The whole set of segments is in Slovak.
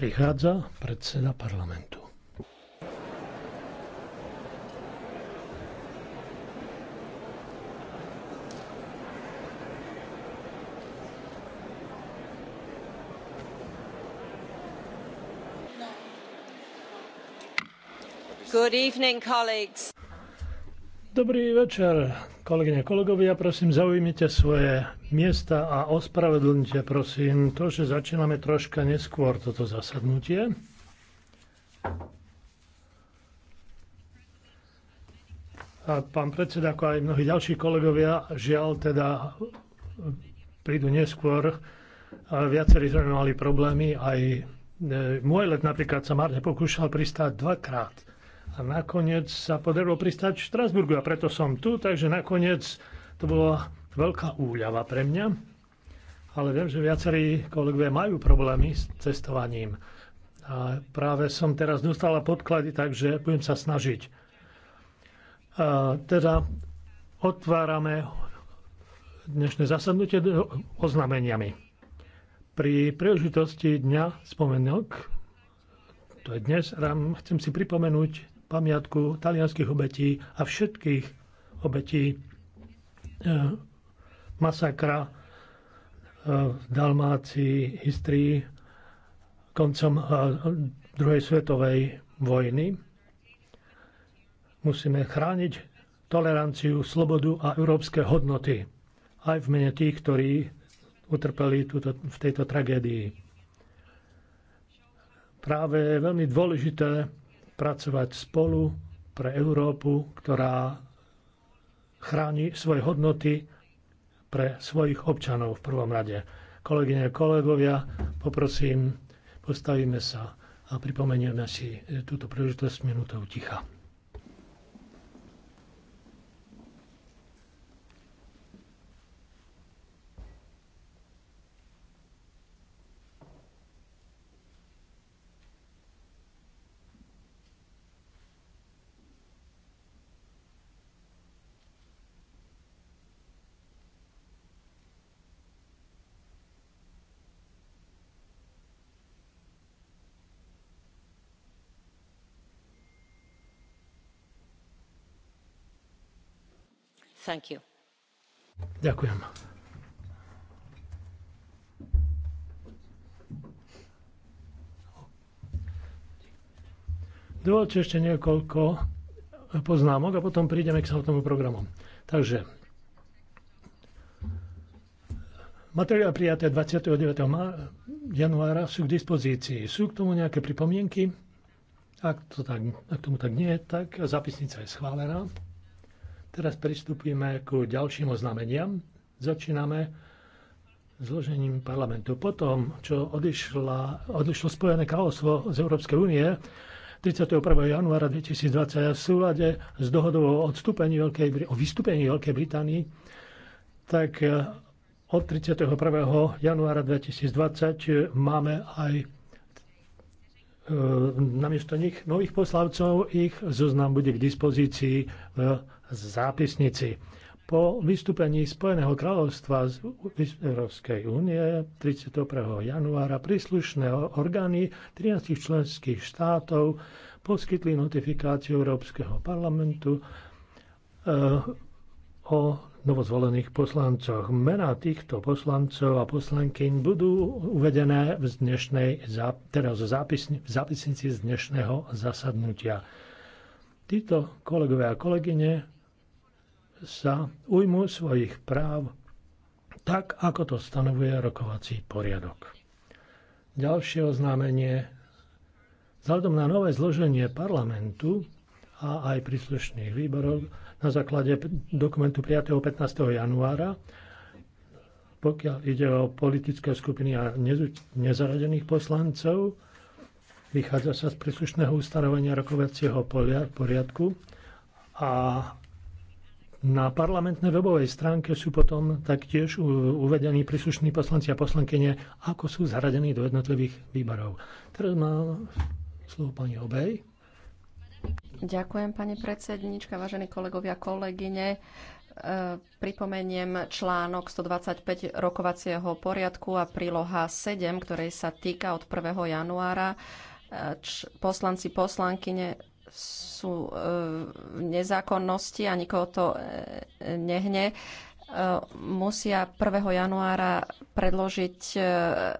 Prichádza predseda parlamentu. Good evening, colleagues. Dobrý večer, kolegyne, kolegovia. Prosím, zaujímite svoje miesta a ospravedlňte prosím to, že začíname troška neskôr toto zasadnutie. A pán predseda, ako aj mnohí ďalší kolegovia, žiaľ teda prídu neskôr. Viacerí sme mali problémy. Aj e, môj let napríklad sa marne pokúšal pristáť dvakrát. A nakoniec sa podarilo pristáť v Štrasburgu a preto som tu, takže nakoniec to bolo veľká úľava pre mňa, ale viem, že viacerí kolegovia majú problémy s cestovaním. A práve som teraz dostala podklady, takže budem sa snažiť. A teda otvárame dnešné zasadnutie oznameniami. Pri príležitosti Dňa spomenok, to je dnes, chcem si pripomenúť pamiatku talianských obetí a všetkých obetí e, masakra e, v Dalmácii, Histrii koncom e, druhej svetovej vojny. Musíme chrániť toleranciu, slobodu a európske hodnoty aj v mene tých, ktorí utrpeli tuto, v tejto tragédii. Práve je veľmi dôležité pracovať spolu pre Európu, ktorá chráni svoje hodnoty pre svojich občanov v prvom rade. Kolegyne, kolegovia, poprosím, postavíme sa a pripomenieme si e, túto príležitosť minútou ticha. Thank you. Ďakujem. Dovolte ešte niekoľko poznámok a potom prídeme k samotnému programu. Takže materiál prijaté 29. januára sú k dispozícii. Sú k tomu nejaké pripomienky? Ak, to tak, ak tomu tak nie, tak zápisnica je schválená. Teraz pristúpime k ďalším oznameniam. Začíname zložením parlamentu. Potom, čo odišla, odišlo Spojené kráľovstvo z Európskej únie 31. januára 2020 v súlade s dohodou o, odstúpení Veľkej, o vystúpení Veľkej Británii, tak od 31. januára 2020 máme aj E, namiesto nich nových poslavcov ich zoznam bude k dispozícii v zápisnici. Po vystúpení Spojeného kráľovstva z Európskej únie 31. januára príslušné orgány 13 členských štátov poskytli notifikáciu Európskeho parlamentu e, o novozvolených poslancoch. Mená týchto poslancov a poslankyň budú uvedené v dnešnej, teraz v, zápisni, v zápisnici z dnešného zasadnutia. Títo kolegovia a kolegyne sa ujmú svojich práv tak, ako to stanovuje rokovací poriadok. Ďalšie oznámenie. Vzhľadom na nové zloženie parlamentu a aj príslušných výborov na základe dokumentu prijatého 15. januára. Pokiaľ ide o politické skupiny a nezaradených poslancov, vychádza sa z príslušného ustanovenia rokovacieho poriadku a na parlamentnej webovej stránke sú potom taktiež uvedení príslušní poslanci a poslankyne, ako sú zaradení do jednotlivých výborov. Teraz má slovo pani Obej. Ďakujem, pani predsednička, vážení kolegovia, kolegyne. E, pripomeniem článok 125 rokovacieho poriadku a príloha 7, ktorej sa týka od 1. januára. E, poslanci, poslankyne sú e, v nezákonnosti a nikoho to nehne E, musia 1. januára predložiť e,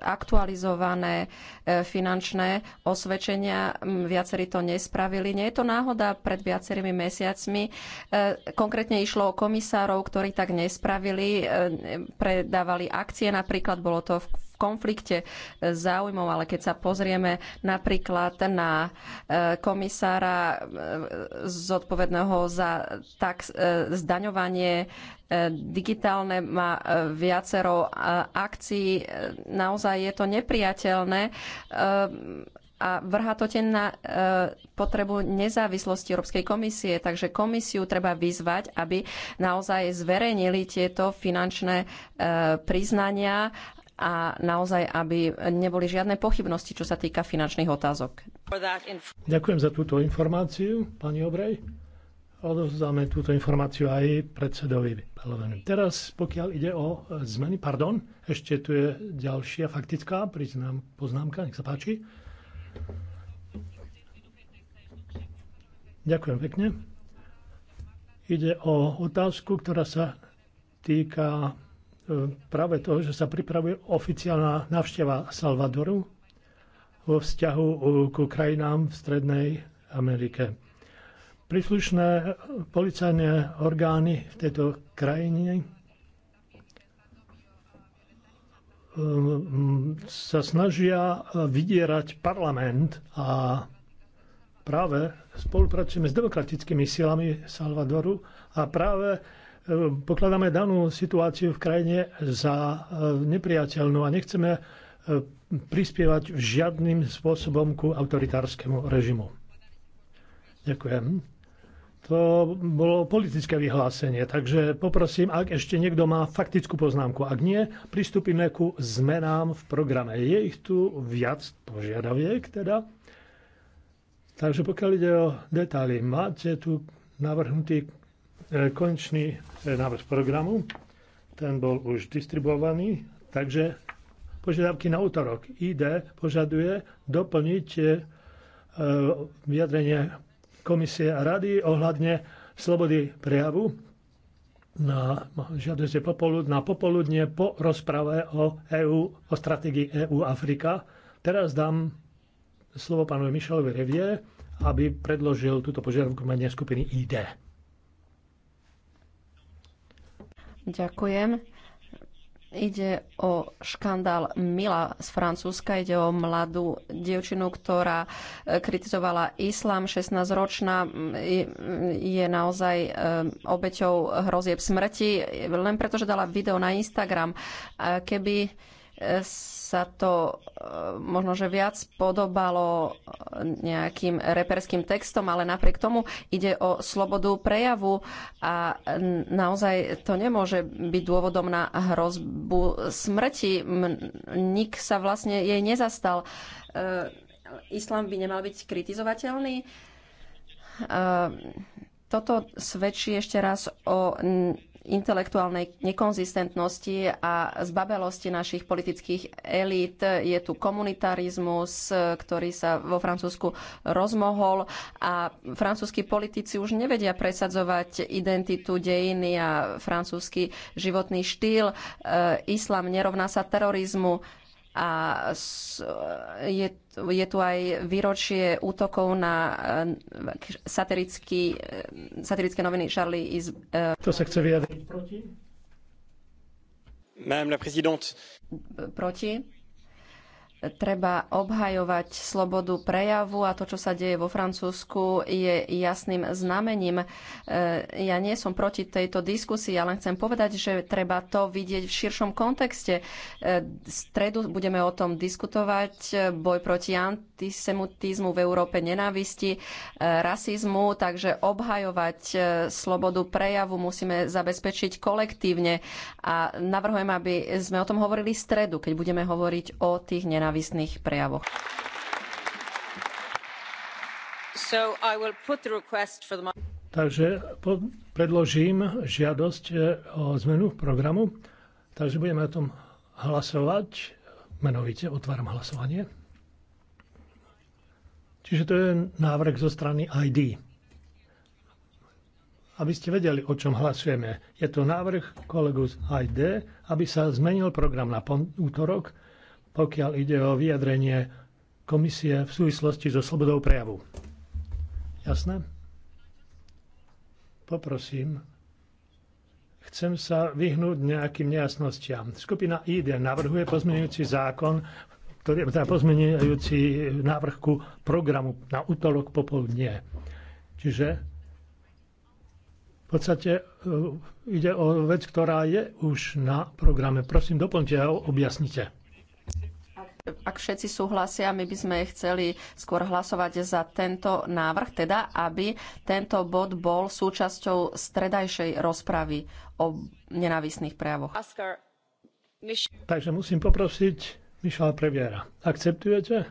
aktualizované e, finančné osvedčenia. Viacerí to nespravili. Nie je to náhoda pred viacerými mesiacmi. Konkrétne išlo o komisárov, ktorí tak nespravili. Predávali akcie napríklad, bolo to v konflikte eh, záujmov, ale keď sa pozrieme napríklad na eh, komisára eh, zodpovedného za tak zdaňovanie digitálne, má viacero akcií. Naozaj je to nepriateľné a vrha to ten na potrebu nezávislosti Európskej komisie. Takže komisiu treba vyzvať, aby naozaj zverejnili tieto finančné priznania a naozaj, aby neboli žiadne pochybnosti, čo sa týka finančných otázok. Ďakujem za túto informáciu, pani Obrej. Odovzdáme túto informáciu aj predsedovi parlamentu. Teraz, pokiaľ ide o e, zmeny, pardon, ešte tu je ďalšia faktická priznám, poznámka, nech sa páči. Ďakujem pekne. Ide o otázku, ktorá sa týka E, práve to, že sa pripravuje oficiálna návšteva Salvadoru vo vzťahu e, k krajinám v Strednej Amerike. Príslušné policajné orgány v tejto krajine e, sa snažia vydierať parlament a práve spolupracujeme s demokratickými silami Salvadoru a práve Ehm, pokladáme danú situáciu v krajine za ehm, nepriateľnú a nechceme ehm, prispievať žiadnym spôsobom ku autoritárskému režimu. Ďakujem. To bolo politické vyhlásenie, takže poprosím, ak ešte niekto má faktickú poznámku. Ak nie, pristúpime ku zmenám v programe. Je ich tu viac požiadaviek teda. Takže pokiaľ ide o detaily, máte tu navrhnutý E, konečný e, návrh programu. Ten bol už distribuovaný, takže požiadavky na útorok. ID požaduje doplniť e, vyjadrenie komisie a rady ohľadne slobody prejavu na no, žiadosti popoludne, na popoludne po rozprave o EU, o stratégii EU Afrika. Teraz dám slovo pánovi Mišelovi Revie, aby predložil túto požiadavku menej skupiny ID. Ďakujem. Ide o škandál Mila z Francúzska. Ide o mladú dievčinu, ktorá e, kritizovala islám. 16-ročná je naozaj e, obeťou hrozieb smrti, len preto, že dala video na Instagram. Keby sa to e, možno, že viac podobalo e, nejakým reperským textom, ale napriek tomu ide o slobodu prejavu a naozaj to nemôže byť dôvodom na hrozbu smrti. Nik sa vlastne jej nezastal. E, islám by nemal byť kritizovateľný. Toto svedčí ešte raz o intelektuálnej nekonzistentnosti a zbabelosti našich politických elít. Je tu komunitarizmus, ktorý sa vo Francúzsku rozmohol a francúzskí politici už nevedia presadzovať identitu dejiny a francúzsky životný štýl. E, islám nerovná sa terorizmu a je, je tu aj výročie útokov na e, satirický, e, satirické noviny Charlie is... E, to sa chce vyjadriť proti? Madame la présidente. Proti? treba obhajovať slobodu prejavu a to, čo sa deje vo Francúzsku, je jasným znamením. E, ja nie som proti tejto diskusii, ale chcem povedať, že treba to vidieť v širšom kontexte. E, v stredu budeme o tom diskutovať. Boj proti antisemitizmu v Európe nenávisti, e, rasizmu, takže obhajovať slobodu prejavu musíme zabezpečiť kolektívne a navrhujem, aby sme o tom hovorili v stredu, keď budeme hovoriť o tých nenávistiach nenávistných prejavoch. Takže predložím žiadosť e, o zmenu programu, takže budeme o tom hlasovať. Menovite otváram hlasovanie. Čiže to je návrh zo strany ID. Aby ste vedeli, o čom hlasujeme, je to návrh kolegu z ID, aby sa zmenil program na útorok pokiaľ ide o vyjadrenie komisie v súvislosti so slobodou prejavu. Jasné? Poprosím. Chcem sa vyhnúť nejakým nejasnostiam. Skupina ID navrhuje pozmenujúci zákon, ktorý je teda pozmenujúci návrhku programu na útorok popoludne. Čiže v podstate e, ide o vec, ktorá je už na programe. Prosím, doplňte a objasnite ak všetci súhlasia, my by sme chceli skôr hlasovať za tento návrh, teda aby tento bod bol súčasťou stredajšej rozpravy o nenávisných prejavoch. Takže musím poprosiť Mišala Previera. Akceptujete?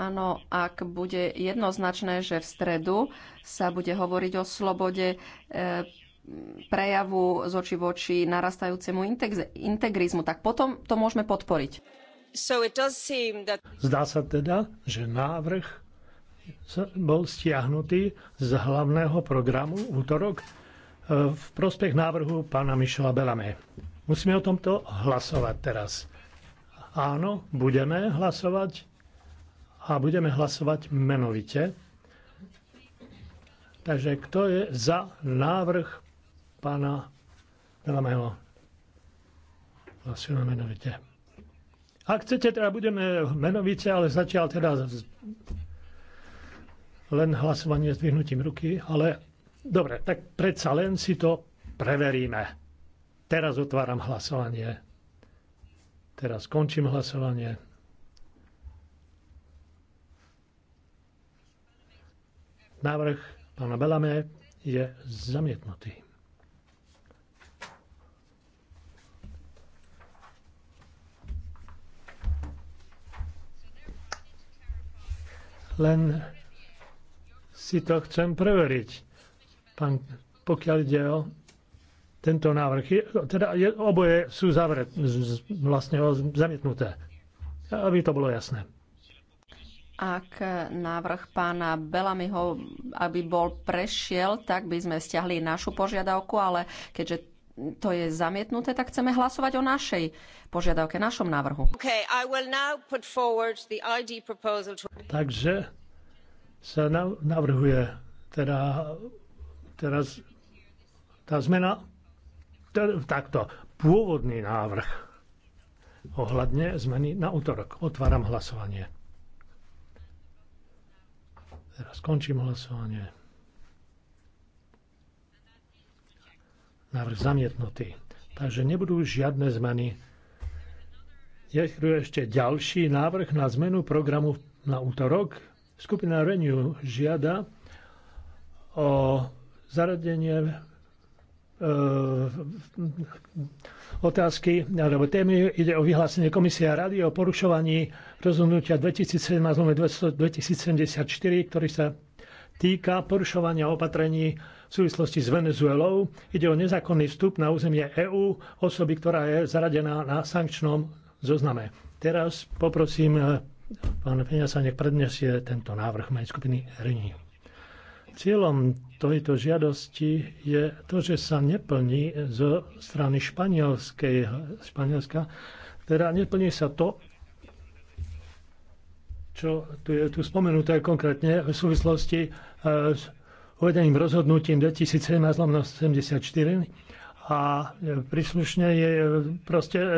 Áno, ak bude jednoznačné, že v stredu sa bude hovoriť o slobode e, prejavu z oči oči narastajúcemu integrizmu, tak potom to môžeme podporiť. Zdá sa teda, že návrh bol stiahnutý z hlavného programu útorok e, v prospech návrhu pána Mišela Belame. Musíme o tomto hlasovať teraz. Áno, budeme hlasovať a budeme hlasovať menovite. Takže kto je za návrh pána Velamého. Hlasujeme menovite. Ak chcete, teda budeme menovite, ale zatiaľ teda len hlasovanie s dvihnutím ruky, ale dobre, tak predsa len si to preveríme. Teraz otváram hlasovanie. Teraz končím hlasovanie. Návrh pána Belame je zamietnutý. Len si to chcem preveriť. Pán, pokiaľ ide o tento návrh, teda je, oboje sú zavret, vlastne zamietnuté. Aby to bolo jasné. Ak návrh pána Belamiho, aby bol prešiel, tak by sme stiahli našu požiadavku, ale keďže to je zamietnuté, tak chceme hlasovať o našej požiadavke, našom návrhu. Takže sa navrhuje teda teraz tá zmena, teda takto, pôvodný návrh ohľadne zmeny na útorok. Otváram hlasovanie. Teraz skončím hlasovanie. Návrh zamietnutý. Takže nebudú žiadne zmeny. Je tu ešte ďalší návrh na zmenu programu na útorok. Skupina Renew žiada o zaradenie e, otázky alebo témy ide o vyhlásenie Komisia Rady o porušovaní rozhodnutia 2017-2074, ktorý sa týka porušovania opatrení v súvislosti s Venezuelou. Ide o nezákonný vstup na územie EÚ osoby, ktorá je zaradená na sankčnom zozname. Teraz poprosím eh, pán Peňasa, nech predniesie tento návrh mojej skupiny RINI. Cieľom tejto žiadosti je to, že sa neplní zo strany španielskej, Španielska, teda neplní sa to, čo tu je tu spomenuté konkrétne v súvislosti s uvedeným rozhodnutím 2017 74 a e, príslušne je e, proste e,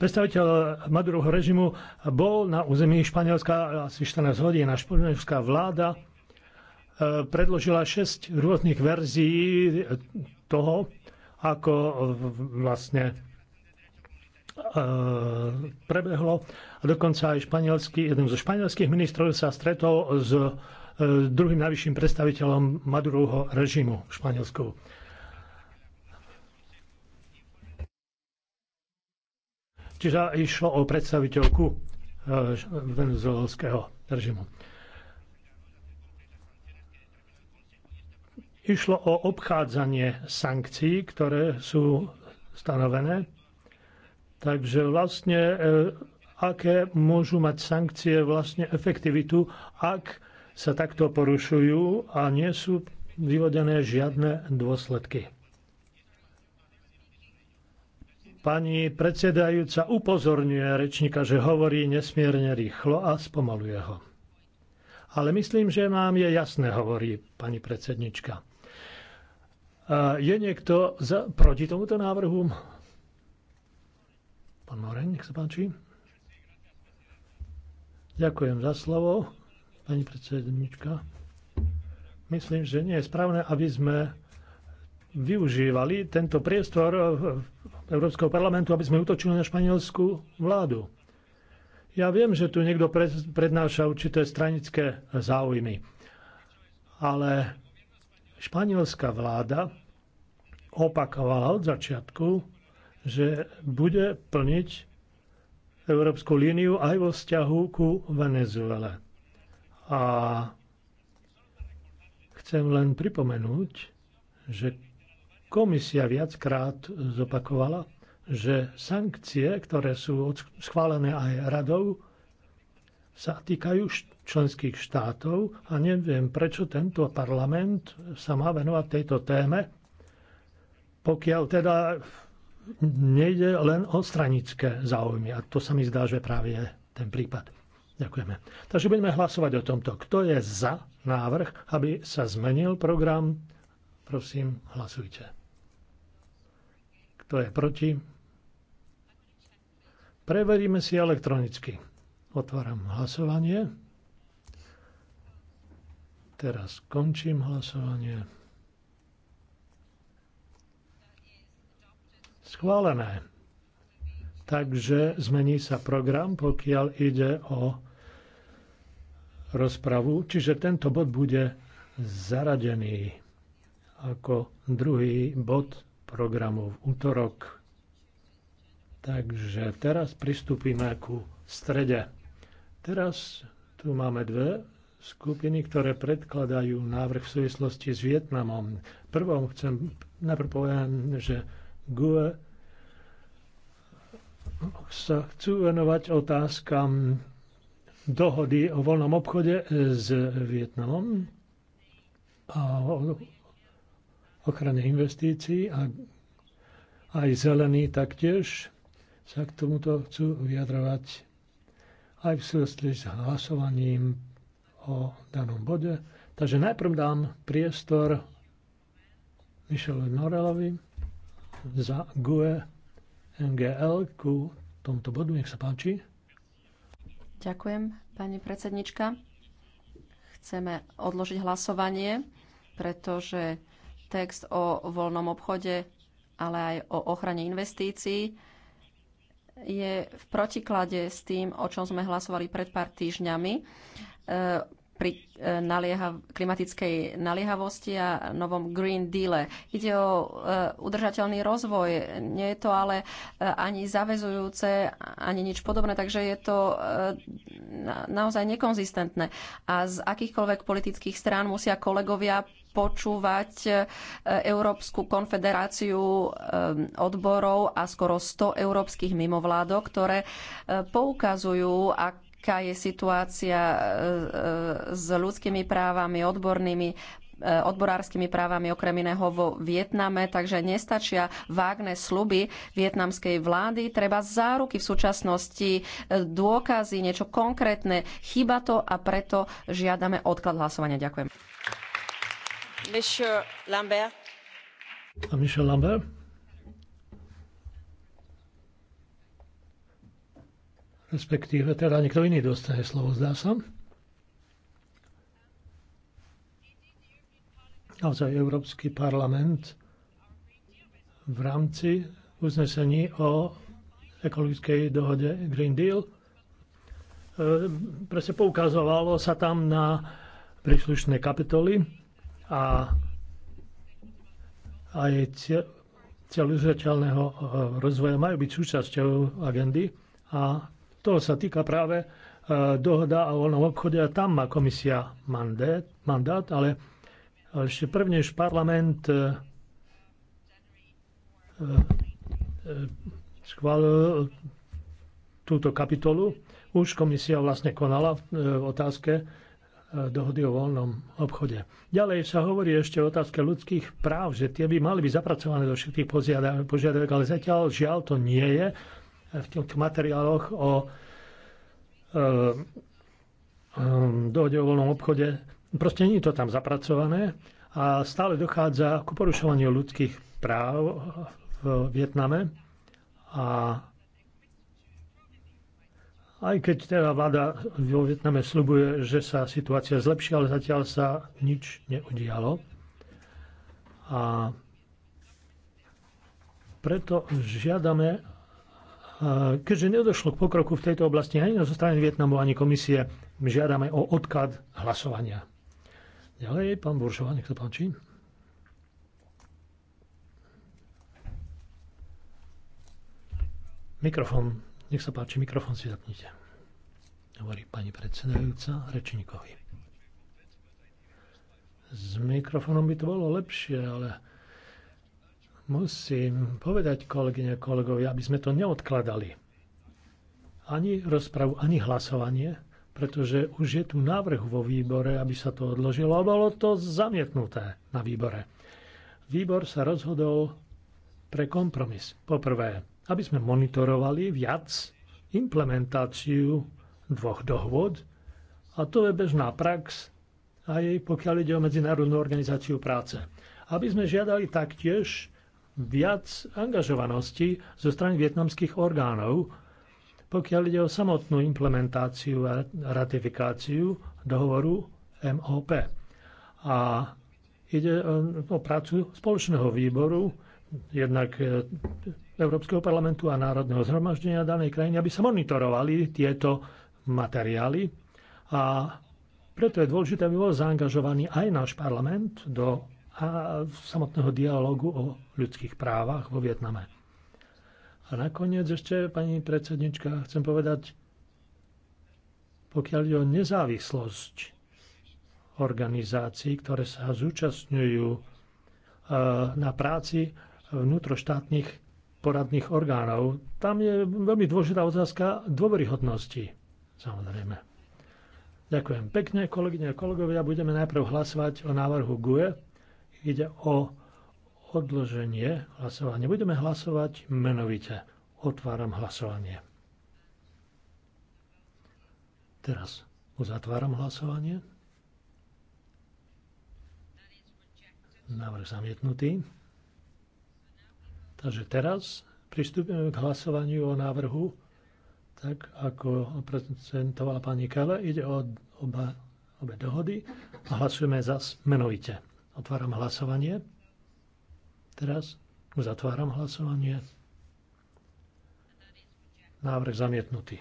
predstaviteľ Madurovho režimu bol na území Španielska asi 14 hodín a španielská vláda predložila 6 rôznych verzií toho, ako vlastne prebehlo. A dokonca aj španielský, jeden zo španielských ministrov sa stretol s E, druhým najvyšším predstaviteľom Madurovho režimu v Španielsku. Čiže išlo o predstaviteľku e, venezuelského režimu. Išlo o obchádzanie sankcií, ktoré sú stanovené. Takže vlastne e, aké môžu mať sankcie vlastne efektivitu, ak sa takto porušujú a nie sú vyvodené žiadne dôsledky. Pani predsedajúca upozorňuje rečníka, že hovorí nesmierne rýchlo a spomaluje ho. Ale myslím, že nám je jasné, hovorí pani predsednička. Je niekto za, proti tomuto návrhu? Pán Moreň, nech sa páči. Ďakujem za slovo pani predsednička. Myslím, že nie je správne, aby sme využívali tento priestor Európskeho parlamentu, aby sme utočili na španielskú vládu. Ja viem, že tu niekto prednáša určité stranické záujmy, ale španielská vláda opakovala od začiatku, že bude plniť európsku líniu aj vo vzťahu ku Venezuele. A chcem len pripomenúť, že komisia viackrát zopakovala, že sankcie, ktoré sú schválené aj radou, sa týkajú členských štátov a neviem, prečo tento parlament sa má venovať tejto téme, pokiaľ teda nejde len o stranické záujmy. A to sa mi zdá, že práve je ten prípad. Ďakujeme. Takže budeme hlasovať o tomto. Kto je za návrh, aby sa zmenil program? Prosím, hlasujte. Kto je proti? Preveríme si elektronicky. Otváram hlasovanie. Teraz končím hlasovanie. Schválené. Takže zmení sa program, pokiaľ ide o rozpravu, čiže tento bod bude zaradený ako druhý bod programu v útorok. Takže teraz pristúpime ku strede. Teraz tu máme dve skupiny, ktoré predkladajú návrh v súvislosti s Vietnamom. Prvom chcem najprv povedať, že GUE sa chcú venovať otázkam dohody o voľnom obchode e, s Vietnamom a o ochrane investícií a aj zelení taktiež sa k tomuto chcú vyjadrovať aj v súvislosti s hlasovaním o danom bode. Takže najprv dám priestor Michelovi Norelovi za GUE NGL ku tomuto bodu. Nech sa páči. Ďakujem, pani predsednička. Chceme odložiť hlasovanie, pretože text o voľnom obchode, ale aj o ochrane investícií je v protiklade s tým, o čom sme hlasovali pred pár týždňami. E, pri e, nalieha, klimatickej naliehavosti a novom Green Deale. Ide o e, udržateľný rozvoj. Nie je to ale e, ani zavezujúce, ani nič podobné, takže je to naozaj nekonzistentné. A z akýchkoľvek politických strán musia kolegovia počúvať Európsku konfederáciu odborov a skoro 100 európskych mimovládok, ktoré poukazujú, ak aká je situácia e, e, s ľudskými právami, odbornými e, odborárskymi právami okrem iného vo Vietname, takže nestačia vágne sluby vietnamskej vlády. Treba záruky v súčasnosti, dôkazy, niečo konkrétne. chyba to a preto žiadame odklad hlasovania. Ďakujem. Monsieur Lambert. Monsieur Lambert. respektíve teda niekto iný dostane slovo, zdá sa. Naozaj Európsky parlament v rámci uznesení o ekologickej dohode Green Deal eh, presne poukazovalo sa tam na príslušné kapitoly a aj cieľ eh, rozvoja majú byť súčasťou agendy a to sa týka práve e, dohoda o voľnom obchode a tam má komisia mandát, mandát ale, ešte prvnež parlament e, e, schválil túto kapitolu. Už komisia vlastne konala v otázke dohody o voľnom obchode. Ďalej sa hovorí ešte o otázke ľudských práv, že tie by mali byť zapracované do všetkých požiadaviek, ale zatiaľ žiaľ to nie je v týchto materiáloch o eh, eh, dohode o voľnom obchode. Proste nie je to tam zapracované a stále dochádza ku porušovaniu ľudských práv v Vietname. A aj keď teda vláda vo Vietname slubuje, že sa situácia zlepší, ale zatiaľ sa nič neudialo. A preto žiadame, Keďže nedošlo k pokroku v tejto oblasti ani zo strany Vietnamu, ani komisie, žiadame o odklad hlasovania. Ďalej, pán Buršova, nech sa páči. Mikrofón, nech sa páči, mikrofón si zapnite. Hovorí pani predsedajúca rečníkovi. S mikrofónom by to bolo lepšie, ale musím povedať, kolegyne, kolegovia, aby sme to neodkladali. Ani rozpravu, ani hlasovanie, pretože už je tu návrh vo výbore, aby sa to odložilo a bolo to zamietnuté na výbore. Výbor sa rozhodol pre kompromis. Poprvé, aby sme monitorovali viac implementáciu dvoch dohôd a to je bežná prax aj pokiaľ ide o Medzinárodnú organizáciu práce. Aby sme žiadali taktiež viac angažovanosti zo strany vietnamských orgánov, pokiaľ ide o samotnú implementáciu a ratifikáciu dohovoru MOP. A ide o prácu spoločného výboru, jednak e, Európskeho parlamentu a Národného zhromaždenia danej krajiny, aby sa monitorovali tieto materiály. A preto je dôležité, aby bol zaangažovaný aj náš parlament do a samotného dialogu o ľudských právach vo Vietname. A nakoniec ešte, pani predsednička, chcem povedať, pokiaľ je o nezávislosť organizácií, ktoré sa zúčastňujú e, na práci vnútroštátnych poradných orgánov. Tam je veľmi dôležitá otázka dôveryhodnosti, samozrejme. Ďakujem pekne, kolegyne a kolegovia. Budeme najprv hlasovať o návrhu GUE Ide o odloženie hlasovania. Budeme hlasovať menovite. Otváram hlasovanie. Teraz uzatváram hlasovanie. Návrh zamietnutý. Takže teraz pristúpime k hlasovaniu o návrhu, tak ako prezentovala pani Kala, Ide o oba, obe dohody a hlasujeme zas menovite. Otváram hlasovanie. Teraz uzatváram hlasovanie. Návrh zamietnutý.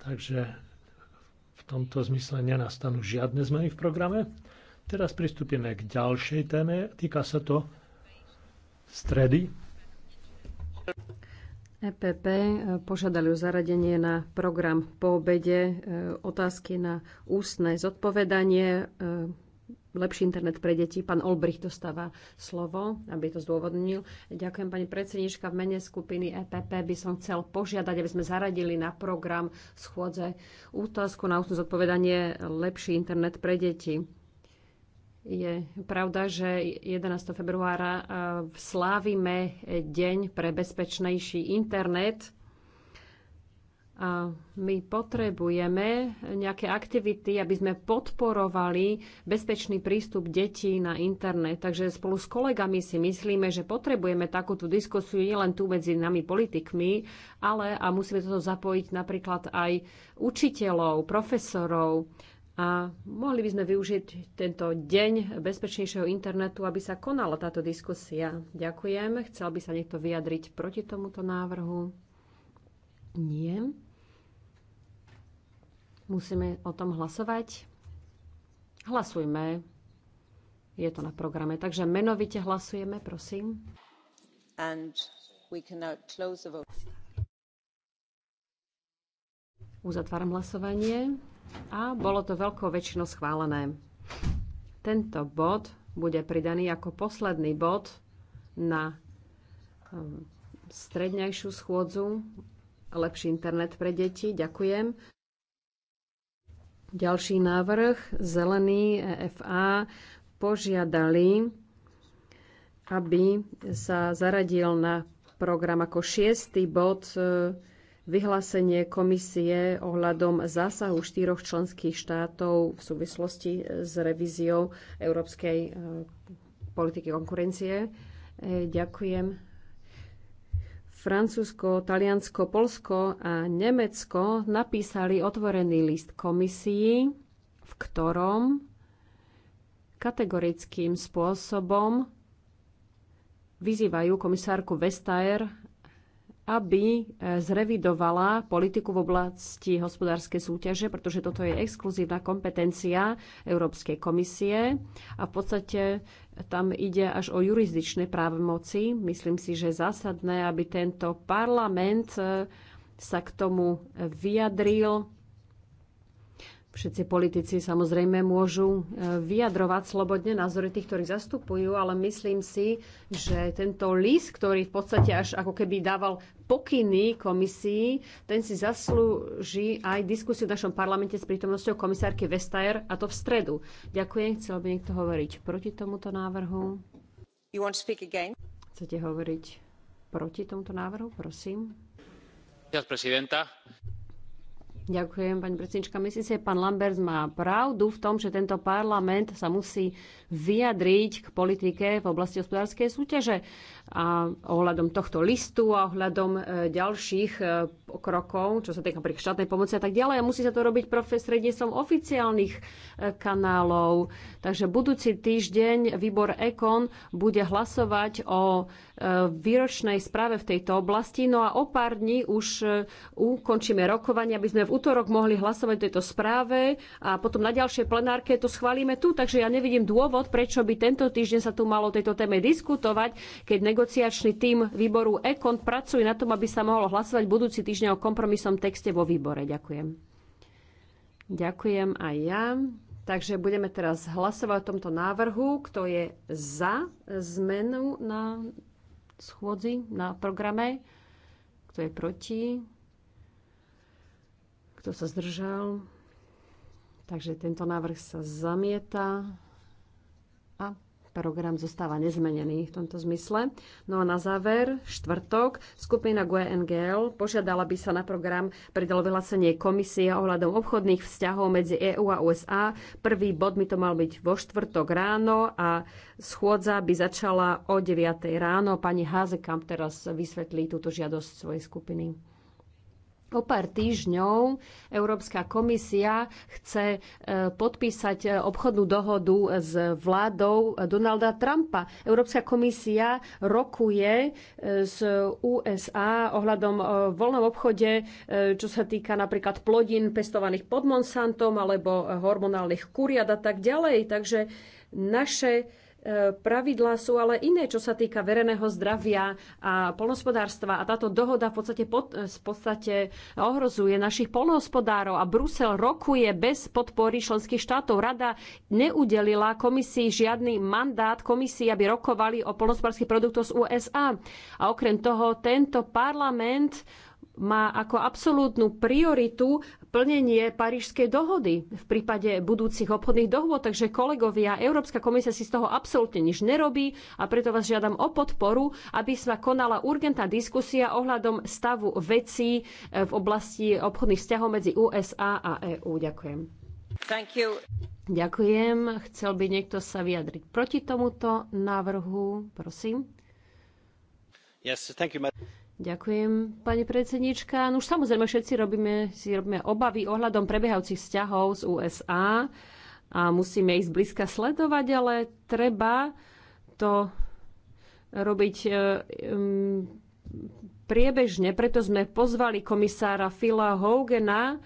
Takže v tomto zmysle nenastanú žiadne zmeny v programe. Teraz pristúpime k ďalšej téme. Týka sa to stredy. EPP eh, požiadali o zaradenie na program po obede eh, otázky na ústne zodpovedanie eh, lepší internet pre deti. Pán Olbrich dostáva slovo, aby to zdôvodnil. Ďakujem pani predsednička. V mene skupiny EPP by som chcel požiadať, aby sme zaradili na program schôdze útazku na ústne zodpovedanie lepší internet pre deti. Je pravda, že 11. februára e, slávime Deň pre bezpečnejší internet a my potrebujeme nejaké aktivity, aby sme podporovali bezpečný prístup detí na internet. Takže spolu s kolegami si myslíme, že potrebujeme takúto diskusiu nielen tu medzi nami politikmi, ale a musíme toto zapojiť napríklad aj učiteľov, profesorov. A mohli by sme využiť tento deň bezpečnejšieho internetu, aby sa konala táto diskusia. Ďakujem. Chcel by sa niekto vyjadriť proti tomuto návrhu? Nie. Musíme o tom hlasovať. Hlasujme. Je to na programe. Takže menovite hlasujeme, prosím. And we can now close the vote. Uzatváram hlasovanie a bolo to veľkou väčšinou schválené. Tento bod bude pridaný ako posledný bod na ehm, strednejšiu schôdzu Lepší internet pre deti. Ďakujem. Ďalší návrh, zelený EFA, požiadali, aby sa zaradil na program ako šiestý bod e, vyhlásenie komisie ohľadom zásahu štyroch členských štátov v súvislosti s revíziou európskej e, politiky konkurencie. E, ďakujem Francúzsko, Taliansko, Polsko a Nemecko napísali otvorený list komisii, v ktorom kategorickým spôsobom vyzývajú komisárku Vestager, aby e, zrevidovala politiku v oblasti hospodárskej súťaže, pretože toto je exkluzívna kompetencia Európskej komisie a v podstate tam ide až o jurisdičné právomoci. Myslím si, že je zásadné, aby tento parlament e, sa k tomu vyjadril Všetci politici samozrejme môžu e, vyjadrovať slobodne názory tých, ktorí zastupujú, ale myslím si, že tento list, ktorý v podstate až ako keby dával pokyny komisii, ten si zaslúži aj diskusiu v našom parlamente s prítomnosťou komisárky Vestajer a to v stredu. Ďakujem, chcel by niekto hovoriť proti tomuto návrhu. You want to speak again? Chcete hovoriť proti tomuto návrhu, prosím? Ďakujem, Ďakujem, pani predsednička. Myslím si, že pán Lambert má pravdu v tom, že tento parlament sa musí vyjadriť k politike v oblasti hospodárskej súťaže a ohľadom tohto listu a ohľadom e, ďalších e, krokov, čo sa týka napríklad štátnej pomoci a tak ďalej. A musí sa to robiť prostredníctvom oficiálnych e, kanálov. Takže budúci týždeň výbor EKON bude hlasovať o výročnej správe v tejto oblasti. No a o pár dní už ukončíme rokovanie, aby sme v útorok mohli hlasovať o tejto správe a potom na ďalšej plenárke to schválime tu. Takže ja nevidím dôvod, prečo by tento týždeň sa tu malo o tejto téme diskutovať, keď negociačný tím výboru EKON pracuje na tom, aby sa mohlo hlasovať budúci týždeň o kompromisnom texte vo výbore. Ďakujem. Ďakujem aj ja. Takže budeme teraz hlasovať o tomto návrhu. Kto je za zmenu na schôdzi, na programe? Kto je proti? Kto sa zdržal? Takže tento návrh sa zamieta. A program zostáva nezmenený v tomto zmysle. No a na záver, štvrtok, skupina GUNGL e požiadala by sa na program pridalo vyhlásenie komisie ohľadom obchodných vzťahov medzi EÚ a USA. Prvý bod by to mal byť vo štvrtok ráno a schôdza by začala o 9 ráno. Pani Házekam teraz vysvetlí túto žiadosť svojej skupiny. O pár týždňov Európska komisia chce e, podpísať e, obchodnú dohodu s vládou Donalda Trumpa. Európska komisia rokuje e, s USA ohľadom voľnom obchode, čo sa týka napríklad plodín pestovaných pod Monsantom alebo hormonálnych kuriat a tak ďalej. Takže naše E, pravidlá sú ale iné, čo sa týka verejného zdravia a polnospodárstva. A táto dohoda v podstate, pod, e, v podstate ohrozuje našich polnospodárov. a Brusel rokuje bez podpory členských štátov. Rada neudelila komisii žiadny mandát komisii, aby rokovali o polnospodárských produktoch z USA. A okrem toho tento parlament má ako absolútnu prioritu plnenie Parížskej dohody v prípade budúcich obchodných dohôd. Takže kolegovia, Európska komisia si z toho absolútne nič nerobí a preto vás žiadam o podporu, aby sa konala urgentná diskusia ohľadom stavu vecí e, v oblasti obchodných vzťahov medzi USA a EÚ. Ďakujem. Thank you. Ďakujem. Chcel by niekto sa vyjadriť proti tomuto návrhu? Prosím. Yes, thank you, Ďakujem, pani predsednička. No už samozrejme všetci robíme, si robíme obavy ohľadom prebiehajúcich vzťahov z USA a musíme ich zblízka sledovať, ale treba to robiť um, priebežne. Preto sme pozvali komisára Phila Hogena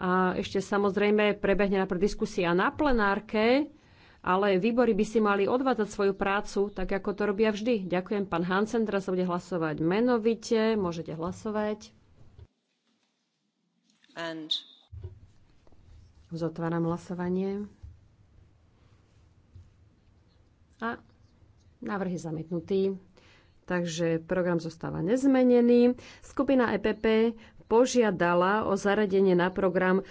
a ešte samozrejme prebehne napríklad diskusia na plenárke ale výbory by si mali odvádzať svoju prácu, tak ako to robia vždy. Ďakujem, pán Hansen, teraz sa bude hlasovať menovite, môžete hlasovať. And... hlasovanie. A návrh je zamietnutý. Takže program zostáva nezmenený. Skupina EPP požiadala o zaradenie na program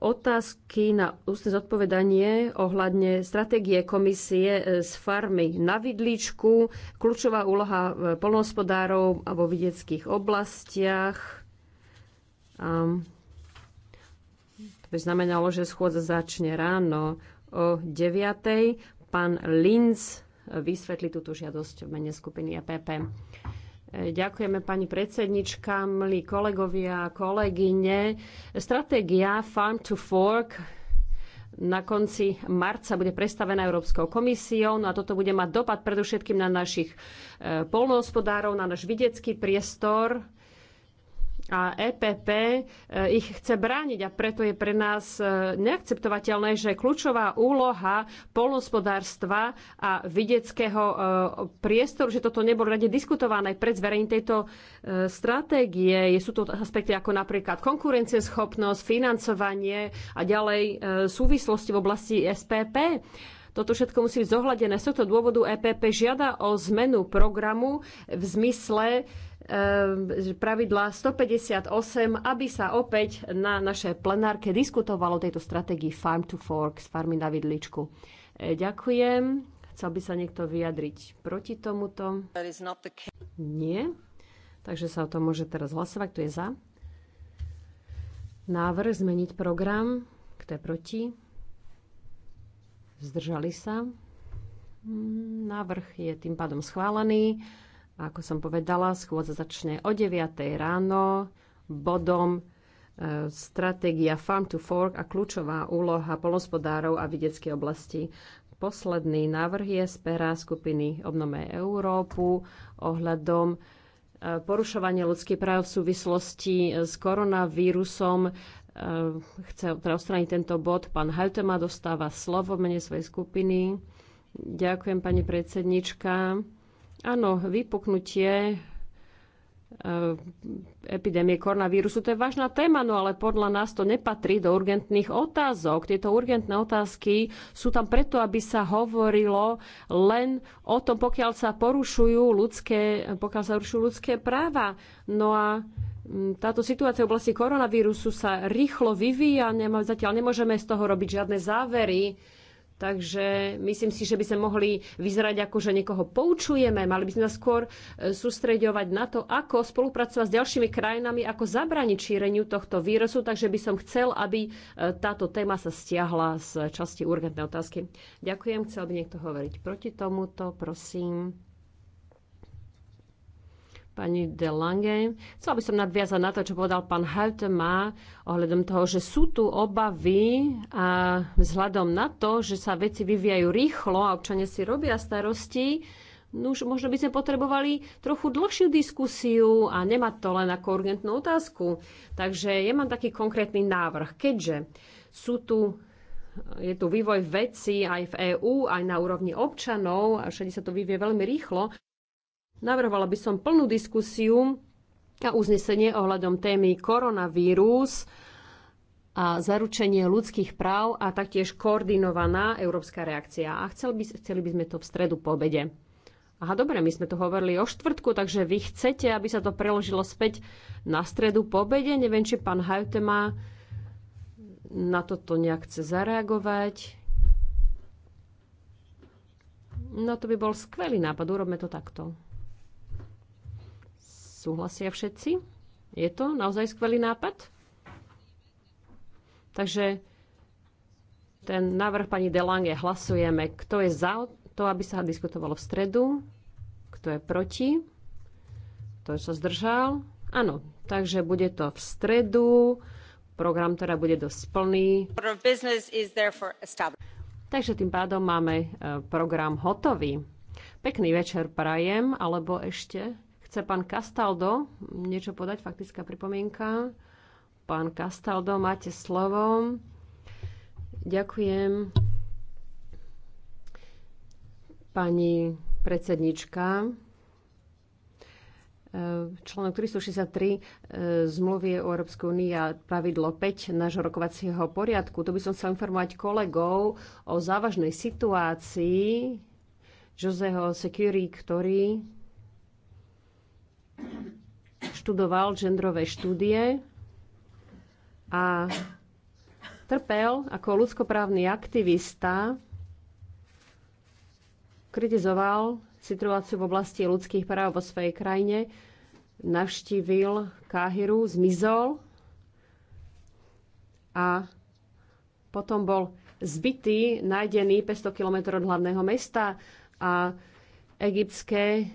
otázky na ústne zodpovedanie ohľadne stratégie komisie e, z farmy na vidličku, kľúčová úloha e, polnohospodárov vo vidieckých oblastiach. Um, to by znamenalo, že schôdza začne ráno o 9. Pán Linz e, vysvetlí túto žiadosť v mene skupiny EPP. Ďakujeme pani predsednička, milí kolegovia a kolegyne. Stratégia Farm to Fork na konci marca bude predstavená Európskou komisiou. No a toto bude mať dopad predovšetkým na našich eh, polnohospodárov, na náš vidiecký priestor a EPP e, ich chce brániť a preto je pre nás e, neakceptovateľné, že kľúčová úloha polnospodárstva a vidieckého e, priestoru, že toto nebolo rade diskutované pred zverejním tejto stratégie. Sú to aspekty ako napríklad konkurencieschopnosť, financovanie a ďalej súvislosti v oblasti SPP. Toto všetko musí byť zohľadené. Z tohto dôvodu EPP žiada o zmenu programu v zmysle e, pravidla 158, aby sa opäť na našej plenárke diskutovalo o tejto stratégii Farm to Fork z farmy na vidličku. E, ďakujem. Chcel by sa niekto vyjadriť proti tomuto? Nie. Takže sa o tom môže teraz hlasovať. Kto je za? Návrh zmeniť program. Kto je proti? zdržali sa. Mm, návrh je tým pádom schválený. A ako som povedala, schôdza začne o 9. ráno bodom e, stratégia Farm to Fork a kľúčová úloha polospodárov a vidieckej oblasti. Posledný návrh je z pera skupiny Obnome Európu ohľadom e, porušovania ľudských práv v súvislosti s koronavírusom Eh, chce teda odstrániť tento bod. Pán Haltema dostáva slovo v mene svojej skupiny. Ďakujem, pani predsednička. Áno, vypuknutie eh, epidémie koronavírusu. To je vážna téma, no ale podľa nás to nepatrí do urgentných otázok. Tieto urgentné otázky sú tam preto, aby sa hovorilo len o tom, pokiaľ sa porušujú ľudské, pokiaľ sa porušujú ľudské práva. No a Mm, táto situácia v oblasti koronavírusu sa rýchlo vyvíja, zatiaľ nemôžeme z toho robiť žiadne závery. Takže myslím si, že by sme mohli vyzerať ako, že niekoho poučujeme. Mali by sme skôr e, sústreďovať na to, ako spolupracovať s ďalšími krajinami, ako zabraniť šíreniu tohto vírusu. Takže by som chcel, aby e, táto téma sa stiahla z časti urgentnej otázky. Ďakujem. Chcel by niekto hovoriť proti tomuto, prosím pani De Lange. Chcela by som nadviazať na to, čo povedal pán Hautema ohľadom toho, že sú tu obavy a vzhľadom na to, že sa veci vyvíjajú rýchlo a občania si robia starosti, No už možno by sme potrebovali trochu dlhšiu diskusiu a nemať to len ako urgentnú otázku. Takže ja mám taký konkrétny návrh. Keďže sú tu je tu vývoj veci aj v EÚ, aj na úrovni občanov a všade sa to vyvie veľmi rýchlo. Navrhovala by som plnú diskusiu a uznesenie ohľadom témy koronavírus a zaručenie ľudských práv a taktiež koordinovaná európska reakcia. A chcel by, chceli by sme to v stredu po obede. Aha, dobre, my sme to hovorili o štvrtku, takže vy chcete, aby sa to preložilo späť na stredu po obede. Neviem, či pán Hajte má na toto nejak chce zareagovať. No to by bol skvelý nápad, urobme to takto. Súhlasia všetci? Je to naozaj skvelý nápad? Takže ten návrh pani Delange hlasujeme. Kto je za to, aby sa diskutovalo v stredu? Kto je proti? Kto sa zdržal? Áno, takže bude to v stredu. Program teda bude dosť plný. Takže tým pádom máme e, program hotový. Pekný večer prajem, alebo ešte Chce pán Kastaldo niečo podať? Faktická pripomienka. Pán Kastaldo, máte slovo. Ďakujem. Pani predsednička, eh, článok 363 eh, zmluvy o Európskej únii a pravidlo 5 nášho rokovacieho poriadku. Tu by som chcel informovať kolegov o závažnej situácii Joseho Security, ktorý študoval genderové štúdie a trpel ako ľudskoprávny aktivista, kritizoval situáciu v oblasti ľudských práv vo svojej krajine, navštívil Káhiru, zmizol a potom bol zbytý, nájdený 500 km od hlavného mesta a egyptské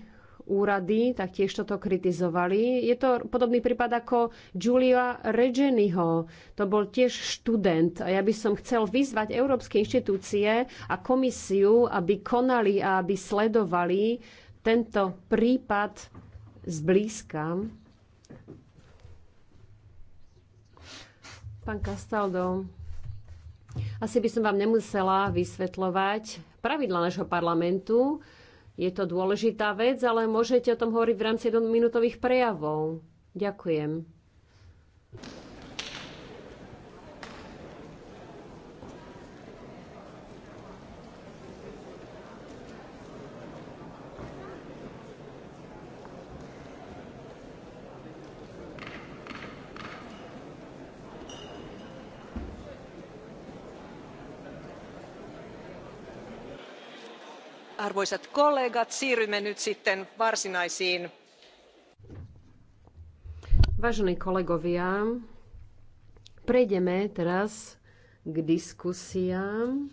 úrady taktiež toto kritizovali. Je to podobný prípad ako Giulia Regeniho. To bol tiež študent. A ja by som chcel vyzvať európske inštitúcie a komisiu, aby konali a aby sledovali tento prípad zblízka. Pán Castaldo, asi by som vám nemusela vysvetľovať pravidla nášho parlamentu, je to dôležitá vec, ale môžete o tom hovoriť v rámci jednominútových prejavov. Ďakujem. arvoisat kollegat siirrymme nyt sitten varsinaisiin Vážení kolegovia, prejdeme teraz k diskusiám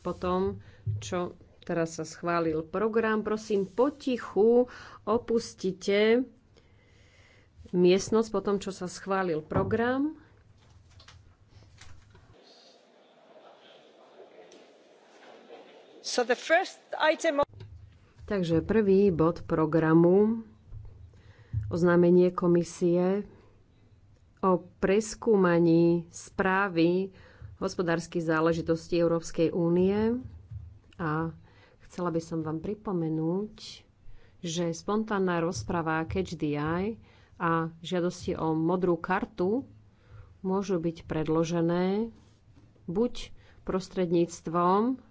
po tom, čo teraz sa schválil program. Prosím, potichu opustite miestnosť po tom, čo sa schválil program. Takže prvý bod programu oznámenie komisie o preskúmaní správy hospodárskych záležitostí Európskej únie a chcela by som vám pripomenúť, že spontánna rozprava Catch the Eye a žiadosti o modrú kartu môžu byť predložené buď prostredníctvom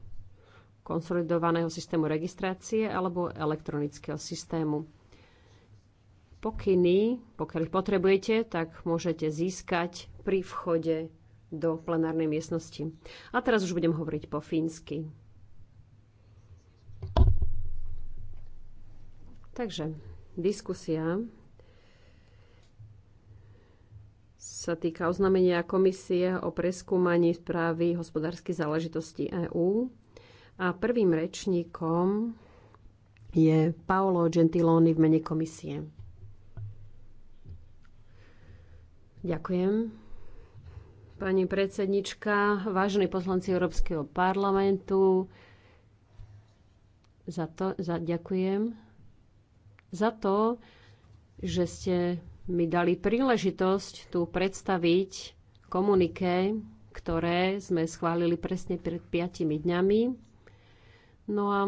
konsolidovaného systému registrácie alebo elektronického systému. Pokyny, pokiaľ ich potrebujete, tak môžete získať pri vchode do plenárnej miestnosti. A teraz už budem hovoriť po fínsky. Takže diskusia sa týka oznámenia komisie o preskúmaní správy hospodárskych záležitostí EÚ a prvým rečníkom je Paolo Gentiloni v mene komisie. Ďakujem. Pani predsednička, vážení poslanci Európskeho parlamentu, za to, za, ďakujem za to, že ste mi dali príležitosť tu predstaviť komuniké, ktoré sme schválili presne pred 5 dňami No a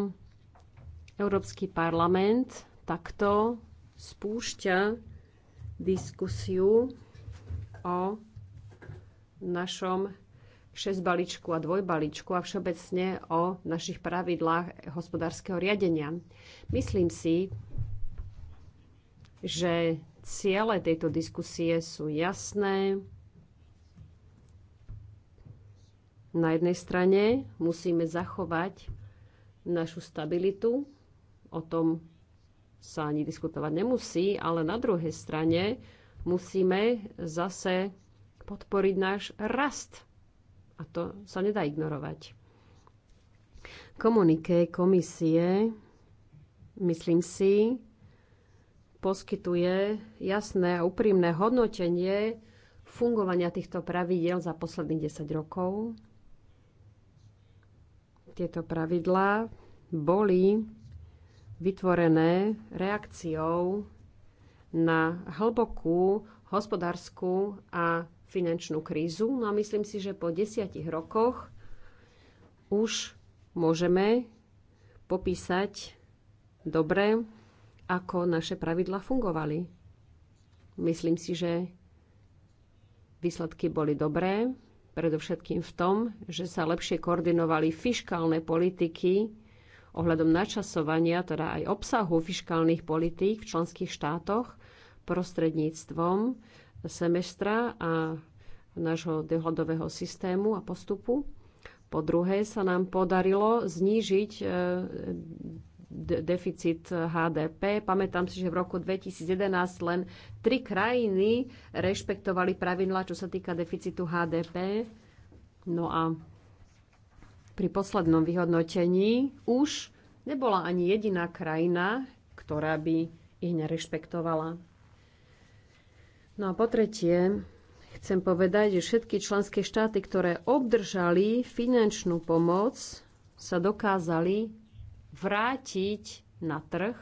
Európsky parlament takto spúšťa diskusiu o našom šesťbaličku a dvojbaličku a všeobecne o našich pravidlách hospodárskeho riadenia. Myslím si, že ciele tejto diskusie sú jasné. Na jednej strane musíme zachovať našu stabilitu. O tom sa ani diskutovať nemusí, ale na druhej strane musíme zase podporiť náš rast. A to sa nedá ignorovať. Komunike komisie, myslím si, poskytuje jasné a úprimné hodnotenie fungovania týchto pravidel za posledných 10 rokov. Tieto pravidlá boli vytvorené reakciou na hlbokú hospodárskú a finančnú krízu. No a myslím si, že po desiatich rokoch už môžeme popísať dobre, ako naše pravidla fungovali. Myslím si, že výsledky boli dobré predovšetkým v tom, že sa lepšie koordinovali fiškálne politiky ohľadom načasovania, teda aj obsahu fiškálnych politík v členských štátoch prostredníctvom semestra a nášho dohodového systému a postupu. Po druhé sa nám podarilo znížiť e, deficit HDP. Pamätám si, že v roku 2011 len tri krajiny rešpektovali pravidla, čo sa týka deficitu HDP. No a pri poslednom vyhodnotení už nebola ani jediná krajina, ktorá by ich nerešpektovala. No a po tretie, chcem povedať, že všetky členské štáty, ktoré obdržali finančnú pomoc, sa dokázali vrátiť na trh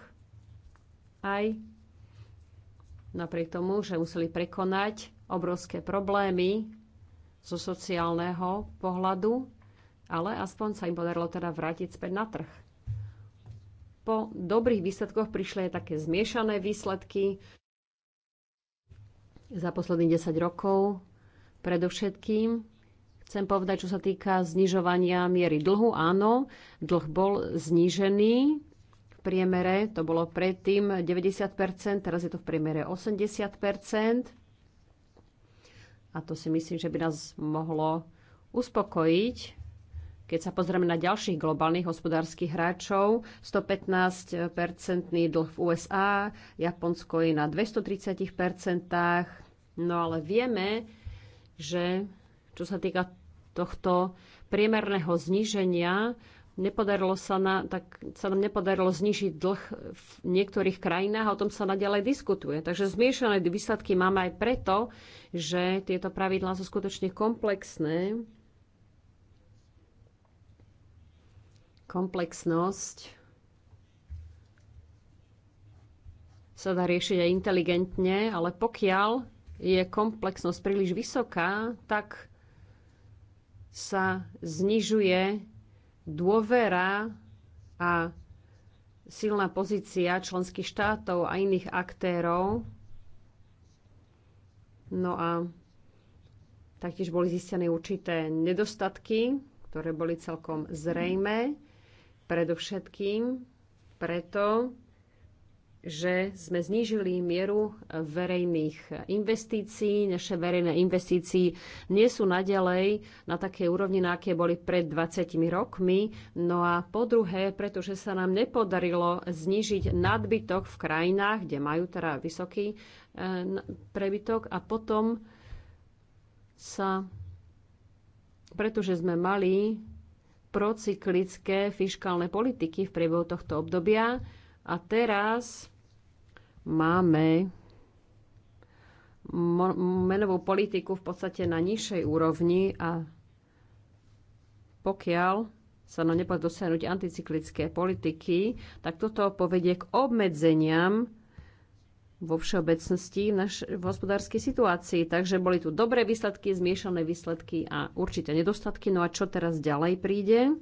aj napriek tomu, že museli prekonať obrovské problémy zo sociálneho pohľadu, ale aspoň sa im podarilo teda vrátiť späť na trh. Po dobrých výsledkoch prišli aj také zmiešané výsledky za posledných 10 rokov. Predovšetkým chcem povedať, čo sa týka znižovania miery dlhu. Áno, dlh bol znížený v priemere, to bolo predtým 90%, teraz je to v priemere 80%. A to si myslím, že by nás mohlo uspokojiť, keď sa pozrieme na ďalších globálnych hospodárskych hráčov, 115-percentný dlh v USA, Japonsko je na 230 no ale vieme, že čo sa týka tohto priemerného zníženia nepodarilo sa, na, tak sa nám nepodarilo znižiť dlh v niektorých krajinách a o tom sa naďalej diskutuje. Takže zmiešané výsledky máme aj preto, že tieto pravidlá sú skutočne komplexné. Komplexnosť sa dá riešiť aj inteligentne, ale pokiaľ je komplexnosť príliš vysoká, tak sa znižuje dôvera a silná pozícia členských štátov a iných aktérov. No a taktiež boli zistené určité nedostatky, ktoré boli celkom zrejmé. Predovšetkým preto, že sme znížili mieru verejných investícií. Naše verejné investícií nie sú naďalej na také úrovni, na aké boli pred 20 rokmi. No a po druhé, pretože sa nám nepodarilo znížiť nadbytok v krajinách, kde majú teda vysoký e, prebytok a potom sa pretože sme mali procyklické fiškálne politiky v priebehu tohto obdobia, a teraz máme menovú politiku v podstate na nižšej úrovni a pokiaľ sa no nepodarí dosiahnuť anticyklické politiky, tak toto povedie k obmedzeniam vo všeobecnosti v, našej v hospodárskej situácii. Takže boli tu dobré výsledky, zmiešané výsledky a určite nedostatky. No a čo teraz ďalej príde?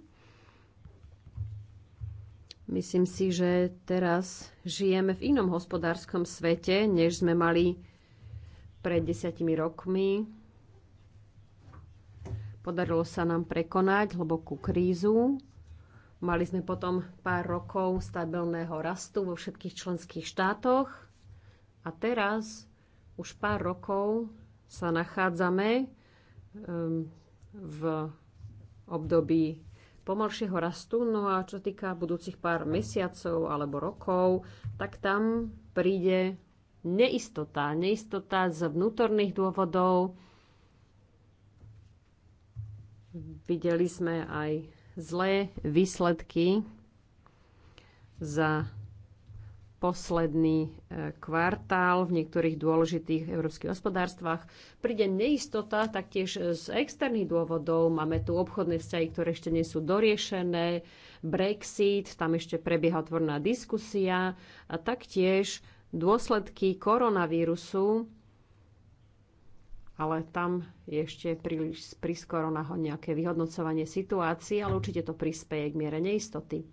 Myslím si, že teraz žijeme v inom hospodárskom svete, než sme mali pred desiatimi rokmi. Podarilo sa nám prekonať hlbokú krízu. Mali sme potom pár rokov stabilného rastu vo všetkých členských štátoch. A teraz už pár rokov sa nachádzame ehm, v období pomalšieho rastu. No a čo týka budúcich pár mesiacov alebo rokov, tak tam príde neistota. Neistota z vnútorných dôvodov. Videli sme aj zlé výsledky za posledný e, kvartál v niektorých dôležitých európskych hospodárstvách. Príde neistota taktiež z externých dôvodov. Máme tu obchodné vzťahy, ktoré ešte nie sú doriešené. Brexit, tam ešte prebieha otvorná diskusia. A taktiež dôsledky koronavírusu, ale tam je ešte príliš priskoro na nejaké vyhodnocovanie situácií, ale určite to prispieje k miere neistoty.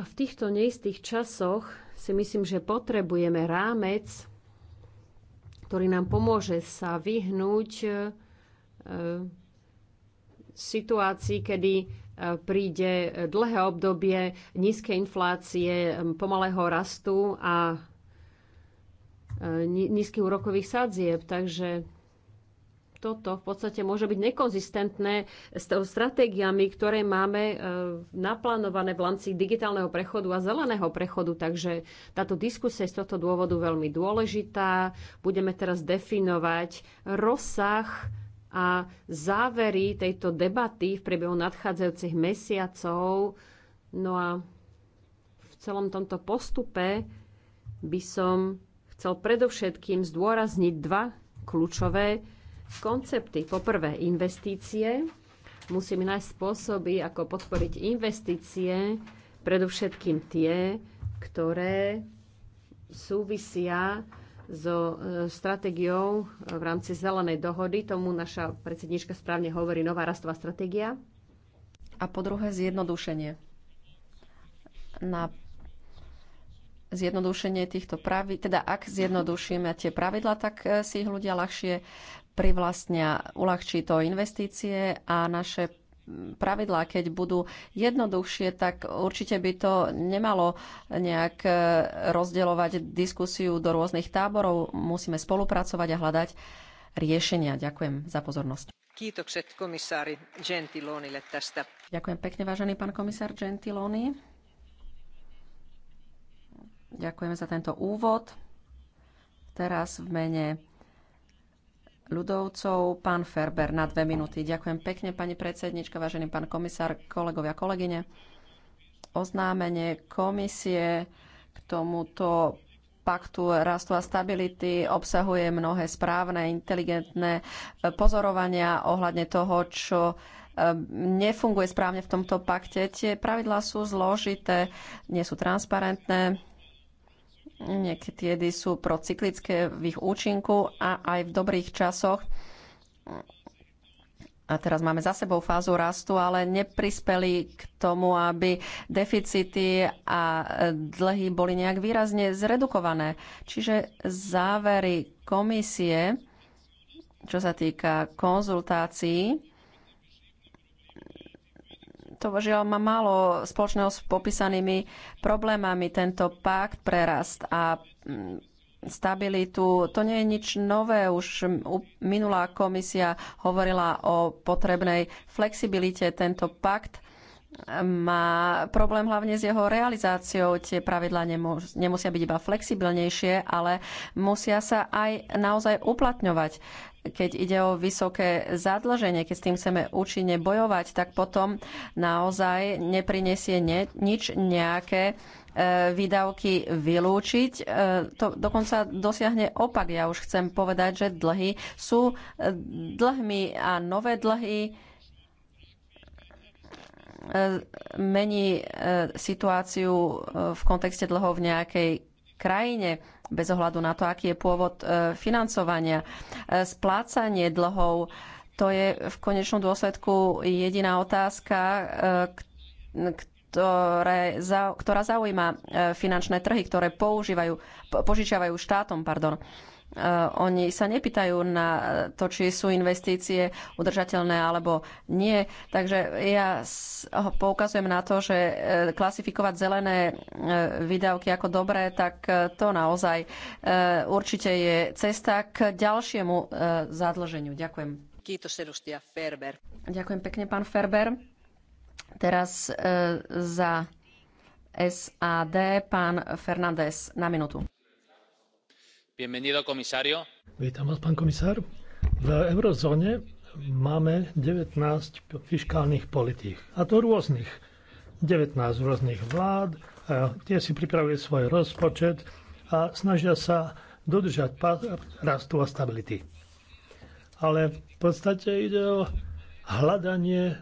A v týchto neistých časoch si myslím, že potrebujeme rámec, ktorý nám pomôže sa vyhnúť v e, situácii, kedy e, príde dlhé obdobie nízkej inflácie, e, pomalého rastu a nízkych úrokových sadzieb. Takže toto v podstate môže byť nekonzistentné s stratégiami, ktoré máme e, naplánované v rámci digitálneho prechodu a zeleného prechodu. Takže táto diskusia je z tohto dôvodu veľmi dôležitá. Budeme teraz definovať rozsah a závery tejto debaty v priebehu nadchádzajúcich mesiacov. No a v celom tomto postupe by som chcel predovšetkým zdôrazniť dva kľúčové koncepty. Poprvé investície. Musíme nájsť spôsoby, ako podporiť investície, predovšetkým tie, ktoré súvisia so e, stratégiou v rámci zelenej dohody. Tomu naša predsednička správne hovorí nová rastová stratégia. A po druhé zjednodušenie. Na zjednodušenie týchto pravidel, teda ak zjednodušíme tie pravidla, tak e, si ich ľudia ľahšie privlastnia, uľahčí to investície a naše pravidlá, keď budú jednoduchšie, tak určite by to nemalo nejak e, rozdeľovať diskusiu do rôznych táborov. Musíme spolupracovať a hľadať riešenia. Ďakujem za pozornosť. Ďakujem pekne, vážený pán komisár Gentiloni. Ďakujeme za tento úvod. Teraz v mene ľudovcov. Pán Ferber na dve minúty. Ďakujem pekne, pani predsednička, vážený pán komisár, kolegovia, kolegyne. Oznámenie komisie k tomuto paktu rastu a stability obsahuje mnohé správne, inteligentné e, pozorovania ohľadne toho, čo e, nefunguje správne v tomto pakte. Tie pravidlá sú zložité, nie sú transparentné, niekedy sú procyklické v ich účinku a aj v dobrých časoch. A teraz máme za sebou fázu rastu, ale neprispeli k tomu, aby deficity a dlhy boli nejak výrazne zredukované. Čiže závery komisie, čo sa týka konzultácií, to žiaľ má málo spoločného s popísanými problémami. Tento pakt pre rast a mm, stabilitu, to nie je nič nové. Už minulá komisia hovorila o potrebnej flexibilite. Tento pakt má problém hlavne s jeho realizáciou. Tie pravidlá nemusia byť iba flexibilnejšie, ale musia sa aj naozaj uplatňovať. Keď ide o vysoké zadlženie, keď s tým chceme účinne bojovať, tak potom naozaj neprinesie ne, nič nejaké e, výdavky vylúčiť. E, to dokonca dosiahne opak. Ja už chcem povedať, že dlhy sú e, dlhmi a nové dlhy E, mení e, situáciu e, v kontexte dlhov v nejakej krajine, bez ohľadu na to, aký je pôvod financovania. Splácanie dlhov, to je v konečnom dôsledku jediná otázka, ktoré, ktorá zaujíma finančné trhy, ktoré používajú, požičiavajú štátom. Pardon. Eh, oni sa nepýtajú na to, či sú investície udržateľné alebo nie. Takže ja ho poukazujem na to, že eh, klasifikovať zelené eh, výdavky ako dobré, tak to naozaj určite je cesta k ďalšiemu zadlženiu. Ďakujem. Ďakujem pekne, pán Ferber. Teraz za SAD pán Fernández na minútu. Bienvenido, komisario. Vítam vás, pán komisár. V eurozóne máme 19 fiskálnych politík, a to rôznych. 19 rôznych vlád, tie si pripravujú svoj rozpočet a snažia sa dodržať rastu a stability. Ale v podstate ide o hľadanie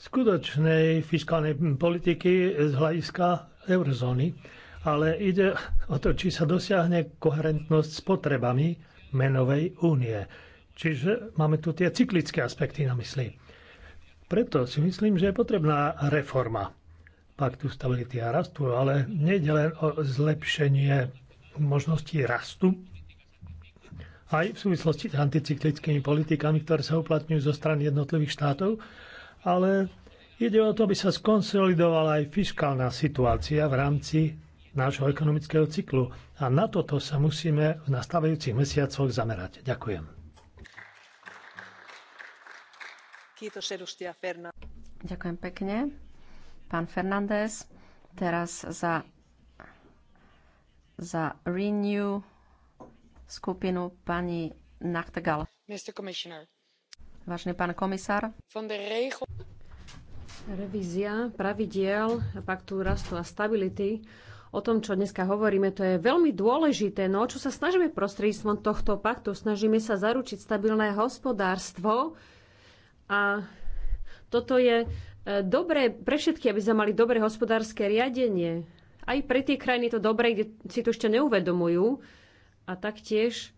skutočnej fiskálnej politiky z hľadiska eurozóny ale ide o to, či sa dosiahne koherentnosť s potrebami menovej únie. Čiže máme tu tie cyklické aspekty na mysli. Preto si myslím, že je potrebná reforma paktu stability a rastu, ale nejde len o zlepšenie možností rastu aj v súvislosti s anticyklickými politikami, ktoré sa uplatňujú zo strany jednotlivých štátov, ale ide o to, aby sa skonsolidovala aj fiskálna situácia v rámci nášho ekonomického cyklu. A na toto sa musíme v nastávajúcich mesiacoch zamerať. Ďakujem. Ďakujem pekne. Pán Fernández, teraz za, za Renew skupinu pani Nachtegal. Vážený pán komisár, revízia pravidiel paktu rastu a stability o tom, čo dneska hovoríme, to je veľmi dôležité. No čo sa snažíme prostredníctvom tohto paktu? Snažíme sa zaručiť stabilné hospodárstvo a toto je e, dobré pre všetky, aby sme mali dobré hospodárske riadenie. Aj pre tie krajiny to dobré, kde si to ešte neuvedomujú. A taktiež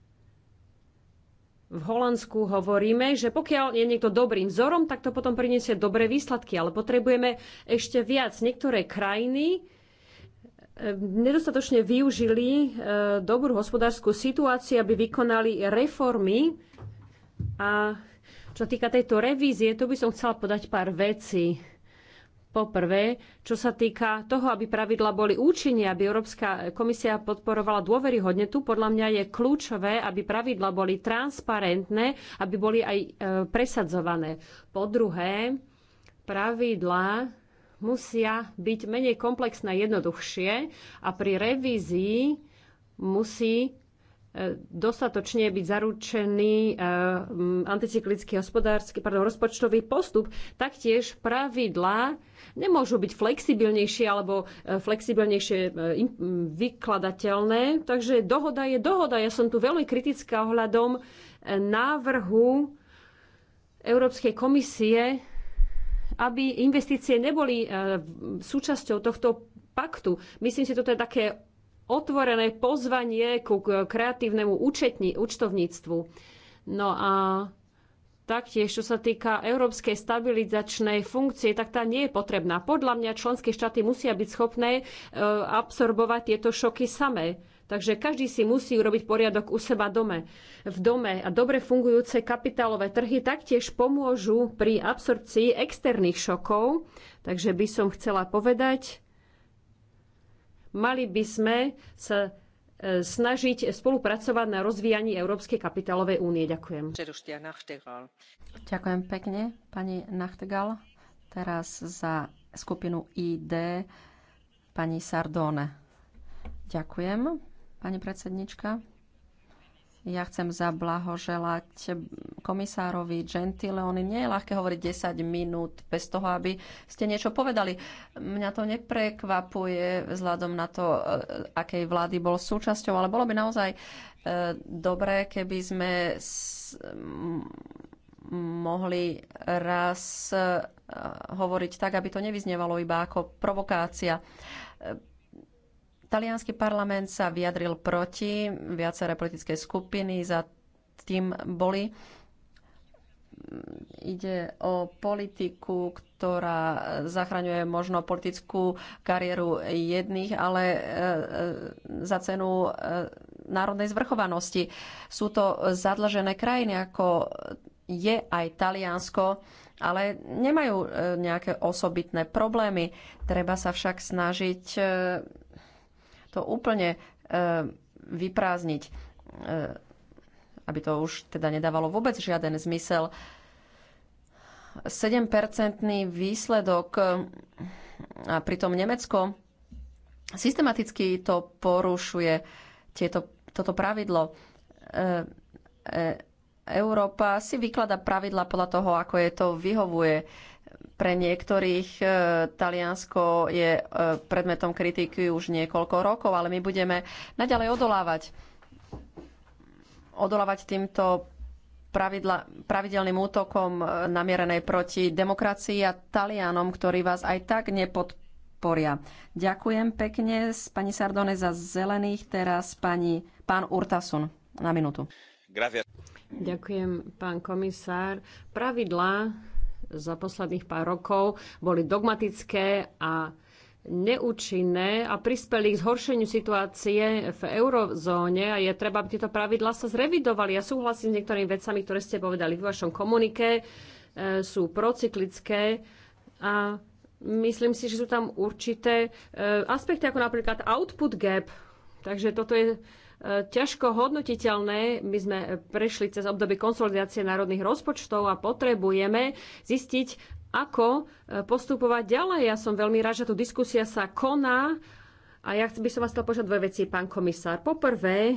v Holandsku hovoríme, že pokiaľ je niekto dobrým vzorom, tak to potom priniesie dobré výsledky, ale potrebujeme ešte viac. Niektoré krajiny nedostatočne využili e, dobrú hospodárskú situáciu, aby vykonali reformy. A čo týka tejto revízie, tu by som chcela podať pár vecí. Poprvé, čo sa týka toho, aby pravidla boli účinné, aby Európska komisia podporovala dôveryhodne, tu podľa mňa je kľúčové, aby pravidla boli transparentné, aby boli aj e, presadzované. Po druhé, pravidlá musia byť menej komplexné, jednoduchšie a pri revízii musí e, dostatočne byť zaručený e, anticyklický hospodársky, pardon, rozpočtový postup, taktiež pravidlá nemôžu byť flexibilnejšie alebo e, flexibilnejšie vykladateľné. Takže dohoda je dohoda. Ja som tu veľmi kritická ohľadom návrhu Európskej komisie aby investície neboli e, súčasťou tohto paktu. Myslím si, toto je také otvorené pozvanie ku kreatívnemu účetni, účtovníctvu. No a taktiež, čo sa týka európskej stabilizačnej funkcie, tak tá nie je potrebná. Podľa mňa členské štáty musia byť schopné e, absorbovať tieto šoky samé. Takže každý si musí urobiť poriadok u seba dome. V dome a dobre fungujúce kapitálové trhy taktiež pomôžu pri absorpcii externých šokov. Takže by som chcela povedať, mali by sme sa e, snažiť spolupracovať na rozvíjaní Európskej kapitálovej únie. Ďakujem. Ďakujem pekne, pani Nachtegal. Teraz za skupinu ID pani Sardone. Ďakujem pani predsednička. Ja chcem zablahoželať komisárovi Gentileoni. Nie je ľahké hovoriť 10 minút bez toho, aby ste niečo povedali. Mňa to neprekvapuje vzhľadom na to, eh, akej vlády bol súčasťou, ale bolo by naozaj eh, dobré, keby sme mohli raz eh, hovoriť tak, aby to nevyznevalo iba ako provokácia Talianský parlament sa vyjadril proti, viaceré politické skupiny za tým boli. Ide o politiku, ktorá zachraňuje možno politickú kariéru jedných, ale e, e, za cenu e, národnej zvrchovanosti. Sú to zadlžené krajiny, ako je aj Taliansko, ale nemajú nejaké osobitné problémy. Treba sa však snažiť to úplne e, vyprázdniť, e, aby to už teda nedávalo vôbec žiaden zmysel. 7-percentný výsledok e, a pritom Nemecko systematicky to porušuje tieto, toto pravidlo. E, e, Európa si vyklada pravidla podľa toho, ako je to vyhovuje. E, pre niektorých e, Taliansko je e, predmetom kritiky už niekoľko rokov, ale my budeme naďalej odolávať. Odolávať týmto pravidla, pravidelným útokom e, namierenej proti demokracii a Talianom, ktorí vás aj tak nepodporia. Ďakujem pekne z pani Sardone za zelených, teraz pani, pán Urtasun na minútu. Ďakujem, pán komisár. Pravidlá za posledných pár rokov boli dogmatické a neúčinné a prispeli k zhoršeniu situácie v eurozóne a je treba, aby tieto pravidlá sa zrevidovali. Ja súhlasím s niektorými vecami, ktoré ste povedali v vašom komunike, e, sú procyklické a myslím si, že sú tam určité e, aspekty, ako napríklad output gap. Takže toto je ťažko hodnotiteľné. My sme prešli cez obdobie konsolidácie národných rozpočtov a potrebujeme zistiť, ako e, postupovať ďalej. Ja som veľmi rád, že tu diskusia sa koná a ja by som vás chcel požiadať dve veci, pán komisár. Poprvé,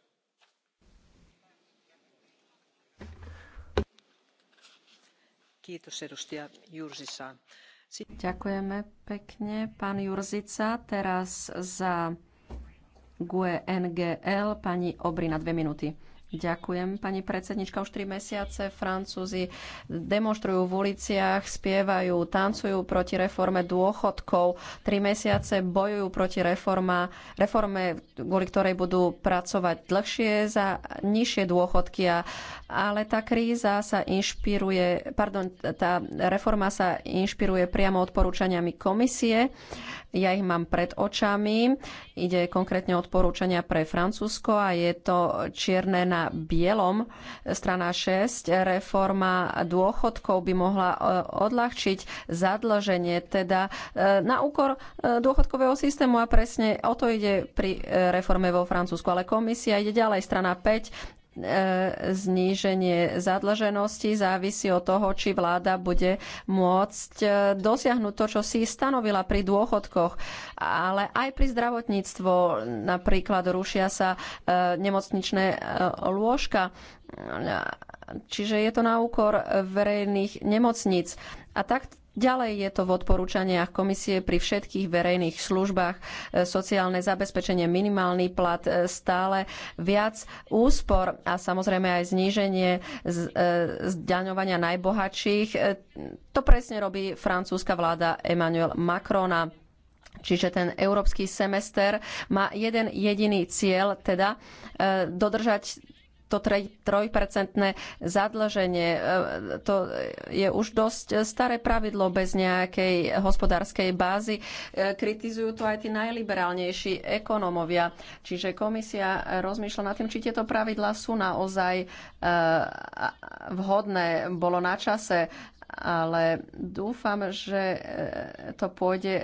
Ďakujeme pekne, pán Jurzica. Teraz za GUE NGL pani Obrina dve minúty. Ďakujem, pani predsednička. Už tri mesiace Francúzi demonstrujú v uliciach, spievajú, tancujú proti reforme dôchodkov. Tri mesiace bojujú proti reforma, reforme, kvôli ktorej budú pracovať dlhšie za nižšie dôchodky. A, ale tá kríza sa inšpiruje, pardon, tá reforma sa inšpiruje priamo odporúčaniami komisie. Ja ich mám pred očami. Ide konkrétne odporúčania pre Francúzsko a je to čierne na bielom, strana 6, reforma dôchodkov by mohla e, odľahčiť zadlženie, teda e, na úkor e, dôchodkového systému a presne o to ide pri reforme vo Francúzsku. Ale komisia ide ďalej, strana 5, E, zníženie zadlženosti závisí od toho, či vláda bude môcť e, dosiahnuť to, čo si stanovila pri dôchodkoch, ale aj pri zdravotníctvo. Napríklad rušia sa e, nemocničné lôžka, čiže je to na úkor verejných nemocníc. A tak Ďalej je to v odporúčaniach komisie pri všetkých verejných službách, e, sociálne zabezpečenie, minimálny plat, e, stále viac úspor a samozrejme aj zníženie e, zdaňovania najbohatších. To presne robí francúzska vláda Emmanuel Macrona. Čiže ten európsky semester má jeden jediný cieľ, teda dodržať to trojpercentné zadlženie, e, to je už dosť staré pravidlo bez nejakej hospodárskej bázy. E, kritizujú to aj tí najliberálnejší ekonomovia. Čiže komisia rozmýšľa nad tým, či tieto pravidlá sú naozaj e, vhodné. Bolo na čase, ale dúfam, že to pôjde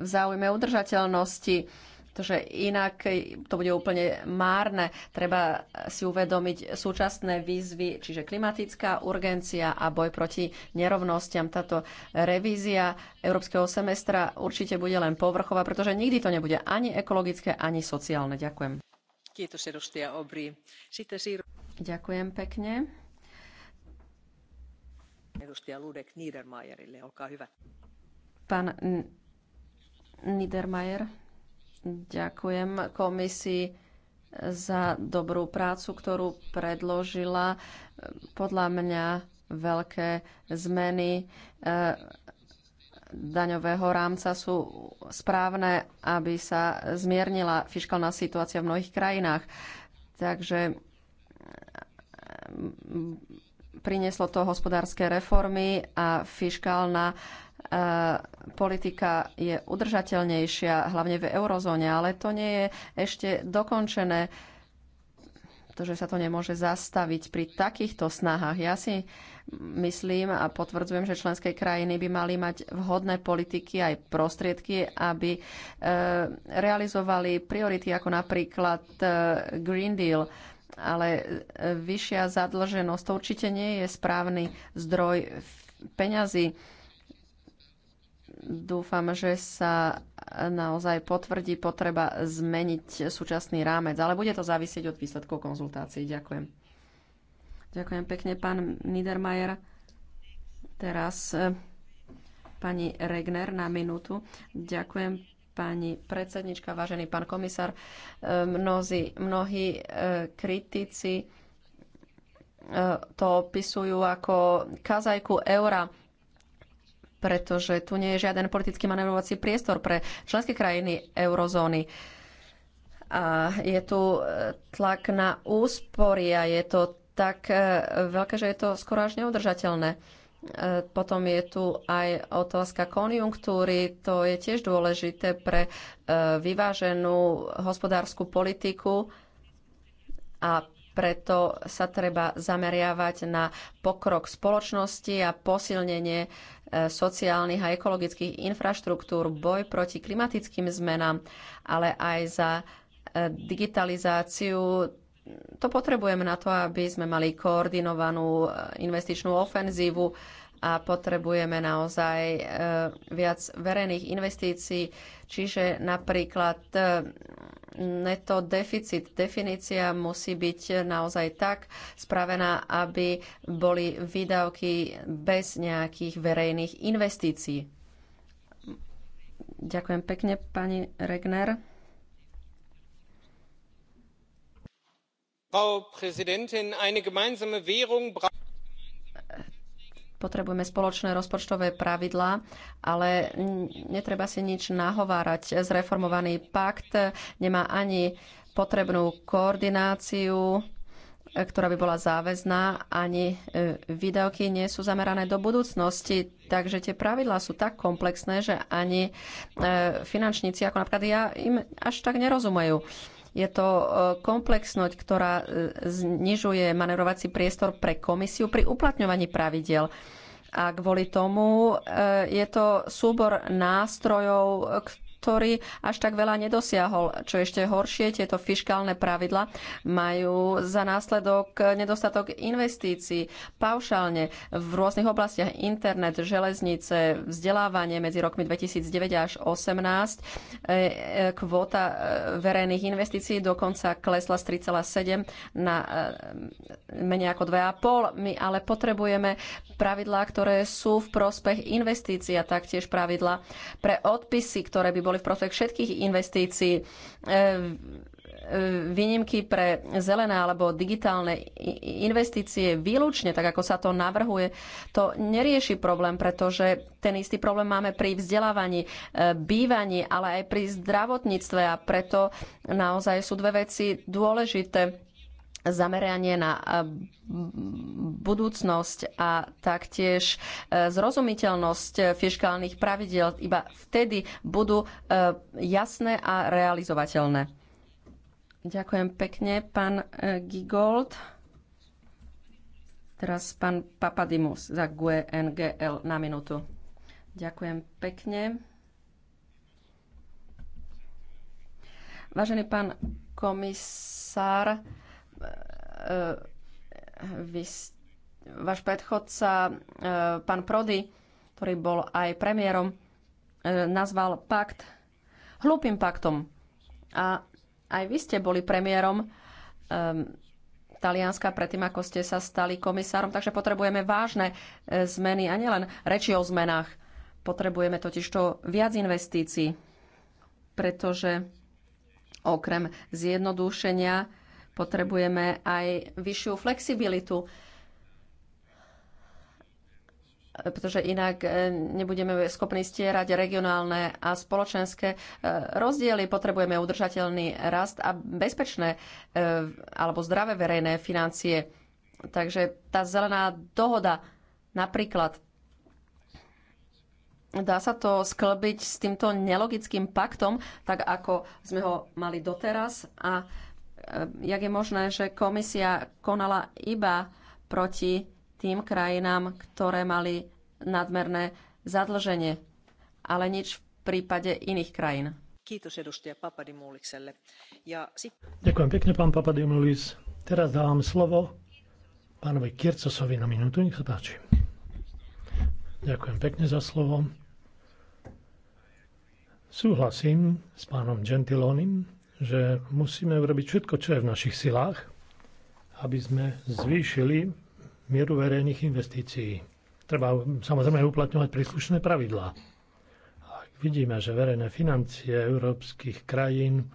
v záujme udržateľnosti pretože inak eh, to bude úplne márne. Treba si uvedomiť súčasné výzvy, čiže klimatická urgencia a boj proti nerovnostiam. Táto revízia európskeho semestra určite bude len povrchová, pretože nikdy to nebude ani ekologické, ani sociálne. Ďakujem. Ďakujem pekne. Pán Niedermayer. Ďakujem komisii za dobrú prácu, ktorú predložila. Podľa mňa veľké zmeny daňového rámca sú správne, aby sa zmiernila fiskálna situácia v mnohých krajinách. Takže prinieslo to hospodárske reformy a fiskálna E, politika je udržateľnejšia, hlavne v eurozóne, ale to nie je ešte dokončené, pretože sa to nemôže zastaviť pri takýchto snahách. Ja si myslím a potvrdzujem, že členské krajiny by mali mať vhodné politiky aj prostriedky, aby e, realizovali priority ako napríklad e, Green Deal, ale vyššia zadlženosť to určite nie je správny zdroj peňazí dúfam, že sa naozaj potvrdí potreba zmeniť súčasný rámec, ale bude to závisieť od výsledkov konzultácií. Ďakujem. Ďakujem pekne, pán Niedermayer. Teraz e, pani Regner na minútu. Ďakujem pani predsednička, vážený pán komisár. E, mnozi, mnohí e, kritici to opisujú ako kazajku eura pretože tu nie je žiaden politický manevrovací priestor pre členské krajiny eurozóny. A je tu e, tlak na úspory a je to tak e, veľké, že je to skoro až neudržateľné. E, potom je tu aj otázka konjunktúry, to je tiež dôležité pre vyváženú hospodárskú politiku a preto sa treba zameriavať na pokrok spoločnosti a posilnenie e, sociálnych a ekologických infraštruktúr, boj proti klimatickým zmenám, ale aj za e, digitalizáciu. To potrebujeme na to, aby sme mali koordinovanú e, investičnú ofenzívu a potrebujeme naozaj e, viac verejných investícií, čiže napríklad e, neto deficit. Definícia musí byť naozaj tak spravená, aby boli výdavky bez nejakých verejných investícií. Ďakujem pekne, pani Regner. Frau Präsidentin, eine gemeinsame Währung braucht Potrebujeme spoločné rozpočtové pravidlá, ale netreba si nič nahovárať. Zreformovaný pakt nemá ani potrebnú koordináciu, ktorá by bola záväzná, ani e, výdavky nie sú zamerané do budúcnosti. Takže tie pravidlá sú tak komplexné, že ani e, finančníci, ako napríklad ja, im až tak nerozumejú. Je to e, komplexnosť, ktorá e, znižuje manevrovací priestor pre komisiu pri uplatňovaní pravidel. A kvôli tomu e, je to súbor nástrojov, ktorý až tak veľa nedosiahol. Čo ešte horšie, tieto fiskálne pravidla majú za následok nedostatok investícií paušálne v rôznych oblastiach internet, železnice, vzdelávanie medzi rokmi 2009 až 2018. E, e, Kvota e, verejných investícií dokonca klesla z 3,7 na menej ako 2,5. My ale potrebujeme pravidlá, ktoré sú v prospech investícií a taktiež pravidlá pre odpisy, ktoré by boli boli v prospech všetkých investícií. E, e, výnimky pre zelené alebo digitálne investície výlučne, tak ako sa to navrhuje, to nerieši problém, pretože ten istý problém máme pri vzdelávaní, e, bývaní, ale aj pri zdravotníctve a preto naozaj sú dve veci dôležité zameranie na budúcnosť a taktiež e, zrozumiteľnosť fiskálnych pravidel iba vtedy budú e, jasné a realizovateľné. Ďakujem pekne, pán e, Gigold. Teraz pán Papadimus za GUE NGL na minútu. Ďakujem pekne. Vážený pán komisár, E, e, vy, váš predchodca, e, pán Prody, ktorý bol aj premiérom, nazval pakt hlúpým paktom. A aj vy ste boli premiérom um, Talianska predtým, ako ste sa stali komisárom, takže potrebujeme vážne zmeny a nielen reči o zmenách. Potrebujeme totiž to viac investícií, pretože okrem zjednodušenia Potrebujeme aj vyššiu flexibilitu, pretože inak e, nebudeme schopní stierať regionálne a spoločenské e, rozdiely. Potrebujeme udržateľný rast a bezpečné e, alebo zdravé verejné financie. Takže tá zelená dohoda napríklad dá sa to sklbiť s týmto nelogickým paktom, tak ako sme ho mali doteraz a Eh, jak je možné, že komisia konala iba proti tým krajinám, ktoré mali nadmerné zadlženie, ale nič v prípade iných krajín. Ďakujem pekne, pán Papadimulis. Teraz dávam slovo pánovi Kircosovi na minútu. Nech sa páči. Ďakujem pekne za slovo. Súhlasím s pánom Gentilonim, že musíme urobiť všetko, čo je v našich silách, aby sme zvýšili mieru verejných investícií. Treba samozrejme uplatňovať príslušné pravidlá. vidíme, že verejné financie európskych krajín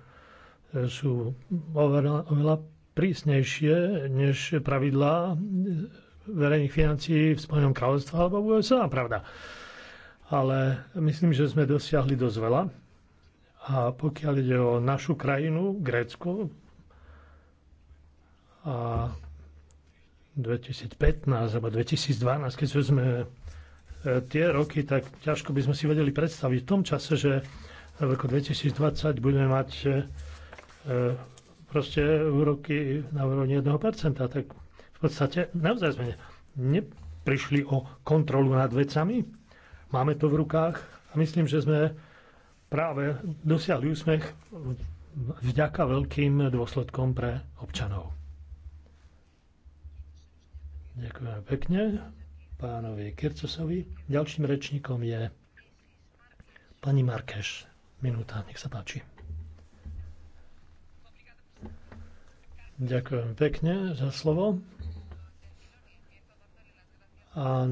e, sú oveľa, oveľa prísnejšie než pravidlá e, verejných financií v Spojenom kráľovstve alebo v USA, pravda. Ale myslím, že sme dosiahli dosť veľa a pokiaľ ide o našu krajinu, Grécko, a 2015 alebo 2012, keď sme e, tie roky, tak ťažko by sme si vedeli predstaviť v tom čase, že v roku 2020 budeme mať e, e, proste úroky na úrovni 1%. Tak v podstate naozaj sme neprišli o kontrolu nad vecami. Máme to v rukách a myslím, že sme práve dosiahli úsmech vďaka veľkým dôsledkom pre občanov. Ďakujem pekne pánovi Kircosovi. Ďalším rečníkom je pani Markeš. Minúta, nech sa páči. Ďakujem pekne za slovo. A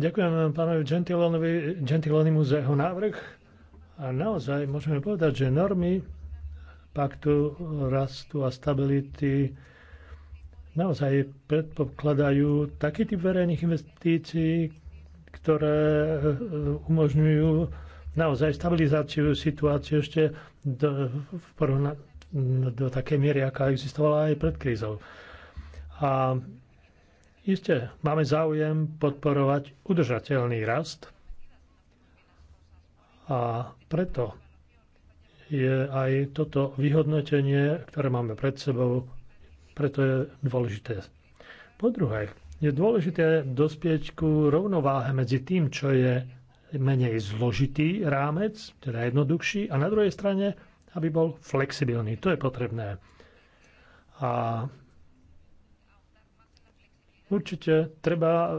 ďakujem pánovi Gentilonovi, Gentilonimu za jeho návrh a naozaj môžeme povedať, že normy paktu rastu a stability naozaj predpokladajú taký typ verejných investícií, ktoré e, umožňujú naozaj stabilizáciu situácie ešte do, v porovna, do takej miery, aká existovala aj pred krízou. A iste máme záujem podporovať udržateľný rast a preto je aj toto vyhodnotenie, ktoré máme pred sebou, preto je dôležité. Po druhé, je dôležité dospieť ku rovnováhe medzi tým, čo je menej zložitý rámec, teda jednoduchší, a na druhej strane, aby bol flexibilný. To je potrebné. A určite treba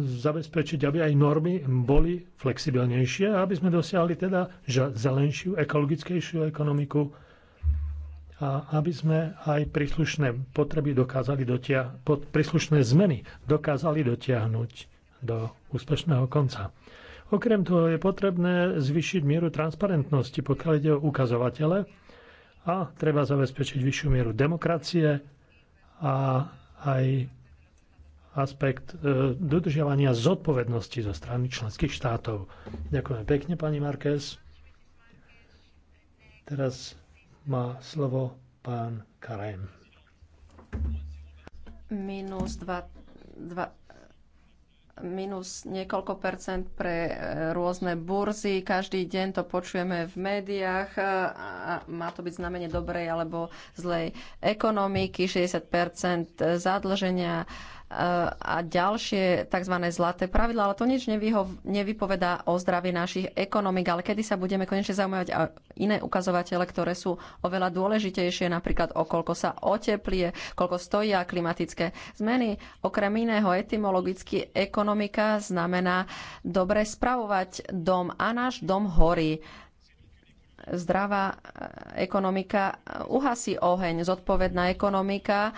zabezpečiť, aby aj normy boli flexibilnejšie, aby sme dosiahli teda zelenšiu, ekologickejšiu ekonomiku a aby sme aj príslušné potreby dokázali dotia- pod príslušné zmeny dokázali dotiahnuť do úspešného konca. Okrem toho je potrebné zvyšiť mieru transparentnosti, pokiaľ ide o ukazovatele a treba zabezpečiť vyššiu mieru demokracie a aj aspekt e, dodržiavania zodpovednosti zo strany členských štátov. Ďakujem pekne, pani Marquez. Teraz má slovo pán Karem. Minus, dva, dva, minus niekoľko percent pre e, rôzne burzy. Každý deň to počujeme v médiách. E, a má to byť znamenie dobrej alebo zlej ekonomiky. 60 zadlženia a ďalšie tzv. zlaté pravidla, ale to nič nevyho- nevypovedá o zdraví našich ekonomik, ale kedy sa budeme konečne zaujímať a iné ukazovatele, ktoré sú oveľa dôležitejšie, napríklad o koľko sa oteplie, koľko stojí klimatické zmeny. Okrem iného etymologicky ekonomika znamená dobre spravovať dom a náš dom horí zdravá e, ekonomika e, uhasí oheň, zodpovedná ekonomika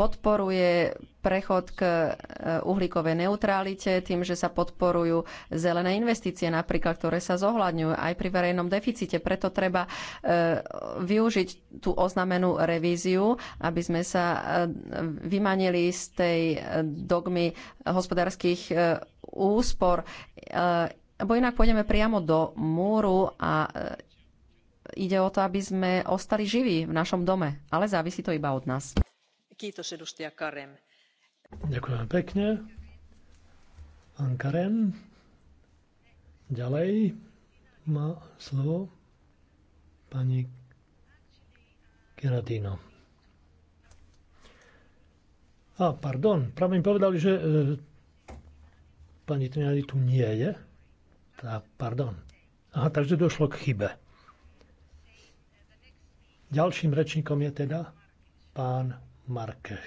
podporuje prechod k e, uhlíkovej neutralite tým, že sa podporujú zelené investície napríklad, ktoré sa zohľadňujú aj pri verejnom deficite. Preto treba e, využiť tú oznamenú revíziu, aby sme sa e, vymanili z tej dogmy hospodárskych úspor. Bo inak pôjdeme priamo do múru a ide o to, aby sme ostali živí v našom dome. Ale závisí to iba od nás. Ďakujem pekne. Pán Karem. Ďalej má slovo pani Keratino. A, pardon, práve mi povedali, že e, pani Trinali tu nie je. Tá, pardon. Aha, takže došlo k chybe. Ďalším rečníkom je teda pán Markeš.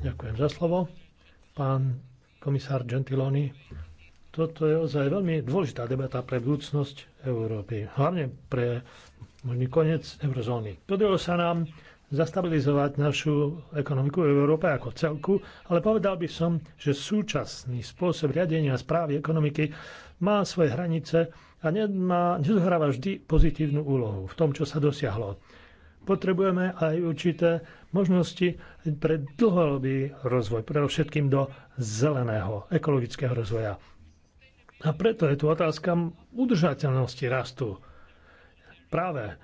Ďakujem za slovo. Pán komisár Gentiloni, toto je ozaj veľmi dôležitá debata pre budúcnosť Európy, hlavne pre možný koniec eurozóny. Podarilo sa nám zastabilizovať našu ekonomiku v Európe ako celku, ale povedal by som, že súčasný spôsob riadenia správy ekonomiky má svoje hranice a nezohráva vždy pozitívnu úlohu v tom, čo sa dosiahlo potrebujeme aj určité možnosti pre dlhodobý rozvoj, pre všetkým do zeleného, ekologického rozvoja. A preto je tu otázka udržateľnosti rastu. Práve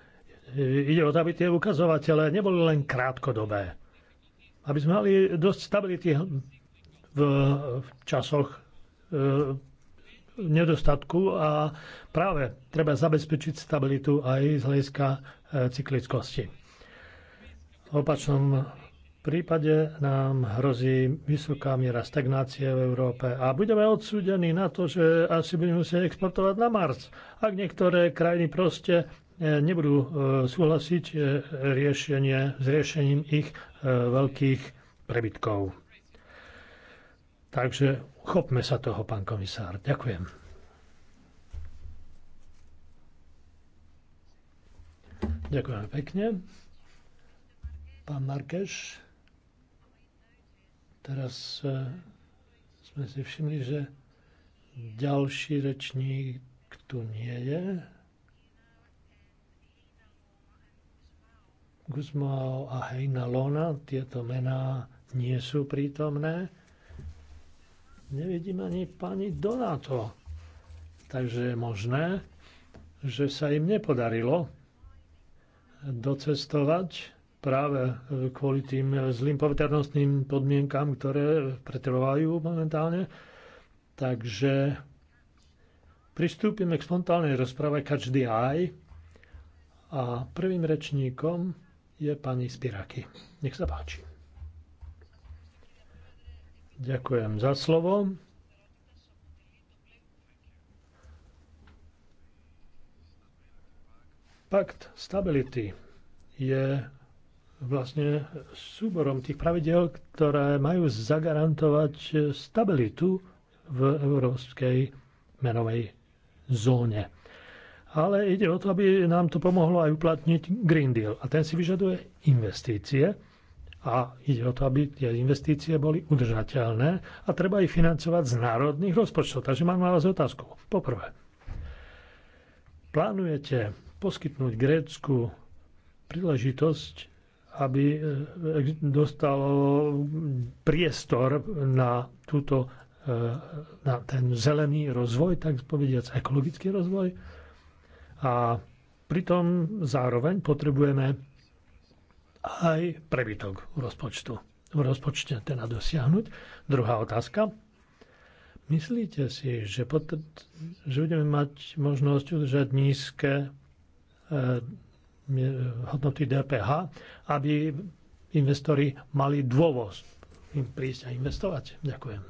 eh, ide o to, aby tie ukazovatele neboli len krátkodobé. Aby sme mali dosť stability v, časoch eh, nedostatku a práve treba zabezpečiť stabilitu aj z hľadiska cyklickosti. V opačnom prípade nám hrozí vysoká miera stagnácie v Európe a budeme odsúdení na to, že asi budeme musieť exportovať na Mars. Ak niektoré krajiny proste eh, nebudú eh, súhlasiť eh, riešenie, s riešením ich veľkých prebytkov. Takže chopme sa toho, pán komisár. Ďakujem. Ďakujem pekne. Pán Markeš, teraz e, sme si všimli, že ďalší rečník tu nie je. Guzmao a Heina Lona, tieto mená nie sú prítomné. Nevidím ani pani Donato. Takže je možné, že sa im nepodarilo docestovať práve kvôli tým zlým poveternostným podmienkám, ktoré pretrvajú momentálne. Takže pristúpime k spontálnej rozprave každý aj. A prvým rečníkom je pani Spiraky. Nech sa páči. Ďakujem za slovo. Pakt stability je vlastne súborom tých pravidel, ktoré majú zagarantovať stabilitu v európskej menovej zóne. Ale ide o to, aby nám to pomohlo aj uplatniť Green Deal. A ten si vyžaduje investície a ide o to, aby tie investície boli udržateľné a treba ich financovať z národných rozpočtov. Takže mám na vás otázku. Poprvé, plánujete poskytnúť Grécku príležitosť, aby eh, dostalo eh, priestor na, túto, eh, na ten zelený rozvoj, tak povediac ekologický rozvoj. A pritom zároveň potrebujeme aj prebytok v rozpočtu. V rozpočte teda dosiahnuť. Druhá otázka. Myslíte si, že, pot- že budeme mať možnosť udržať nízke E, e, hodnoty DPH, aby investori mali dôvod im prísť a investovať. Ďakujem.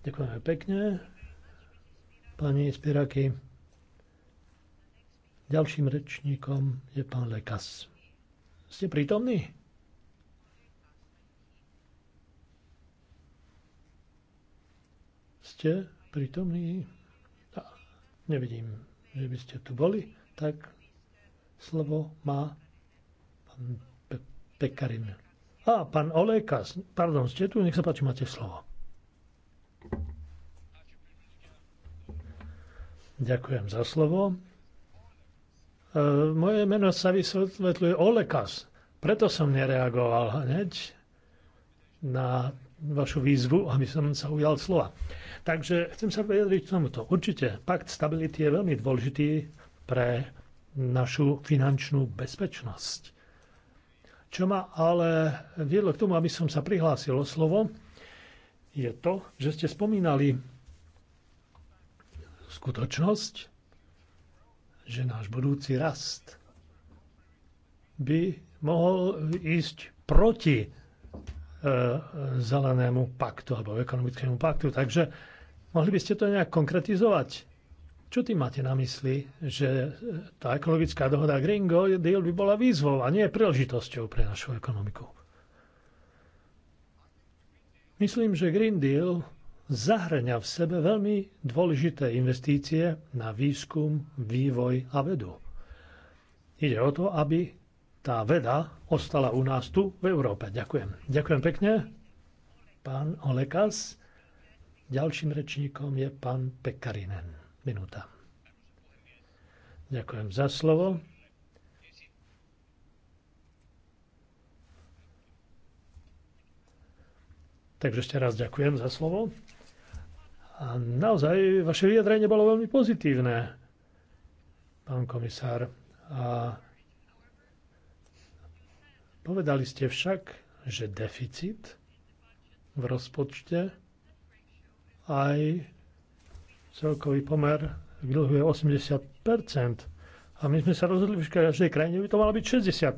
Ďakujeme pekne. Pani Spiraky, ďalším rečníkom je pán Lekas. Ste prítomní? Ste prítomní? Nevidím, že by ste tu boli tak slovo má pán Pe Pekarin. A, pán Olejka, pardon, ste tu, nech sa páči, máte slovo. Ďakujem za slovo. E, moje meno sa vysvetľuje Olekas, preto som nereagoval hneď na vašu výzvu, aby som sa ujal slova. Takže chcem sa vyjadriť k tomuto. Určite, pakt stability je veľmi dôležitý pre našu finančnú bezpečnosť. Čo ma ale viedlo k tomu, aby som sa prihlásil o slovo, je to, že ste spomínali skutočnosť, že náš budúci rast by mohol ísť proti e, zelenému paktu alebo ekonomickému paktu. Takže mohli by ste to nejak konkretizovať? Čo ty máte na mysli, že e, tá ekologická dohoda Green Deal by bola výzvou a nie príležitosťou pre našu ekonomiku? Myslím, že Green Deal zahrňa v sebe veľmi dôležité investície na výskum, vývoj a vedu. Ide o to, aby tá veda ostala u nás tu v Európe. Ďakujem. Ďakujem pekne. Pán Olekas. Ďalším rečníkom je pán Pekarinen. Minúta. Ďakujem za slovo. Takže ešte raz ďakujem za slovo. A naozaj vaše vyjadrenie bolo veľmi pozitívne, pán komisár. A povedali ste však, že deficit v rozpočte aj Celkový pomer k dlhu je 80 a my sme sa rozhodli, že v každej krajine by to malo byť 60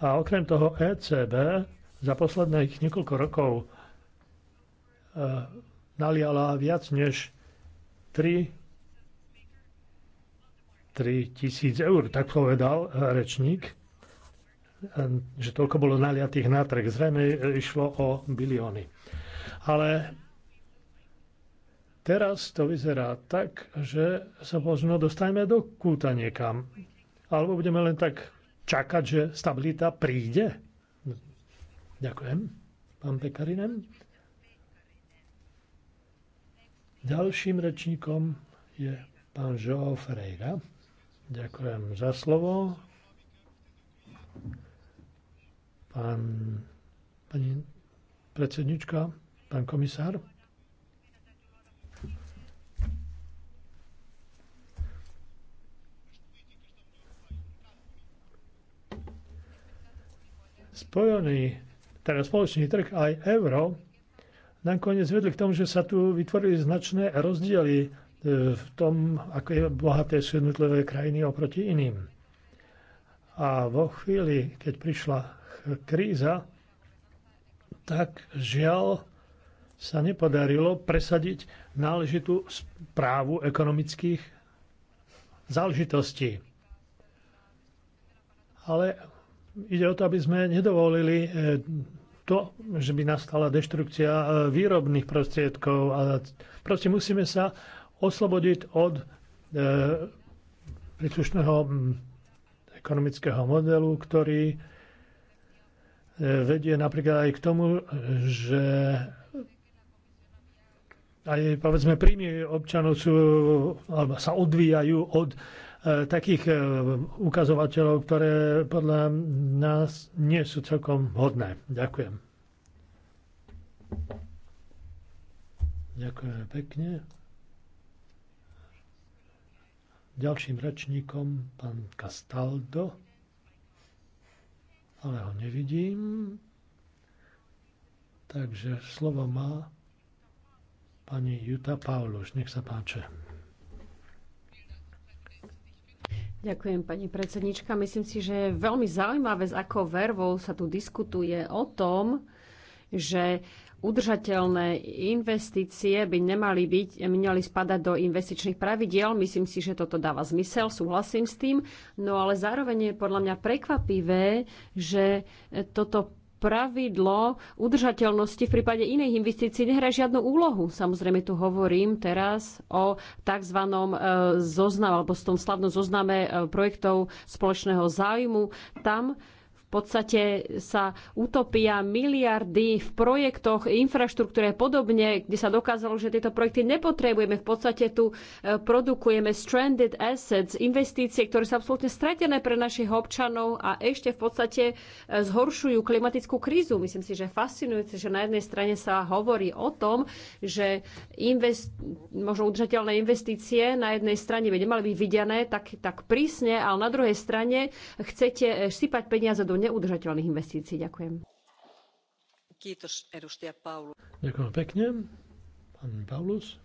A okrem toho ECB za posledných niekoľko rokov e, naliala viac než 3 3 tisíc eur, tak povedal e, rečník, e, že toľko bolo naliatých na trh. Zrejme išlo o bilióny. Ale Teraz to vyzerá tak, že sa možno dostaneme do kúta niekam. Alebo budeme len tak čakať, že stabilita príde. Ďakujem, pán Pekarinen. Ďalším rečníkom je pán Joao Ferreira. Ďakujem za slovo. Pán, pani predsednička, pán komisár. spojený, teda spoločný trh aj euro nakoniec vedli k tomu, že sa tu vytvorili značné rozdiely e, v tom, ako je bohaté sú jednotlivé krajiny oproti iným. A vo chvíli, keď prišla kríza, tak žiaľ sa nepodarilo presadiť náležitú správu ekonomických záležitostí. Ale ide o to, aby sme nedovolili e, to, že by nastala deštrukcia e, výrobných prostriedkov. A proste musíme sa oslobodiť od e, príslušného ekonomického modelu, ktorý vedie napríklad aj k tomu, že aj povedzme príjmy občanov sú, alebo sa odvíjajú od E, takých e, ukazovateľov, ktoré podľa nás nie sú celkom hodné. Ďakujem. Ďakujem pekne. Ďalším rečníkom pán Castaldo, ale ho nevidím. Takže slovo má pani Juta Pauluš. Nech sa páče. Ďakujem, pani predsednička. Myslím si, že je veľmi zaujímavé, s akou vervou sa tu diskutuje o tom, že udržateľné investície by nemali byť, nemali spadať do investičných pravidiel. Myslím si, že toto dáva zmysel, súhlasím s tým. No ale zároveň je podľa mňa prekvapivé, že toto pravidlo udržateľnosti v prípade iných investícií nehraje žiadnu úlohu. Samozrejme tu hovorím teraz o tzv. E, zozname alebo s tom slavnom zozname e, projektov spoločného záujmu. Tam podstate sa utopia miliardy v projektoch, infraštruktúre podobne, kde sa dokázalo, že tieto projekty nepotrebujeme. V podstate tu e, produkujeme stranded assets, investície, ktoré sú absolútne stratené pre našich občanov a ešte v podstate e, zhoršujú klimatickú krízu. Myslím si, že fascinujúce, že na jednej strane sa hovorí o tom, že invest, možno udržateľné investície na jednej strane by nemali byť videané tak, tak prísne, ale na druhej strane chcete e, sypať peniaze do neudržateľných investícií. Ďakujem. Kýtos, Ďakujem pekne. Pán Paulus.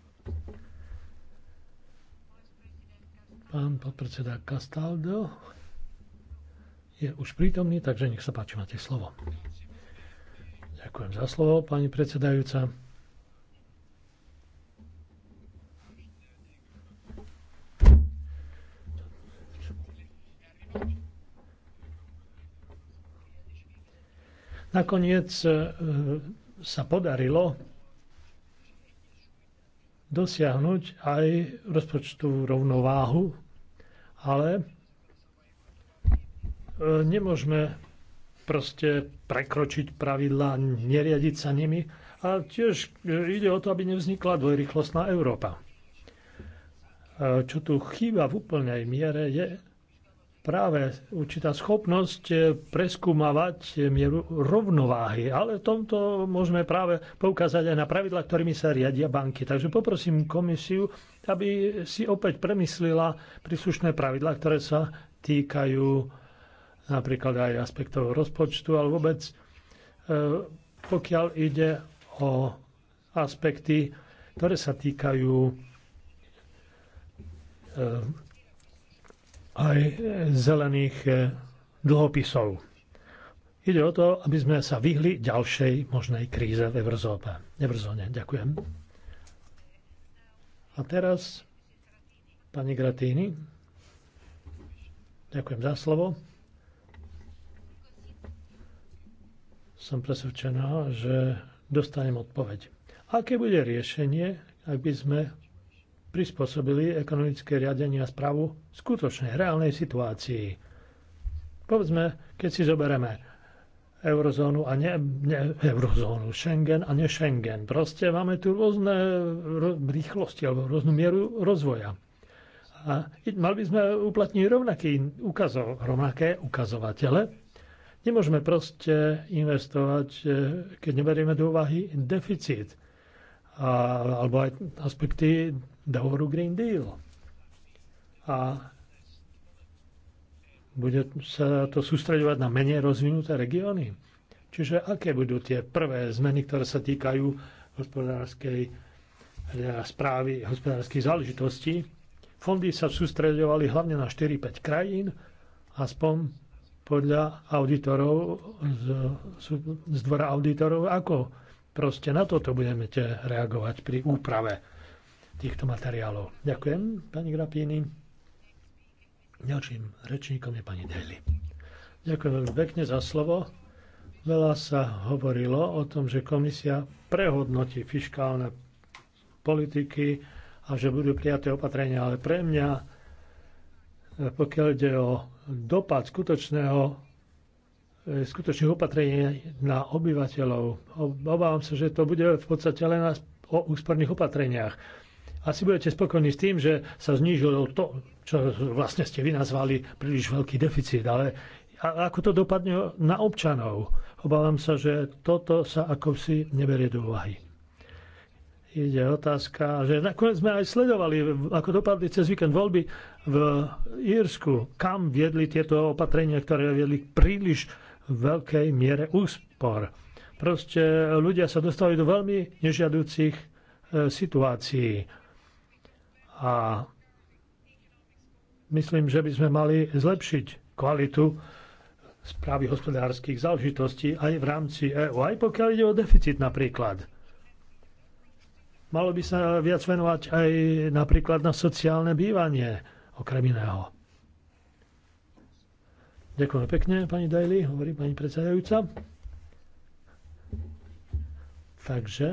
Pán podpredseda Castaldo je už prítomný, takže nech sa páči, máte slovo. Ďakujem za slovo, pani predsedajúca. Thank you. Nakoniec e, sa podarilo dosiahnuť aj rozpočtu rovnováhu, ale e, nemôžeme proste prekročiť pravidlá, neriadiť sa nimi. A tiež e, ide o to, aby nevznikla dvojrychlostná Európa. Čo tu chýba v úplnej miere je práve určitá schopnosť eh, preskúmavať eh, mieru rovnováhy. Ale v tomto môžeme práve poukázať aj na pravidla, ktorými sa riadia banky. Takže poprosím komisiu, aby si opäť premyslila príslušné pravidla, ktoré sa týkajú napríklad aj aspektov rozpočtu, ale vôbec eh, pokiaľ ide o aspekty, ktoré sa týkajú aj zelených eh, dlhopisov. Ide o to, aby sme sa vyhli ďalšej možnej kríze v Eurozóne. Evrozóne. Ďakujem. A teraz pani Gratíny. Ďakujem za slovo. Som presvedčená, že dostanem odpoveď. Aké bude riešenie, ak by sme prispôsobili ekonomické riadenie a správu skutočnej, reálnej situácii. Povedzme, keď si zoberieme eurozónu a ne, ne eurozónu, Schengen a ne Schengen. Proste máme tu rôzne rýchlosti alebo rôznu mieru rozvoja. A mali by sme uplatniť rovnaké, ukazo, rovnaké ukazovatele. Nemôžeme proste investovať, e, keď neberieme do úvahy deficit a, alebo aj aspekty dohovoru Green Deal. A bude sa to sústreďovať na menej rozvinuté regióny. Čiže aké budú tie prvé zmeny, ktoré sa týkajú hospodárskej e, správy hospodárskych záležitostí. Fondy sa sústreďovali hlavne na 4-5 krajín, aspoň podľa auditorov z, z dvora auditorov, ako proste na toto budete reagovať pri úprave týchto materiálov. Ďakujem, pani Grapíny. Ďalším rečníkom je pani Deli. Ďakujem veľmi pekne za slovo. Veľa sa hovorilo o tom, že komisia prehodnotí fiskálne politiky a že budú prijaté opatrenia, ale pre mňa, pokiaľ ide o dopad skutočného e, skutočných opatrení na obyvateľov. Obávam sa, že to bude v podstate len o úsporných opatreniach asi budete spokojní s tým, že sa znížilo to, čo vlastne ste vy nazvali príliš veľký deficit, ale ako to dopadne na občanov? Obávam sa, že toto sa ako si neberie do úvahy. Ide otázka, že nakoniec sme aj sledovali, ako dopadli cez víkend voľby v Írsku, kam viedli tieto opatrenia, ktoré viedli k príliš veľkej miere úspor. Proste ľudia sa dostali do veľmi nežiaducich e, situácií. A myslím, že by sme mali zlepšiť kvalitu správy hospodárskych záležitostí aj v rámci EÚ, aj pokiaľ ide o deficit napríklad. Malo by sa viac venovať aj napríklad na sociálne bývanie, okrem iného. Ďakujem pekne, pani Daly, hovorí pani predsedajúca. Takže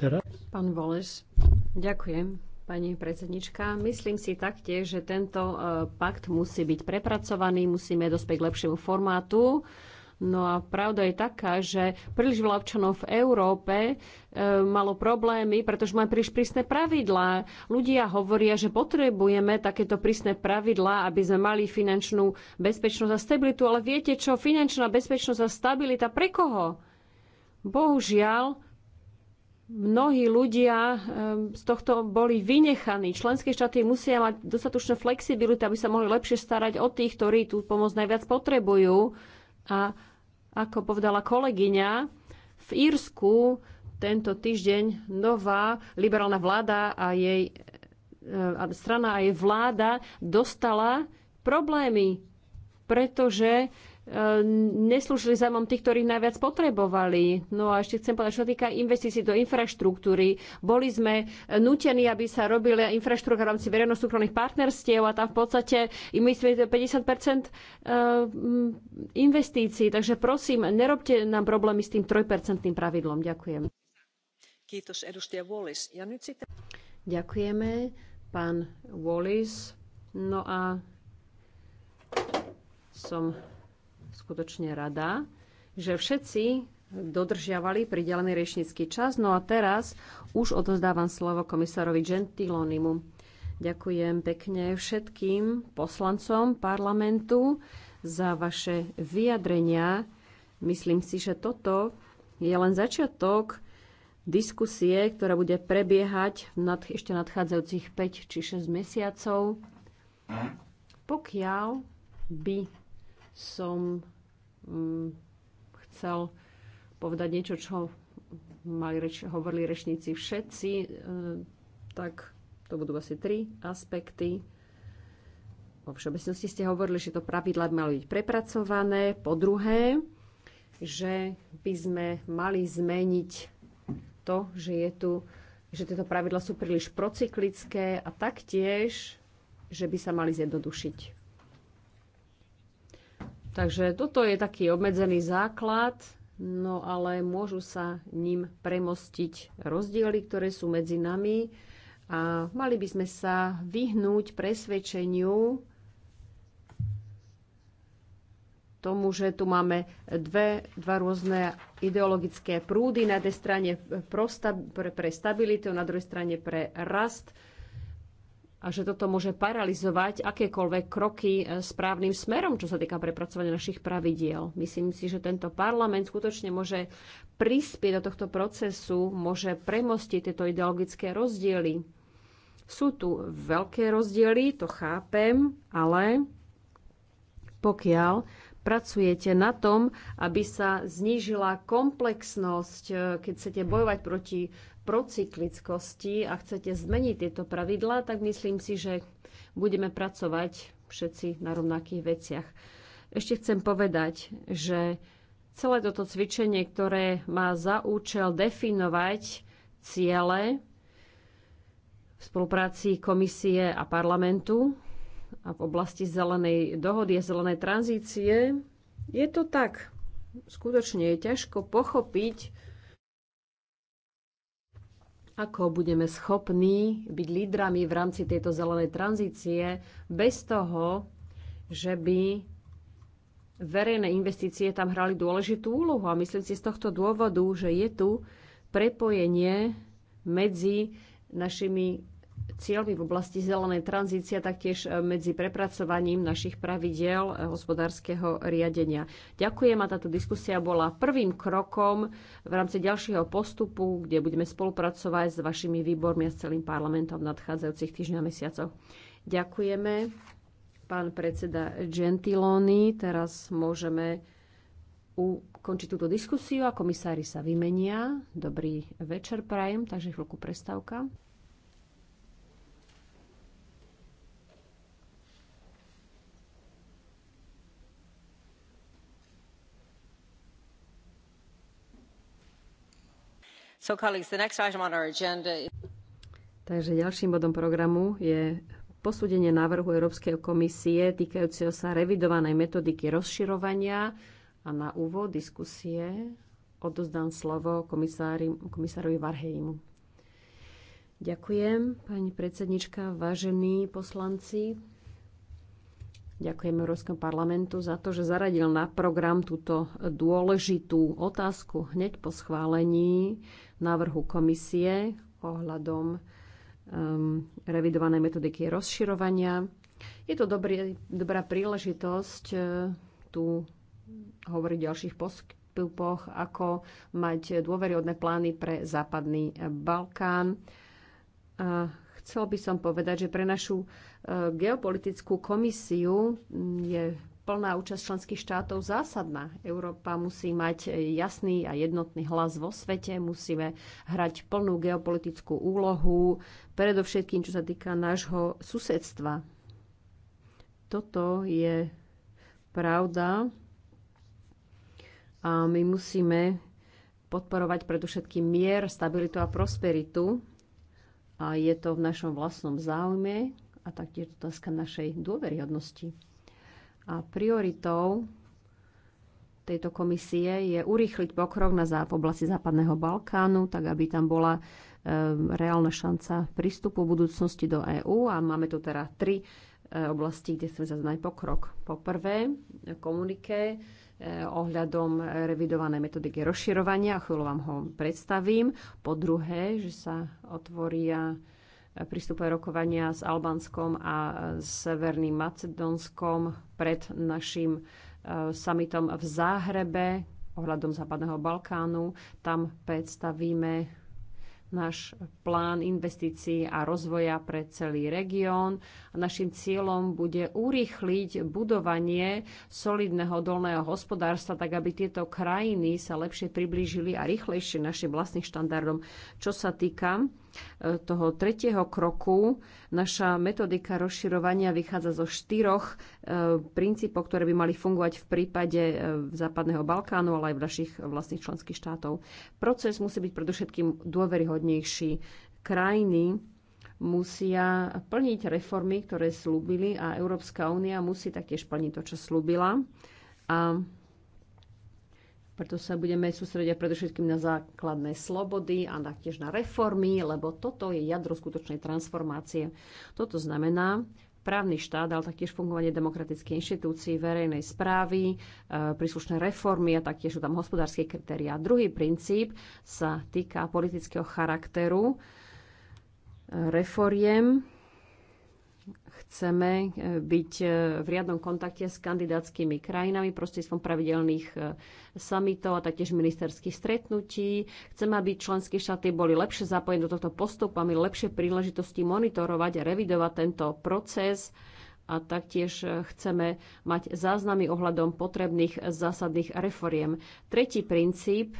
Teraz? Pán Voles, ďakujem. Pani predsednička, myslím si taktiež, že tento e, pakt musí byť prepracovaný, musíme dospieť k lepšiemu formátu. No a pravda je taká, že príliš veľa občanov v Európe e, malo problémy, pretože máme príliš prísne pravidlá. Ľudia hovoria, že potrebujeme takéto prísne pravidlá, aby sme mali finančnú bezpečnosť a stabilitu. Ale viete čo? Finančná bezpečnosť a stabilita pre koho? Bohužiaľ, mnohí ľudia z tohto boli vynechaní. Členské štáty musia mať dostatočnú flexibilitu, aby sa mohli lepšie starať o tých, ktorí tú pomoc najviac potrebujú. A ako povedala kolegyňa, v Írsku tento týždeň nová liberálna vláda a jej e, a strana a jej vláda dostala problémy, pretože Ehm, neslúžili zájmom tých, ktorých najviac potrebovali. No a ešte chcem povedať, čo týka investícií do infraštruktúry. Boli sme nutení, aby sa robili infraštruktúra v rámci verejno-súkromných partnerstiev a tam v podstate im myslíme 50 ehm, investícií. Takže prosím, nerobte nám problémy s tým 3 pravidlom. Ďakujem. Ďakujeme, pán Wallis. No a som skutočne rada, že všetci dodržiavali pridelený riešnický čas. No a teraz už odozdávam slovo komisárovi Gentilonimu. Ďakujem pekne všetkým poslancom parlamentu za vaše vyjadrenia. Myslím si, že toto je len začiatok diskusie, ktorá bude prebiehať nad, ešte nadchádzajúcich 5 či 6 mesiacov. Pokiaľ by som mm, chcel povedať niečo, čo mali reč, hovorili rečníci všetci, e, tak to budú asi tri aspekty. Vo všeobecnosti ste hovorili, že to pravidla by malo byť prepracované. Po druhé, že by sme mali zmeniť to, že, je tu, že tieto pravidla sú príliš procyklické a taktiež, že by sa mali zjednodušiť. Takže toto je taký obmedzený základ, no ale môžu sa ním premostiť rozdiely, ktoré sú medzi nami a mali by sme sa vyhnúť presvedčeniu tomu, že tu máme dve, dva rôzne ideologické prúdy. Na jednej strane pre, pre stabilitu, na druhej strane pre rast a že toto môže paralizovať akékoľvek kroky e, správnym smerom, čo sa týka prepracovania našich pravidiel. Myslím si, že tento parlament skutočne môže prispieť do tohto procesu, môže premostiť tieto ideologické rozdiely. Sú tu veľké rozdiely, to chápem, ale pokiaľ pracujete na tom, aby sa znížila komplexnosť, e, keď chcete bojovať proti procyklickosti a chcete zmeniť tieto pravidlá, tak myslím si, že budeme pracovať všetci na rovnakých veciach. Ešte chcem povedať, že celé toto cvičenie, ktoré má za účel definovať ciele v spolupráci komisie a parlamentu a v oblasti zelenej dohody a zelenej tranzície, je to tak. Skutočne je ťažko pochopiť, ako budeme schopní byť lídrami v rámci tejto zelenej tranzície bez toho, že by verejné investície tam hrali dôležitú úlohu. A myslím si z tohto dôvodu, že je tu prepojenie medzi našimi cieľmi v oblasti zelenej tranzície, taktiež e, medzi prepracovaním našich pravidiel e, hospodárskeho riadenia. Ďakujem a táto diskusia bola prvým krokom v rámci ďalšieho postupu, kde budeme spolupracovať s vašimi výbormi a s celým parlamentom v nadchádzajúcich týždňoch a mesiacoch. Ďakujeme, pán predseda Gentiloni. Teraz môžeme ukončiť túto diskusiu a komisári sa vymenia. Dobrý večer prajem, takže chvíľku prestávka. Takže ďalším bodom programu je posúdenie návrhu Európskej komisie týkajúceho sa revidovanej metodiky rozširovania a na úvod diskusie odozdám slovo komisári, komisárovi Varhejimu. Ďakujem, pani predsednička, vážení poslanci. Ďakujem Európskom parlamentu za to, že zaradil na program túto dôležitú otázku hneď po schválení návrhu komisie ohľadom um, revidovanej metodiky rozširovania. Je to dobrý, dobrá príležitosť uh, tu hovoriť o ďalších postupoch, ako mať dôveryhodné plány pre západný Balkán. A chcel by som povedať, že pre našu e, geopolitickú komisiu je plná účasť členských štátov zásadná. Európa musí mať jasný a jednotný hlas vo svete, musíme hrať plnú geopolitickú úlohu, predovšetkým čo sa týka nášho susedstva. Toto je pravda a my musíme podporovať predovšetkým mier, stabilitu a prosperitu. A je to v našom vlastnom záujme a taktiež otázka našej dôveryhodnosti. A prioritou tejto komisie je urýchliť pokrok na v oblasti Západného Balkánu, tak aby tam bola e, reálna šanca prístupu v budúcnosti do EÚ. A máme tu teda tri e, oblasti, kde chceme zaznať pokrok. Po prvé, komunike e, ohľadom revidované metodiky rozširovania, chvíľu vám ho predstavím. Po druhé, že sa otvoria prístupové rokovania s Albánskom a Severným Macedónskom pred našim e, summitom v Záhrebe ohľadom Západného Balkánu. Tam predstavíme náš plán investícií a rozvoja pre celý región. Našim cieľom bude urýchliť budovanie solidného dolného hospodárstva, tak aby tieto krajiny sa lepšie priblížili a rýchlejšie našim vlastným štandardom. Čo sa týka E, toho tretieho kroku naša metodika rozširovania vychádza zo štyroch e, princípov, ktoré by mali fungovať v prípade e, Západného Balkánu, ale aj v našich vlastných členských štátov. Proces musí byť predovšetkým dôveryhodnejší. Krajiny musia plniť reformy, ktoré slúbili a Európska únia musí taktiež plniť to, čo slúbila. A preto sa budeme sústrediť predovšetkým na základné slobody a taktiež na reformy, lebo toto je jadro skutočnej transformácie. Toto znamená, právny štát, ale taktiež fungovanie demokratických inštitúcií, verejnej správy, e, príslušné reformy a taktiež sú tam hospodárske kritéria. Druhý princíp sa týka politického charakteru e, reforiem Chceme eh, byť eh, v riadnom kontakte s kandidátskymi krajinami prostredstvom pravidelných eh, samitov a taktiež ministerských stretnutí. Chceme, aby členské štáty boli lepšie zapojené do tohto postupu, aby lepšie príležitosti monitorovať a revidovať tento proces a taktiež chceme mať záznamy ohľadom potrebných zásadných reforiem. Tretí princíp,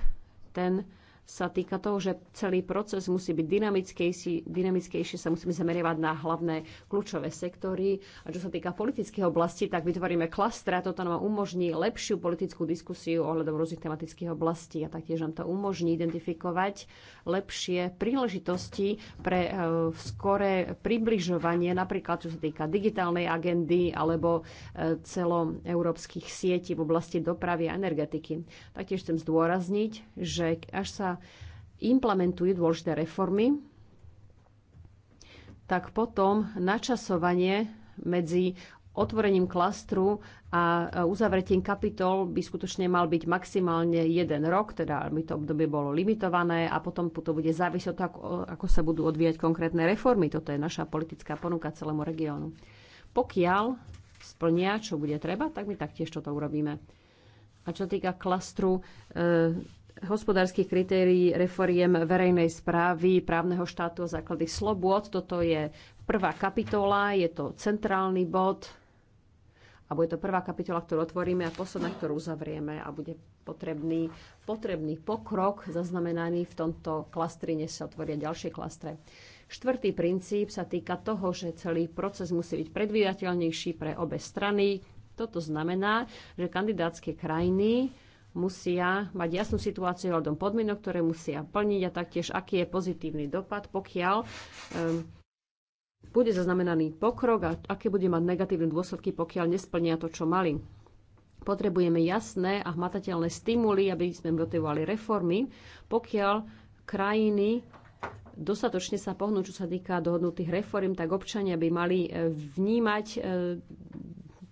ten sa týka toho, že celý proces musí byť dynamickejší, dynamickejšie sa musíme zameriavať na hlavné kľúčové sektory. A čo sa týka politických oblasti, tak vytvoríme klastra. Toto nám umožní lepšiu politickú diskusiu ohľadom rôznych tematických oblastí a taktiež nám to umožní identifikovať lepšie príležitosti pre e, skore približovanie, napríklad čo sa týka digitálnej agendy alebo e, celoeurópskych sietí v oblasti dopravy a energetiky. Taktiež chcem zdôrazniť, že až sa implementujú dôležité reformy, tak potom načasovanie medzi otvorením klastru a uzavretím kapitol by skutočne mal byť maximálne jeden rok, teda by to obdobie bolo limitované a potom to bude závisieť od ako, ako sa budú odvíjať konkrétne reformy. Toto je naša politická ponuka celému regiónu. Pokiaľ splnia, čo bude treba, tak my taktiež toto urobíme. A čo týka klastru e, hospodárskych kritérií, reforiem verejnej správy, právneho štátu a základy slobôd. Toto je prvá kapitola, je to centrálny bod a bude to prvá kapitola, ktorú otvoríme a posledná, ktorú uzavrieme a bude potrebný, potrebný pokrok zaznamenaný v tomto klastri, než sa otvoria ďalšie klastre. Štvrtý princíp sa týka toho, že celý proces musí byť predvídateľnejší pre obe strany. Toto znamená, že kandidátske krajiny musia mať jasnú situáciu hľadom podmienok, ktoré musia plniť a taktiež aký je pozitívny dopad, pokiaľ um, bude zaznamenaný pokrok a aké bude mať negatívne dôsledky, pokiaľ nesplnia to, čo mali. Potrebujeme jasné a hmatateľné stimuly, aby sme motivovali reformy, pokiaľ krajiny dostatočne sa pohnú, čo sa týka dohodnutých reform, tak občania by mali e, vnímať e,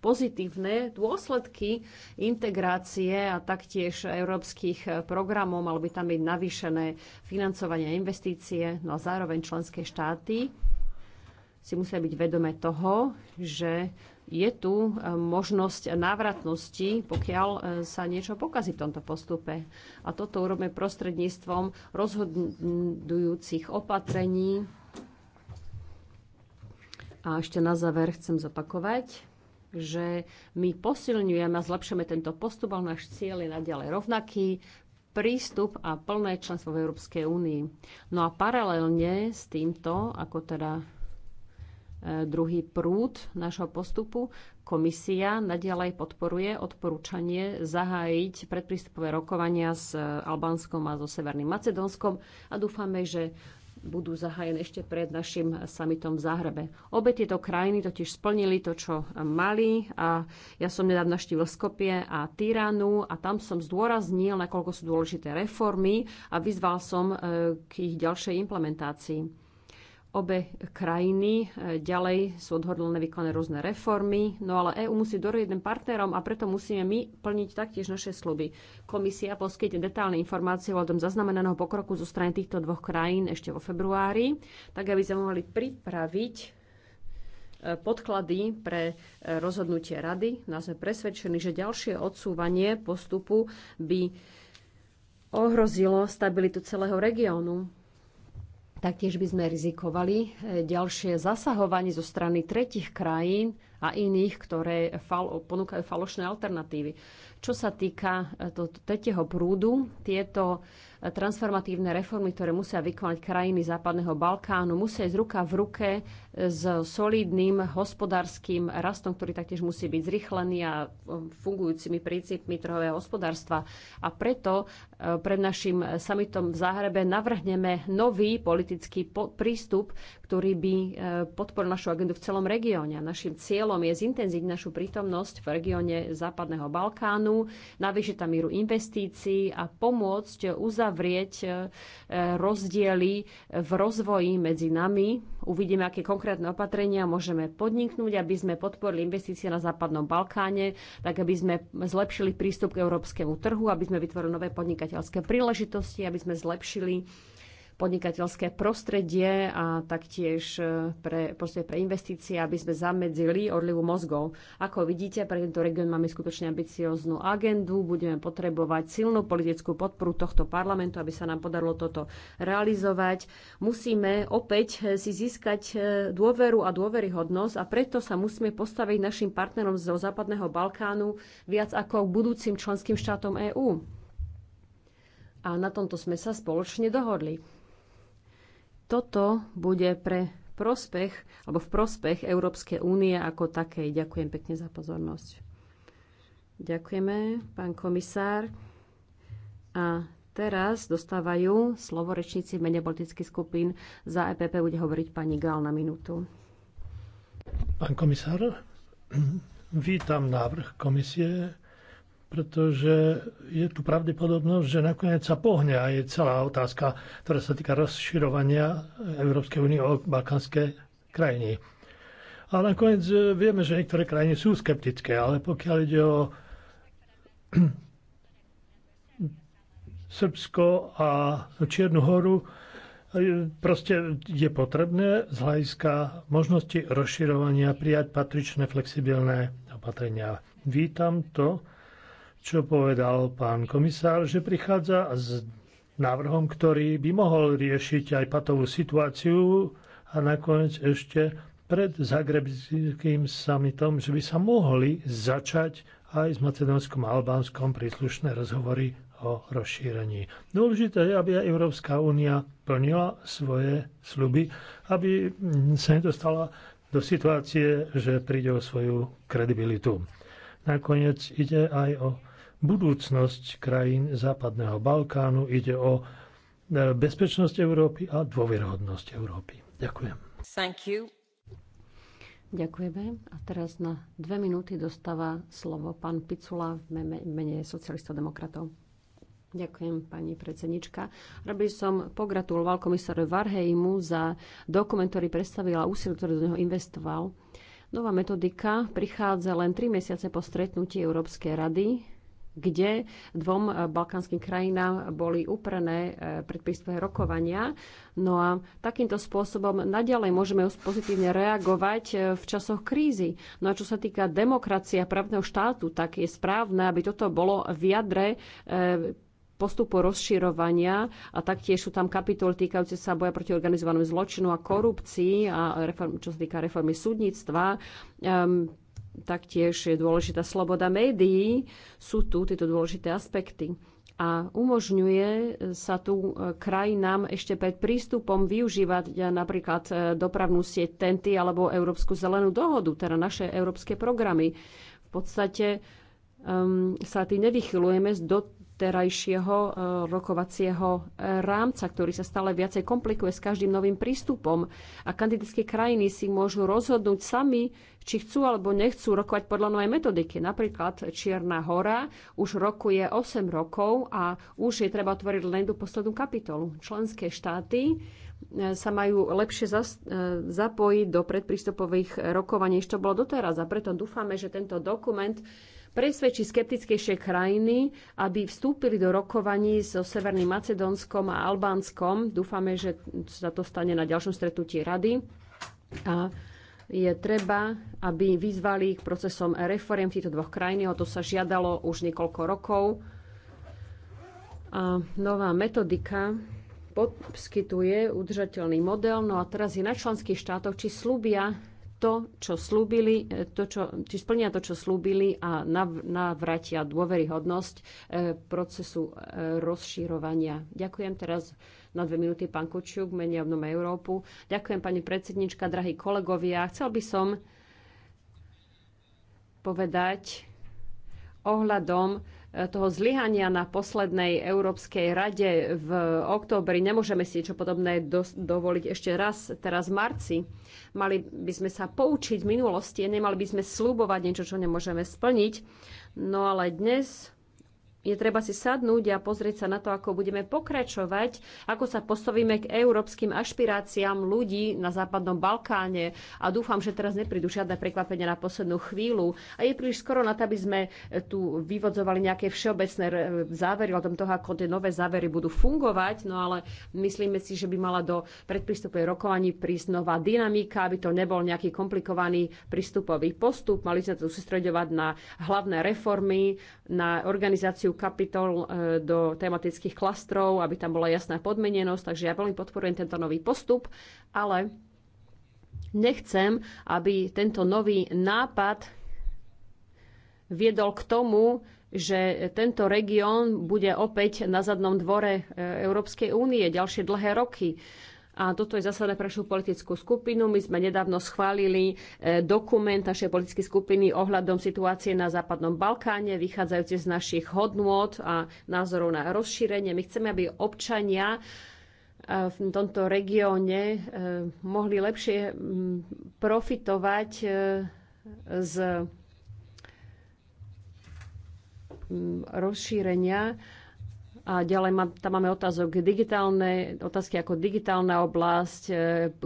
pozitívne dôsledky integrácie a taktiež európskych programov. Malo by tam byť navýšené financovanie a investície, no a zároveň členské štáty si musia byť vedomé toho, že je tu eh, možnosť návratnosti, pokiaľ eh, sa niečo pokazí v tomto postupe. A toto urobíme prostredníctvom rozhodujúcich opatrení. A ešte na záver chcem zopakovať, že my posilňujeme a zlepšujeme tento postup, ale náš cieľ je naďalej rovnaký, prístup a plné členstvo v Európskej únii. No a paralelne s týmto, ako teda e, druhý prúd nášho postupu, komisia nadalej podporuje odporúčanie zahájiť predprístupové rokovania s Albánskom a so Severným Macedónskom a dúfame, že budú zahájené ešte pred našim samitom v Záhrebe. Obe tieto krajiny totiž splnili to, čo mali a ja som nedávno navštívil Skopie a Tyranu a tam som zdôraznil, nakoľko sú dôležité reformy a vyzval som eh, k ich ďalšej implementácii. Obe krajiny e, ďalej sú odhodlné vykonať rôzne reformy, no ale EÚ musí dorieť jedným partnerom a preto musíme my plniť taktiež naše sluby. Komisia poskytne detálne informácie o tom zaznamenaného pokroku zo strany týchto dvoch krajín ešte vo februári, tak aby sme mohli pripraviť e, podklady pre e, rozhodnutie rady. Nás no sme presvedčení, že ďalšie odsúvanie postupu by ohrozilo stabilitu celého regiónu. Taktiež by sme rizikovali e, ďalšie zasahovanie zo strany tretich krajín a iných, ktoré fal- ponúkajú falošné alternatívy. Čo sa týka e, tretieho prúdu, tieto e, transformatívne reformy, ktoré musia vykonať krajiny Západného Balkánu, musia ísť ruka v ruke e, s solidným hospodárským rastom, ktorý taktiež musí byť zrychlený a fungujúcimi princípmi trhového hospodárstva. A preto pred našim samitom v Záhrebe navrhneme nový politický prístup, ktorý by podporil našu agendu v celom regióne. A našim cieľom je zintenziť našu prítomnosť v regióne Západného Balkánu ochranu, navýšiť tam míru investícií a pomôcť uzavrieť e, rozdiely v rozvoji medzi nami. Uvidíme, aké konkrétne opatrenia môžeme podniknúť, aby sme podporili investície na Západnom Balkáne, tak aby sme zlepšili prístup k európskemu trhu, aby sme vytvorili nové podnikateľské príležitosti, aby sme zlepšili podnikateľské prostredie a taktiež e, pre, pre investície, aby sme zamedzili odlivu mozgov. Ako vidíte, pre tento región máme skutočne ambicióznu agendu, budeme potrebovať silnú politickú podporu tohto parlamentu, aby sa nám podarilo toto realizovať. Musíme opäť e, si získať e, dôveru a dôveryhodnosť a preto sa musíme postaviť našim partnerom zo Západného Balkánu viac ako budúcim členským štátom EÚ. A na tomto sme sa spoločne dohodli. Toto bude pre prospech, alebo v prospech Európskej únie ako takej. Ďakujem pekne za pozornosť. Ďakujeme, pán komisár. A teraz dostávajú slovo rečníci v mene politických skupín. Za EPP bude hovoriť pani Gál na minútu. Pán komisár, vítam návrh komisie pretože je tu pravdepodobnosť, že nakoniec sa pohne a je celá otázka, ktorá sa týka rozširovania Európskej únie o balkánske krajiny. A nakoniec e, vieme, že niektoré krajiny sú skeptické, ale pokiaľ ide o Srbsko a Čiernu horu, e, proste je potrebné z hľadiska možnosti rozširovania prijať patričné flexibilné opatrenia. Vítam to, čo povedal pán komisár, že prichádza s návrhom, ktorý by mohol riešiť aj patovú situáciu a nakoniec ešte pred zagrebským summitom, že by sa mohli začať aj s Macedónskom a Albánskom príslušné rozhovory o rozšírení. Dôležité je, aby aj Európska únia plnila svoje sluby, aby sa nedostala do situácie, že príde o svoju kredibilitu. Nakoniec ide aj o budúcnosť krajín Západného Balkánu, ide o e, bezpečnosť Európy a dôveryhodnosť Európy. Ďakujem. Thank you. Ďakujeme. A teraz na dve minúty dostáva slovo pán Picula v mene socialistov demokratov. Ďakujem, pani predsednička. Rád som pogratuloval komisáru Varhejmu za dokument, ktorý predstavil a úsilie, ktoré do neho investoval. Nová metodika prichádza len tri mesiace po stretnutí Európskej rady kde dvom eh, balkánskym krajinám boli uprené eh, predpísové rokovania. No a takýmto spôsobom naďalej môžeme pozitívne reagovať eh, v časoch krízy. No a čo sa týka demokracie a právneho štátu, tak je správne, aby toto bolo v jadre postupu rozširovania a taktiež sú tam kapitoly týkajúce sa boja proti organizovanému zločinu a korupcii a reform, čo sa týka reformy súdnictva. Um, taktiež je dôležitá sloboda médií. Sú tu tieto dôležité aspekty a umožňuje sa tu e, krajinám ešte pred prístupom využívať e, napríklad e, dopravnú sieť TENTY alebo Európsku zelenú dohodu, teda naše európske programy. V podstate um, sa tým nevychylujeme do terajšieho e, rokovacieho rámca, ktorý sa stále viacej komplikuje s každým novým prístupom. A kandidátske krajiny si môžu rozhodnúť sami, či chcú alebo nechcú rokovať podľa novej metodiky. Napríklad Čierna hora už rokuje 8 rokov a už je treba otvoriť len do poslednú kapitolu. Členské štáty e, sa majú lepšie e, zapojiť do predprístupových rokovaní, to bolo doteraz. A preto dúfame, že tento dokument presvedčí skeptickejšie krajiny, aby vstúpili do rokovaní so Severným Macedónskom a Albánskom. Dúfame, že sa to stane na ďalšom stretnutí rady. A je treba, aby vyzvali k procesom reforiem týchto dvoch krajín. O to sa žiadalo už niekoľko rokov. A nová metodika poskytuje udržateľný model. No a teraz je na členských štátoch, či slúbia, to, čo slúbili, e, to, čo, či splnia to, čo slúbili a nav, navratia dôveryhodnosť e, procesu e, rozšírovania. Ďakujem teraz na dve minúty pán Kučiuk, mene obnom Európu. Ďakujem pani predsednička, drahí kolegovia. Chcel by som povedať ohľadom toho zlyhania na poslednej Európskej rade v októbri. Nemôžeme si niečo podobné do, dovoliť ešte raz, teraz v marci. Mali by sme sa poučiť v minulosti, nemali by sme slúbovať niečo, čo nemôžeme splniť. No ale dnes je treba si sadnúť a pozrieť sa na to, ako budeme pokračovať, ako sa postavíme k európskym ašpiráciám ľudí na Západnom Balkáne. A dúfam, že teraz neprídu žiadne prekvapenia na poslednú chvíľu. A je príliš skoro na to, aby sme eh, tu vyvodzovali nejaké všeobecné eh, závery o tom toho, ako tie nové závery budú fungovať. No ale myslíme si, že by mala do predpristupovej rokovaní prísť nová dynamika, aby to nebol nejaký komplikovaný prístupový postup. Mali sme tu sústredovať na hlavné reformy, na organizáciu kapitol e, do tematických klastrov, aby tam bola jasná podmenenosť, takže ja veľmi podporujem tento nový postup, ale nechcem, aby tento nový nápad viedol k tomu, že tento región bude opäť na zadnom dvore e, Európskej únie ďalšie dlhé roky a toto je zásadné pre našu politickú skupinu. My sme nedávno schválili e, dokument našej politickej skupiny ohľadom situácie na Západnom Balkáne, vychádzajúce z našich hodnôt a názorov na rozšírenie. My chceme, aby občania e, v tomto regióne e, mohli lepšie profitovať z rozšírenia a ďalej má, tam máme otázok digitálne, otázky ako digitálna oblasť, e,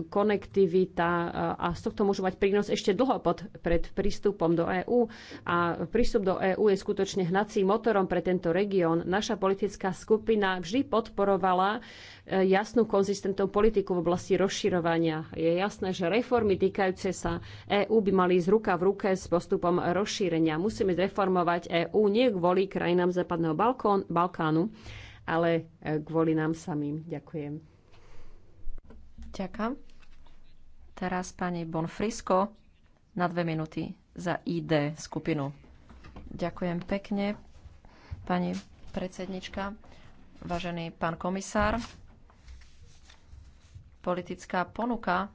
konektivita e, a z tohto môžu mať prínos ešte dlho pod, pred prístupom do EÚ. A prístup do EÚ je skutočne hnacím motorom pre tento región. Naša politická skupina vždy podporovala jasnú konzistentnú politiku v oblasti rozširovania. Je jasné, že reformy týkajúce sa EÚ by mali ísť ruka v ruke s postupom rozšírenia. Musíme zreformovať EÚ nie kvôli krajinám Západného Balkón, Balkánu, ale e, kvôli nám samým. Ďakujem. Ďakujem. Teraz pani Bonfrisko na dve minúty za ID skupinu. Ďakujem pekne, pani predsednička, vážený pán komisár politická ponuka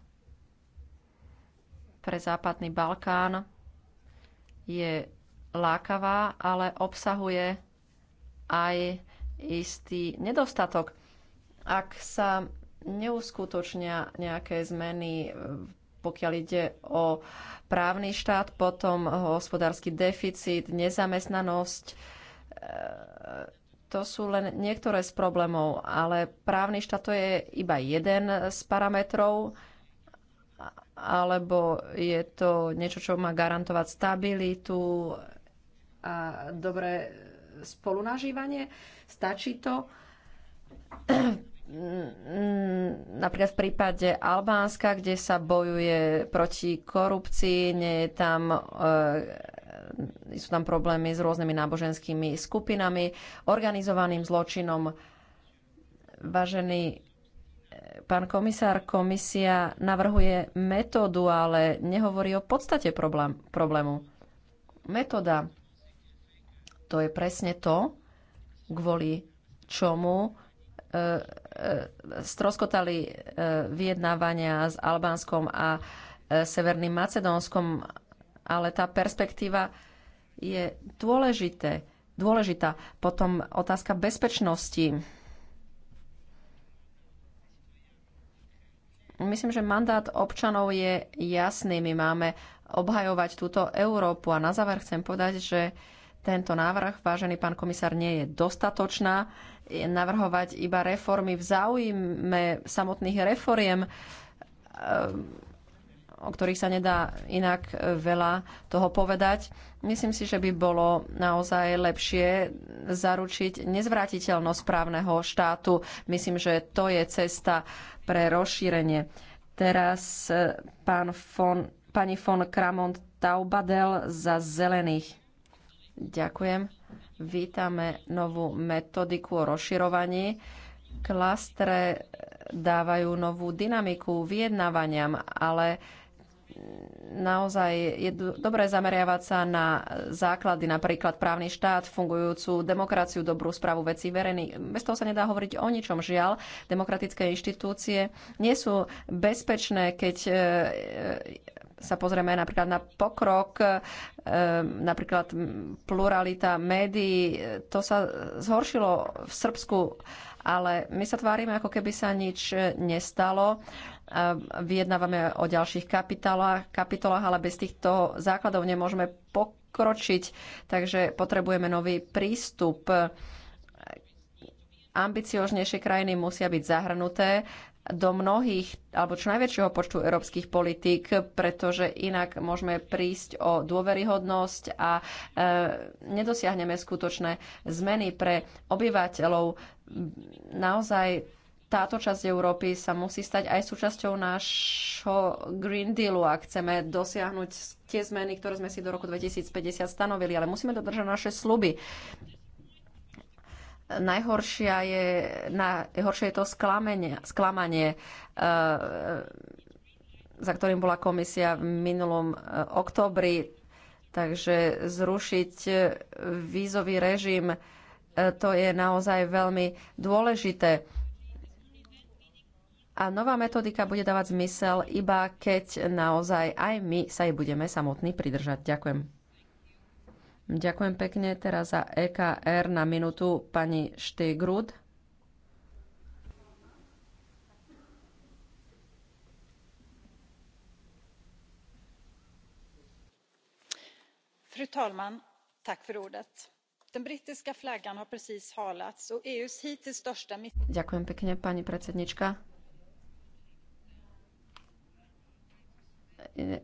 pre západný Balkán je lákavá, ale obsahuje aj istý nedostatok. Ak sa neuskutočnia nejaké zmeny, pokiaľ ide o právny štát, potom hospodársky deficit, nezamestnanosť, to sú len niektoré z problémov, ale právny štát to je iba jeden z parametrov, alebo je to niečo, čo má garantovať stabilitu a dobré spolunažívanie. Stačí to? napríklad v prípade Albánska, kde sa bojuje proti korupcii, nie je tam e, sú tam problémy s rôznymi náboženskými skupinami, organizovaným zločinom. Vážený eh, pán komisár, komisia navrhuje metódu, ale nehovorí o podstate problém, problému. Metóda to je presne to, kvôli čomu e, e, stroskotali e, vyjednávania s Albánskom a Severným Macedónskom ale tá perspektíva je dôležité, dôležitá. Potom otázka bezpečnosti. Myslím, že mandát občanov je jasný. My máme obhajovať túto Európu. A na záver chcem povedať, že tento návrh, vážený pán komisár, nie je dostatočná. Je navrhovať iba reformy v záujme samotných reforiem ehm, o ktorých sa nedá inak e, veľa toho povedať. Myslím si, že by bolo naozaj lepšie zaručiť nezvratiteľnosť právneho štátu. Myslím, že to je cesta pre rozšírenie. Teraz e, pán von, pani von Kramont Taubadel za zelených. Ďakujem. Vítame novú metodiku o rozširovaní. Klastre dávajú novú dynamiku vyjednávaniam, ale naozaj je dobré zameriavať sa na základy, napríklad právny štát, fungujúcu demokraciu, dobrú správu vecí verejných. Bez toho sa nedá hovoriť o ničom. Žiaľ, demokratické inštitúcie nie sú bezpečné, keď e, e, sa pozrieme napríklad na pokrok, e, napríklad pluralita médií. To sa zhoršilo v Srbsku, ale my sa tvárime, ako keby sa nič nestalo. Ehm, vyjednávame o ďalších kapitolách, kapitolách, ale bez týchto základov nemôžeme pokročiť, takže potrebujeme nový prístup. Ambiciožnejšie krajiny musia byť zahrnuté do mnohých, alebo čo najväčšieho počtu európskych politík, pretože inak môžeme prísť o dôveryhodnosť a e, nedosiahneme skutočné zmeny pre obyvateľov. Naozaj táto časť Európy sa musí stať aj súčasťou nášho Green Dealu, ak chceme dosiahnuť tie zmeny, ktoré sme si do roku 2050 stanovili, ale musíme dodržať naše sluby. Najhoršia je, najhoršie je to sklamenie, sklamanie, e, za ktorým bola komisia v minulom e, oktobri. Takže zrušiť e, vízový režim, to je naozaj veľmi dôležité a nová metodika bude dávať zmysel iba keď naozaj aj my sa jej budeme samotní pridržať. Ďakujem. Ďakujem pekne. Teraz za EKR na minútu pani Štegrud. Fru talman! Tack för ordet. Den brittiska flaggan har precis halats och EUs hittills största... Ďakujem pekne, pani predsednička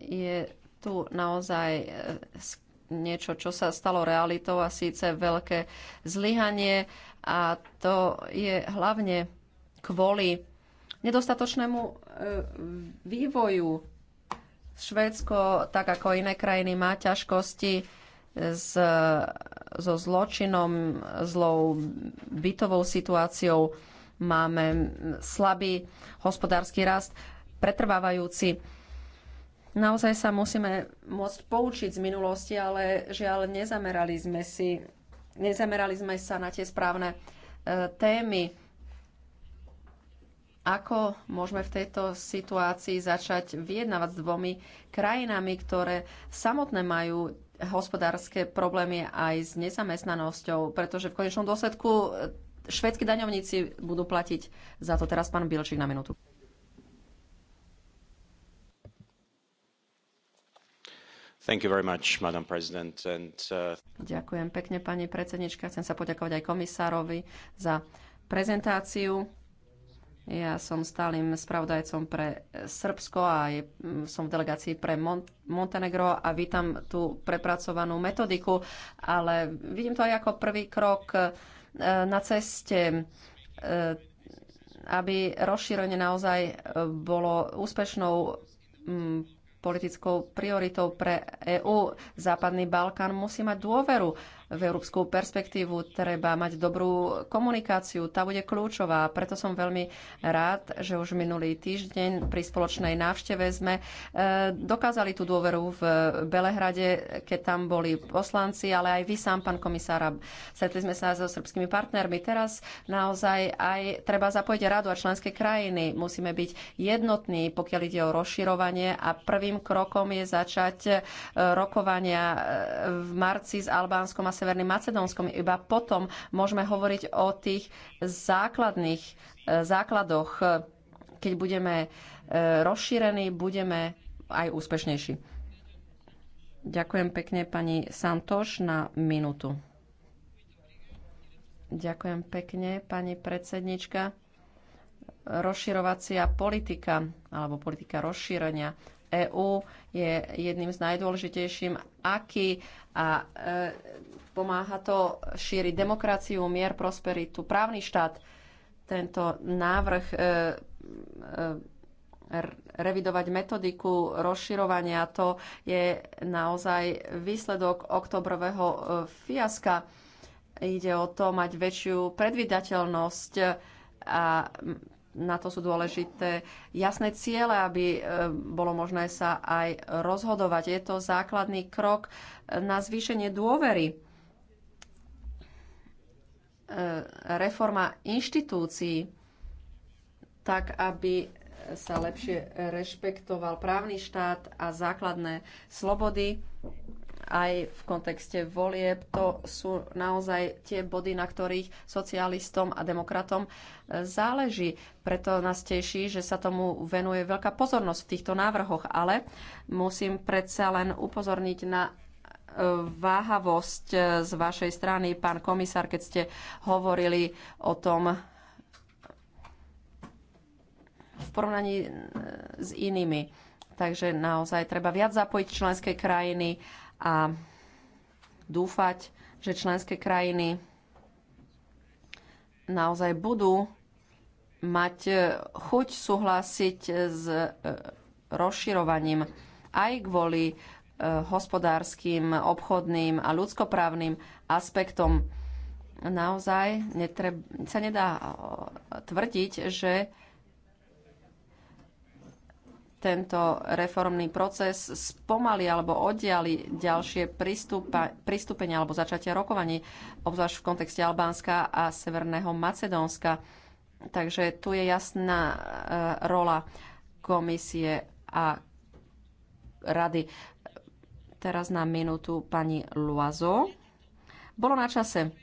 je tu naozaj e, niečo, čo sa stalo realitou a síce veľké zlyhanie a to je hlavne kvôli nedostatočnému e, vývoju. Švédsko, tak ako iné krajiny, má ťažkosti s, so zločinom, zlou bytovou situáciou. Máme slabý hospodársky rast, pretrvávajúci Naozaj sa musíme môcť poučiť z minulosti, ale žiaľ nezamerali sme, si, nezamerali sme sa na tie správne e, témy. Ako môžeme v tejto situácii začať vyjednávať s dvomi krajinami, ktoré samotné majú hospodárske problémy aj s nezamestnanosťou, pretože v konečnom dôsledku e, švedskí daňovníci budú platiť za to. Teraz pán Bilčík na minútu. Uh, Ďakujem pekne, pani predsednička. Chcem sa poďakovať aj komisárovi za prezentáciu. Ja som stálym spravodajcom pre Srbsko a mm, som v delegácii pre Montenegro a vítam tú prepracovanú metodiku, ale vidím to aj ako prvý krok e, na ceste, e, aby rozšírenie naozaj e, bolo úspešnou m, mm, politickou prioritou pre EÚ. Západný Balkán musí mať dôveru v európsku perspektívu treba mať dobrú komunikáciu, tá bude kľúčová. Preto som veľmi rád, že už minulý týždeň pri spoločnej návšteve sme e, dokázali tú dôveru v Belehrade, keď tam boli poslanci, ale aj vy sám, pán komisár, stretli sme sa so srbskými partnermi. Teraz naozaj aj treba zapojiť radu a členské krajiny. Musíme byť jednotní, pokiaľ ide o rozširovanie a prvým krokom je začať e, rokovania e, v marci s Albánskom a Severným Macedónskom. Iba potom môžeme hovoriť o tých základných e, základoch. E, keď budeme e, rozšírení, budeme aj úspešnejší. Ďakujem pekne pani Santoš na minútu. Ďakujem pekne pani predsednička. Rozširovacia politika alebo politika rozšírenia EÚ je jedným z najdôležitejším aký a e, Pomáha to šíriť demokraciu, mier, prosperitu, právny štát. Tento návrh e, e, revidovať metodiku rozširovania, to je naozaj výsledok oktobrového e, fiaska. Ide o to mať väčšiu predvydateľnosť a na to sú dôležité jasné ciele, aby e, bolo možné sa aj rozhodovať. Je to základný krok na zvýšenie dôvery E, reforma inštitúcií, tak aby sa lepšie rešpektoval právny štát a základné slobody aj v kontexte volieb. To sú naozaj tie body, na ktorých socialistom a demokratom e, záleží. Preto nás teší, že sa tomu venuje veľká pozornosť v týchto návrhoch, ale musím predsa len upozorniť na váhavosť eh, z vašej strany, pán komisár, keď ste hovorili o tom v porovnaní eh, s inými. Takže naozaj treba viac zapojiť členské krajiny a dúfať, že členské krajiny naozaj budú mať eh, chuť súhlasiť s rozširovaním aj kvôli Eh, hospodárskym, obchodným a ľudskoprávnym aspektom. Naozaj netreb, sa nedá eh, tvrdiť, že tento reformný proces spomali alebo oddiali ďalšie pristúpa, pristúpenia alebo začatia rokovaní, obzvlášť v kontexte Albánska a Severného Macedónska. Takže tu je jasná e, rola komisie a rady teraz na minútu pani Luazo. Bolo na čase.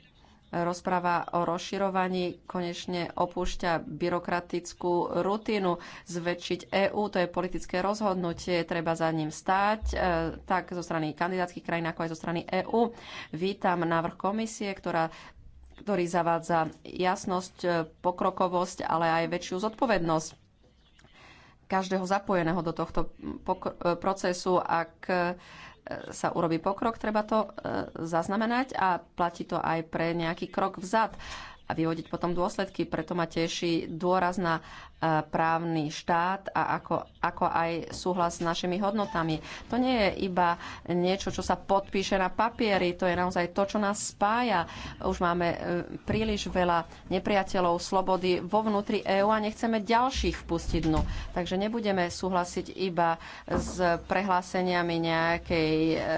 Rozpráva o rozširovaní konečne opúšťa byrokratickú rutinu. Zväčšiť EÚ, to je politické rozhodnutie, treba za ním stáť, e, tak zo strany kandidátskych krajín, ako aj zo strany EÚ. Vítam návrh komisie, ktorá ktorý zavádza jasnosť, e, pokrokovosť, ale aj väčšiu zodpovednosť každého zapojeného do tohto e, procesu. Ak sa urobí pokrok, treba to e, zaznamenať a platí to aj pre nejaký krok vzad a vyhodiť potom dôsledky. Preto ma teší dôraz na e, právny štát a ako, ako aj súhlas s našimi hodnotami. To nie je iba niečo, čo sa podpíše na papieri, to je naozaj to, čo nás spája. Už máme e, príliš veľa nepriateľov slobody vo vnútri EÚ a nechceme ďalších vpustiť dnu. Takže nebudeme súhlasiť iba s prehláseniami nejakej e,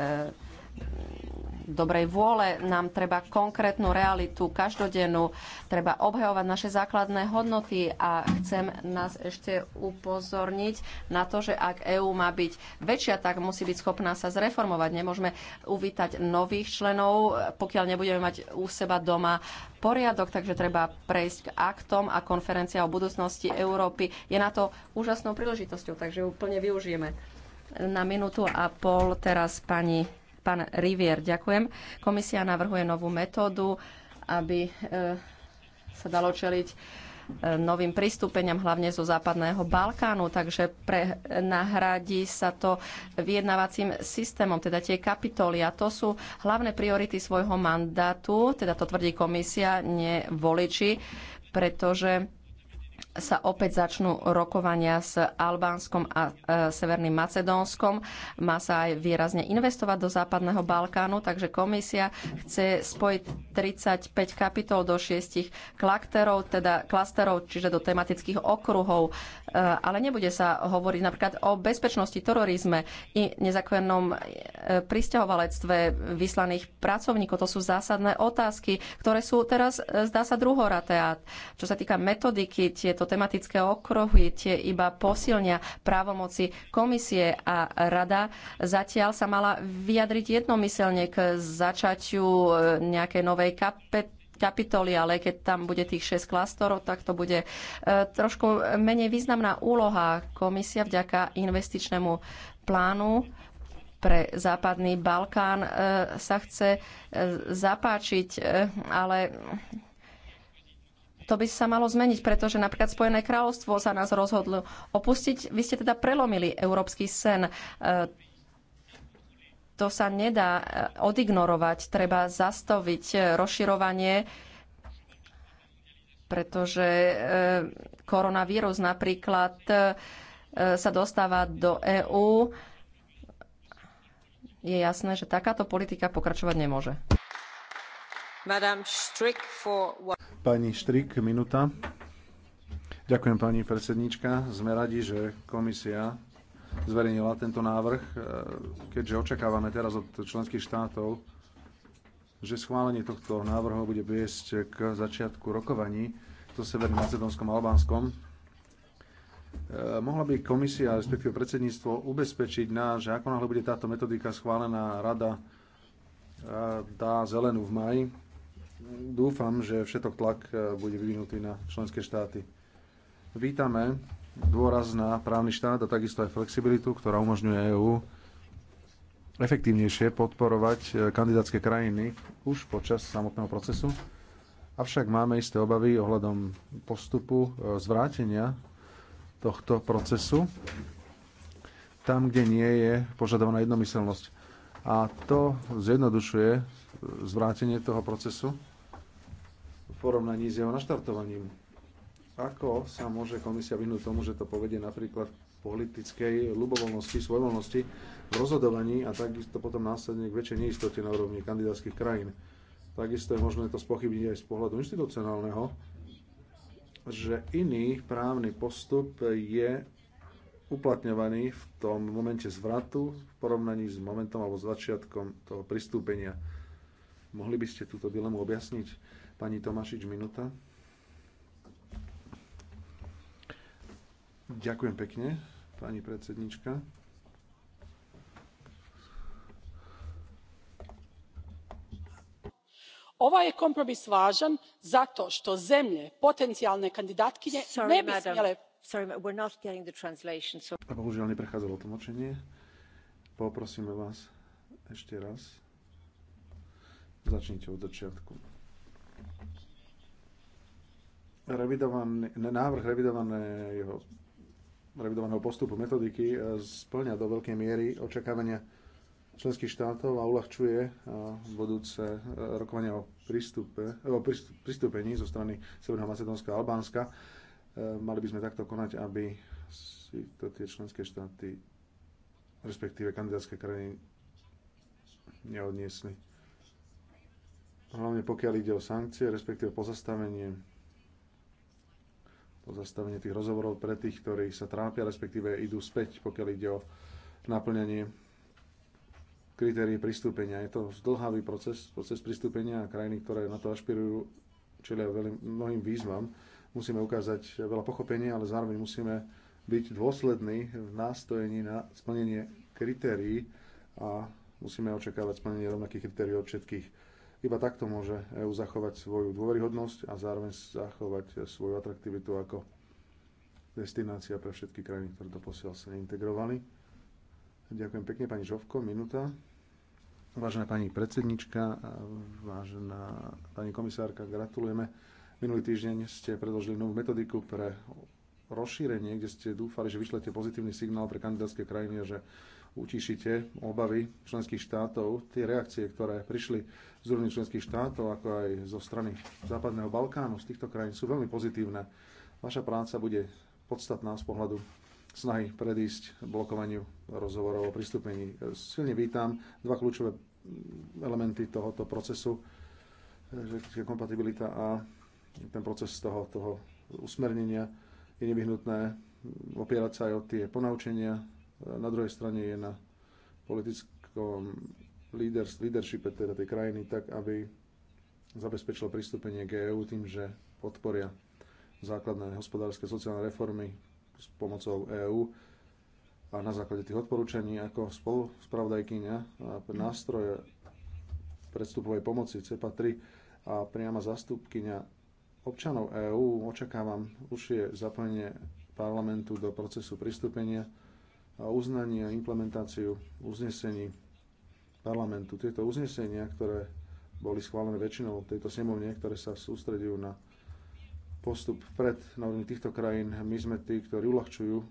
dobrej vôle. Nám treba konkrétnu realitu, každodennú. Treba obhajovať naše základné hodnoty a chcem nás ešte upozorniť na to, že ak EÚ má byť väčšia, tak musí byť schopná sa zreformovať. Nemôžeme uvítať nových členov, pokiaľ nebudeme mať u seba doma poriadok, takže treba prejsť k aktom a konferencia o budúcnosti Európy je na to úžasnou príležitosťou, takže úplne využijeme. Na minútu a pol teraz pani Pán Rivier, ďakujem. Komisia navrhuje novú metódu, aby e, sa dalo čeliť e, novým pristúpeniam, hlavne zo západného Balkánu, takže pre, nahradí sa to vyjednávacím systémom, teda tie kapitoly. A to sú hlavné priority svojho mandátu, teda to tvrdí komisia, nie voliči, pretože sa opäť začnú rokovania s Albánskom a e, Severným Macedónskom. Má sa aj výrazne investovať do Západného Balkánu, takže komisia chce spojiť 35 kapitol do 6 klakterov, teda klasterov, čiže do tematických okruhov. E, ale nebude sa hovoriť napríklad o bezpečnosti, terorizme i nezakvennom e, pristahovalectve vyslaných pracovníkov. To sú zásadné otázky, ktoré sú teraz, e, zdá sa, druhoraté. A čo sa týka metodiky, tieto tieto tematické okruhy tie iba posilnia právomoci komisie a rada. Zatiaľ sa mala vyjadriť jednomyselne k začaťu e, nejakej novej kapet kapitoly, ale keď tam bude tých 6 klastorov, tak to bude e, trošku menej významná úloha. Komisia vďaka investičnému plánu pre západný Balkán e, sa chce zapáčiť, ale to by sa malo zmeniť, pretože napríklad Spojené kráľovstvo sa nás rozhodlo opustiť. Vy ste teda prelomili európsky sen. E, to sa nedá e, odignorovať. Treba zastaviť e, rozširovanie, pretože koronavírus napríklad sa dostáva do EÚ. Je jasné, že takáto politika pokračovať nemôže. Pani Štrik, minúta. Ďakujem, pani predsedníčka. Sme radi, že komisia zverejnila tento návrh, e, keďže očakávame teraz od členských štátov, že schválenie tohto návrhu bude viesť k začiatku rokovaní so Severným Macedónskom a Albánskom. E, mohla by komisia, respektíve predsedníctvo, ubezpečiť nás, že ako náhle bude táto metodika schválená, rada e, dá zelenú v maji, dúfam, že všetok tlak e, bude vyvinutý na členské štáty. Vítame dôraz na právny štát a takisto aj flexibilitu, ktorá umožňuje EÚ efektívnejšie podporovať e, kandidátske krajiny už počas samotného procesu. Avšak máme isté obavy ohľadom postupu e, zvrátenia tohto procesu tam, kde nie je požadovaná jednomyselnosť. A to zjednodušuje zvrátenie toho procesu v porovnaní s jeho naštartovaním. Ako sa môže komisia vyhnúť tomu, že to povedie napríklad v politickej ľubovolnosti, svojvolnosti v rozhodovaní a takisto potom následne k väčšej neistote na úrovni kandidátskych krajín. Takisto je možné to spochybniť aj z pohľadu institucionálneho, že iný právny postup je uplatňovaný v tom momente zvratu v porovnaní s momentom alebo začiatkom toho pristúpenia. Mohli by ste túto dilemu objasniť? Pani Tomašič, minúta. Ďakujem pekne, pani predsednička. ovaj je kompromis važan zato to zemlje potencijalne kandidatkinje ne bi smjele Bohužiaľ neprechádzalo tlmočenie. Poprosíme vás ešte raz. Začnite od začiatku revidovaný, návrh revidovaného, revidovaného postupu metodiky e, splňa do veľkej miery očakávania členských štátov a uľahčuje e, budúce e, rokovania o, prístupe, o pristúpení zo strany Severného Macedónska a Albánska. Mali by sme takto konať, aby si to tie členské štáty, respektíve kandidátske krajiny, neodniesli. Hlavne pokiaľ ide o sankcie, respektíve pozastavenie pozastavenie tých rozhovorov pre tých, ktorí sa trápia, respektíve idú späť, pokiaľ ide o naplňanie kritérií pristúpenia. Je to zdlhavý proces, proces pristúpenia a krajiny, ktoré na to ašpirujú, čelia mnohým výzvam. Musíme ukázať veľa pochopenia, ale zároveň musíme byť dôslední v nástojení na splnenie kritérií a musíme očakávať splnenie rovnakých kritérií od všetkých iba takto môže EÚ zachovať svoju dôveryhodnosť a zároveň zachovať svoju atraktivitu ako destinácia pre všetky krajiny, ktoré to posiaľ sa integrovali. Ďakujem pekne, pani Žovko, minúta. Vážená pani predsednička, vážená pani komisárka, gratulujeme. Minulý týždeň ste predložili novú metodiku pre rozšírenie, kde ste dúfali, že vyšlete pozitívny signál pre kandidátske krajiny a že utišíte obavy členských štátov, tie reakcie, ktoré prišli z úrovni členských štátov, ako aj zo strany Západného Balkánu, z týchto krajín sú veľmi pozitívne. Vaša práca bude podstatná z pohľadu snahy predísť blokovaniu rozhovorov o pristúpení. Silne vítam dva kľúčové elementy tohoto procesu, kompatibilita a ten proces toho, toho usmernenia je nevyhnutné opierať sa aj o tie ponaučenia na druhej strane je na politickom leaders, leadershipe teda tej krajiny tak, aby zabezpečilo pristúpenie k EU tým, že podporia základné hospodárske sociálne reformy s pomocou EÚ a na základe tých odporúčaní ako spoluspravodajkyňa nástroje predstupovej pomoci CEPA 3 a priama zastupkyňa občanov EÚ očakávam užšie zapojenie parlamentu do procesu pristúpenia a uznanie a implementáciu uznesení parlamentu. Tieto uznesenia, ktoré boli schválené väčšinou tejto snemovne, ktoré sa sústredujú na postup pred na týchto krajín. My sme tí, ktorí uľahčujú e,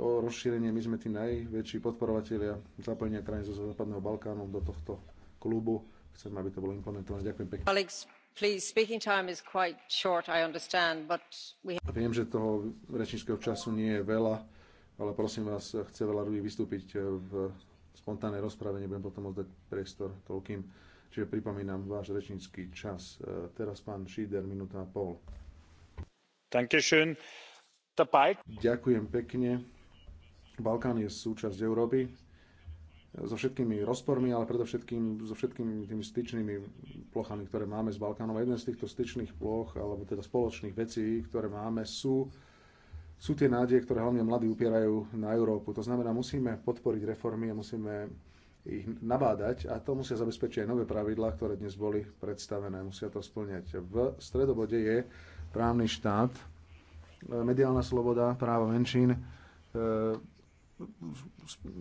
o rozšírenie, my sme tí najväčší podporovatelia zapojenia krajín zo Západného Balkánu do tohto klubu. Chcem, aby to bolo implementované. Ďakujem pekne. Alex, please, speaking time is quite short, I understand, but we... Viem, že toho rečníckého času nie je veľa ale prosím vás, chce veľa ľudí vystúpiť eh, v spontánnej rozprave, nebudem potom oddať priestor toľkým. Čiže pripomínam váš rečnícky čas. Eh, teraz pán Šíder, minúta a pol. Ďakujem pekne. Balkán je súčasť Európy so všetkými rozpormi, ale predovšetkým so všetkými tými styčnými plochami, ktoré máme s Balkánom. A jeden z týchto styčných ploch, alebo teda spoločných vecí, ktoré máme, sú sú tie nádeje, ktoré hlavne mladí upierajú na Európu. To znamená, musíme podporiť reformy a musíme ich nabádať a to musia zabezpečiť aj nové pravidlá, ktoré dnes boli predstavené. Musia to splňať. V stredobode je právny štát, e, mediálna sloboda, právo menšín, e,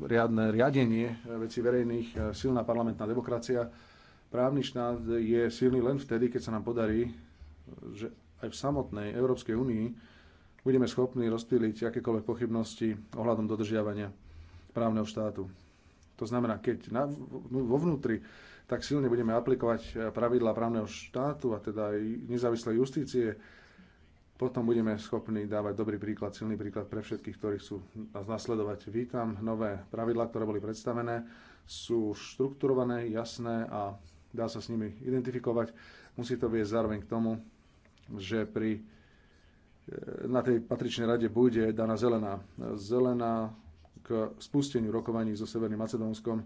riadne riadenie e, veci verejných, silná parlamentná demokracia. Právny štát je silný len vtedy, keď sa nám podarí, že aj v samotnej Európskej únii budeme schopní rozptýliť akékoľvek pochybnosti ohľadom dodržiavania právneho štátu. To znamená, keď na, vo vnútri tak silne budeme aplikovať pravidlá právneho štátu a teda aj nezávislej justície, potom budeme schopní dávať dobrý príklad, silný príklad pre všetkých, ktorí sú nás nasledovať. Vítam nové pravidlá, ktoré boli predstavené. Sú štrukturované, jasné a dá sa s nimi identifikovať. Musí to viesť zároveň k tomu, že pri na tej patričnej rade bude daná zelená. Zelená k spusteniu rokovaní so Severným Macedónskom,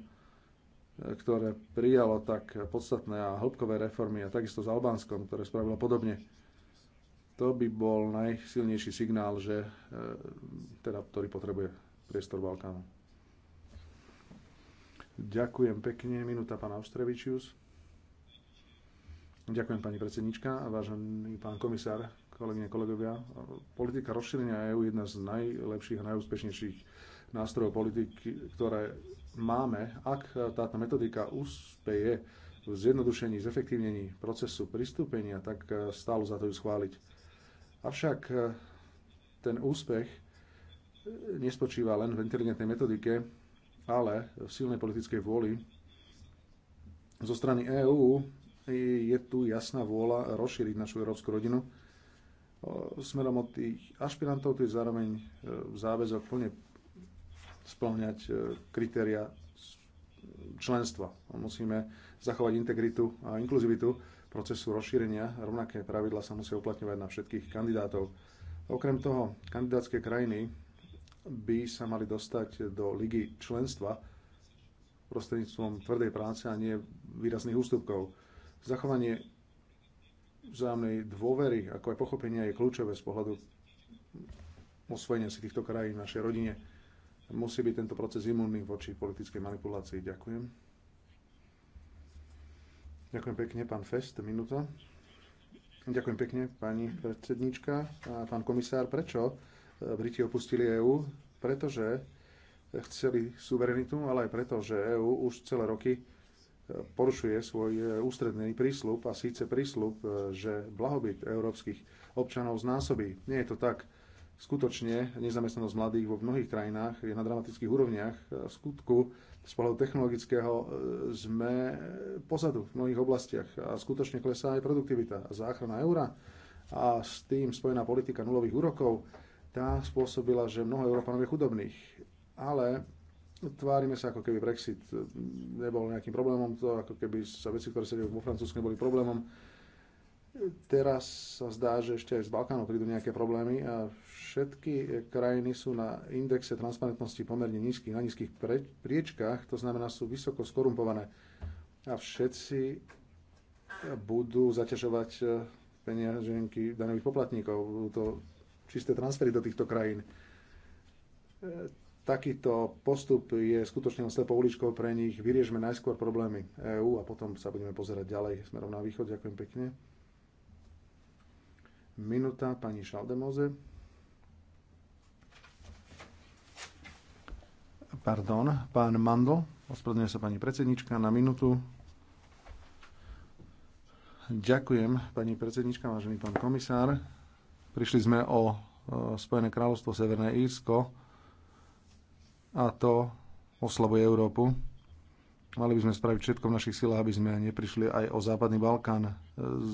ktoré prijalo tak podstatné a hĺbkové reformy a takisto s Albánskom, ktoré spravilo podobne. To by bol najsilnejší signál, že, e, teda, ktorý potrebuje priestor Balkánu. Ďakujem pekne. Minúta pán Austrevičius. Ďakujem pani predsednička a vážený pán komisár kolegyne, kolegovia. Politika rozšírenia EÚ je jedna z najlepších a najúspešnejších nástrojov politiky, ktoré máme. Ak táto metodika úspeje v zjednodušení, zefektívnení procesu pristúpenia, tak stálo za to ju schváliť. Avšak ten úspech nespočíva len v inteligentnej metodike, ale v silnej politickej vôli. Zo strany EÚ je tu jasná vôľa rozšíriť našu európsku rodinu smerom od tých ašpirantov, to je zároveň e, záväzok plne splňať e, kritéria členstva. Musíme zachovať integritu a inkluzivitu procesu rozšírenia. Rovnaké pravidla sa musia uplatňovať na všetkých kandidátov. Okrem toho, kandidátske krajiny by sa mali dostať do ligy členstva prostredníctvom tvrdej práce a nie výrazných ústupkov. Zachovanie vzájomnej dôvery, ako aj pochopenia je kľúčové z pohľadu osvojenia si týchto krajín v našej rodine. Musí byť tento proces imunný voči politickej manipulácii. Ďakujem. Ďakujem pekne, pán Fest, minúta. Ďakujem pekne, pani predsednička a pán komisár. Prečo e, Briti opustili EÚ? Pretože chceli suverenitu, ale aj preto, že EÚ už celé roky porušuje svoj e, ústredný prísľub a síce prísľub, e, že blahobyt európskych občanov znásobí. Nie je to tak. Skutočne nezamestnanosť mladých vo mnohých krajinách je na dramatických úrovniach. E, v skutku z pohľadu technologického sme pozadu v mnohých oblastiach a skutočne klesá aj produktivita. Záchrana eura a s tým spojená politika nulových úrokov, tá spôsobila, že mnoho Európanov je chudobných. Ale Tvárime sa, ako keby Brexit eh, nebol nejakým problémom, to ako keby sa veci, ktoré sa dejú vo Francúzsku, neboli problémom. Teraz sa zdá, že ešte aj z Balkánov prídu nejaké problémy a všetky krajiny sú na indexe transparentnosti pomerne nízky, na nízkych priečkách, to znamená, sú vysoko skorumpované a všetci budú zaťažovať eh, peniaženky daňových poplatníkov. Budú to čisté transfery do týchto krajín eh, takýto postup je skutočne len slepou uličkou pre nich. Vyriežme najskôr problémy EÚ a potom sa budeme pozerať ďalej smerom na východ. Ďakujem pekne. Minúta pani Šaldemoze. Pardon, pán Mandl. Ospravedlňuje sa pani predsednička na minútu. Ďakujem, pani predsednička, vážený pán komisár. Prišli sme o e, Spojené kráľovstvo Severné Írsko a to oslabuje Európu. Mali by sme spraviť všetko v našich silách, aby sme neprišli aj o Západný Balkán. E,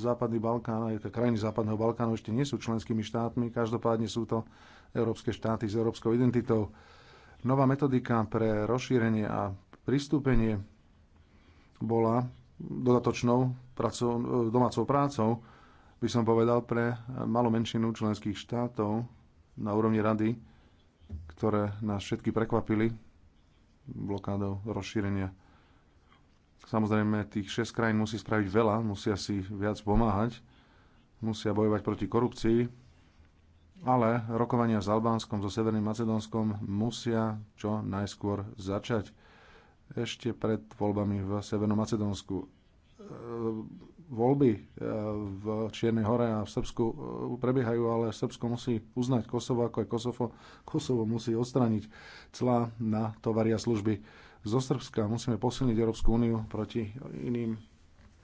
Západný Balkán, aj krajiny Západného Balkánu ešte nie sú členskými štátmi, každopádne sú to európske štáty s európskou identitou. Nová metodika pre rozšírenie a pristúpenie bola dodatočnou e, domácou prácou, by som povedal, pre malú menšinu členských štátov na úrovni rady ktoré nás všetky prekvapili blokádou rozšírenia. Samozrejme, tých 6 krajín musí spraviť veľa, musia si viac pomáhať, musia bojovať proti korupcii, ale rokovania s Albánskom, so Severným Macedónskom musia čo najskôr začať ešte pred voľbami v Severnom Macedónsku voľby eh, v Čiernej hore a v Srbsku eh, prebiehajú, ale Srbsko musí uznať Kosovo, ako aj Kosovo. Kosovo musí odstrániť clá na tovaria služby zo Srbska. Musíme posilniť Európsku úniu proti iným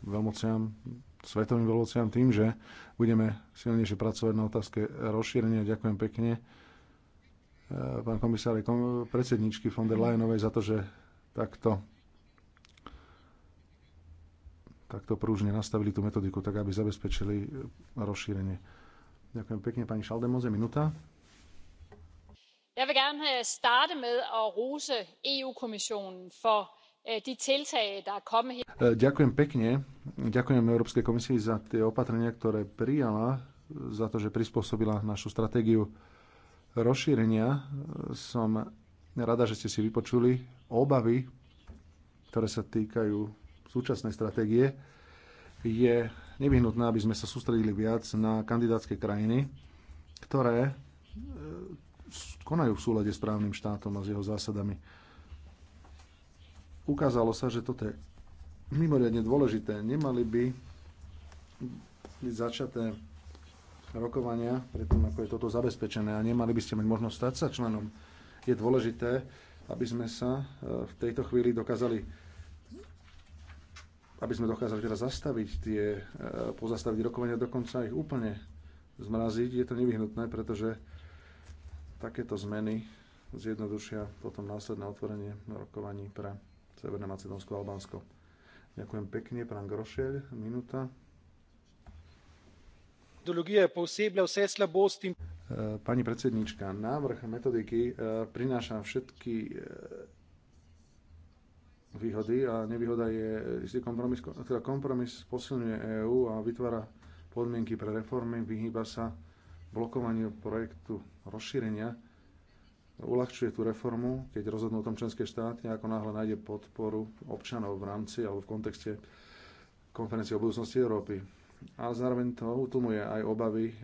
veľmociam, svetovým veľmociam tým, že budeme silnejšie pracovať na otázke rozšírenia. Ďakujem pekne eh, pán komisár predsedničky von der Leyenovej za to, že takto takto prúžne nastavili tú metodiku, tak aby zabezpečili rozšírenie. Ďakujem pekne, pani Šaldemoze, minúta. Ja vil gerne øh, starte med at rose EU-kommissionen for øh, de tiltag, der er kommet her. Øh, ďakujem pekne. Ďakujem Európskej komisii za tie opatrenia, ktoré prijala, za to, že prispôsobila našu stratégiu rozšírenia. Som rada, že ste si vypočuli obavy, ktoré sa týkajú súčasnej stratégie, je nevyhnutné, aby sme sa sústredili viac na kandidátske krajiny, ktoré e, konajú v súlade s právnym štátom a s jeho zásadami. Ukázalo sa, že toto je mimoriadne dôležité. Nemali by byť začaté rokovania predtým, ako je toto zabezpečené a nemali by ste mať možnosť stať sa členom. Je dôležité, aby sme sa e, v tejto chvíli dokázali aby sme dokázali teraz zastaviť tie, e, pozastaviť rokovania, dokonca ich úplne zmraziť, je to nevyhnutné, pretože takéto zmeny zjednodušia potom následné otvorenie rokovaní pre Severné Macedónsko a Albánsko. Ďakujem pekne, pán Grošel, minúta. E, pani predsednička, návrh metodiky e, prináša všetky výhody a nevýhoda je istý kompromis, teda kompromis posilňuje EÚ a vytvára podmienky pre reformy, vyhýba sa blokovaniu projektu rozšírenia, uľahčuje tú reformu, keď rozhodnú o tom členské štáty, ako náhle nájde podporu občanov v rámci alebo v kontexte konferencie o budúcnosti Európy. A zároveň to utlmuje aj obavy e,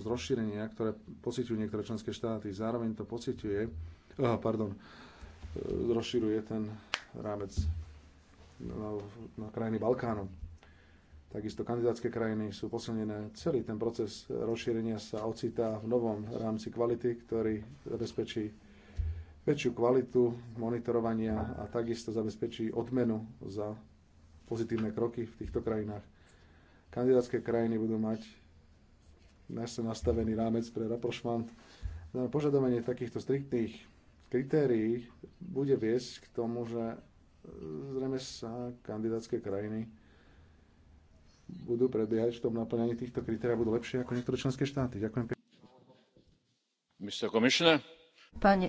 z rozšírenia, ktoré pociťujú niektoré členské štáty. Zároveň to pociťuje, oh, pardon, e, rozširuje ten rámec na, na krajiny Balkánu. Takisto kandidátske krajiny sú posilnené. Celý ten proces rozšírenia sa ocitá v novom rámci kvality, ktorý zabezpečí väčšiu kvalitu monitorovania a takisto zabezpečí odmenu za pozitívne kroky v týchto krajinách. Kandidátske krajiny budú mať nastavený rámec pre raprošmant. Požadovanie takýchto striktných kritérií bude viesť k tomu, že e, zrejme sa kandidátske krajiny budú prebiehať v tom naplňaní týchto kritérií a budú lepšie ako niektoré členské štáty. Ďakujem pekne. Pane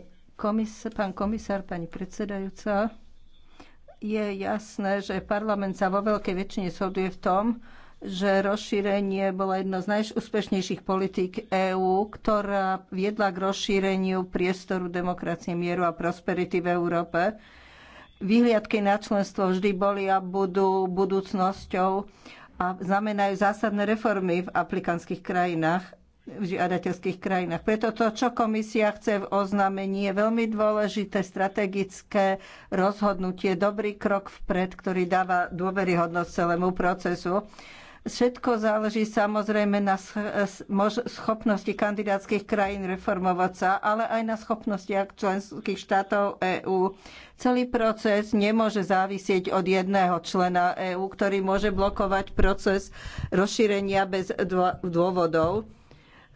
pán komisár, pani predsedajúca, je jasné, že parlament sa vo veľkej väčšine shoduje v tom, že rozšírenie bola jedno z najúspešnejších politík EÚ, ktorá viedla k rozšíreniu priestoru demokracie, mieru a prosperity v Európe. Výhliadky na členstvo vždy boli a budú budúcnosťou a znamenajú zásadné reformy v aplikantských krajinách v žiadateľských krajinách. Preto to, čo komisia chce v oznámení, je veľmi dôležité strategické rozhodnutie, dobrý krok vpred, ktorý dáva dôveryhodnosť celému procesu. Všetko záleží samozrejme na schopnosti kandidátskych krajín reformovať sa, ale aj na schopnostiach členských štátov EÚ. Celý proces nemôže závisieť od jedného člena EÚ, ktorý môže blokovať proces rozšírenia bez dôvodov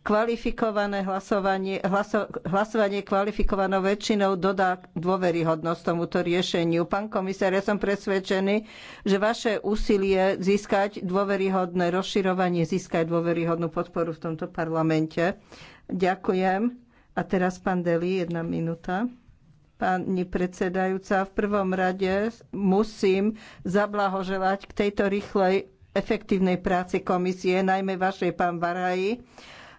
kvalifikované hlasovanie, hlaso, hlasovanie kvalifikovanou väčšinou dodá dôveryhodnosť tomuto riešeniu. Pán komisár, ja som presvedčený, že vaše úsilie získať dôveryhodné rozširovanie, získať dôveryhodnú podporu v tomto parlamente. Ďakujem. A teraz pán Deli, jedna minúta. Pani predsedajúca, v prvom rade musím zablahoželať k tejto rýchlej efektívnej práci komisie, najmä vašej, pán Varaji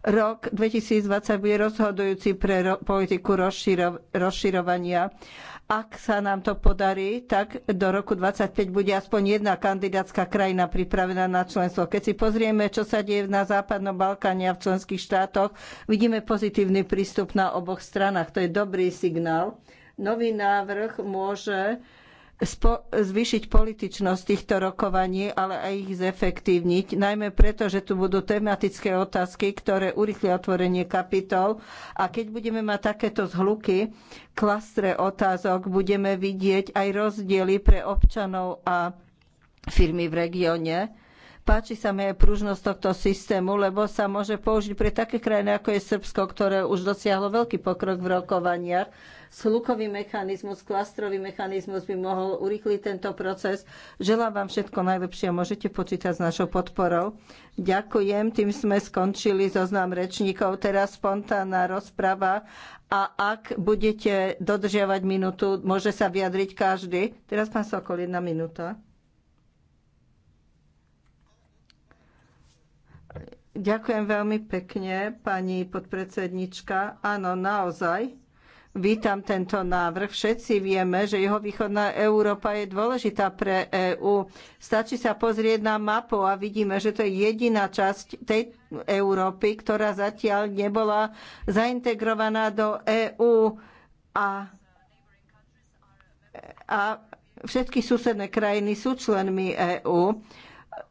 Rok 2020 bude rozhodujúci pre ro- politiku rozširo- rozširovania. Ak sa nám to podarí, tak do roku 2025 bude aspoň jedna kandidátska krajina pripravená na členstvo. Keď si pozrieme, čo sa deje na Západnom Balkáne a v členských štátoch, vidíme pozitívny prístup na oboch stranách. To je dobrý signál. Nový návrh môže zvýšiť političnosť týchto rokovaní, ale aj ich zefektívniť, najmä preto, že tu budú tematické otázky, ktoré urýchlia otvorenie kapitol a keď budeme mať takéto zhluky, klastre otázok, budeme vidieť aj rozdiely pre občanov a firmy v regióne Páči sa mi aj pružnosť tohto systému, lebo sa môže použiť pre také krajiny, ako je Srbsko, ktoré už dosiahlo veľký pokrok v rokovaniach. Slukový mechanizmus, klastrový mechanizmus by mohol urýchliť tento proces. Želám vám všetko najlepšie a môžete počítať s našou podporou. Ďakujem, tým sme skončili zoznam rečníkov. Teraz spontánna rozprava a ak budete dodržiavať minútu, môže sa vyjadriť každý. Teraz pán Sokol, jedna minúta. Ďakujem veľmi pekne, pani podpredsednička. Áno, naozaj. Vítam tento návrh. Všetci vieme, že jeho východná Európa je dôležitá pre EÚ. Stačí sa pozrieť na mapu a vidíme, že to je jediná časť tej Európy, ktorá zatiaľ nebola zaintegrovaná do EÚ a, a všetky susedné krajiny sú členmi EÚ.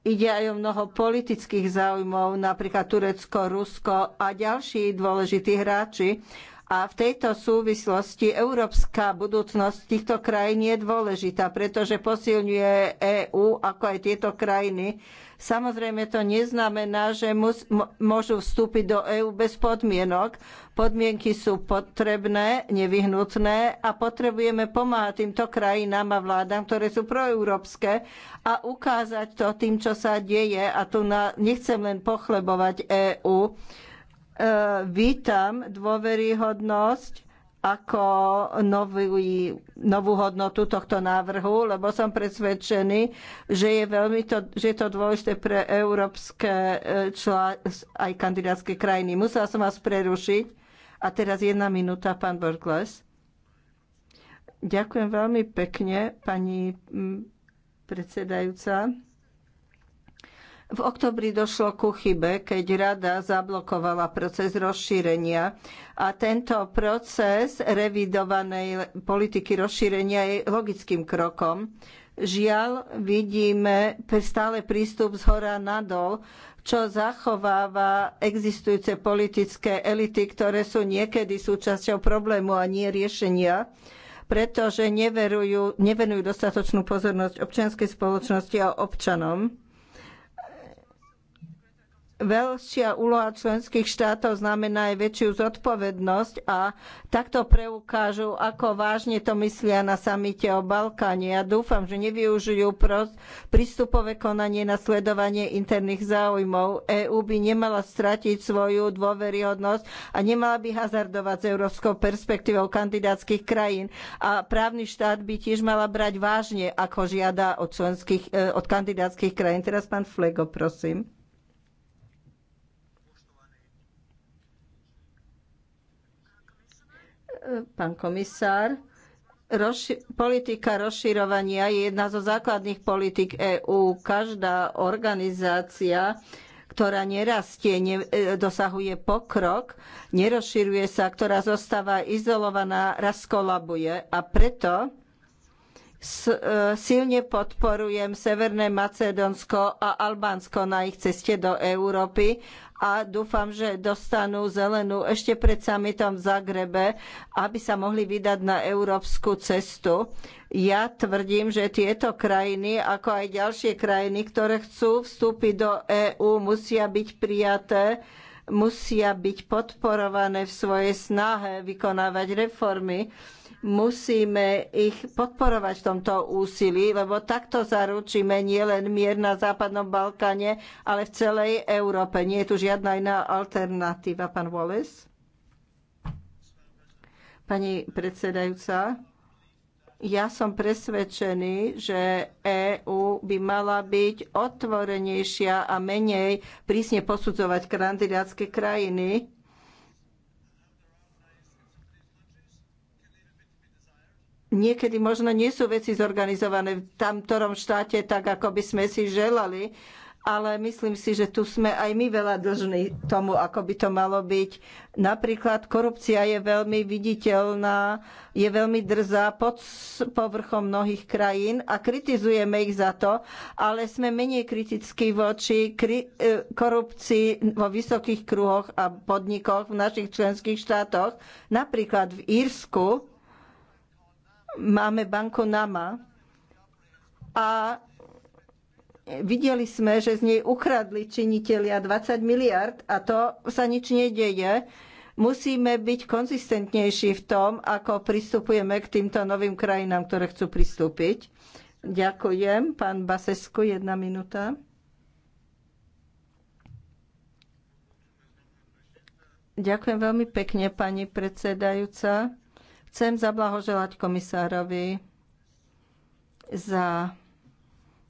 Ide aj o mnoho politických záujmov, napríklad Turecko, Rusko a ďalší dôležití hráči. A v tejto súvislosti európska budúcnosť týchto krajín je dôležitá, pretože posilňuje EÚ ako aj tieto krajiny Samozrejme to neznamená, že môžu vstúpiť do EÚ bez podmienok. Podmienky sú potrebné, nevyhnutné a potrebujeme pomáhať týmto krajinám a vládam, ktoré sú proeurópske a ukázať to tým, čo sa deje. A tu na, nechcem len pochlebovať EÚ. E, vítam dôveryhodnosť ako nový, novú hodnotu tohto návrhu, lebo som presvedčený, že je, veľmi to, že je to dôležité pre európske e, člá, aj kandidátske krajiny. Musela som vás prerušiť. A teraz jedna minúta, pán Borgles. Ďakujem veľmi pekne, pani predsedajúca. V oktobri došlo ku chybe, keď rada zablokovala proces rozšírenia a tento proces revidovanej politiky rozšírenia je logickým krokom. Žiaľ, vidíme stále prístup z hora nadol, čo zachováva existujúce politické elity, ktoré sú niekedy súčasťou problému a nie riešenia pretože neverujú, nevenujú dostatočnú pozornosť občianskej spoločnosti a občanom väčšia úloha členských štátov znamená aj väčšiu zodpovednosť a takto preukážu, ako vážne to myslia na samite o Balkáne. Ja dúfam, že nevyužijú prístupové konanie na sledovanie interných záujmov. EÚ by nemala stratiť svoju dôveryhodnosť a nemala by hazardovať s európskou perspektívou kandidátskych krajín. A právny štát by tiež mala brať vážne, ako žiada od, členských, e, od kandidátskych krajín. Teraz pán Flego, prosím. pán komisár. Rozši- politika rozširovania je jedna zo základných politik EÚ. Každá organizácia, ktorá nerastie, ne, e, dosahuje pokrok, nerozširuje sa, ktorá zostáva izolovaná, raz kolabuje. A preto s, e, silne podporujem Severné Macedónsko a Albánsko na ich ceste do Európy a dúfam, že dostanú zelenú ešte pred samitom v Zagrebe, aby sa mohli vydať na európsku cestu. Ja tvrdím, že tieto krajiny, ako aj ďalšie krajiny, ktoré chcú vstúpiť do EÚ, musia byť prijaté musia byť podporované v svojej snahe vykonávať reformy. Musíme ich podporovať v tomto úsilí, lebo takto zaručíme nielen mier na Západnom Balkáne, ale v celej Európe. Nie je tu žiadna iná alternatíva, pán Wallace. Pani predsedajúca, ja som presvedčený, že EÚ by mala byť otvorenejšia a menej prísne posudzovať kandidátske krajiny. niekedy možno nie sú veci zorganizované v tam ktorom štáte tak, ako by sme si želali, ale myslím si, že tu sme aj my veľa dlžní tomu, ako by to malo byť. Napríklad korupcia je veľmi viditeľná, je veľmi drzá pod povrchom mnohých krajín a kritizujeme ich za to, ale sme menej kritickí voči e, korupcii vo vysokých kruhoch a podnikoch v našich členských štátoch. Napríklad v Írsku Máme banko Nama a videli sme, že z nej ukradli činitelia 20 miliard a to sa nič nedieje. Musíme byť konzistentnejší v tom, ako pristupujeme k týmto novým krajinám, ktoré chcú pristúpiť. Ďakujem. Pán Basesku, jedna minúta. Ďakujem veľmi pekne, pani predsedajúca. Chcem zablahoželať komisárovi za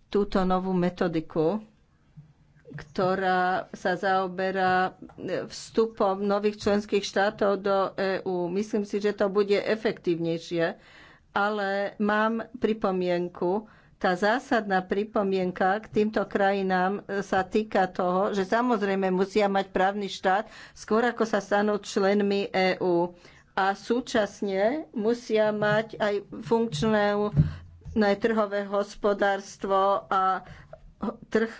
túto novú metodiku, ktorá sa zaoberá vstupom nových členských štátov do EÚ. Myslím si, že to bude efektívnejšie, ale mám pripomienku. Tá zásadná pripomienka k týmto krajinám sa týka toho, že samozrejme musia mať právny štát skôr ako sa stanú členmi EÚ a súčasne musia mať aj funkčné trhové hospodárstvo a trh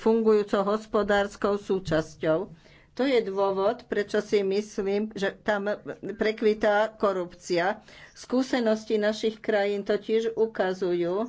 fungujúco hospodárskou súčasťou. To je dôvod, prečo si myslím, že tam prekvitá korupcia. Skúsenosti našich krajín totiž ukazujú,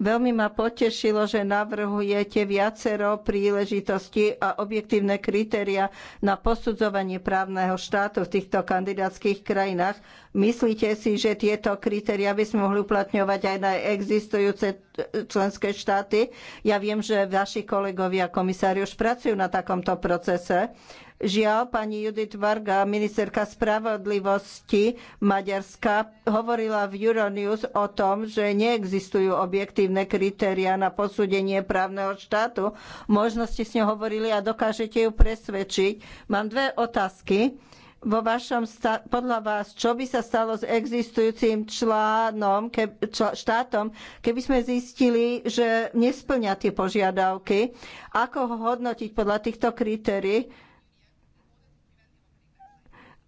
Veľmi ma potešilo, že navrhujete viacero príležitostí a objektívne kritéria na posudzovanie právneho štátu v týchto kandidátskych krajinách. Myslíte si, že tieto kritéria by sme mohli uplatňovať aj na existujúce členské štáty? Ja viem, že vaši kolegovia komisári už pracujú na takomto procese. Žiaľ, pani Judith Varga, ministerka spravodlivosti Maďarska, hovorila v Euronews o tom, že neexistujú objektívne kritéria na posúdenie právneho štátu. Možno ste s ňou hovorili a dokážete ju presvedčiť. Mám dve otázky vo vašom podľa vás, čo by sa stalo s existujúcim článom, ke, čl, štátom, keby sme zistili, že nesplňa tie požiadavky? Ako ho hodnotiť podľa týchto kritérií?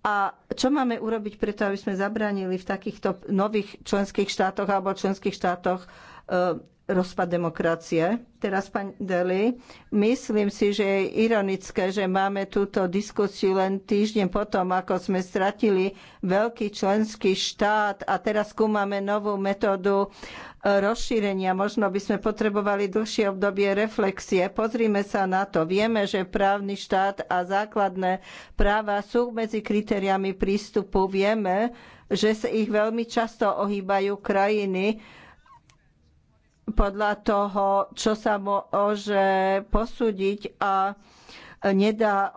A čo máme urobiť preto, aby sme zabránili v takýchto nových členských štátoch alebo členských štátoch e, rozpad demokracie. Teraz, pán Deli, myslím si, že je ironické, že máme túto diskusiu len týždeň potom, ako sme stratili veľký členský štát a teraz skúmame novú metódu rozšírenia. Možno by sme potrebovali dlhšie obdobie reflexie. Pozrime sa na to. Vieme, že právny štát a základné práva sú medzi kritériami prístupu. Vieme, že sa ich veľmi často ohýbajú krajiny podľa toho, čo sa môže posúdiť a nedá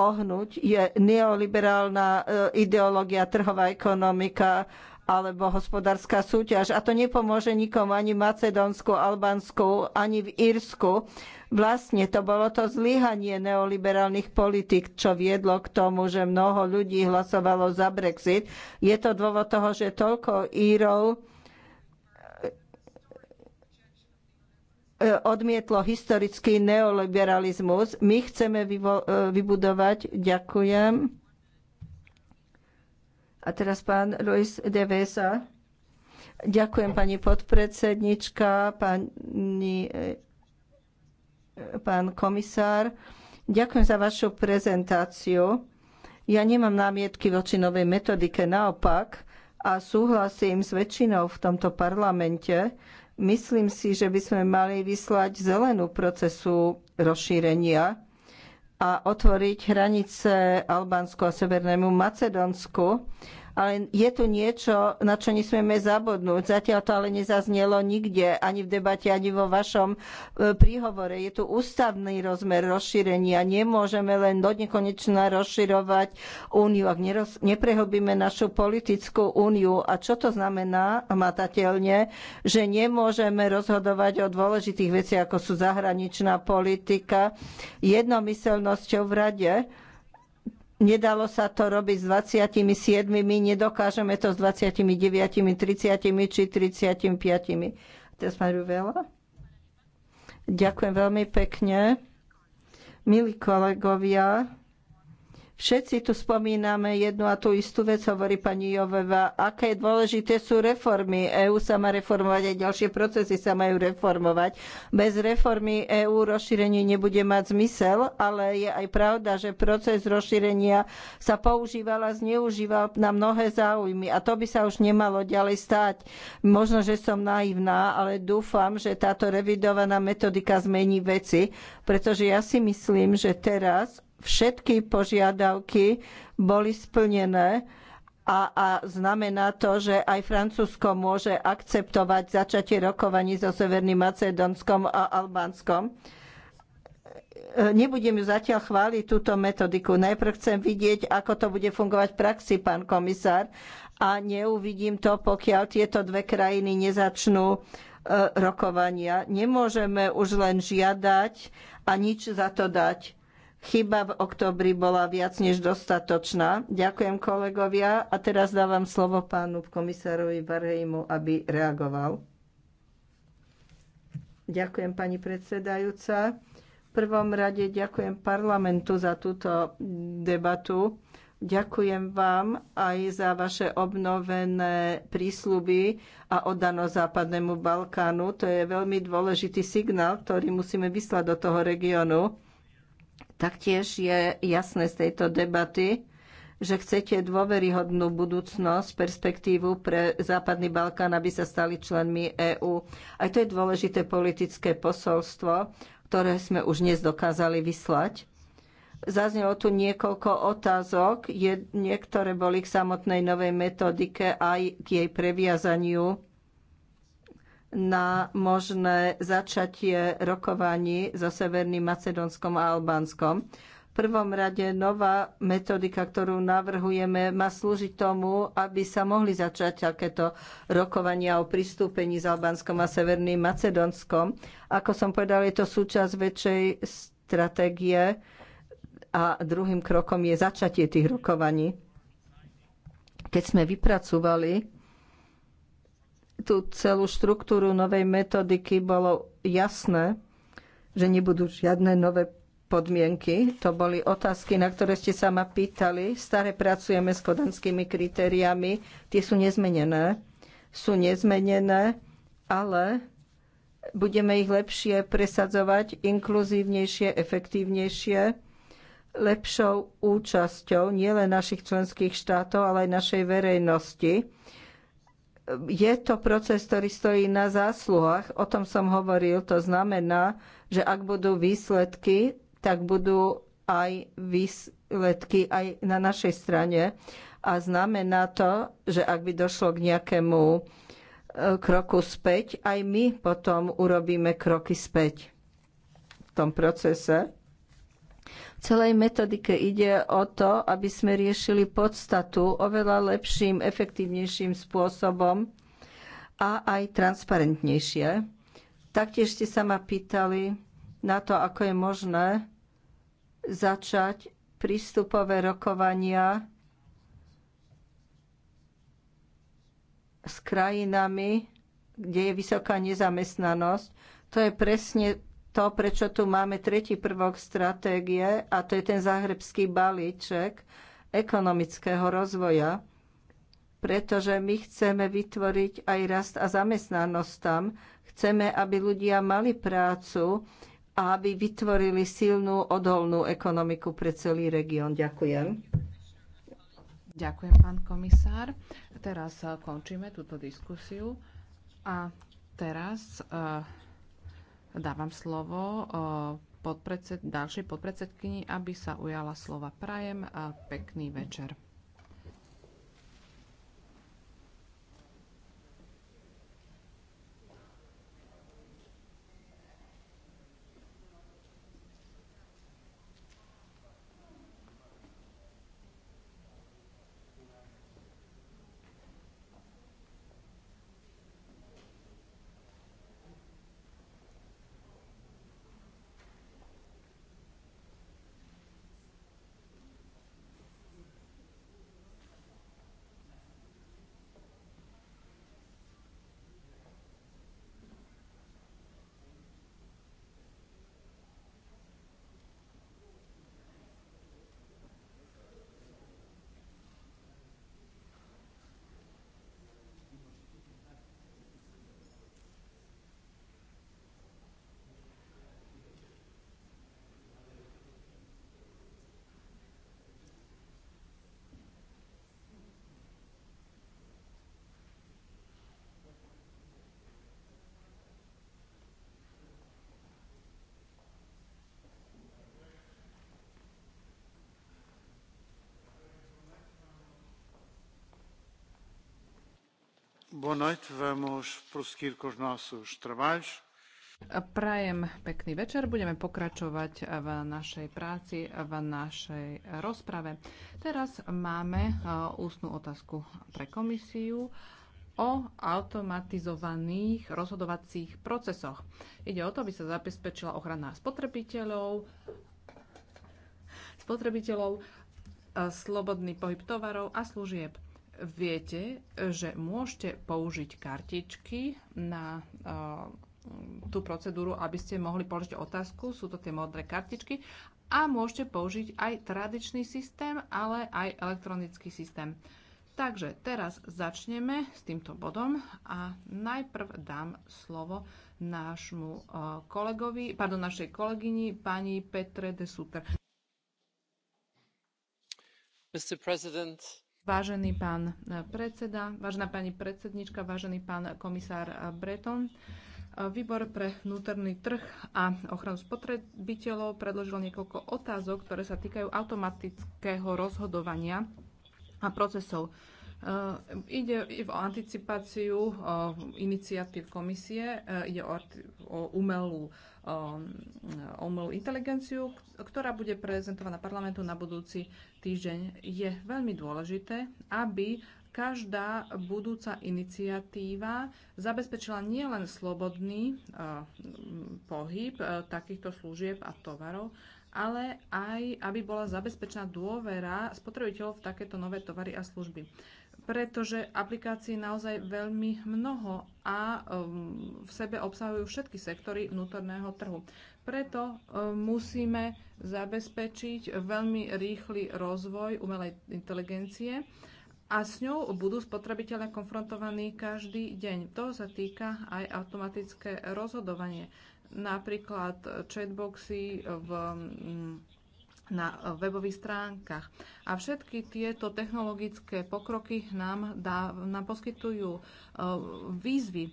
ohnúť. Je neoliberálna e, ideológia, trhová ekonomika, alebo hospodárska súťaž. A to nepomôže nikomu ani v Macedónsku, Albánsku, ani v Írsku. Vlastne to bolo to zlyhanie neoliberálnych politik, čo viedlo k tomu, že mnoho ľudí hlasovalo za Brexit. Je to dôvod toho, že toľko Írov eh, odmietlo historický neoliberalizmus. My chceme eh, vybudovať, ďakujem, a teraz pán Luis de Vesa. Ďakujem pani podpredsednička, pani, eh, pán komisár. Ďakujem za vašu prezentáciu. Ja nemám námietky voči novej metodike, naopak, a súhlasím s väčšinou v tomto parlamente. Myslím si, že by sme mali vyslať zelenú procesu rozšírenia a otvoriť hranice Albánsku a Severnému Macedónsku ale je tu niečo, na čo nesmieme zabudnúť. Zatiaľ to ale nezaznelo nikde, ani v debate, ani vo vašom e, príhovore. Je tu ústavný rozmer rozšírenia. Nemôžeme len do nekonečna rozširovať úniu, ak neprehobíme našu politickú úniu. A čo to znamená, matateľne, že nemôžeme rozhodovať o dôležitých veciach, ako sú zahraničná politika, jednomyselnosťou v rade? Nedalo sa to robiť s 27, nedokážeme to s 29, 30 či 35. Teraz majú veľa. Ďakujem veľmi pekne. Milí kolegovia, Všetci tu spomíname jednu a tú istú vec, hovorí pani Joveva. Aké dôležité sú reformy? EÚ sa má reformovať, aj ďalšie procesy sa majú reformovať. Bez reformy EÚ rozšírenie nebude mať zmysel, ale je aj pravda, že proces rozšírenia sa používal a zneužíval na mnohé záujmy a to by sa už nemalo ďalej stať. Možno, že som naivná, ale dúfam, že táto revidovaná metodika zmení veci, pretože ja si myslím, že teraz všetky požiadavky boli splnené a, a znamená to, že aj Francúzsko môže akceptovať začatie rokovaní so Severným Macedónskom a Albánskom. Nebudem ju zatiaľ chváliť túto metodiku. Najprv chcem vidieť, ako to bude fungovať v praxi, pán komisár. A neuvidím to, pokiaľ tieto dve krajiny nezačnú e, rokovania. Nemôžeme už len žiadať a nič za to dať Chyba v oktobri bola viac než dostatočná. Ďakujem kolegovia a teraz dávam slovo pánu komisárovi Barheimu, aby reagoval. Ďakujem pani predsedajúca. V prvom rade ďakujem parlamentu za túto debatu. Ďakujem vám aj za vaše obnovené prísľuby a oddanosť Západnému Balkánu. To je veľmi dôležitý signál, ktorý musíme vyslať do toho regiónu Taktiež je jasné z tejto debaty, že chcete dôveryhodnú budúcnosť, perspektívu pre Západný Balkán, aby sa stali členmi EÚ. Aj to je dôležité politické posolstvo, ktoré sme už dnes dokázali vyslať. Zaznelo tu niekoľko otázok, niektoré boli k samotnej novej metodike aj k jej previazaniu na možné začatie rokovaní so Severným Macedónskom a Albánskom. V prvom rade nová metodika, ktorú navrhujeme, má slúžiť tomu, aby sa mohli začať takéto rokovania o pristúpení s Albánskom a Severným Macedónskom. Ako som povedal, je to súčasť väčšej stratégie a druhým krokom je začatie tých rokovaní. Keď sme vypracovali tú celú štruktúru novej metodiky bolo jasné, že nebudú žiadne nové podmienky. To boli otázky, na ktoré ste sa ma pýtali. Staré pracujeme s kodanskými kritériami. Tie sú nezmenené. Sú nezmenené, ale budeme ich lepšie presadzovať, inkluzívnejšie, efektívnejšie, lepšou účasťou nielen našich členských štátov, ale aj našej verejnosti je to proces, ktorý stojí na zásluhách, o tom som hovoril, to znamená, že ak budú výsledky, tak budú aj výsledky aj na našej strane. A znamená to, že ak by došlo k nejakému e, kroku späť, aj my potom urobíme kroky späť v tom procese celej metodike ide o to, aby sme riešili podstatu oveľa lepším, efektívnejším spôsobom a aj transparentnejšie. Taktiež ste sa ma pýtali na to, ako je možné začať prístupové rokovania s krajinami, kde je vysoká nezamestnanosť. To je presne to, prečo tu máme tretí prvok stratégie, a to je ten záhrebský balíček ekonomického rozvoja, pretože my chceme vytvoriť aj rast a zamestnanosť tam. Chceme, aby ľudia mali prácu a aby vytvorili silnú, odolnú ekonomiku pre celý región. Ďakujem. Ďakujem, pán komisár. Teraz eh, končíme túto diskusiu a teraz eh, Dávam slovo e, podpredsed, ďalšej podpredsedkyni, aby sa ujala slova. Prajem a e, pekný večer. Boa noite, vamos prosseguir com os nossos trabalhos. Prajem pekný večer. Budeme pokračovať v našej práci, v našej rozprave. Teraz máme e, ústnu otázku pre komisiu o automatizovaných rozhodovacích procesoch. Ide o to, aby sa zabezpečila ochrana spotrebiteľov, spotrebiteľov, e, slobodný pohyb tovarov a služieb viete, že môžete použiť kartičky na eh, tú procedúru, aby ste mohli položiť otázku. Sú to tie modré kartičky. A môžete použiť aj tradičný systém, ale aj elektronický systém. Takže teraz začneme s týmto bodom a najprv dám slovo nášmu eh, kolegovi, pardon, našej kolegyni pani Petre de Suter. Mr. President, Vážený pán e, predseda, vážená pani predsednička, vážený pán komisár e, Breton, e, Výbor pre vnútorný trh a ochranu spotrebiteľov predložil niekoľko otázok, ktoré sa týkajú automatického rozhodovania a procesov. Ide o anticipáciu iniciatív komisie, ide o umelú umelú inteligenciu, ktorá bude prezentovaná parlamentu na budúci týždeň. Je veľmi dôležité, aby každá budúca iniciatíva zabezpečila nielen slobodný uh, pohyb uh, takýchto služieb a tovarov, ale aj aby bola zabezpečená dôvera spotrebiteľov v takéto nové tovary a služby pretože aplikácií naozaj veľmi mnoho a um, v sebe obsahujú všetky sektory vnútorného trhu. Preto um, musíme zabezpečiť veľmi rýchly rozvoj umelej inteligencie a s ňou budú spotrebitelia konfrontovaní každý deň. To sa týka aj automatické rozhodovanie. Napríklad chatboxy v um, na webových stránkach. A všetky tieto technologické pokroky nám, dá, nám poskytujú e, výzvy. E,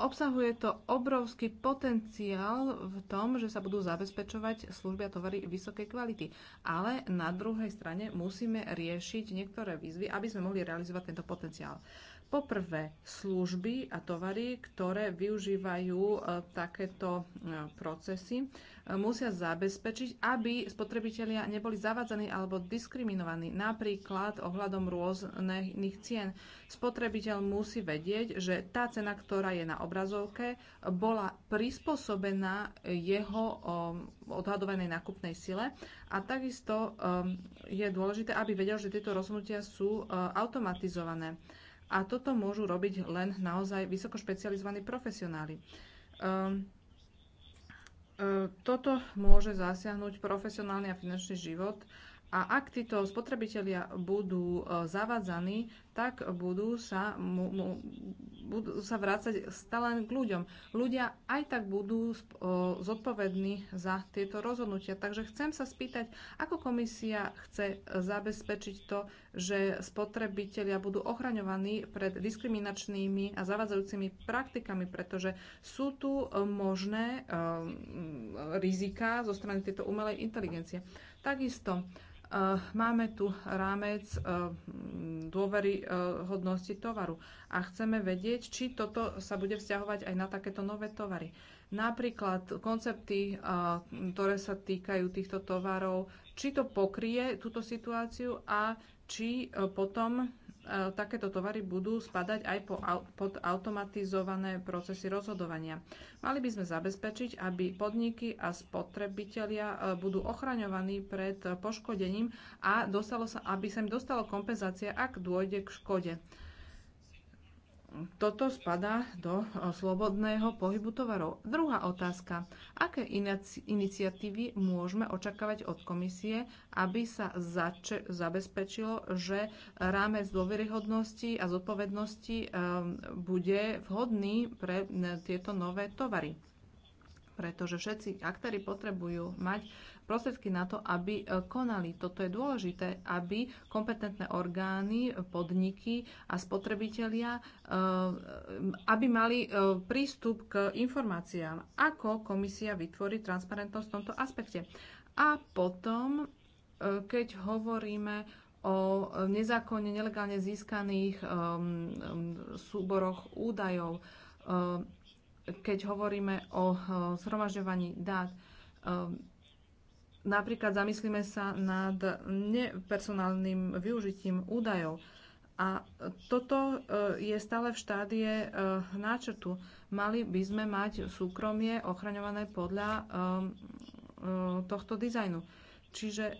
obsahuje to obrovský potenciál v tom, že sa budú zabezpečovať služby a tovary vysokej kvality. Ale na druhej strane musíme riešiť niektoré výzvy, aby sme mohli realizovať tento potenciál. Poprvé, služby a tovary, ktoré využívajú e, takéto procesy, musia zabezpečiť, aby spotrebitelia neboli zavadzaní alebo diskriminovaní, napríklad ohľadom rôznych cien. Spotrebiteľ musí vedieť, že tá cena, ktorá je na obrazovke, bola prispôsobená jeho um, odhadovanej nákupnej sile a takisto um, je dôležité, aby vedel, že tieto rozhodnutia sú uh, automatizované. A toto môžu robiť len naozaj vysokošpecializovaní profesionáli. Um, toto môže zasiahnuť profesionálny a finančný život a ak títo spotrebitelia budú e, zavadzaní, tak budú sa, mu, mu, budú sa vrácať stále k ľuďom. Ľudia aj tak budú e, zodpovední za tieto rozhodnutia. Takže chcem sa spýtať, ako komisia chce zabezpečiť to, že spotrebitelia budú ochraňovaní pred diskriminačnými a zavadzajúcimi praktikami, pretože sú tu e, možné um, rizika zo strany tejto umelej inteligencie. Takisto Eh, máme tu rámec eh, dôvery eh, hodnosti tovaru a chceme vedieť, či toto sa bude vzťahovať aj na takéto nové tovary. Napríklad koncepty, ktoré sa týkajú týchto tovarov, či to pokrie túto situáciu a či e, potom e, takéto tovary budú spadať aj pod automatizované procesy rozhodovania. Mali by sme zabezpečiť, aby podniky a spotrebitelia e, budú ochraňovaní pred poškodením a dostalo sa, aby sa im dostalo kompenzácia, ak dôjde k škode toto spadá do e, slobodného pohybu tovarov. Druhá otázka. Aké iniciatívy môžeme očakávať od komisie, aby sa zabezpečilo, že rámec dôveryhodnosti a zodpovednosti e, bude vhodný pre e, tieto nové tovary? Pretože všetci aktéry potrebujú mať prostriedky na to, aby e, konali. Toto je dôležité, aby kompetentné orgány, podniky a spotrebitelia, e, aby mali e, prístup k informáciám, ako komisia vytvorí transparentnosť v tomto aspekte. A potom, keď hovoríme o nezákonne, nelegálne získaných súboroch údajov, keď hovoríme o zhromažďovaní dát, Napríklad zamyslíme sa nad nepersonálnym využitím údajov. A toto e, je stále v štádie e, náčrtu. Mali by sme mať súkromie ochraňované podľa e, tohto dizajnu. Čiže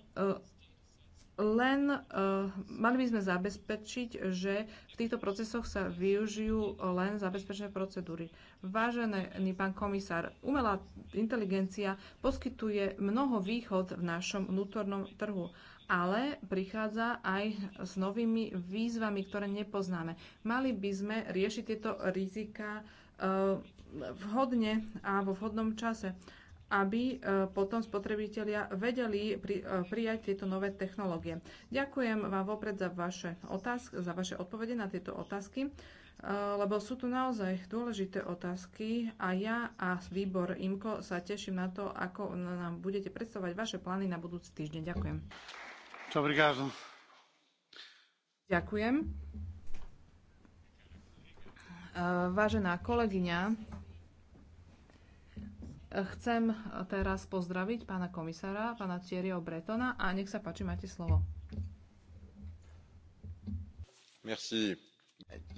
len uh, mali by sme zabezpečiť, že v týchto procesoch sa využijú len zabezpečné procedúry. Vážený pán komisár, umelá inteligencia poskytuje mnoho výhod v našom vnútornom trhu, ale prichádza aj s novými výzvami, ktoré nepoznáme. Mali by sme riešiť tieto rizika uh, vhodne a vo vhodnom čase aby e, potom spotrebitelia vedeli pri, e, prijať tieto nové technológie. Ďakujem vám vopred za vaše, otázky, za vaše odpovede na tieto otázky, e, lebo sú tu naozaj dôležité otázky a ja a výbor IMKO sa teším na to, ako nám budete predstavovať vaše plány na budúci týždeň. Ďakujem. Obrigado. Ďakujem. Vážená kolegyňa, Chcem teraz pozdraviť pána komisára, pána Thierryho Bretona a nech sa páči, máte slovo. Merci.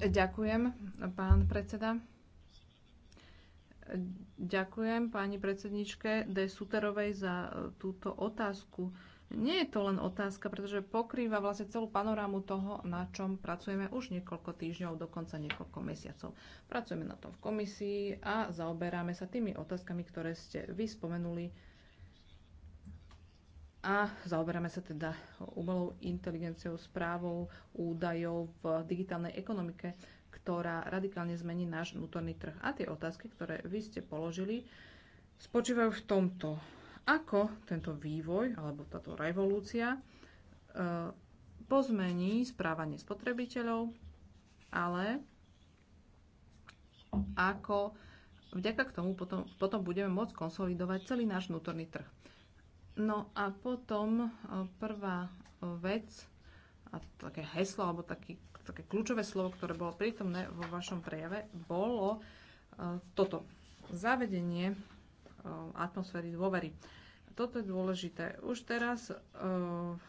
Ďakujem, pán predseda. Ďakujem pani predsedničke De Suterovej za túto otázku. Nie je to len otázka, pretože pokrýva vlastne celú panorámu toho, na čom pracujeme už niekoľko týždňov, dokonca niekoľko mesiacov. Pracujeme na tom v komisii a zaoberáme sa tými otázkami, ktoré ste vy spomenuli a zaoberáme sa teda umelou inteligenciou, správou údajov v digitálnej ekonomike, ktorá radikálne zmení náš vnútorný trh. A tie otázky, ktoré vy ste položili, spočívajú v tomto ako tento vývoj alebo táto revolúcia e, pozmení správanie spotrebiteľov, ale ako vďaka k tomu potom, potom budeme môcť konsolidovať celý náš vnútorný trh. No a potom e, prvá vec, a také heslo, alebo taký, také kľúčové slovo, ktoré bolo prítomné vo vašom prejave, bolo e, toto. Zavedenie Eh, atmosféry dôvery. Toto je dôležité. Už teraz uh,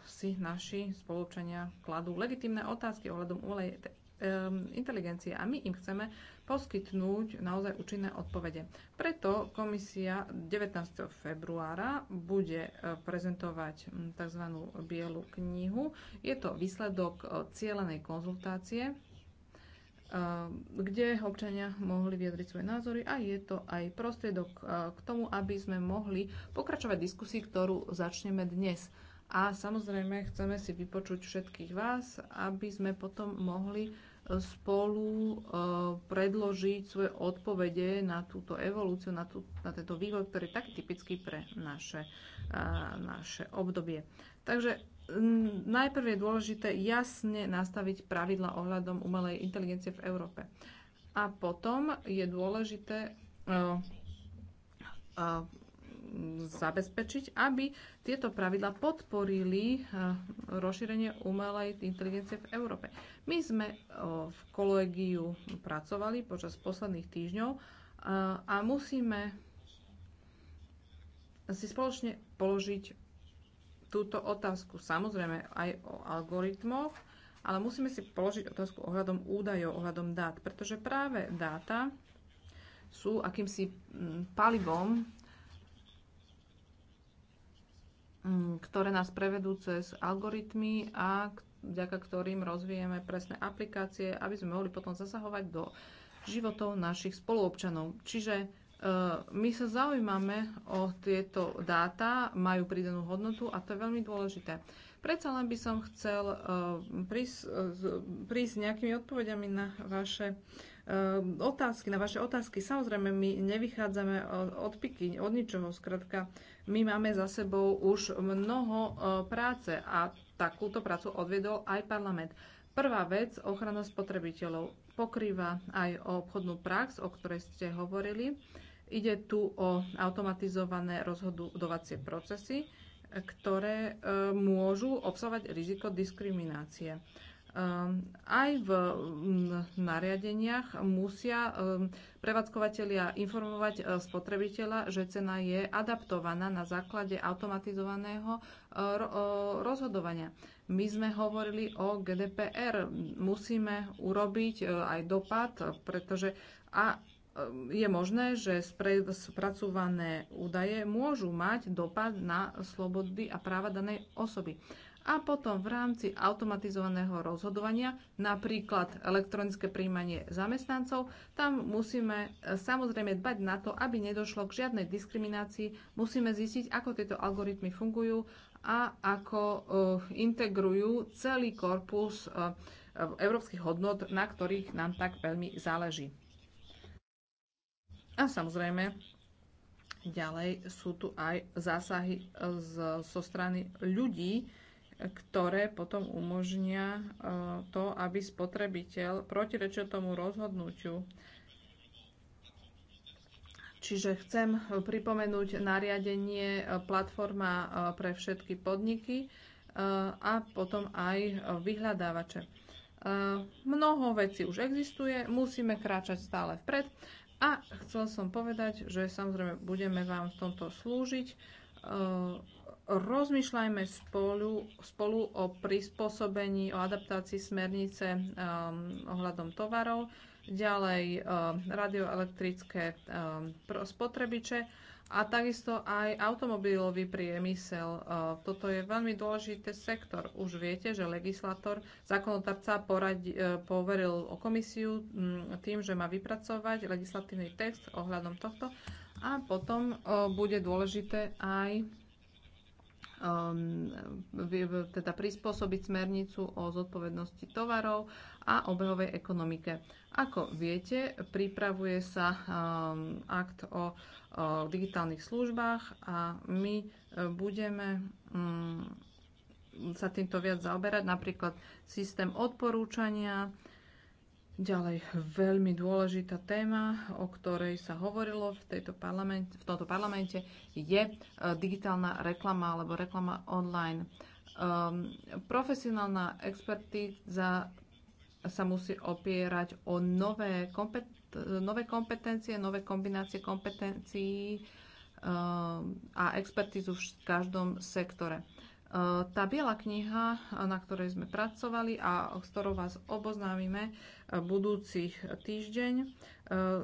si naši spolupčania kladú legitimné otázky ohľadom umelej um, inteligencie a my im chceme poskytnúť naozaj účinné odpovede. Preto komisia 19. februára bude prezentovať hm, tzv. bielu knihu. Je to výsledok cieľenej konzultácie kde občania mohli vyjadriť svoje názory a je to aj prostriedok k tomu, aby sme mohli pokračovať diskusii, ktorú začneme dnes. A samozrejme chceme si vypočuť všetkých vás, aby sme potom mohli e, spolu e, predložiť svoje odpovede na túto evolúciu, na, tú, na tento vývoj, ktorý je tak typický pre naše, naše obdobie. Takže najprv je dôležité jasne nastaviť pravidla ohľadom umelej inteligencie v Európe. A potom je dôležité uh, uh, zabezpečiť, aby tieto pravidla podporili uh, rozšírenie umelej inteligencie v Európe. My sme v kolegiu pracovali počas posledných týždňov a musíme si spoločne položiť túto otázku. Samozrejme aj o algoritmoch, ale musíme si položiť otázku ohľadom údajov, ohľadom dát, pretože práve dáta sú akýmsi mm, palivom, mm, ktoré nás prevedú cez algoritmy a vďaka ktorým rozvíjeme presné aplikácie, aby sme mohli potom zasahovať do životov našich spoluobčanov. Čiže Eh, my sa zaujímame o tieto dáta, majú pridanú hodnotu a to je veľmi dôležité. Predsa len by som chcel eh, eh, prísť, s nejakými odpovediami na vaše otázky, na vaše otázky. Samozrejme, my nevychádzame od piky, od ničoho. Skratka, my máme za sebou už mnoho práce a takúto prácu odvedol aj parlament. Prvá vec, ochrana spotrebiteľov, pokrýva aj obchodnú prax, o ktorej ste hovorili Ide tu o automatizované rozhodovacie procesy, ktoré e, môžu obsahovať riziko diskriminácie. E, aj v nariadeniach musia e, prevádzkovateľia informovať spotrebiteľa, že cena je adaptovaná na základe automatizovaného rozhodovania. My sme hovorili o GDPR. Musíme urobiť aj dopad, pretože a Ehm, je možné, že spracované údaje môžu mať dopad na slobody a práva danej osoby. A potom v rámci automatizovaného rozhodovania, napríklad elektronické príjmanie zamestnancov, tam musíme e, samozrejme dbať na to, aby nedošlo k žiadnej diskriminácii. Musíme zistiť, ako tieto algoritmy fungujú a ako uh, integrujú celý korpus uh, európskych hodnot, na ktorých nám tak veľmi záleží. A samozrejme, ďalej sú tu aj zásahy z, zo strany ľudí, ktoré potom umožnia e, to, aby spotrebiteľ protirečil tomu rozhodnutiu. Čiže chcem pripomenúť nariadenie e, platforma e, pre všetky podniky a potom aj vyhľadávače. Mnoho vecí už existuje, musíme kráčať stále vpred a chcel som povedať, že samozrejme budeme vám v tomto slúžiť. E, rozmýšľajme spolu, spolu o prispôsobení, o adaptácii smernice um, ohľadom tovarov, ďalej um, radioelektrické um, spotrebiče a takisto aj automobilový priemysel. E, toto je veľmi dôležitý sektor. Už viete, že legislator, zákonodarca e, poveril o komisiu mm, tým, že má vypracovať legislatívny text ohľadom tohto a potom e, bude dôležité aj ehm, teda prispôsobiť smernicu o zodpovednosti tovarov a obehovej ekonomike. Ako viete, pripravuje sa ehm, akt o o digitálnych službách a my e, budeme mm, sa týmto viac zaoberať, napríklad systém odporúčania, Ďalej, veľmi dôležitá téma, o ktorej sa hovorilo v, tejto parlamente, v tomto parlamente, je e, digitálna reklama alebo reklama online. Um, profesionálna expertíza sa musí opierať o nové kompet- nové kompetencie, nové kombinácie kompetencií eh, a expertizu v každom sektore. Eh, tá biela kniha, eh, na ktorej sme pracovali a s ktorou vás oboznámime budúci týždeň,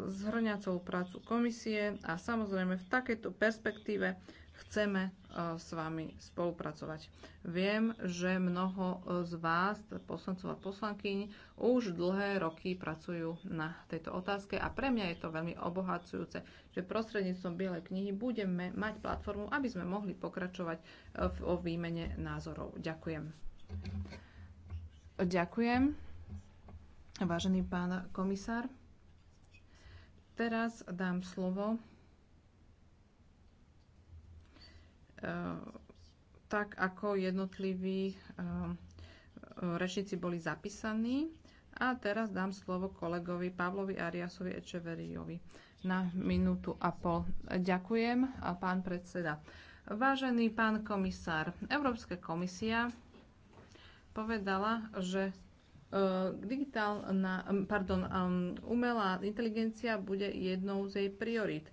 zhrňa celú prácu komisie a samozrejme v takejto perspektíve chceme e, s vami spolupracovať. Viem, že mnoho z vás, poslancov a poslankyň, už dlhé roky pracujú na tejto otázke a pre mňa je to veľmi obohacujúce, že prostredníctvom Bielej knihy budeme mať platformu, aby sme mohli pokračovať e, v, o výmene názorov. Ďakujem. Ďakujem, vážený pán komisár. Teraz dám slovo Eh, tak ako jednotliví eh, rečníci boli zapísaní. A teraz dám slovo kolegovi Pavlovi Ariasovi Ečeveriovi na minútu a pol. Ďakujem, pán predseda. Vážený pán komisár, Európska komisia povedala, že eh, digitálna, pardon, umelá inteligencia bude jednou z jej priorit.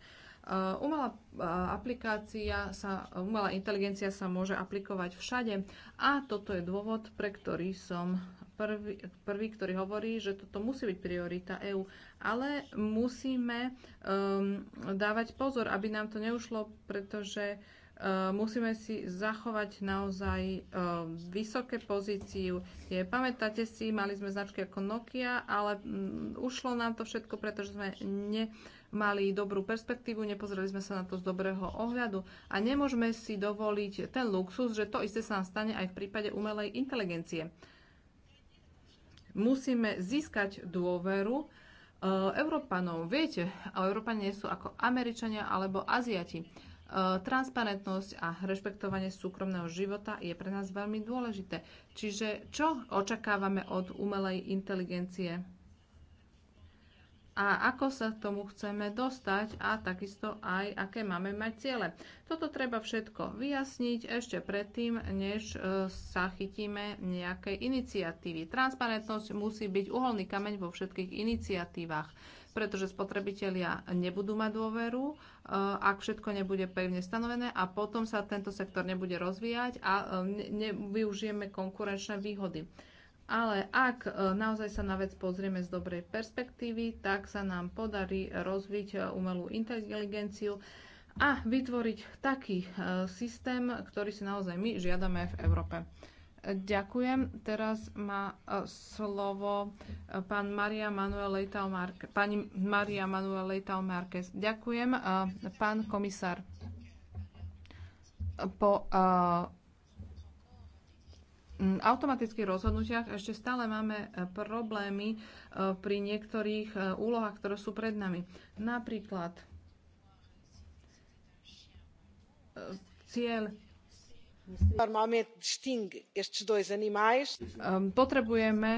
Eh, umelá eh, aplikácia sa, umelá inteligencia sa môže aplikovať všade a toto je dôvod, pre ktorý som prvý, prvý ktorý hovorí, že toto musí byť priorita EÚ, ale musíme um, dávať pozor, aby nám to neušlo, pretože uh, musíme si zachovať naozaj uh, vysoké pozíciu. Je, pamätáte si, mali sme značky ako Nokia, ale um, ušlo nám to všetko, pretože sme ne, uh, mali dobrú perspektívu, nepozreli sme sa na to z dobrého ohľadu a nemôžeme si dovoliť ten luxus, že to isté sa nám stane aj v prípade umelej inteligencie. Musíme získať dôveru e, Európanov. Viete, Európania nie sú ako Američania alebo Aziati. E, transparentnosť a rešpektovanie súkromného života je pre nás veľmi dôležité. Čiže čo očakávame od umelej inteligencie? a ako sa k tomu chceme dostať a takisto aj aké máme mať ciele. Toto treba všetko vyjasniť ešte predtým, než e, sa chytíme nejakej iniciatívy. Transparentnosť musí byť uholný kameň vo všetkých iniciatívach pretože spotrebitelia nebudú mať dôveru, e, ak všetko nebude pevne stanovené a potom sa tento sektor nebude rozvíjať a e, nevyužijeme konkurenčné výhody. Ale ak e, naozaj sa na vec pozrieme z dobrej perspektívy, tak sa nám podarí rozviť e, umelú inteligenciu a vytvoriť taký e, systém, ktorý si naozaj my žiadame v Európe. Ďakujem. Teraz má slovo pán Maria Manuel Leital Marquez. Pani Maria Manuel Leital Marquez. Ďakujem. Pán komisár, po Mm, automatických rozhodnutiach ešte stále máme e, problémy e, pri niektorých e, úlohách, ktoré sú pred nami. Napríklad cieľ Potrebujeme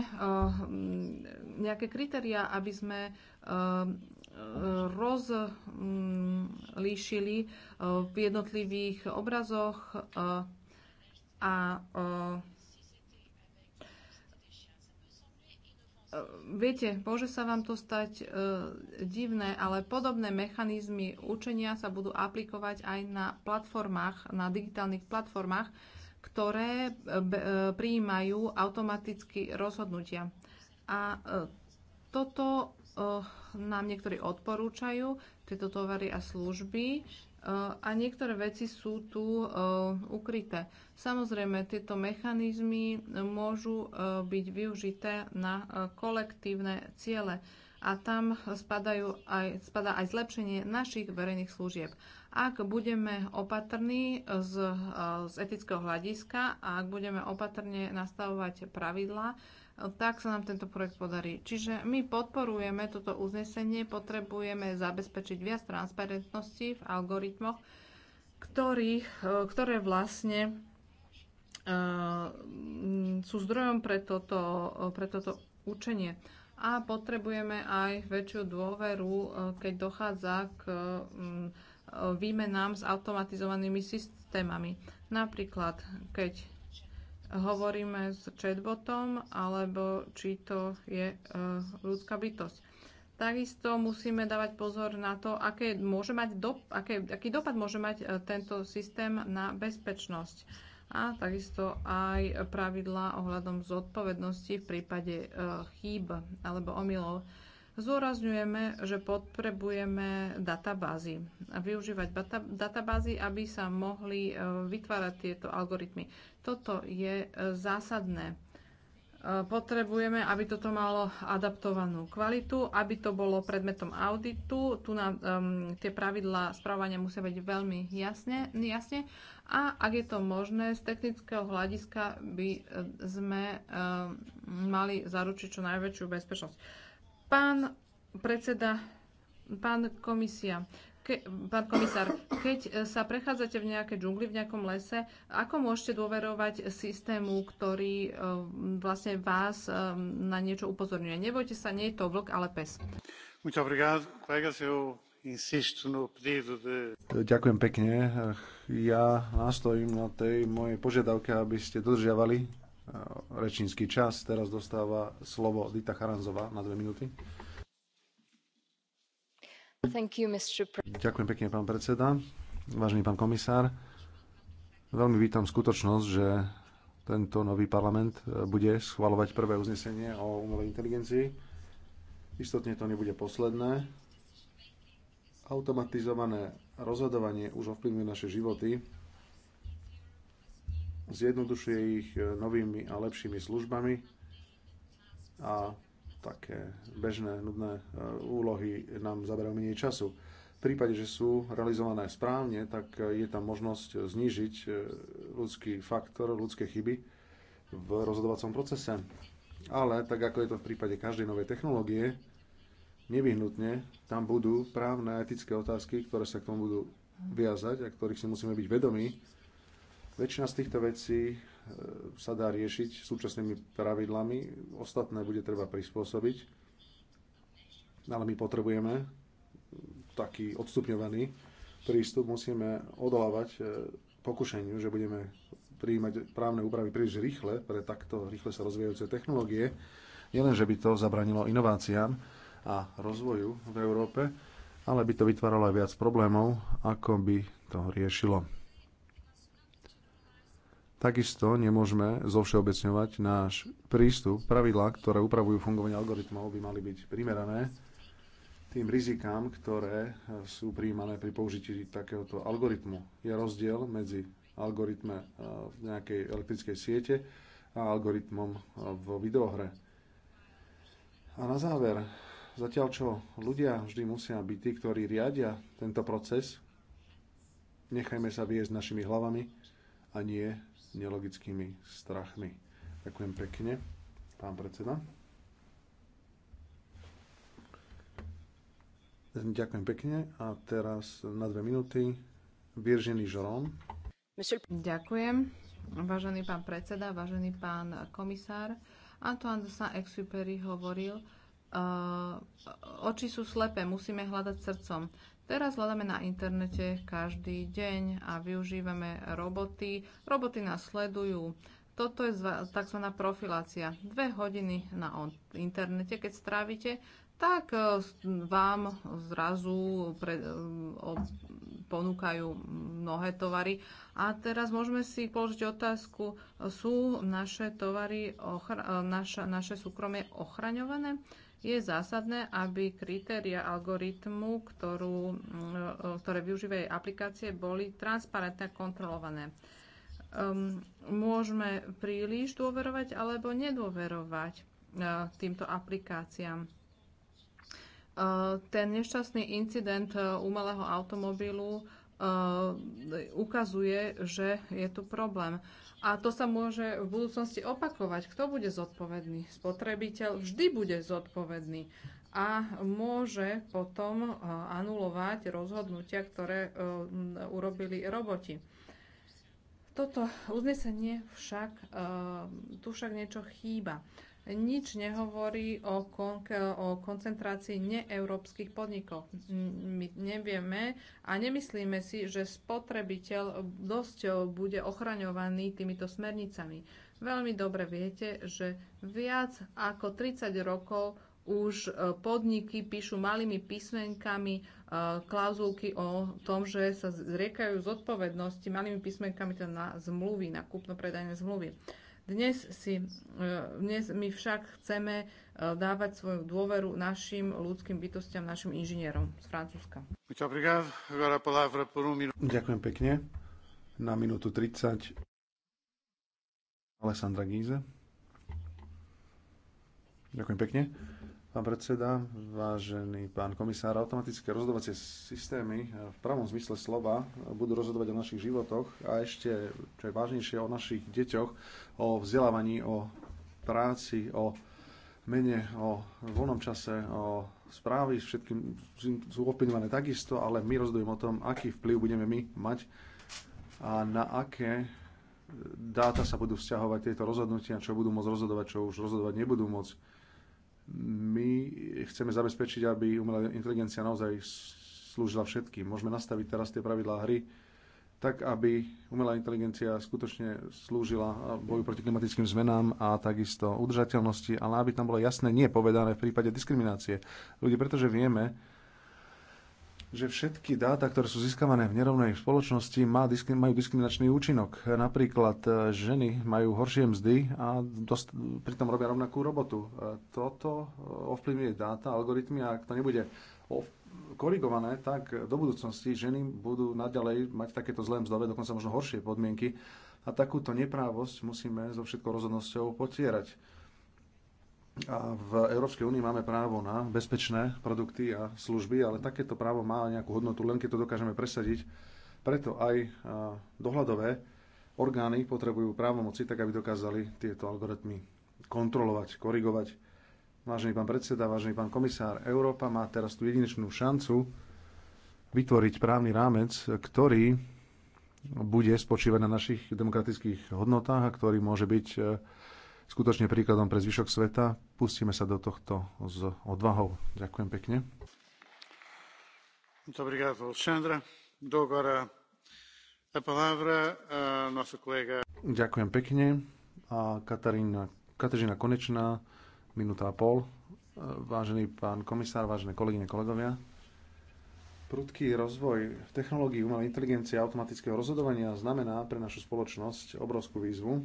nejaké kritéria, aby sme rozlíšili v jednotlivých obrazoch a E, viete, môže sa vám to stať e, divné, ale podobné mechanizmy učenia sa budú aplikovať aj na platformách, na digitálnych platformách, ktoré e, e prijímajú automaticky rozhodnutia. A e, toto e, nám niektorí odporúčajú, tieto tovary a služby. E, a niektoré veci sú tu e, ukryté. Samozrejme, tieto mechanizmy môžu e, byť využité na kolektívne ciele a tam spadajú aj, spadá aj zlepšenie našich verejných služieb. Ak budeme opatrní z, z etického hľadiska a ak budeme opatrne nastavovať pravidlá, tak sa nám tento projekt podarí. Čiže my podporujeme toto uznesenie, potrebujeme zabezpečiť viac transparentnosti v algoritmoch, ktorých, e, ktoré vlastne e, sú zdrojom pre toto, e, pre toto učenie. A potrebujeme aj väčšiu dôveru, keď dochádza k výmenám s automatizovanými systémami. Napríklad, keď hovoríme s chatbotom, alebo či to je e, ľudská bytosť. Takisto musíme dávať pozor na to, aké môže mať aké, aký dopad môže mať e, tento systém na bezpečnosť a takisto aj pravidlá ohľadom zodpovednosti v prípade e, chýb alebo omylov. Zdôrazňujeme, že potrebujeme databázy a využívať databázy, aby sa mohli e, vytvárať tieto algoritmy. Toto je e, zásadné. E, potrebujeme, aby toto malo adaptovanú kvalitu, aby to bolo predmetom auditu. Tu na, um, tie pravidlá správania musia byť veľmi jasne, jasne. A ak je to možné, z technického hľadiska by sme um, mali zaručiť čo najväčšiu bezpečnosť. Pán predseda, pán komisia, ke, pán komisár, keď e, sa prechádzate v nejaké džungli, v nejakom lese, ako môžete dôverovať systému, ktorý e, vlastne vás e, na niečo upozorňuje? Nebojte sa, nie je to vlk, ale pes. No Ďakujem pekne. Ja nastojím na tej mojej požiadavke, aby ste dodržiavali Eh, rečnícky čas. Teraz dostáva slovo Dita Charanzová na dve minúty. You, Ďakujem pekne, pán predseda. Vážený pán komisár, veľmi vítam skutočnosť, že tento nový parlament eh, bude schvalovať prvé uznesenie o umelej inteligencii. Istotne to nebude posledné. Automatizované rozhodovanie už ovplyvňuje naše životy zjednodušuje ich e, novými a lepšími službami a také bežné, nudné e, úlohy nám zaberajú menej času. V prípade, že sú realizované správne, tak e, je tam možnosť znížiť ľudský faktor, ľudské chyby v rozhodovacom procese. Ale tak ako je to v prípade každej novej technológie, nevyhnutne tam budú právne a etické otázky, ktoré sa k tomu budú viazať a ktorých si musíme byť vedomí Väčšina z týchto vecí e, sa dá riešiť súčasnými pravidlami, ostatné bude treba prispôsobiť, ale my potrebujeme taký odstupňovaný prístup, musíme odolávať e, pokušeniu, že budeme prijímať právne úpravy príliš rýchle pre takto rýchle sa rozvíjajúce technológie. Nielen, že by to zabranilo inováciám a rozvoju v Európe, ale by to vytváralo aj viac problémov, ako by to riešilo. Takisto nemôžeme zovšeobecňovať náš prístup. Pravidlá, ktoré upravujú fungovanie algoritmov, by mali byť primerané tým rizikám, ktoré sú príjmané pri použití takéhoto algoritmu. Je rozdiel medzi algoritme eh, v nejakej elektrickej siete a algoritmom eh, v videohre. A na záver, zatiaľ čo ľudia vždy musia byť tí, ktorí riadia tento proces, nechajme sa viesť našimi hlavami a nie nelogickými strachmi. Ďakujem pekne, pán predseda. Ďakujem pekne a teraz na dve minúty Virginie Žorón. Ďakujem, vážený pán predseda, vážený pán komisár. Antoine de Saint-Exupéry hovoril, uh, oči sú slepé, musíme hľadať srdcom. Teraz hľadáme na internete každý deň a využívame roboty. Roboty nás sledujú. Toto je tzv. profilácia. Dve hodiny na internete, keď strávite, tak e, vám zrazu pre, e, ponúkajú mnohé tovary. A teraz môžeme si položiť otázku, sú naše tovary, ochra, e, naša, naše súkromie ochraňované? je zásadné, aby kritéria algoritmu, ktorú, mm, e, ktoré využívajú aplikácie, boli transparentne kontrolované. Um, môžeme príliš dôverovať alebo nedôverovať uh, týmto aplikáciám. Uh, ten nešťastný incident uh, umelého automobilu ukazuje, že je tu problém. A to sa môže v budúcnosti opakovať. Kto bude zodpovedný? Spotrebiteľ vždy bude zodpovedný a môže potom e, anulovať rozhodnutia, ktoré e, urobili roboti. Toto uznesenie však, e, tu však niečo chýba nič nehovorí o, kon- o koncentrácii neeurópskych podnikov. My nevieme a nemyslíme si, že spotrebiteľ dosť bude ochraňovaný týmito smernicami. Veľmi dobre viete, že viac ako 30 rokov už e, podniky píšu malými písmenkami e, klauzulky o tom, že sa zriekajú zodpovednosti malými písmenkami teda na zmluvy, na kúpno-predajné zmluvy. Dnes, si, e, dnes my však chceme e, dávať svoju dôveru našim ľudským bytostiam, našim inžinierom z Francúzska. Um Ďakujem pekne. Na minútu 30 Alessandra Gíze. Ďakujem pekne. Pán predseda, vážený pán komisár, automatické rozhodovacie systémy v pravom zmysle slova budú rozhodovať o našich životoch a ešte, čo je vážnejšie, o našich deťoch, o vzdelávaní, o práci, o mene, o voľnom čase, o správy, všetkým sú opinované takisto, ale my rozhodujeme o tom, aký vplyv budeme my mať a na aké dáta sa budú vzťahovať tieto rozhodnutia, čo budú môcť rozhodovať, čo už rozhodovať nebudú môcť my chceme zabezpečiť, aby umelá inteligencia naozaj slúžila všetkým. Môžeme nastaviť teraz tie pravidlá hry tak, aby umelá inteligencia skutočne slúžila boju proti klimatickým zmenám a takisto udržateľnosti, ale aby tam bolo jasné nie povedané v prípade diskriminácie ľudí, pretože vieme, že všetky dáta, ktoré sú získavané v nerovnej spoločnosti, má, majú diskriminačný účinok. Napríklad e, ženy majú horšie mzdy a dost, pritom robia rovnakú robotu. E, toto e, ovplyvňuje dáta, algoritmy a ak to nebude korigované, tak do budúcnosti ženy budú naďalej mať takéto zlé mzdové, dokonca možno horšie podmienky a takúto neprávosť musíme so všetkou rozhodnosťou potierať a v Európskej únii máme právo na bezpečné produkty a služby, ale takéto právo má nejakú hodnotu, len keď to dokážeme presadiť. Preto aj dohľadové orgány potrebujú právomoci, tak aby dokázali tieto algoritmy kontrolovať, korigovať. Vážený pán predseda, vážený pán komisár, Európa má teraz tú jedinečnú šancu vytvoriť právny rámec, ktorý bude spočívať na našich demokratických hodnotách a ktorý môže byť e, skutočne príkladom pre zvyšok sveta. Pustíme sa do tohto s odvahou. Ďakujem pekne. Ďakujem pekne. A Katarína, Katarína Konečná, minúta a pol. Vážený pán komisár, vážené kolegyne, kolegovia. Prudký rozvoj technológií umelej inteligencie a automatického rozhodovania znamená pre našu spoločnosť obrovskú výzvu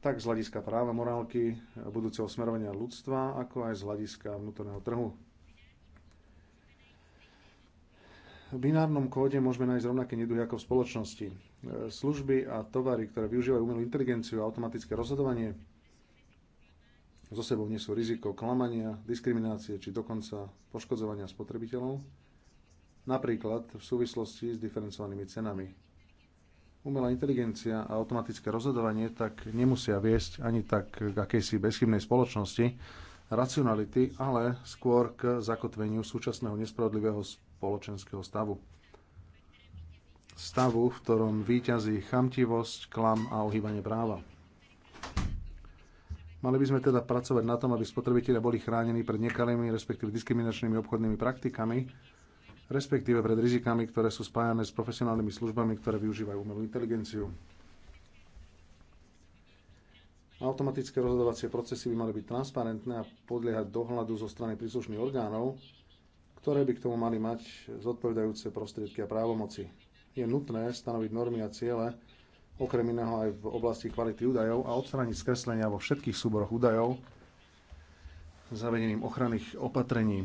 tak z hľadiska práva, morálky, budúceho smerovania ľudstva, ako aj z hľadiska vnútorného trhu. V binárnom kóde môžeme nájsť rovnaké neduhy ako v spoločnosti. Služby a tovary, ktoré využívajú umelú inteligenciu a automatické rozhodovanie, zo sebou nesú riziko klamania, diskriminácie či dokonca poškodzovania spotrebiteľov, napríklad v súvislosti s diferencovanými cenami umelá inteligencia a automatické rozhodovanie tak nemusia viesť ani tak k akejsi bezchybnej spoločnosti, racionality, ale skôr k zakotveniu súčasného nespravodlivého spoločenského stavu. Stavu, v ktorom výťazí chamtivosť, klam a ohýbanie práva. Mali by sme teda pracovať na tom, aby spotrebitelia boli chránení pred nekalými, respektíve diskriminačnými obchodnými praktikami, respektíve pred rizikami, ktoré sú spájane s profesionálnymi službami, ktoré využívajú umelú inteligenciu. Automatické rozhodovacie procesy by mali byť transparentné a podliehať dohľadu zo strany príslušných orgánov, ktoré by k tomu mali mať zodpovedajúce prostriedky a právomoci. Je nutné stanoviť normy a ciele, okrem iného aj v oblasti kvality údajov a odstrániť skreslenia vo všetkých súboroch údajov zavedením ochranných opatrení.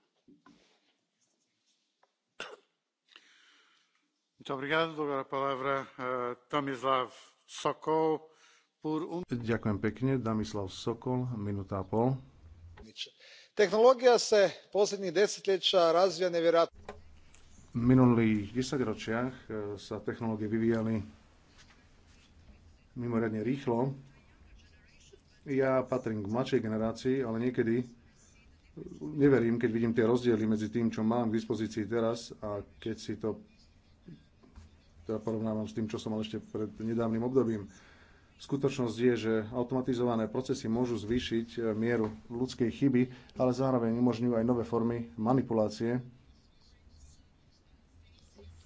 E, um- Ďakujem pekne. Damislav Sokol, minúta a pol. Technológia sa posledných desaťročia razvia nevjerojatno. V minulých desaťročiach e, sa technológie vyvíjali mimoriadne rýchlo. Ja patrím k mladšej generácii, ale niekedy neverím, keď vidím tie rozdiely medzi tým, čo mám k dispozícii teraz a keď si to teda porovnávam s tým, čo som mal ešte pred nedávnym obdobím. Skutočnosť je, že automatizované procesy môžu zvýšiť e, mieru ľudskej chyby, ale zároveň umožňujú aj nové formy manipulácie,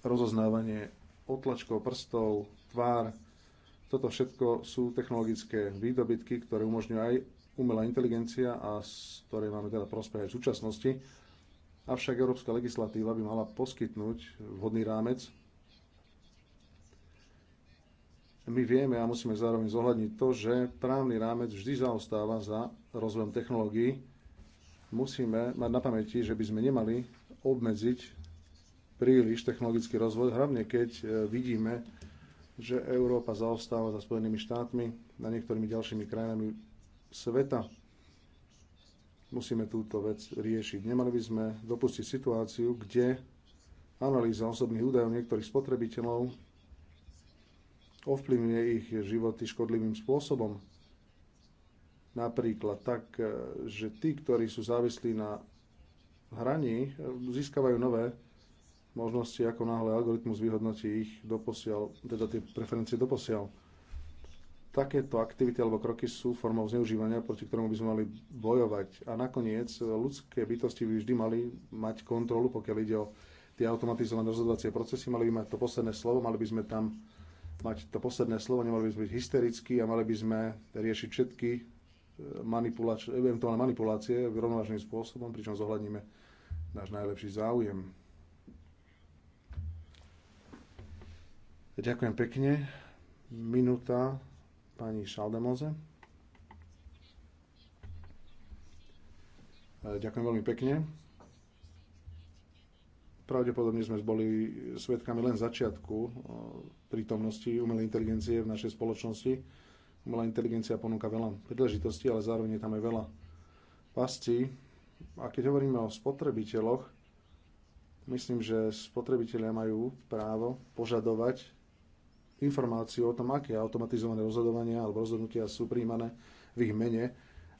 rozoznávanie otlačkov prstov, tvár. Toto všetko sú technologické výdobytky, ktoré umožňujú aj umelá inteligencia a z ktorej máme teda prospech aj v súčasnosti. Avšak európska legislatíva by mala poskytnúť vhodný rámec my vieme a musíme zároveň zohľadniť to, že právny rámec vždy zaostáva za rozvojom technológií. Musíme mať na pamäti, že by sme nemali obmedziť príliš technologický rozvoj, hlavne keď e, vidíme, že Európa zaostáva za Spojenými štátmi a niektorými ďalšími krajinami sveta. Musíme túto vec riešiť. Nemali by sme dopustiť situáciu, kde analýza osobných údajov niektorých spotrebiteľov ovplyvňuje ich životy škodlivým spôsobom. Napríklad tak, e, že tí, ktorí sú závislí na hraní, e, získavajú nové možnosti, ako náhle algoritmus vyhodnotí ich doposiaľ, teda tie preferencie doposiaľ. Takéto aktivity alebo kroky sú formou zneužívania, proti ktorému by sme mali bojovať. A nakoniec e, ľudské bytosti by vždy mali mať kontrolu, pokiaľ ide o tie automatizované rozhodovacie procesy, mali by mať to posledné slovo, mali by sme tam mať to posledné slovo, nemali by sme byť hysterickí a mali by sme riešiť všetky e, manipulač- eventuálne manipulácie rovnovážnym spôsobom, pričom zohľadníme náš najlepší záujem. Ďakujem pekne. Minúta pani Šaldemoze. E, ďakujem veľmi pekne. Pravdepodobne sme boli svetkami len začiatku e, prítomnosti umelej inteligencie v našej spoločnosti. Umelá inteligencia ponúka veľa príležitostí, ale zároveň je tam aj veľa pastí. A keď hovoríme o spotrebiteľoch, myslím, že spotrebitelia majú právo požadovať informáciu o tom, aké automatizované rozhodovania alebo rozhodnutia sú príjmané v ich mene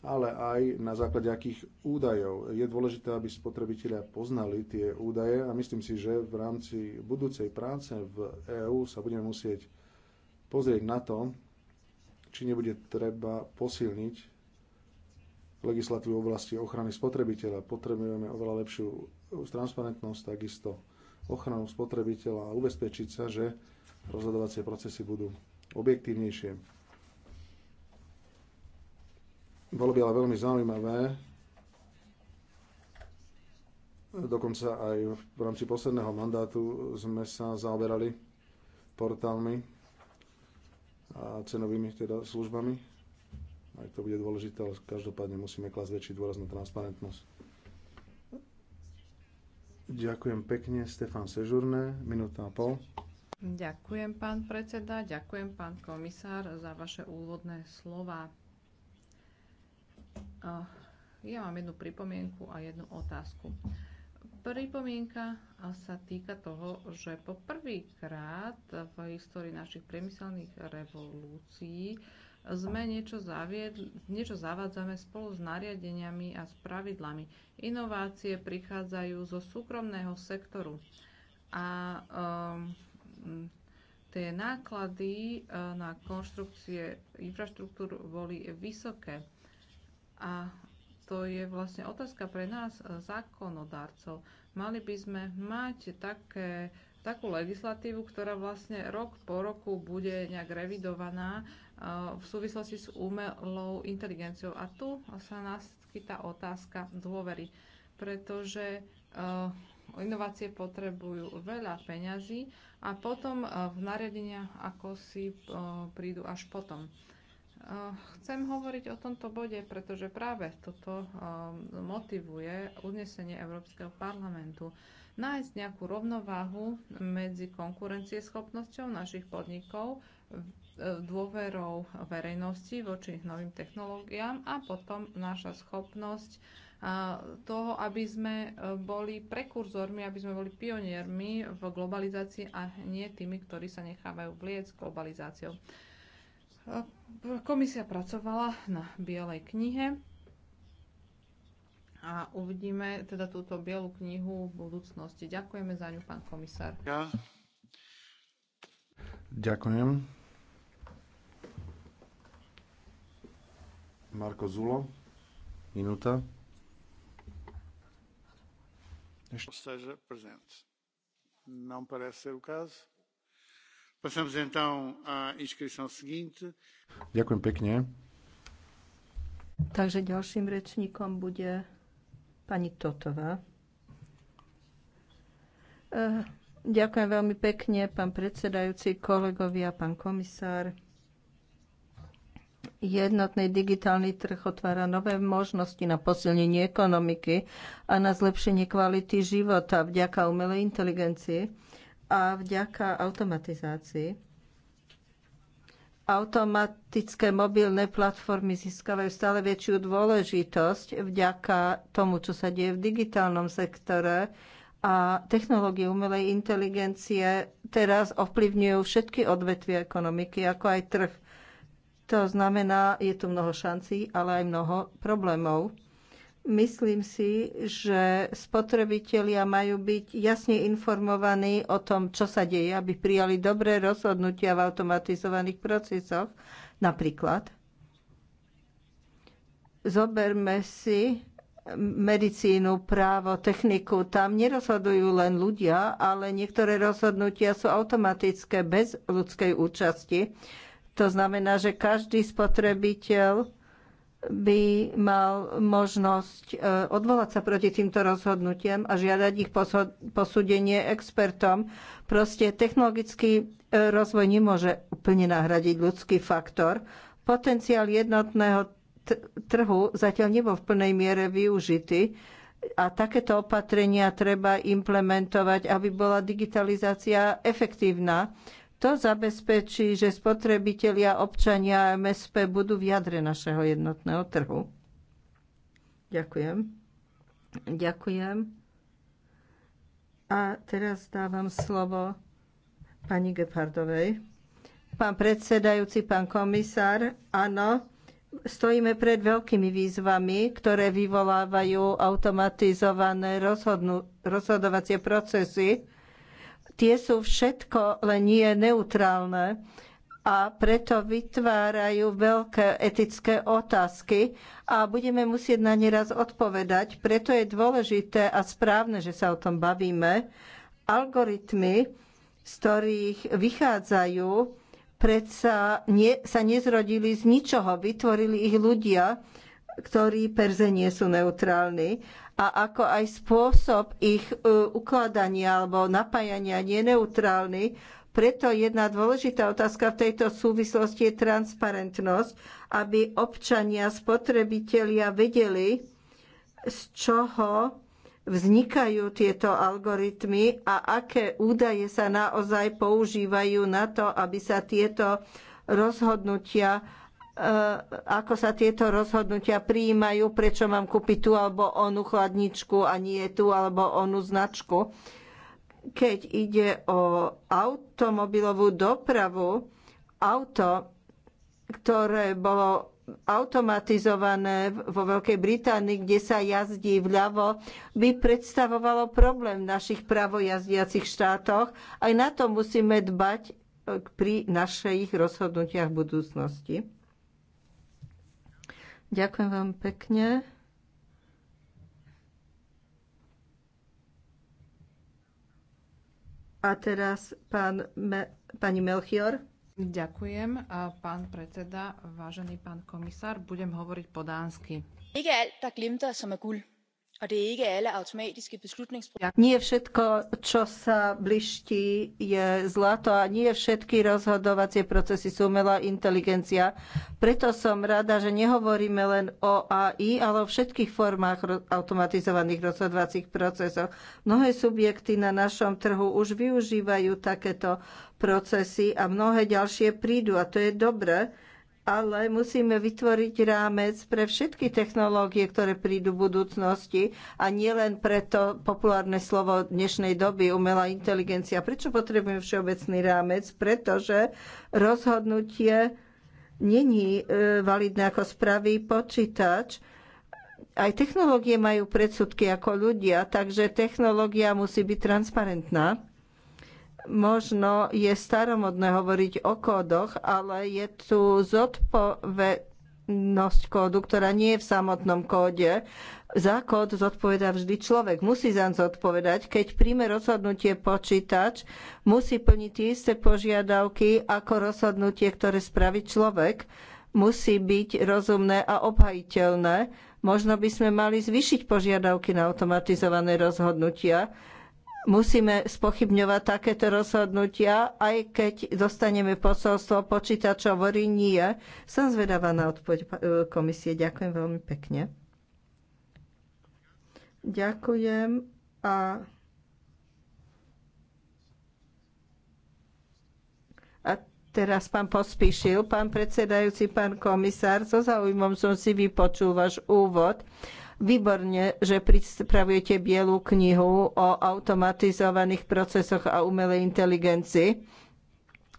ale aj na základe akých údajov. Je dôležité, aby spotrebitelia poznali tie údaje a myslím si, že v rámci budúcej práce v EÚ sa budeme musieť pozrieť na to, či nebude treba posilniť legislatívu v oblasti ochrany spotrebiteľa. Potrebujeme oveľa lepšiu transparentnosť, takisto ochranu spotrebiteľa a ubezpečiť sa, že rozhodovacie procesy budú objektívnejšie. Bolo by ale veľmi zaujímavé, dokonca aj v rámci posledného mandátu sme sa zaoberali portálmi a cenovými teda službami. Aj to bude dôležité, ale každopádne musíme klasť väčší dôraz na transparentnosť. Ďakujem pekne, Stefan Sežurné, minúta a pol. Ďakujem, pán predseda, ďakujem, pán komisár, za vaše úvodné slova. Ja mám jednu pripomienku a jednu otázku. Pripomienka sa týka toho, že po prvýkrát v histórii našich priemyselných revolúcií sme niečo, zaviedli, niečo zavádzame spolu s nariadeniami a s pravidlami. Inovácie prichádzajú zo súkromného sektoru a um, tie náklady uh, na konštrukcie infraštruktúr boli vysoké. A to je vlastne otázka pre nás, e, zákonodárcov. Mali by sme mať také, takú legislatívu, ktorá vlastne rok po roku bude nejak revidovaná e, v súvislosti s umelou inteligenciou. A tu sa nás naskytá otázka dôvery, pretože e, inovácie potrebujú veľa peňazí a potom v nariadeniach ako si prídu až potom. Chcem hovoriť o tomto bode, pretože práve toto um, motivuje uznesenie Európskeho parlamentu. Nájsť nejakú rovnováhu medzi konkurencieschopnosťou našich podnikov, e, dôverou verejnosti voči novým technológiám a potom naša schopnosť e, toho, aby sme e, boli prekurzormi, aby sme boli pioniermi v globalizácii a nie tými, ktorí sa nechávajú vliec globalizáciou. Komisia pracovala na Bielej knihe a uvidíme teda túto Bielu knihu v budúcnosti. Ďakujeme za ňu, pán komisár. Ja. Ďakujem. Marko Zulo, minúta. Ešte. Seja presente. Não parece caso. Ďakujem pekne. Takže ďalším rečníkom bude pani Totová. E, ďakujem veľmi pekne, pán predsedajúci, kolegovia, pán komisár. Jednotný digitálny trh otvára nové možnosti na posilnenie ekonomiky a na zlepšenie kvality života vďaka umelej inteligencii a vďaka automatizácii automatické mobilné platformy získavajú stále väčšiu dôležitosť vďaka tomu, čo sa deje v digitálnom sektore a technológie umelej inteligencie teraz ovplyvňujú všetky odvetvia ekonomiky, ako aj trh. To znamená, je tu mnoho šancí, ale aj mnoho problémov. Myslím si, že spotrebitelia majú byť jasne informovaní o tom, čo sa deje, aby prijali dobré rozhodnutia v automatizovaných procesoch. Napríklad, zoberme si medicínu, právo, techniku. Tam nerozhodujú len ľudia, ale niektoré rozhodnutia sú automatické bez ľudskej účasti. To znamená, že každý spotrebiteľ by mal možnosť e, odvolať sa proti týmto rozhodnutiam a žiadať ich posúdenie expertom. Proste technologický e, rozvoj nemôže úplne nahradiť ľudský faktor. Potenciál jednotného trhu zatiaľ nebol v plnej miere využitý a takéto opatrenia treba implementovať, aby bola digitalizácia efektívna. Kto zabezpečí, že spotrebitelia, občania a MSP budú v jadre našeho jednotného trhu? Ďakujem. Ďakujem. A teraz dávam slovo pani Gepardovej. Pán predsedajúci, pán komisár, áno, stojíme pred veľkými výzvami, ktoré vyvolávajú automatizované rozhodovacie procesy tie sú všetko len nie neutrálne a preto vytvárajú veľké etické otázky a budeme musieť na ne raz odpovedať. Preto je dôležité a správne, že sa o tom bavíme. Algoritmy, z ktorých vychádzajú, predsa nie, sa nezrodili z ničoho. Vytvorili ich ľudia, ktorí perze nie sú neutrálni a ako aj spôsob ich e, ukladania alebo napájania nie neutrálny. Preto jedna dôležitá otázka v tejto súvislosti je transparentnosť, aby občania, spotrebitelia vedeli, z čoho vznikajú tieto algoritmy a aké údaje sa naozaj používajú na to, aby sa tieto rozhodnutia E, ako sa tieto rozhodnutia prijímajú, prečo mám kúpiť tú alebo onú chladničku a nie tú alebo onú značku. Keď ide o automobilovú dopravu, auto, ktoré bolo automatizované vo Veľkej Británii, kde sa jazdí vľavo, by predstavovalo problém v našich pravojazdiacich štátoch. Aj na to musíme dbať pri našich rozhodnutiach v budúcnosti. Ďakujem vám pekne. A teraz pán, me, pani Melchior. Ďakujem, pán predseda, vážený pán komisár. Budem hovoriť po dánsky. Ikke alt, der glimter, som er guld. Er nie všetko, čo sa bliští, je zlato a nie všetky rozhodovacie procesy sú umelá inteligencia. Preto som rada, že nehovoríme len o AI, ale o všetkých formách automatizovaných rozhodovacích procesov. Mnohé subjekty na našom trhu už využívajú takéto procesy a mnohé ďalšie prídu a to je dobré ale musíme vytvoriť rámec pre všetky technológie, ktoré prídu v budúcnosti a nielen pre to populárne slovo dnešnej doby, umelá inteligencia. Prečo potrebujeme všeobecný rámec? Pretože rozhodnutie není e, validné, ako spraví počítač. Aj technológie majú predsudky ako ľudia, takže technológia musí byť transparentná Možno je staromodné hovoriť o kódoch, ale je tu zodpovednosť kódu, ktorá nie je v samotnom kóde. Za kód zodpoveda vždy človek. Musí zaň zodpovedať. Keď príjme rozhodnutie počítač, musí plniť tie isté požiadavky ako rozhodnutie, ktoré spraví človek. Musí byť rozumné a obhajiteľné. Možno by sme mali zvyšiť požiadavky na automatizované rozhodnutia Musíme spochybňovať takéto rozhodnutia, aj keď dostaneme posolstvo počítačov hovorí nie. Som zvedavá na odpoveď e, komisie. Ďakujem veľmi pekne. Ďakujem a A teraz pán pospíšil, pán predsedajúci, pán komisár, so zaujímom som si vypočul váš úvod výborne, že pripravujete bielú knihu o automatizovaných procesoch a umelej inteligencii.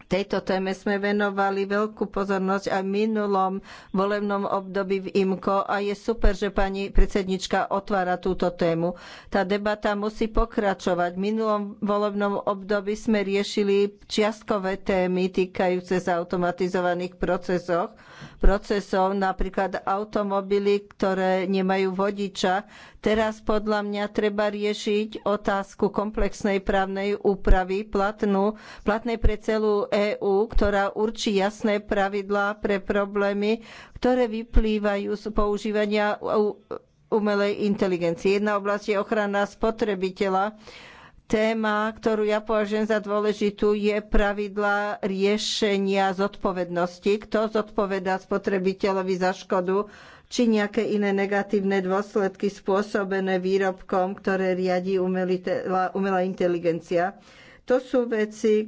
Tejto téme sme venovali veľkú pozornosť aj v minulom volebnom období v IMKO a je super, že pani predsednička otvára túto tému. Tá debata musí pokračovať. V minulom volebnom období sme riešili čiastkové témy týkajúce sa automatizovaných procesov, procesov napríklad automobily, ktoré nemajú vodiča. Teraz podľa mňa treba riešiť otázku komplexnej právnej úpravy platnú, platnej pre celú EÚ, ktorá určí jasné pravidlá pre problémy, ktoré vyplývajú z používania umelej inteligencie. Jedna oblasť je ochrana spotrebiteľa. Téma, ktorú ja považujem za dôležitú, je pravidla riešenia zodpovednosti. Kto zodpovedá spotrebiteľovi za škodu, či nejaké iné negatívne dôsledky spôsobené výrobkom, ktoré riadi umelá inteligencia. To sú veci,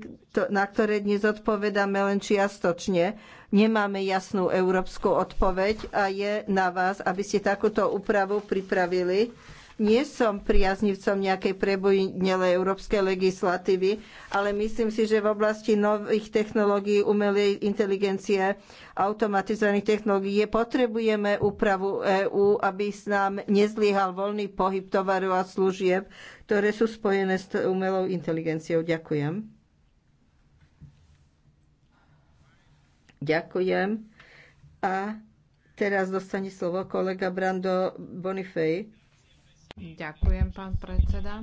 na ktoré dnes odpovedáme len čiastočne. Nemáme jasnú európsku odpoveď a je na vás, aby ste takúto úpravu pripravili. Nie som priaznivcom nejakej prebojnelej európskej legislatívy, ale myslím si, že v oblasti nových technológií, umelej inteligencie, automatizovaných technológií potrebujeme úpravu EÚ, aby s nám nezlyhal voľný pohyb tovaru a služieb, ktoré sú spojené s umelou inteligenciou. Ďakujem. Ďakujem. A teraz dostane slovo kolega Brando Bonifej. Ďakujem, pán predseda.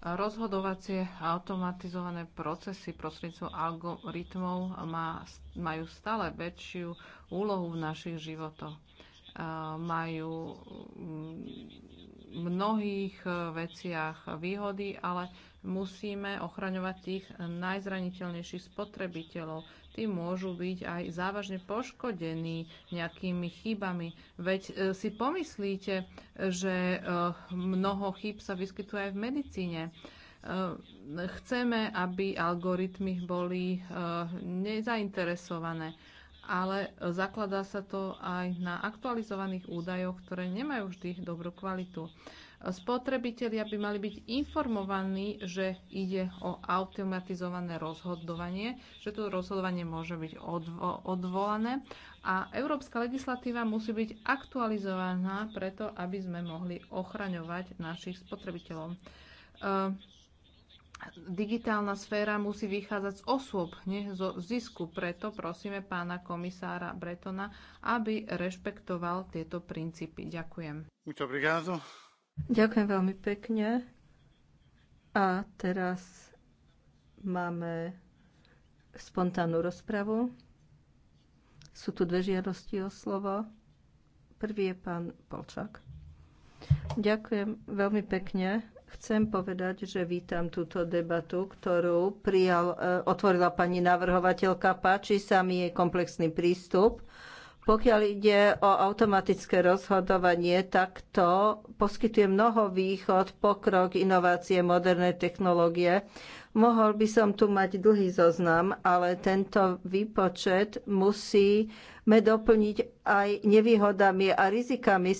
Rozhodovacie automatizované procesy prostredníctvom algoritmov majú stále väčšiu úlohu v našich životoch. E, majú mm, v mnohých e, veciach výhody, ale musíme ochraňovať tých najzraniteľnejších spotrebiteľov, tí môžu byť aj závažne poškodení nejakými chybami. Veď e, si pomyslíte, že e, mnoho chyb sa vyskytuje aj v medicíne. E, chceme, aby algoritmy boli nezainteresované ale zakladá sa to aj na aktualizovaných údajoch, ktoré nemajú vždy dobrú kvalitu. Spotrebitelia by mali byť informovaní, že ide o automatizované rozhodovanie, že to rozhodovanie môže byť odvo odvolané a európska legislatíva musí byť aktualizovaná preto, aby sme mohli ochraňovať našich spotrebiteľov. E, digitálna sféra musí vychádzať z osôb, nie zo zisku. Preto prosíme pána komisára Bretona, aby rešpektoval tieto princípy. Ďakujem. Ďakujem veľmi pekne. A teraz máme spontánnu rozpravu. Sú tu dve žiadosti o slovo. Prvý je pán Polčák. Ďakujem veľmi pekne. Chcem povedať, že vítam túto debatu, ktorú prijal, e, otvorila pani navrhovateľka. Páči sa mi jej komplexný prístup pokiaľ ide o automatické rozhodovanie, tak to poskytuje mnoho východ, pokrok, inovácie, moderné technológie. Mohol by som tu mať dlhý zoznam, ale tento výpočet musíme doplniť aj nevýhodami a rizikami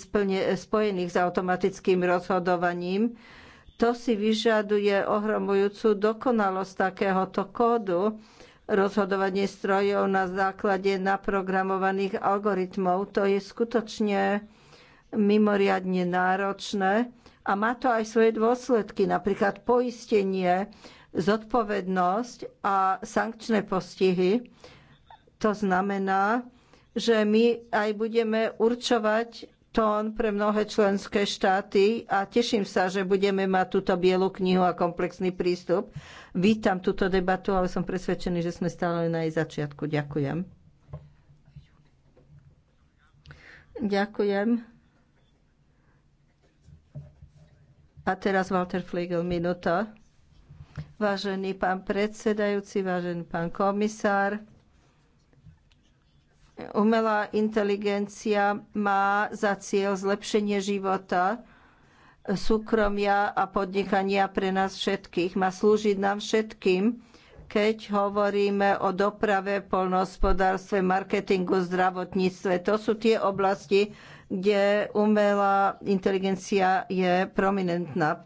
spojených s automatickým rozhodovaním. To si vyžaduje ohromujúcu dokonalosť takéhoto kódu, rozhodovanie strojov na základe naprogramovaných algoritmov. To je skutočne mimoriadne náročné a má to aj svoje dôsledky, napríklad poistenie, zodpovednosť a sankčné postihy. To znamená, že my aj budeme určovať tón pre mnohé členské štáty a teším sa, že budeme mať túto bielu knihu a komplexný prístup. Vítam túto debatu, ale som presvedčený, že sme stále na jej začiatku. Ďakujem. Ďakujem. A teraz Walter Flegel, minúta. Vážený pán predsedajúci, vážený pán komisár, Umelá inteligencia má za cieľ zlepšenie života, súkromia a podnikania pre nás všetkých. Má slúžiť nám všetkým, keď hovoríme o doprave, poľnohospodárstve, marketingu, zdravotníctve. To sú tie oblasti, kde umelá inteligencia je prominentná,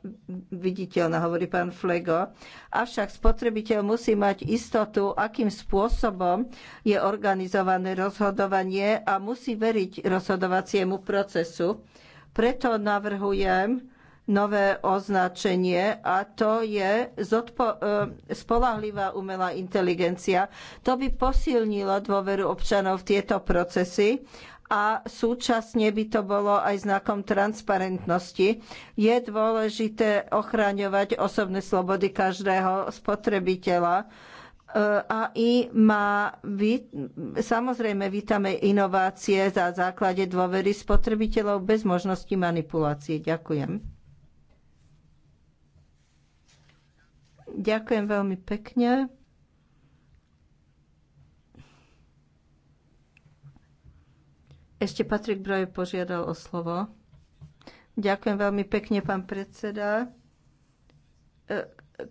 viditeľná, hovorí pán Flego. Avšak spotrebiteľ musí mať istotu, akým spôsobom je organizované rozhodovanie a musí veriť rozhodovaciemu procesu. Preto navrhujem nové označenie a to je zodpo- e, spolahlivá umelá inteligencia. To by posilnilo dôveru občanov v tieto procesy a súčasne by to bolo aj znakom transparentnosti. Je dôležité ochraňovať osobné slobody každého spotrebiteľa. E, i má, samozrejme, vítame inovácie za základe dôvery spotrebiteľov bez možnosti manipulácie. Ďakujem. Ďakujem veľmi pekne. Ešte Patrik Broje požiadal o slovo. Ďakujem veľmi pekne, pán predseda. E,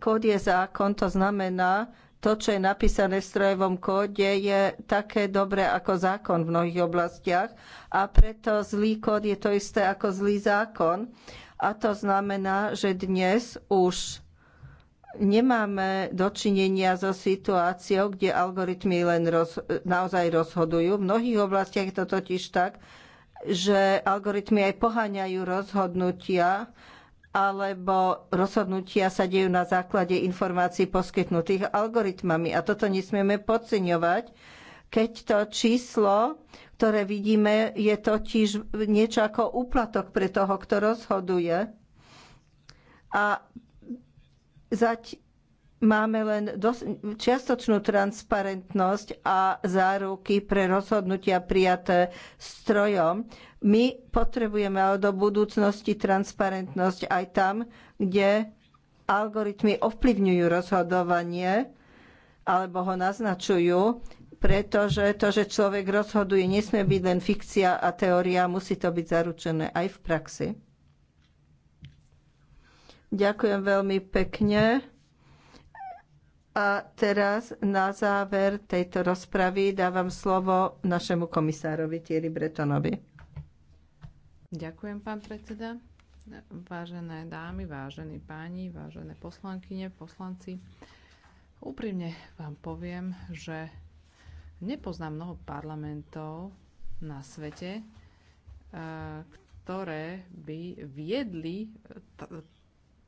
kód je zákon, to znamená, to, čo je napísané v strojovom kóde, je také dobré ako zákon v mnohých oblastiach a preto zlý kód je to isté ako zlý zákon. A to znamená, že dnes už nemáme dočinenia so situáciou, kde algoritmy len roz, naozaj rozhodujú. V mnohých oblastiach je to totiž tak, že algoritmy aj poháňajú rozhodnutia, alebo rozhodnutia sa dejú na základe informácií poskytnutých algoritmami. A toto nesmieme podceňovať, keď to číslo, ktoré vidíme, je totiž niečo ako úplatok pre toho, kto rozhoduje. A Zať máme len dos- čiastočnú transparentnosť a záruky pre rozhodnutia prijaté strojom. My potrebujeme ale do budúcnosti transparentnosť aj tam, kde algoritmy ovplyvňujú rozhodovanie alebo ho naznačujú, pretože to, že človek rozhoduje, nesmie byť len fikcia a teória, musí to byť zaručené aj v praxi. Ďakujem veľmi pekne. A teraz na záver tejto rozpravy dávam slovo našemu komisárovi Thierry Bretonovi. Ďakujem, pán predseda. Vážené dámy, vážení páni, vážené poslankyne, poslanci, úprimne vám poviem, že nepoznám mnoho parlamentov na svete, eh, ktoré by viedli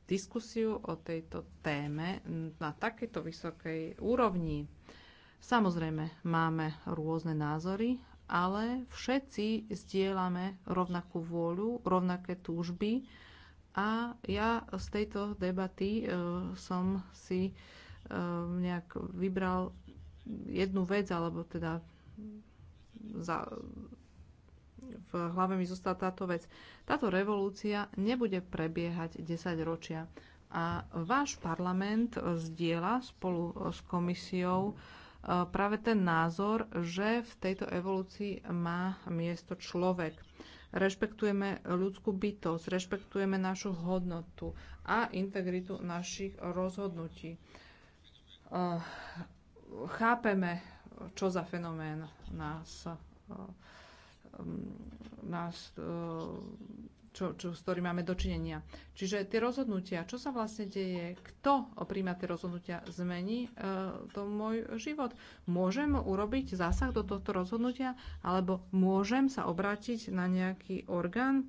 diskusiu o tejto téme na takejto vysokej úrovni. Samozrejme, máme rôzne názory, ale všetci zdieľame rovnakú vôľu, rovnaké túžby a ja z tejto debaty e, som si e, nejak vybral jednu vec, alebo teda za, v hlave mi zostala táto vec. Táto revolúcia nebude prebiehať 10 ročia. A váš parlament zdieľa spolu e, s komisiou e, práve ten názor, že v tejto evolúcii má miesto človek rešpektujeme ľudskú bytosť, rešpektujeme našu hodnotu a integritu našich rozhodnutí. E, chápeme, čo za fenomén nás Um, nás, uh, čo, čo, s ktorým máme dočinenia. Čiže tie rozhodnutia, čo sa vlastne deje, kto príjma tie rozhodnutia, zmení uh, to môj život. Môžem urobiť zásah do tohto rozhodnutia, alebo môžem sa obrátiť na nejaký orgán,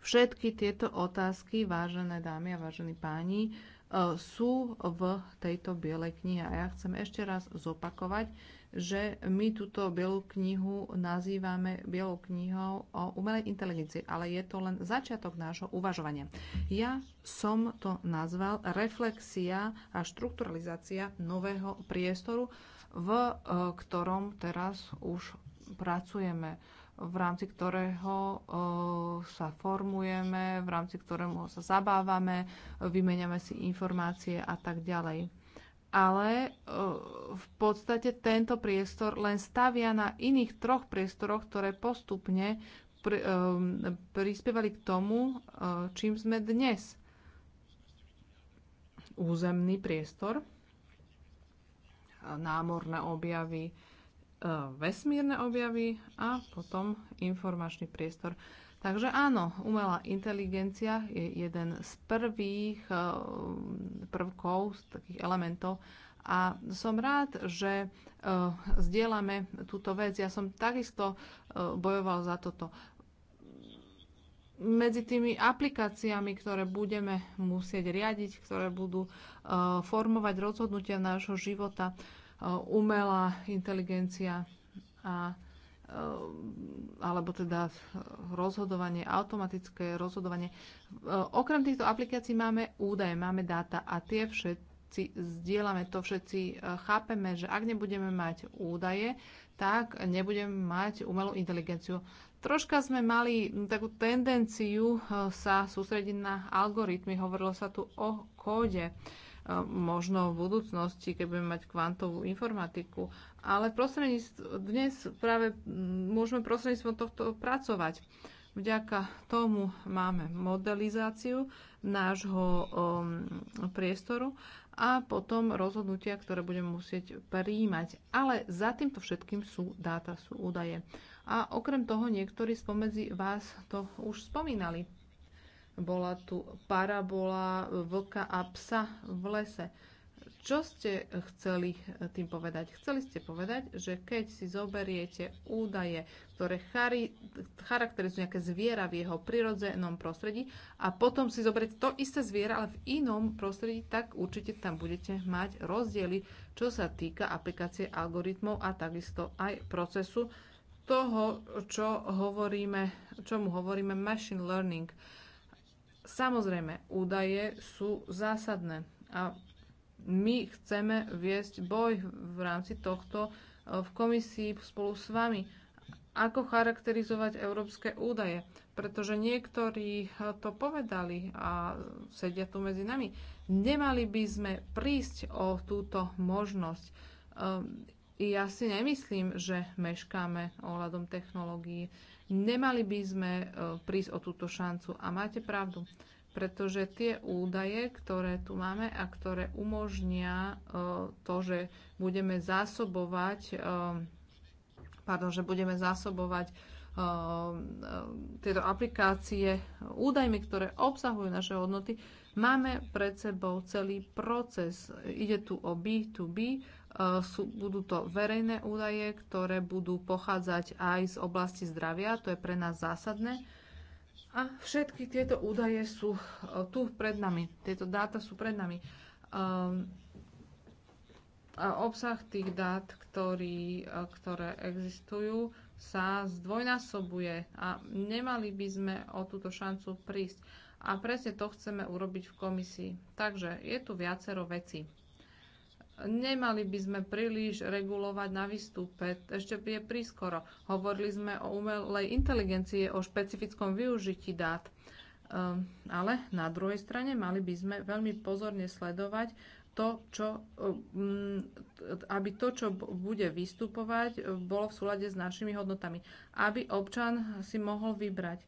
Všetky tieto otázky, vážené dámy a vážení páni, uh, sú v tejto bielej knihe. A ja chcem ešte raz zopakovať, že my túto bielú knihu nazývame bielou knihou o umelej inteligencii, ale je to len začiatok nášho uvažovania. Ja som to nazval reflexia a štrukturalizácia nového priestoru, v e, ktorom teraz už pracujeme v rámci ktorého e, sa formujeme, v rámci ktorého sa zabávame, vymeniame si informácie a tak ďalej ale e, v podstate tento priestor len stavia na iných troch priestoroch, ktoré postupne e, prispievali k tomu, e, čím sme dnes. Územný priestor, námorné objavy, vesmírne objavy a potom informačný priestor. Takže áno, umelá inteligencia je jeden z prvých eh, prvkov, z takých elementov. A som rád, že eh, zdieľame túto vec. Ja som takisto eh, bojoval za toto. Medzi tými aplikáciami, ktoré budeme musieť riadiť, ktoré budú formovať rozhodnutia nášho života, umelá inteligencia a Ehm, alebo teda rozhodovanie, automatické rozhodovanie. Ehm, okrem týchto aplikácií máme údaje, máme dáta a tie všetci zdieľame, to všetci ehm, chápeme, že ak nebudeme mať údaje, tak nebudeme mať umelú inteligenciu. Troška sme mali takú tendenciu sa sústrediť na algoritmy, hovorilo sa tu o kóde. Uh, možno v budúcnosti, keď budeme mať kvantovú informatiku. Ale dnes práve môžeme prostredníctvom tohto pracovať. Vďaka tomu máme modelizáciu nášho um, priestoru a potom rozhodnutia, ktoré budeme musieť prijímať. Ale za týmto všetkým sú dáta, sú údaje. A okrem toho niektorí spomedzi vás to už spomínali bola tu parabola vlka a psa v lese. Čo ste chceli tým povedať? Chceli ste povedať, že keď si zoberiete údaje, ktoré charakterizujú nejaké zviera v jeho prirodzenom prostredí a potom si zoberiete to isté zviera, ale v inom prostredí, tak určite tam budete mať rozdiely, čo sa týka aplikácie algoritmov a takisto aj procesu toho, čo hovoríme, čomu hovoríme machine learning. Samozrejme, údaje sú zásadné a my chceme viesť boj v rámci tohto e, v komisii spolu s vami. Ako charakterizovať európske údaje? Pretože niektorí e, to povedali a sedia tu medzi nami. Nemali by sme prísť o túto možnosť. E, ja si nemyslím, že meškáme ohľadom technológií. Nemali by sme e, prísť o túto šancu a máte pravdu, pretože tie údaje, ktoré tu máme a ktoré umožnia e, to, že budeme zásobovať e, pardon, že budeme zásobovať tieto aplikácie údajmi, ktoré obsahujú naše hodnoty, máme pred sebou celý proces. Ide tu o B2B E, sú, budú to verejné údaje, ktoré budú pochádzať aj z oblasti zdravia, to je pre nás zásadné. A všetky tieto údaje sú e, tu pred nami, tieto dáta sú pred nami. Um, a obsah tých dát, ktorý, ktoré existujú, sa zdvojnásobuje a nemali by sme o túto šancu prísť. A presne to chceme urobiť v komisii. Takže je tu viacero vecí. Nemali by sme príliš regulovať na výstupe, ešte je prískoro. Hovorili sme o umelej inteligencii, o špecifickom využití dát. Ehm, ale na druhej strane mali by sme veľmi pozorne sledovať to, čo, ehm, aby to, čo bude vystupovať, e, bolo v súlade s našimi hodnotami. Aby občan si mohol vybrať.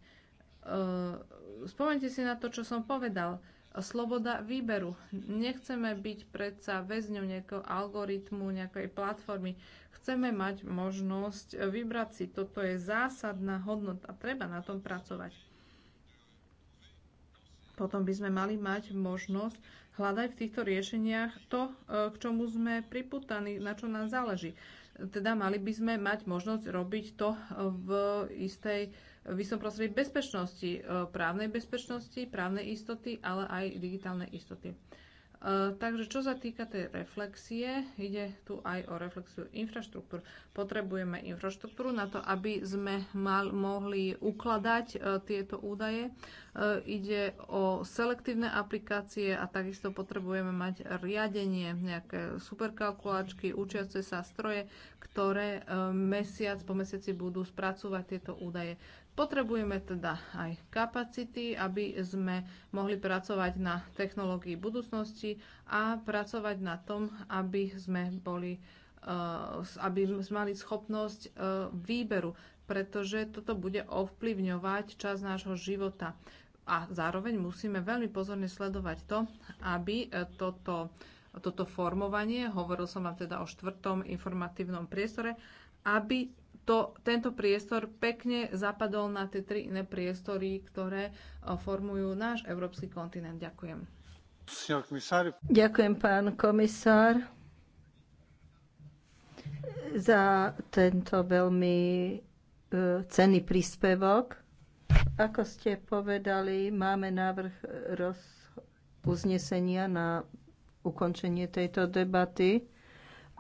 Ehm, spomente si na to, čo som povedal sloboda výberu. Nechceme byť predsa väzňou nejakého algoritmu, nejakej platformy. Chceme mať možnosť vybrať si. Toto je zásadná hodnota. Treba na tom pracovať. Potom by sme mali mať možnosť hľadať v týchto riešeniach to, e, k čomu sme priputaní, na čo nám záleží. Teda mali by sme mať možnosť robiť to v istej by som prostredí bezpečnosti, e, právnej bezpečnosti, právnej istoty, ale aj digitálnej istoty. E, takže čo sa týka tej reflexie, ide tu aj o reflexiu infraštruktúr. Potrebujeme infraštruktúru na to, aby sme mal, mohli ukladať e, tieto údaje. Ide o selektívne aplikácie a takisto potrebujeme mať riadenie, nejaké superkalkulačky, učiace sa stroje, ktoré mesiac po mesiaci budú spracúvať tieto údaje. Potrebujeme teda aj kapacity, aby sme mohli pracovať na technológii budúcnosti a pracovať na tom, aby sme boli eh, aby sme mali schopnosť eh, výberu, pretože toto bude ovplyvňovať čas nášho života. A zároveň musíme veľmi pozorne sledovať to, aby eh, toto, toto formovanie, hovoril som vám teda o štvrtom informatívnom priestore, aby to, tento priestor pekne zapadol na tie tri iné priestory, ktoré e, formujú náš európsky kontinent. Ďakujem. Ďakujem, pán komisár, za tento veľmi e, cenný príspevok. Ako ste povedali, máme návrh roz uznesenia na ukončenie tejto debaty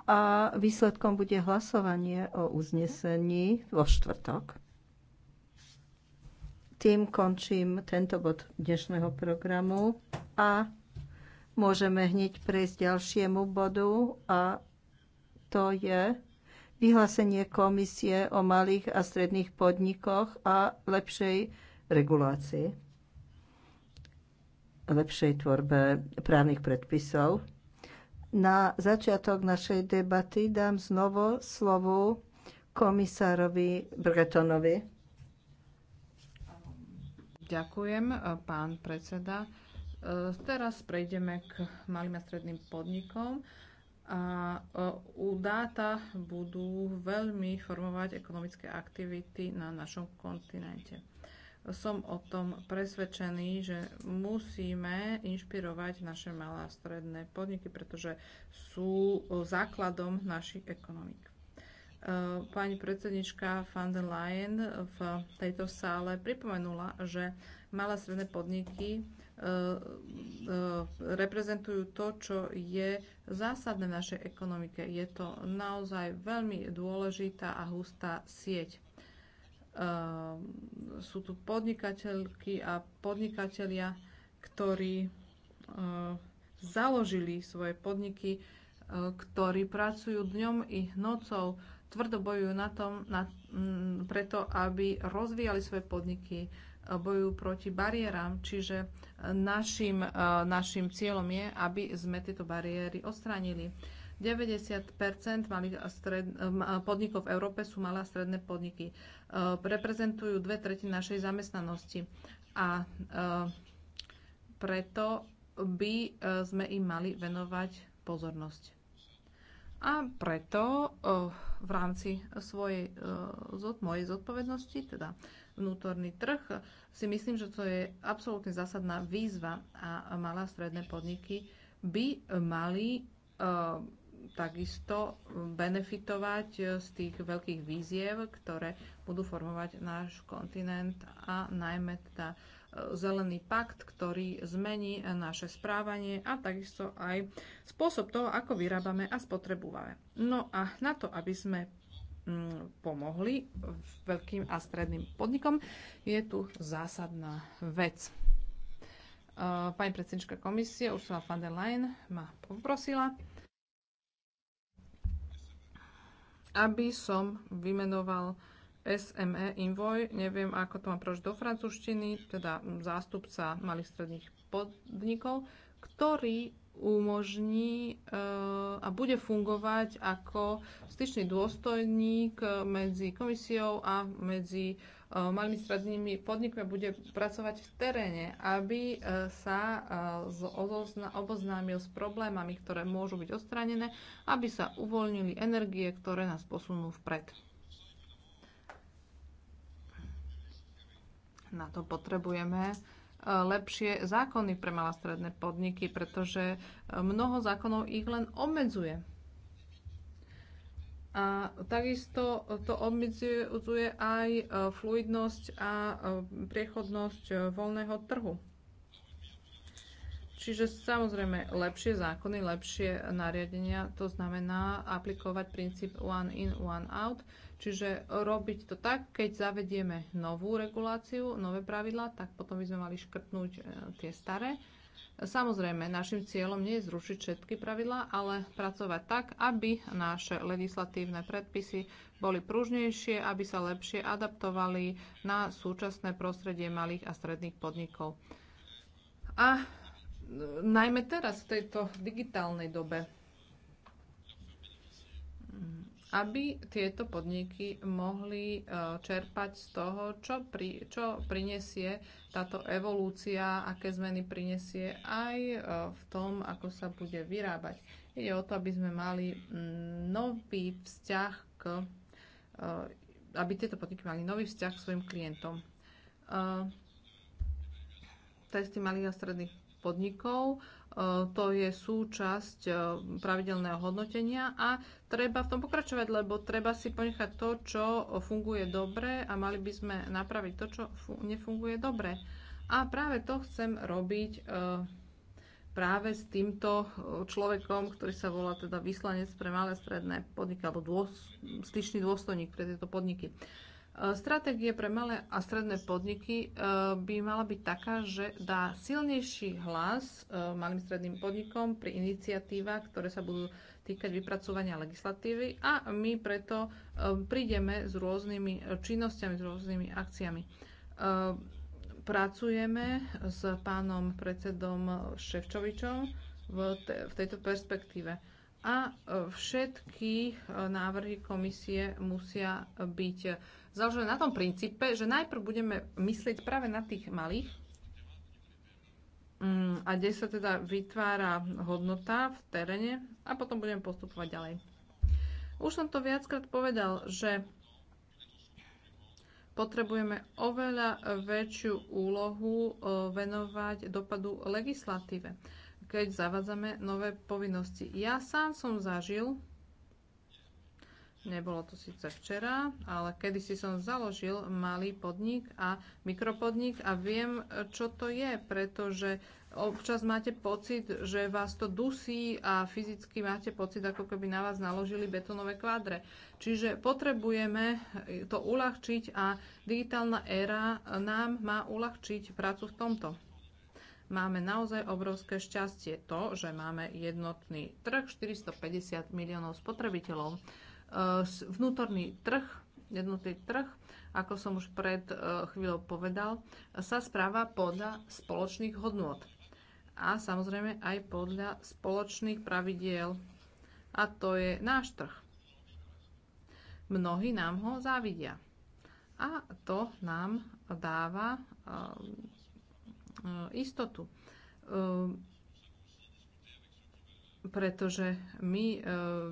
a výsledkom bude hlasovanie o uznesení vo štvrtok. Tým končím tento bod dnešného programu a môžeme hneď prejsť ďalšiemu bodu a to je vyhlásenie komisie o malých a stredných podnikoch a lepšej regulácii, lepšej tvorbe právnych predpisov. Na začiatok našej debaty dám znovu slovo komisárovi Bretonovi. Ďakujem, pán predseda. Teraz prejdeme k malým a stredným podnikom. A u dáta budú veľmi formovať ekonomické aktivity na našom kontinente som o tom presvedčený, že musíme inšpirovať naše malé a stredné podniky, pretože sú e, základom našich ekonomik. E, pani predsednička van der Leyen v tejto sále pripomenula, že malé a stredné podniky e, reprezentujú to, čo je zásadné v našej ekonomike. Je to naozaj veľmi dôležitá a hustá sieť Ehm, sú tu podnikateľky a podnikatelia, ktorí ehm, založili svoje podniky, ehm, ktorí pracujú dňom i nocou, tvrdo bojujú na tom, na, m, mm, preto, aby rozvíjali svoje podniky, e, bojujú proti bariéram, čiže e, našim, e, našim cieľom je, aby sme tieto bariéry odstránili. 90 malých stred, podnikov v Európe sú malé a stredné podniky. E, reprezentujú dve tretiny našej zamestnanosti. A e, preto by e, sme im mali venovať pozornosť. A preto v rámci svojej, mojej zodpovednosti, teda vnútorný trh, si myslím, že to je absolútne zásadná výzva a malé a stredné podniky by mali takisto benefitovať z tých veľkých víziev, ktoré budú formovať náš kontinent a najmä teda e, zelený pakt, ktorý zmení naše správanie a takisto aj spôsob toho, ako vyrábame a spotrebujeme. No a na to, aby sme mm, pomohli veľkým a stredným podnikom, je tu zásadná vec. E, pani predsednička komisie Ursula von der Leyen ma poprosila, aby som vymenoval SME Invoj, neviem, ako to mám preložiť do francúzštiny, teda zástupca malých stredných podnikov, ktorý umožní eh, a bude fungovať ako styčný dôstojník medzi komisiou a medzi E, malými strednými podnikmi bude pracovať v teréne, aby e, sa e, oboznámil s problémami, ktoré môžu byť odstranené, aby sa uvoľnili energie, ktoré nás posunú vpred. Na to potrebujeme lepšie zákony pre malé stredné podniky, pretože mnoho zákonov ich len obmedzuje. A takisto to obmedzuje aj e, fluidnosť a e, priechodnosť e, voľného trhu. Čiže samozrejme lepšie zákony, lepšie nariadenia, to znamená aplikovať princíp one in, one out, čiže robiť to tak, keď zavedieme novú reguláciu, nové pravidlá, tak potom by sme mali škrtnúť tie staré Samozrejme, našim cieľom nie je zrušiť všetky pravidlá, ale pracovať tak, aby naše legislatívne predpisy boli pružnejšie, aby sa lepšie adaptovali na súčasné prostredie malých a stredných podnikov. A najmä teraz, v tejto digitálnej dobe, aby tieto podniky mohli e, čerpať z toho, čo, pri, čo prinesie táto evolúcia, aké zmeny prinesie aj e, v tom, ako sa bude vyrábať. Ide o to, aby sme mali nový vzťah k e, aby tieto podniky mali nový vzťah k svojim klientom. Testy malých a stredných podnikov E, to je súčasť e, pravidelného hodnotenia a treba v tom pokračovať, lebo treba si ponechať to, čo funguje dobre a mali by sme napraviť to, čo nefunguje dobre. A práve to chcem robiť e, práve s týmto človekom, ktorý sa volá teda vyslanec pre malé stredné podniky alebo dôs, styčný dôstojník pre tieto podniky. E, stratégie pre malé a stredné podniky e, by mala byť taká, že dá silnejší hlas e, malým stredným podnikom pri iniciatívach, ktoré sa budú týkať vypracovania legislatívy a my preto prídeme s rôznymi činnosťami, s rôznymi akciami. Pracujeme s pánom predsedom Ševčovičom v tejto perspektíve a všetky návrhy komisie musia byť založené na tom princípe, že najprv budeme myslieť práve na tých malých mm, a kde sa teda vytvára hodnota v teréne a potom budeme postupovať ďalej. Už som to viackrát povedal, že potrebujeme oveľa väčšiu úlohu e, venovať dopadu legislatíve, keď zavádzame nové povinnosti. Ja sám som zažil, Nebolo to síce včera, ale kedysi som založil malý podnik a mikropodnik a viem, čo to je, pretože občas máte pocit, že vás to dusí a fyzicky máte pocit, ako keby na vás naložili betónové kvadre. Čiže potrebujeme to uľahčiť a digitálna éra nám má uľahčiť prácu v tomto máme naozaj obrovské šťastie to, že máme jednotný trh 450 miliónov spotrebiteľov. Eh, vnútorný trh, jednotný trh, ako som už pred eh, chvíľou povedal, sa správa podľa spoločných hodnôt a samozrejme aj podľa spoločných pravidiel. A to je náš trh. Mnohí nám ho závidia. A to nám dáva eh, istotu pretože my e,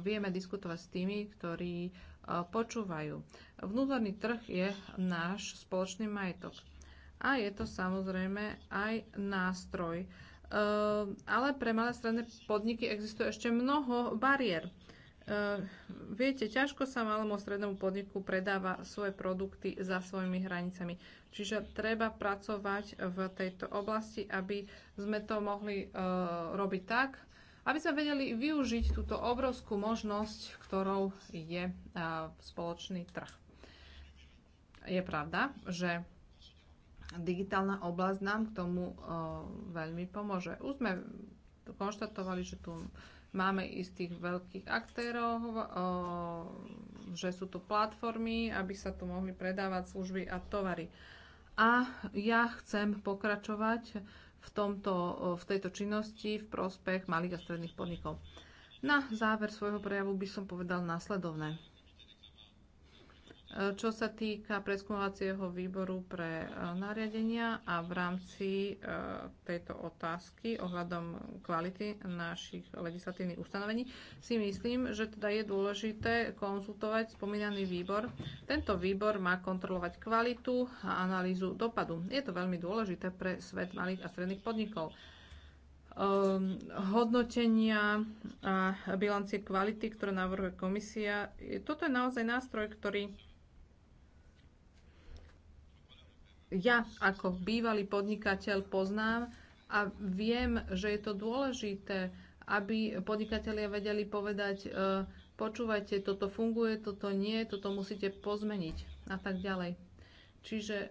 vieme diskutovať s tými, ktorí e, počúvajú. Vnútorný trh je náš spoločný majetok. A je to samozrejme aj nástroj. E, ale pre malé stredné podniky existuje ešte mnoho bariér. Viete, ťažko sa malému strednému podniku predáva svoje produkty za svojimi hranicami. Čiže treba pracovať v tejto oblasti, aby sme to mohli robiť tak, aby sme vedeli využiť túto obrovskú možnosť, ktorou je spoločný trh. Je pravda, že digitálna oblasť nám k tomu veľmi pomôže. Už sme konštatovali, že tu máme istých veľkých aktérov, že sú tu platformy, aby sa tu mohli predávať služby a tovary. A ja chcem pokračovať v, tomto, v tejto činnosti v prospech malých a stredných podnikov. Na záver svojho prejavu by som povedal následovné. E, čo sa týka preskúmovacieho výboru pre e, nariadenia a v rámci e, tejto otázky ohľadom kvality našich legislatívnych ustanovení si myslím, že teda je dôležité konzultovať spomínaný výbor. Tento výbor má kontrolovať kvalitu a analýzu dopadu. Je to veľmi dôležité pre svet malých a stredných podnikov ehm, hodnotenia a bilancie kvality, ktoré navrhuje komisia. Toto je naozaj nástroj, ktorý ja ako bývalý podnikateľ poznám a viem, že je to dôležité, aby podnikatelia vedeli povedať, e, počúvajte, toto funguje, toto nie, toto musíte pozmeniť a tak ďalej. Čiže e,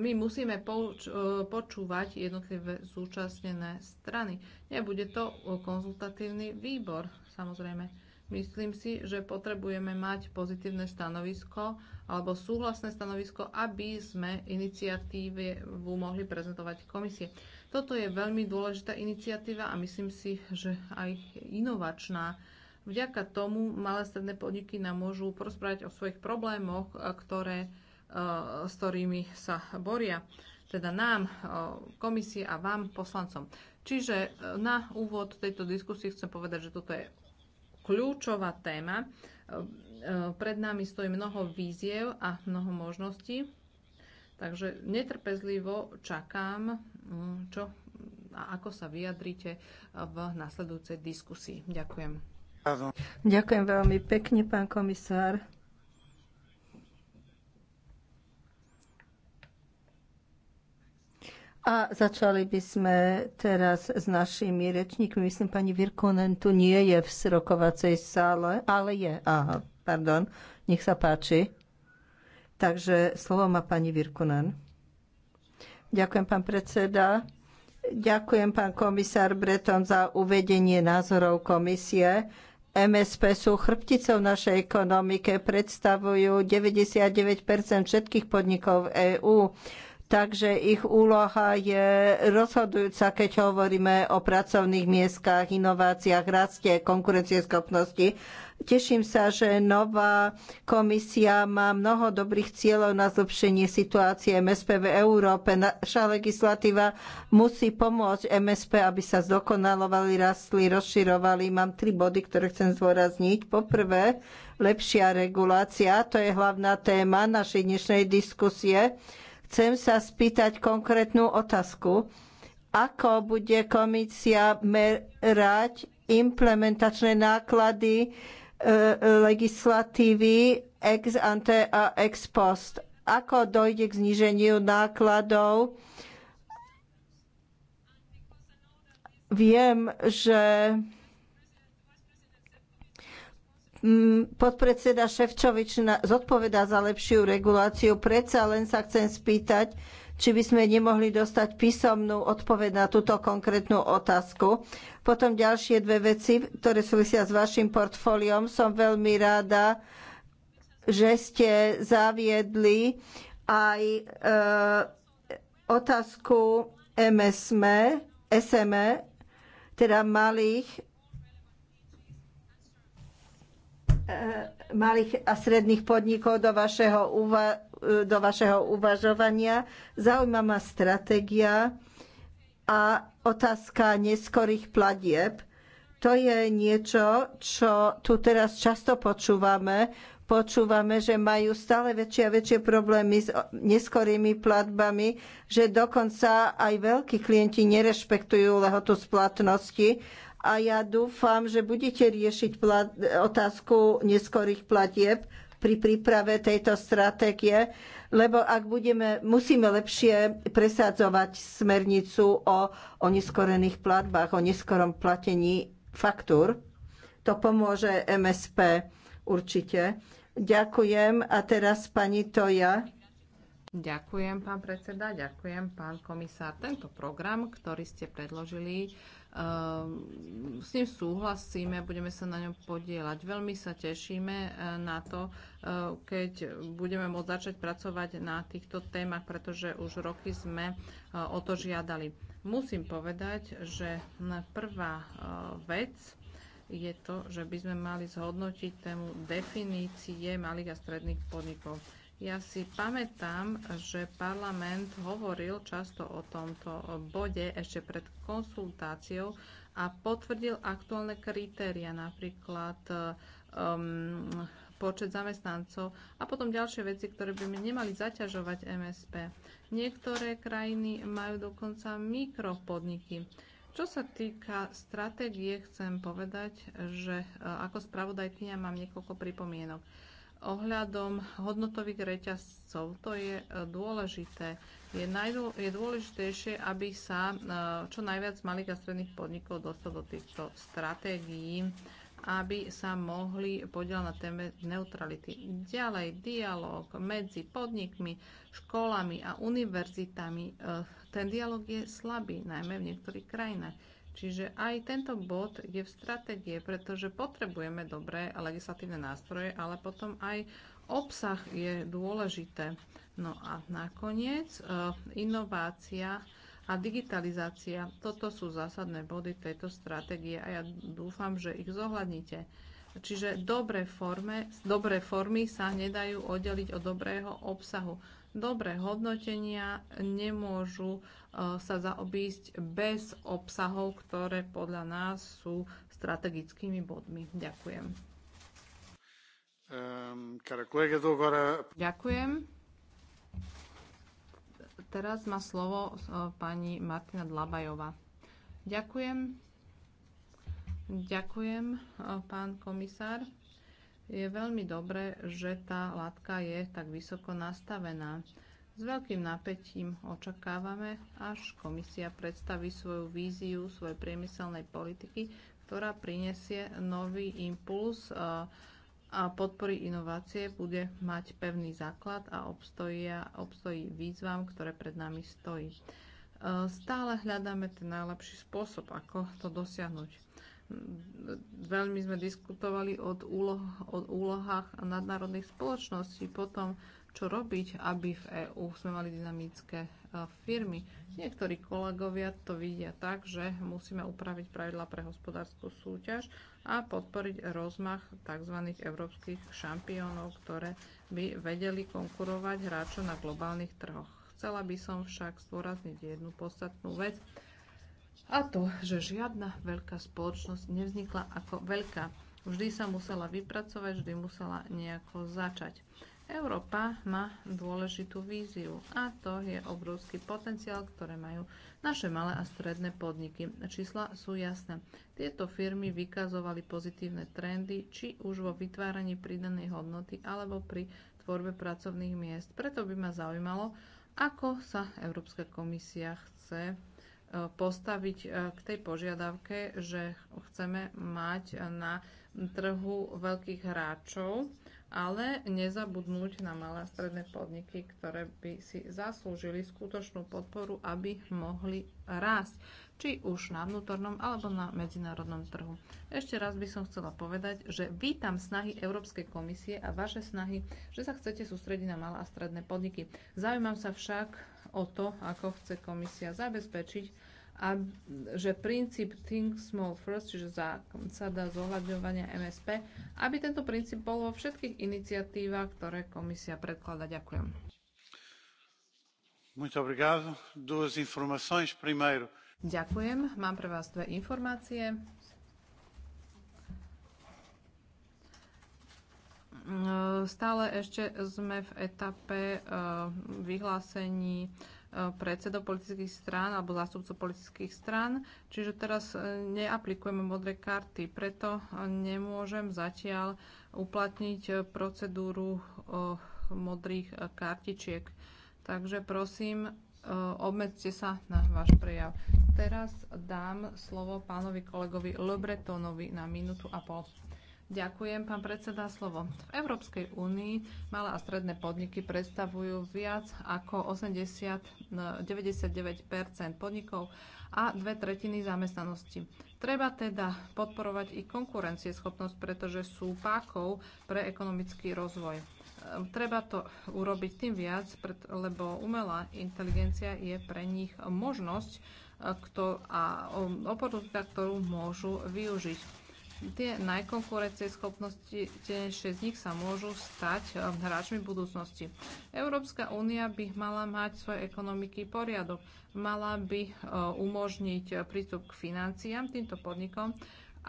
my musíme pouč, e, počúvať jednotlivé zúčastnené strany. Nebude to konzultatívny výbor, samozrejme. Myslím si, že potrebujeme mať pozitívne stanovisko alebo súhlasné stanovisko, aby sme iniciatívu mohli prezentovať komisie. Toto je veľmi dôležitá iniciatíva a myslím si, že aj inovačná. Vďaka tomu malé stredné podniky nám môžu porozprávať o svojich problémoch, eh, ktoré, eh, s ktorými sa boria teda nám, eh, komisie a vám, poslancom. Čiže na úvod tejto diskusie chcem povedať, že toto je kľúčová téma. E, e, pred nami stojí mnoho víziev a mnoho možností, takže netrpezlivo čakám, mm, čo a ako sa vyjadrite v nasledujúcej diskusii. Ďakujem. Ďakujem veľmi pekne, pán komisár. A začali by sme teraz s našimi rečníkmi. Myslím, pani Virkonen tu nie je v rokovacej sále, ale je. Aha, pardon. Nech sa páči. Takže slovo má pani Virkonen. Ďakujem, pán predseda. Ďakujem, pán komisár Breton, za uvedenie názorov komisie. MSP sú chrbticou našej ekonomike, predstavujú 99 všetkých podnikov EÚ. Takže ich úloha je rozhodujúca, keď hovoríme o pracovných miestach, inováciách, raste, konkurencieschopnosti. Teším sa, že nová komisia má mnoho dobrých cieľov na zlepšenie situácie MSP v Európe. Naša legislatíva musí pomôcť MSP, aby sa zdokonalovali, rastli, rozširovali. Mám tri body, ktoré chcem zdôrazniť. Poprvé, lepšia regulácia, to je hlavná téma našej dnešnej diskusie Chcem sa spýtať konkrétnu otázku. Ako bude komisia merať implementačné náklady e, legislatívy ex ante a ex post? Ako dojde k zníženiu nákladov? Viem, že Mm, podpredseda Ševčovič zodpovedá za lepšiu reguláciu. Predsa len sa chcem spýtať, či by sme nemohli dostať písomnú odpoveď na túto konkrétnu otázku. Potom ďalšie dve veci, ktoré súvisia s vašim portfóliom. Som veľmi rada, že ste zaviedli aj e, otázku MSME, SME, teda malých E, malých a stredných podnikov do vašeho, uva- e, do vašeho uvažovania. Zaujíma ma stratégia a otázka neskorých platieb. To je niečo, čo tu teraz často počúvame. Počúvame, že majú stále väčšie a väčšie problémy s neskorými platbami, že dokonca aj veľkí klienti nerešpektujú lehotu splatnosti a ja dúfam, že budete riešiť otázku neskorých platieb pri príprave tejto stratégie, lebo ak budeme, musíme lepšie presadzovať smernicu o, o neskorených platbách, o neskorom platení faktúr. To pomôže MSP určite. Ďakujem a teraz pani Toja. Ďakujem, pán predseda, ďakujem, pán komisár. Tento program, ktorý ste predložili, Ehm, s ním súhlasíme, budeme sa na ňom podielať. Veľmi sa tešíme eh, na to, eh, keď budeme môcť začať pracovať na týchto témach, pretože už roky sme eh, o to žiadali. Musím povedať, že prvá vec, je to, že by sme mali zhodnotiť tému definície malých a stredných podnikov. Ja si pamätám, že parlament hovoril často o tomto bode ešte pred konsultáciou a potvrdil aktuálne kritéria, napríklad um, počet zamestnancov a potom ďalšie veci, ktoré by nemali zaťažovať MSP. Niektoré krajiny majú dokonca mikropodniky. Čo sa týka stratégie, chcem povedať, že e, ako spravodajkynia mám niekoľko pripomienok ohľadom hodnotových reťazcov. To je e, dôležité. Je, najdô, je dôležitejšie, aby sa e, čo najviac malých a stredných podnikov dostalo do týchto stratégií, aby sa mohli podielať na téme neutrality. Ďalej, dialog medzi podnikmi, školami a univerzitami. E, ten dialog je slabý, najmä v niektorých krajinách Čiže aj tento bod je v stratégie, pretože potrebujeme dobré legislatívne nástroje, ale potom aj obsah je dôležité. No a nakoniec e, inovácia a digitalizácia. Toto sú zásadné body tejto stratégie a ja dúfam, že ich zohľadnite. Čiže dobré, forme, dobré formy sa nedajú oddeliť od dobrého obsahu. Dobré hodnotenia nemôžu E, sa zaobísť bez obsahov, ktoré podľa nás sú strategickými bodmi. Ďakujem. Ehm, Ďakujem. Teraz má slovo e, pani Martina Dlabajová. Ďakujem. Ďakujem, e, pán komisár. Je veľmi dobré, že tá látka je tak vysoko nastavená. S veľkým napätím očakávame, až komisia predstaví svoju víziu svojej priemyselnej politiky, ktorá prinesie nový impuls eh, a podpory inovácie, bude mať pevný základ a obstojí, výzvam, ktoré pred nami stojí. Eh, stále hľadáme ten najlepší spôsob, ako to dosiahnuť. Veľmi sme diskutovali o úlohách nadnárodných spoločností, potom čo robiť, aby v EÚ sme mali dynamické e, firmy. Niektorí kolegovia to vidia tak, že musíme upraviť pravidla pre hospodárskú súťaž a podporiť rozmach tzv. európskych šampiónov, ktoré by vedeli konkurovať hráčom na globálnych trhoch. Chcela by som však zdôrazniť jednu podstatnú vec, a to, že žiadna veľká spoločnosť nevznikla ako veľká. Vždy sa musela vypracovať, vždy musela nejako začať. Európa má dôležitú víziu a to je obrovský potenciál, ktoré majú naše malé a stredné podniky. Čísla sú jasné. Tieto firmy vykazovali pozitívne trendy, či už vo vytváraní pridanej hodnoty alebo pri tvorbe pracovných miest. Preto by ma zaujímalo, ako sa Európska komisia chce e, postaviť e, k tej požiadavke, že chceme mať na trhu veľkých hráčov, ale nezabudnúť na malé a stredné podniky, ktoré by si zaslúžili skutočnú podporu, aby mohli rásť, či už na vnútornom alebo na medzinárodnom trhu. Ešte raz by som chcela povedať, že vítam snahy Európskej komisie a vaše snahy, že sa chcete sústrediť na malé a stredné podniky. Zaujímam sa však o to, ako chce komisia zabezpečiť, a že princíp Think Small First, čiže zásada zohľadňovania MSP, aby tento princíp bol vo všetkých iniciatívach, ktoré komisia predklada. Ďakujem. Muito obrigado. Duas informações. Primeiro. Ďakujem. Mám pre vás dve informácie. Stále ešte sme v etape eh, vyhlásení Eh, predsedov politických strán alebo zástupcov politických strán, čiže teraz eh, neaplikujeme modré karty, preto eh, nemôžem zatiaľ uplatniť procedúru modrých kartičiek. Takže prosím, obmedzte sa na váš prejav. Teraz dám slovo pánovi kolegovi Lebretonovi na minútu a pol. Ďakujem, pán predseda, slovo. V Európskej únii malé a stredné podniky predstavujú viac ako 80, 99 no, podnikov a dve tretiny zamestnanosti. Treba teda podporovať ich konkurencieschopnosť, pretože sú pákov pre ekonomický rozvoj. Ehm, treba to urobiť tým viac, lebo umelá inteligencia je pre nich možnosť e, a oportunita, ktorú môžu využiť Tie najkonkurencieschopnostnejšie z nich sa môžu stať eh, hráčmi budúcnosti. Európska únia by mala mať svoje ekonomiky poriadok. Mala by eh, umožniť eh, prístup k financiám týmto podnikom,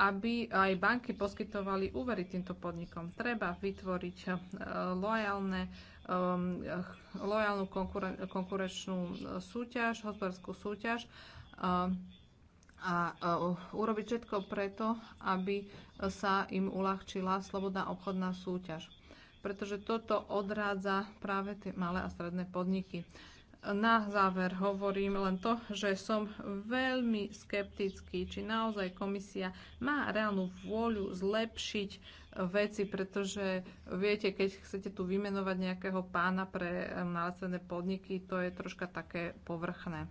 aby aj banky poskytovali úvery týmto podnikom. Treba vytvoriť lojálne lojálnu ehm, konkurenčnú súťaž, hospodárskú súťaž, a urobiť všetko preto, aby sa im uľahčila slobodná obchodná súťaž. Pretože toto odrádza práve tie malé a stredné podniky. Na záver hovorím len to, že som veľmi skeptický, či naozaj komisia má reálnu vôľu zlepšiť e, veci, pretože viete, keď chcete tu vymenovať nejakého pána pre e, malé podniky, to je troška také povrchné.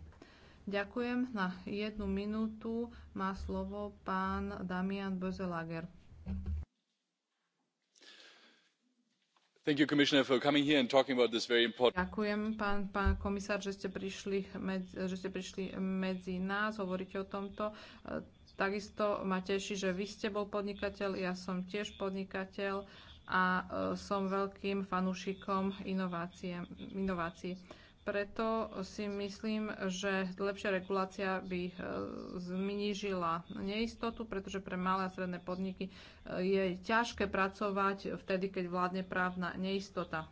Ďakujem. Na jednu minútu má slovo pán Damian Bözelager. You, important... Ďakujem, pán, pán komisár, že ste, prišli medzi, že ste prišli medzi nás, hovoríte o tomto. Takisto ma teší, že vy ste bol podnikateľ, ja som tiež podnikateľ a e, som veľkým fanúšikom inovácie, inovácií. Preto si myslím, že lepšia regulácia by e, znížila neistotu, pretože pre malé a stredné podniky e, je ťažké pracovať vtedy, keď vládne právna neistota.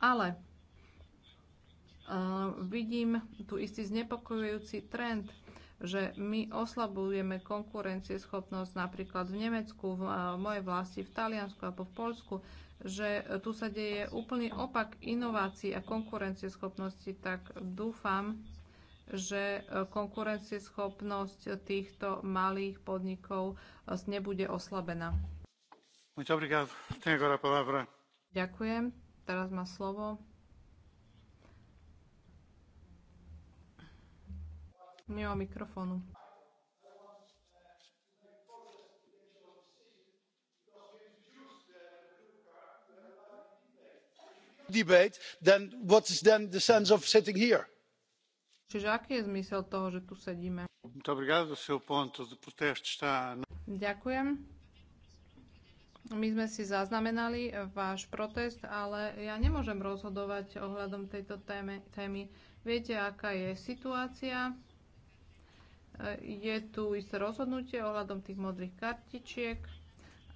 Ale uh, vidím tu istý znepokojujúci trend, že my oslabujeme konkurencieschopnosť napríklad v Nemecku, v, v mojej vlasti, v Taliansku alebo v Polsku, že tu sa deje úplný opak inovácií a konkurencieschopnosti, tak dúfam, že konkurencieschopnosť týchto malých podnikov eh, nebude oslabená. Ďakujem. Teraz má slovo. Mimo mikrofónu. debate then what is then the sense of sitting here? Čiže aký je zmysel toho, že tu sedíme? Ďakujem. My sme si zaznamenali váš protest, ale ja nemôžem rozhodovať ohľadom tejto téme, témy. Viete, aká je situácia? E, je tu isté rozhodnutie ohľadom tých modrých kartičiek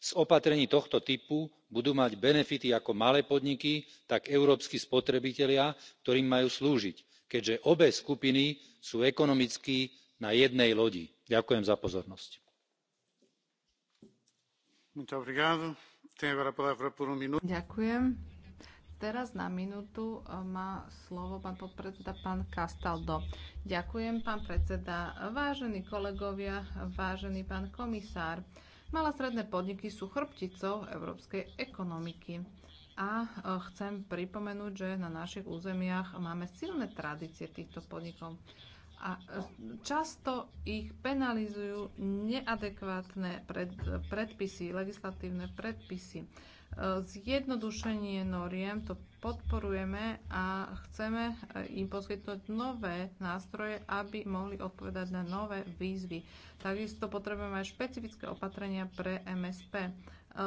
z opatrení tohto typu budú mať benefity ako malé podniky tak európski spotrebitelia ktorým majú slúžiť keďže obe skupiny sú ekonomicky na jednej lodi. ďakujem za pozornosť. Um Teraz na minútu e, má slovo pán podpredseda pán Castaldo. Ďakujem, pán predseda. Vážení kolegovia, vážený pán komisár, Malé stredné podniky sú chrbticou európskej ekonomiky. A e, chcem pripomenúť, že na našich územiach máme silné tradície týchto podnikov. A e, často ich penalizujú neadekvátne pred, predpisy, legislatívne predpisy. E, zjednodušenie noriem to podporujeme a chceme e, im poskytnúť nové nástroje, aby mohli odpovedať na nové výzvy. Takisto potrebujeme aj špecifické opatrenia pre MSP. E,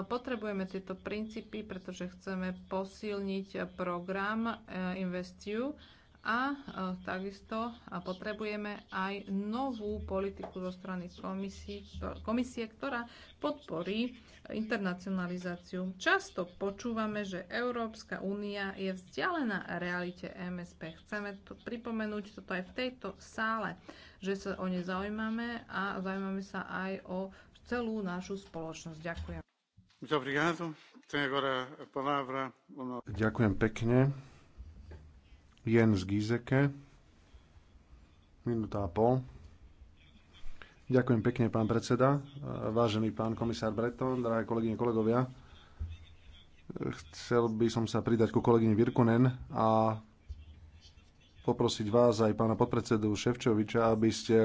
potrebujeme tieto princípy, pretože chceme posilniť program e, Investiu, a e, takisto potrebujeme aj novú politiku zo strany komisie, ktorá podporí internacionalizáciu. Často počúvame, že Európska únia je vzdialená realite MSP. Chceme to pripomenúť toto aj v tejto sále, že sa o ne zaujímame a zaujímame sa aj o celú našu spoločnosť. Ďakujem. Ďakujem pekne. Jens Gizeke. Minúta a pol. Ďakujem pekne, pán predseda. Vážený pán komisár Breton, drahé kolegyne, kolegovia. Chcel by som sa pridať ku kolegyni Virkunen a poprosiť vás aj pána podpredsedu Ševčoviča, aby ste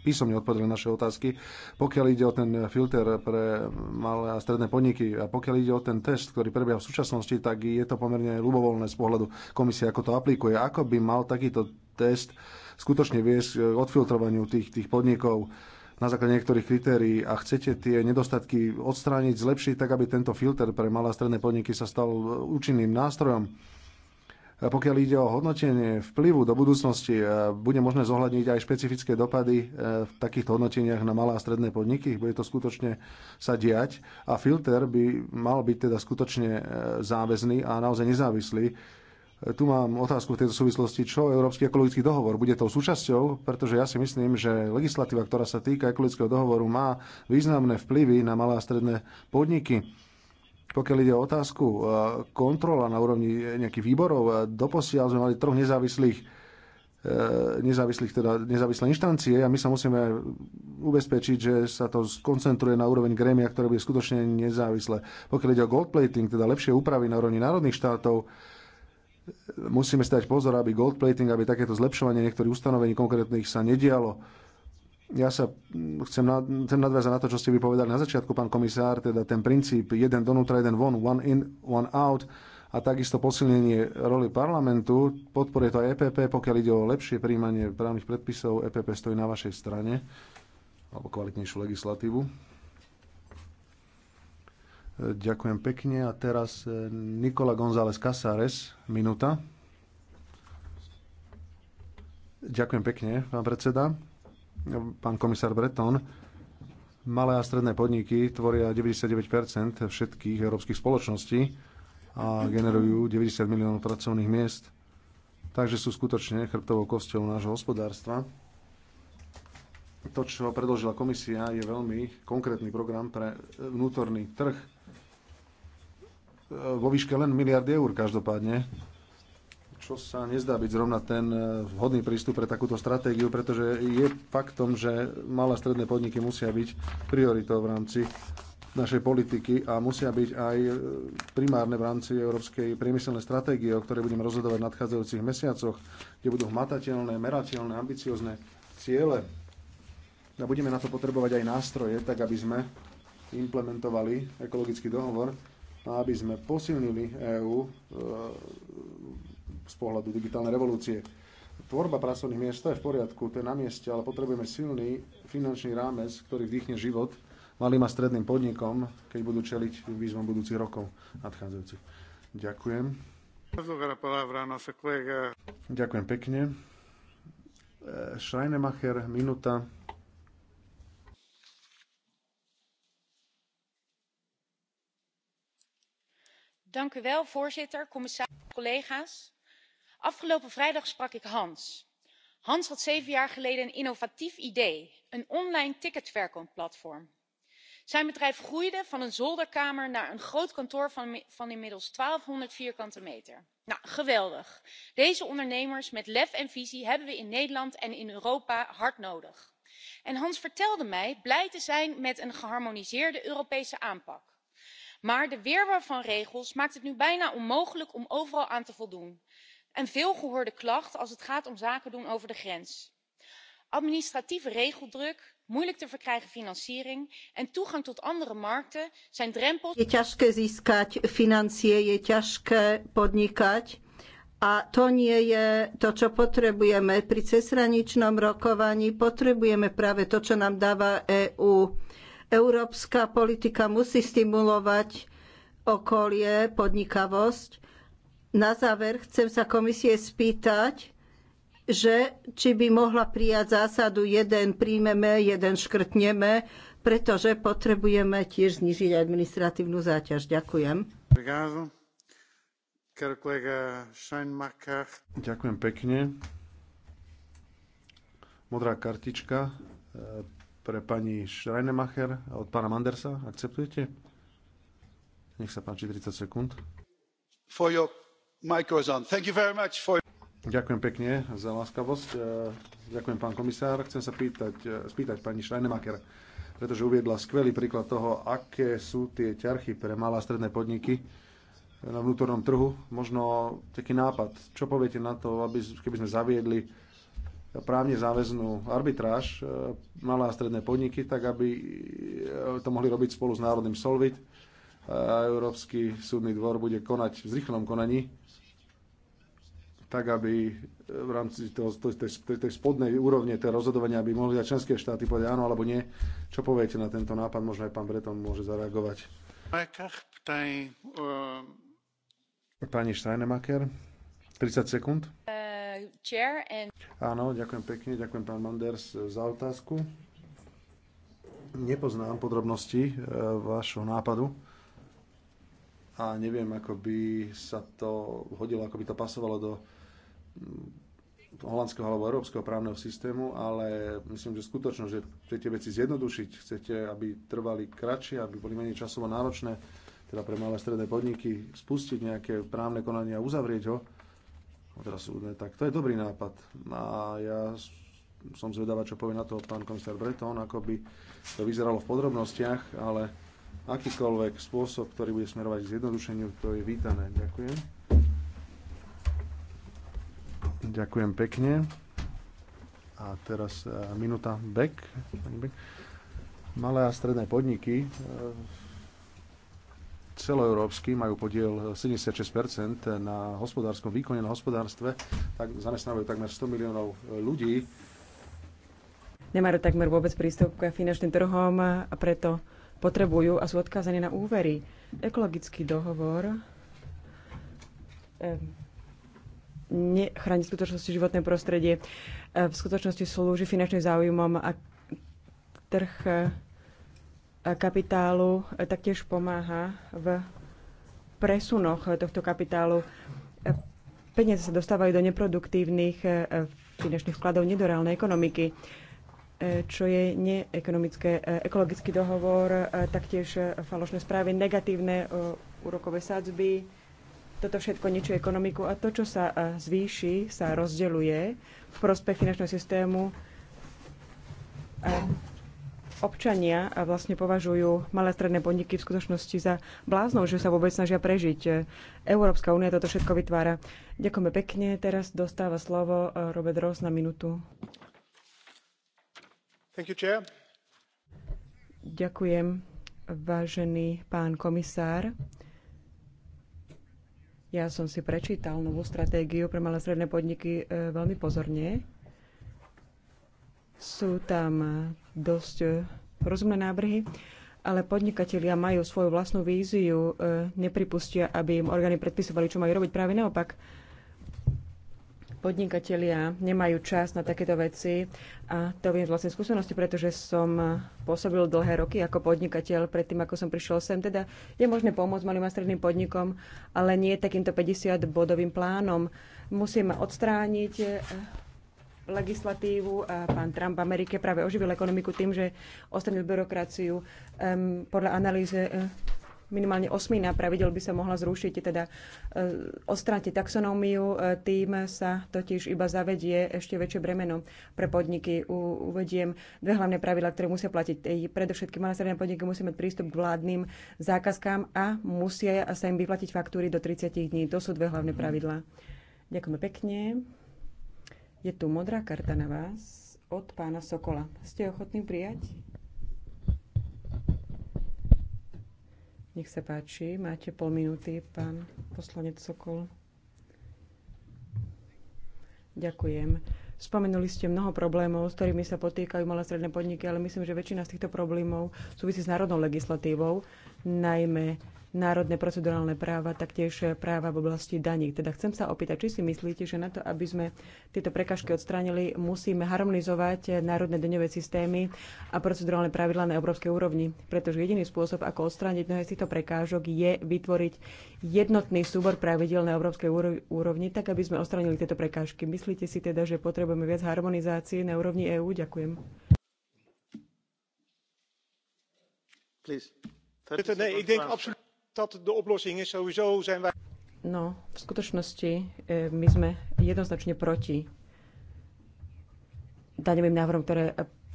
písomne odpovedali naše otázky. Pokiaľ ide o ten filter pre malé a stredné podniky a pokiaľ ide o ten test, ktorý prebieha v súčasnosti, tak je to pomerne ľubovoľné z pohľadu komisie, ako to aplikuje. Ako by mal takýto test skutočne viesť k odfiltrovaniu tých, tých podnikov na základe niektorých kritérií a chcete tie nedostatky odstrániť, zlepšiť, tak aby tento filter pre malé a stredné podniky sa stal účinným nástrojom pokiaľ ide o hodnotenie vplyvu do budúcnosti, bude možné zohľadniť aj špecifické dopady e, v takýchto hodnoteniach na malé a stredné podniky. Bude to skutočne sa diať a filter by mal byť teda skutočne e, záväzný a naozaj nezávislý. E, tu mám otázku v tejto súvislosti, čo Európsky ekologický dohovor bude tou súčasťou, pretože ja si myslím, že legislatíva, ktorá sa týka ekologického dohovoru, má významné vplyvy na malé a stredné podniky pokiaľ ide o otázku e, kontrola na úrovni nejakých výborov, e, doposiaľ sme mali troch nezávislých e, nezávislých, teda nezávislé inštancie a my sa musíme ubezpečiť, že sa to skoncentruje na úroveň grémia, ktoré bude skutočne nezávislé. Pokiaľ ide o goldplating, teda lepšie úpravy na úrovni národných štátov, musíme stať pozor, aby goldplating, aby takéto zlepšovanie niektorých ustanovení konkrétnych sa nedialo ja sa mm, chcem, na, chcem nadviazať na to, čo ste vypovedali na začiatku, pán komisár, teda ten princíp jeden donútra, jeden von, one in, one out a takisto posilnenie roli parlamentu. Podporuje to aj EPP, pokiaľ ide o lepšie príjmanie právnych predpisov. EPP stojí na vašej strane, alebo kvalitnejšiu legislatívu. Ďakujem pekne. A teraz e, Nikola González Casares, minúta. Ďakujem pekne, pán predseda pán komisár Breton, malé a stredné podniky tvoria 99 všetkých európskych spoločností a generujú 90 miliónov pracovných miest. Takže sú skutočne chrbtovou kosťou nášho hospodárstva. To, čo predložila komisia, je veľmi konkrétny program pre vnútorný trh e, vo výške len miliard eur každopádne čo sa nezdá byť zrovna ten e, vhodný prístup pre takúto stratégiu, pretože je faktom, že malé stredné podniky musia byť prioritou v rámci našej politiky a musia byť aj e, primárne v rámci európskej priemyselnej stratégie, o ktorej budeme rozhodovať v nadchádzajúcich mesiacoch, kde budú hmatateľné, merateľné, ambiciozne ciele. A budeme na to potrebovať aj nástroje, tak aby sme implementovali ekologický dohovor a aby sme posilnili EÚ z pohľadu digitálnej revolúcie. Tvorba pracovných miest, to je v poriadku, to je na mieste, ale potrebujeme silný finančný rámec, ktorý vdýchne život malým a stredným podnikom, keď budú čeliť výzvom budúcich rokov nadchádzajúcich. Ďakujem. Ďakujem pekne. Eh, Schreinemacher, minúta. voorzitter commissaris collega's afgelopen vrijdag sprak ik hans. hans had zeven jaar geleden een innovatief idee een online ticketverkoopplatform. zijn bedrijf groeide van een zolderkamer naar een groot kantoor van inmiddels duizendtweehonderd vierkante meter. geweldig! deze ondernemers met lef en visie hebben we in nederland en in europa hard nodig. En hans vertelde mij blij te zijn met een geharmoniseerde europese aanpak maar de wirwar van regels maakt het nu bijna onmogelijk om overal aan te voldoen een veelgehoorde klacht als het gaat om zaken doen over de grens administratieve regeldruk moeilijk te verkrijgen financiering en toegang tot andere markten zijn drempels. je ťažké získať financie je ťažké podnikať a to nie je to, čo potrebujeme. Pri cezhraničnom rokovaní potrebujeme práve to, čo nám dáva EÚ. Európska politika musí stimulovať okolie, podnikavosť, na záver chcem sa komisie spýtať, že či by mohla prijať zásadu jeden príjmeme, jeden škrtneme, pretože potrebujeme tiež znižiť administratívnu záťaž. Ďakujem. Ďakujem pekne. Modrá kartička eh, pre pani Schreinemacher od pána Mandersa. Akceptujete? Nech sa páči 30 sekúnd. For your Ďakujem pekne za láskavosť. E, ďakujem, pán komisár. Chcem sa pýtať, e, spýtať pani Schreinemacher, pretože uviedla skvelý príklad toho, aké sú tie ťarchy pre malé a stredné podniky e, na vnútornom trhu. Možno taký nápad. Čo poviete na to, aby, keby sme zaviedli právne záväznú arbitráž malé a stredné podniky, tak aby to mohli robiť spolu s Národným Solvit. A Európsky súdny dvor bude konať v zrychlom konaní tak aby e, v rámci toho, tej, tej, tej spodnej úrovne tej teda rozhodovania, aby mohli aj členské štáty povedať áno alebo nie. Čo poviete na tento nápad? Možno aj pán Breton môže zareagovať. E, Pani Steinemaker, 30 sekúnd. E, áno, ďakujem pekne, ďakujem pán Manders za otázku. Nepoznám podrobnosti vášho nápadu a neviem, ako by sa to hodilo, ako by to pasovalo do holandského alebo európskeho právneho systému, ale myslím, že skutočno, že chcete veci zjednodušiť, chcete, aby trvali kratšie, aby boli menej časovo náročné, teda pre malé stredné podniky, spustiť nejaké právne konanie a uzavrieť ho, no teda súdne, tak to je dobrý nápad. A ja som zvedavá, čo povie na to pán komisár Breton, ako by to vyzeralo v podrobnostiach, ale akýkoľvek spôsob, ktorý bude smerovať k zjednodušeniu, to je vítané. Ďakujem. Ďakujem pekne. A teraz e, minúta back. Malé a stredné podniky e, celoeurópsky majú podiel 76% na hospodárskom výkone, na hospodárstve, tak zamestnávajú takmer 100 miliónov e, ľudí. Nemajú takmer vôbec prístup k finančným trhom a preto potrebujú a sú odkázaní na úvery. Ekologický dohovor nechráni skutočnosti životné prostredie. E, v skutočnosti slúži finančným záujmom a trh e, kapitálu e, taktiež pomáha v presunoch tohto kapitálu. Peniaze sa dostávajú do neproduktívnych finančných vkladov nedorálnej ekonomiky čo je neekonomické. Ekologický dohovor, taktiež falošné správy, negatívne úrokové sádzby, toto všetko ničí ekonomiku a to, čo sa e, zvýši, sa rozdeľuje v prospech finančného systému. E, občania a e, vlastne považujú malé stredné podniky v skutočnosti za bláznou, že sa vôbec snažia prežiť. Európska únia toto všetko vytvára. Ďakujeme pekne. Teraz dostáva slovo Robert Ross na minútu. You, Ďakujem, vážený pán komisár. Ja som si prečítal novú stratégiu pre malé stredné podniky e, veľmi pozorne. Sú tam dosť e, rozumné nábrhy, ale podnikatelia majú svoju vlastnú víziu, e, nepripustia, aby im orgány predpisovali, čo majú robiť. Práve naopak, podnikatelia nemajú čas na takéto veci a to viem z vlastnej skúsenosti, pretože som pôsobil dlhé roky ako podnikateľ predtým, ako som prišiel sem. Teda je možné pomôcť malým a stredným podnikom, ale nie takýmto 50-bodovým plánom. Musím odstrániť eh, legislatívu. A pán Trump v Amerike práve oživil ekonomiku tým, že ostrnil byrokraciu. Um, podľa analýze eh, minimálne osmina pravidel by sa mohla zrušiť, teda e, ostráte taxonómiu, e, tým sa totiž iba zavedie ešte väčšie bremeno pre podniky. uvediem dve hlavné pravidla, ktoré musia platiť. E, predovšetkým malé stredné podniky musia mať prístup k vládnym zákazkám a musia sa im vyplatiť faktúry do 30 dní. To sú dve hlavné pravidlá. Ďakujeme pekne. Je tu modrá karta na vás od pána Sokola. Ste ochotní prijať? Nech sa páči, máte pol minúty, pán poslanec Sokol. Ďakujem. Spomenuli ste mnoho problémov, s ktorými sa potýkajú malé stredné podniky, ale myslím, že väčšina z týchto problémov súvisí s národnou legislatívou, najmä národné procedurálne práva, taktiež práva v oblasti daní. Teda chcem sa opýtať, či si myslíte, že na to, aby sme tieto prekažky odstránili, musíme harmonizovať národné daňové systémy a procedurálne pravidlá na európskej úrovni. Pretože jediný spôsob, ako odstrániť mnohé z týchto prekážok, je vytvoriť jednotný súbor pravidel na európskej úrovni, tak aby sme odstránili tieto prekážky. Myslíte si teda, že potrebujeme viac harmonizácie na úrovni EÚ? Ďakujem. Please. No, v skutočnosti e, my sme jednoznačne proti daňovým návrhom, ktoré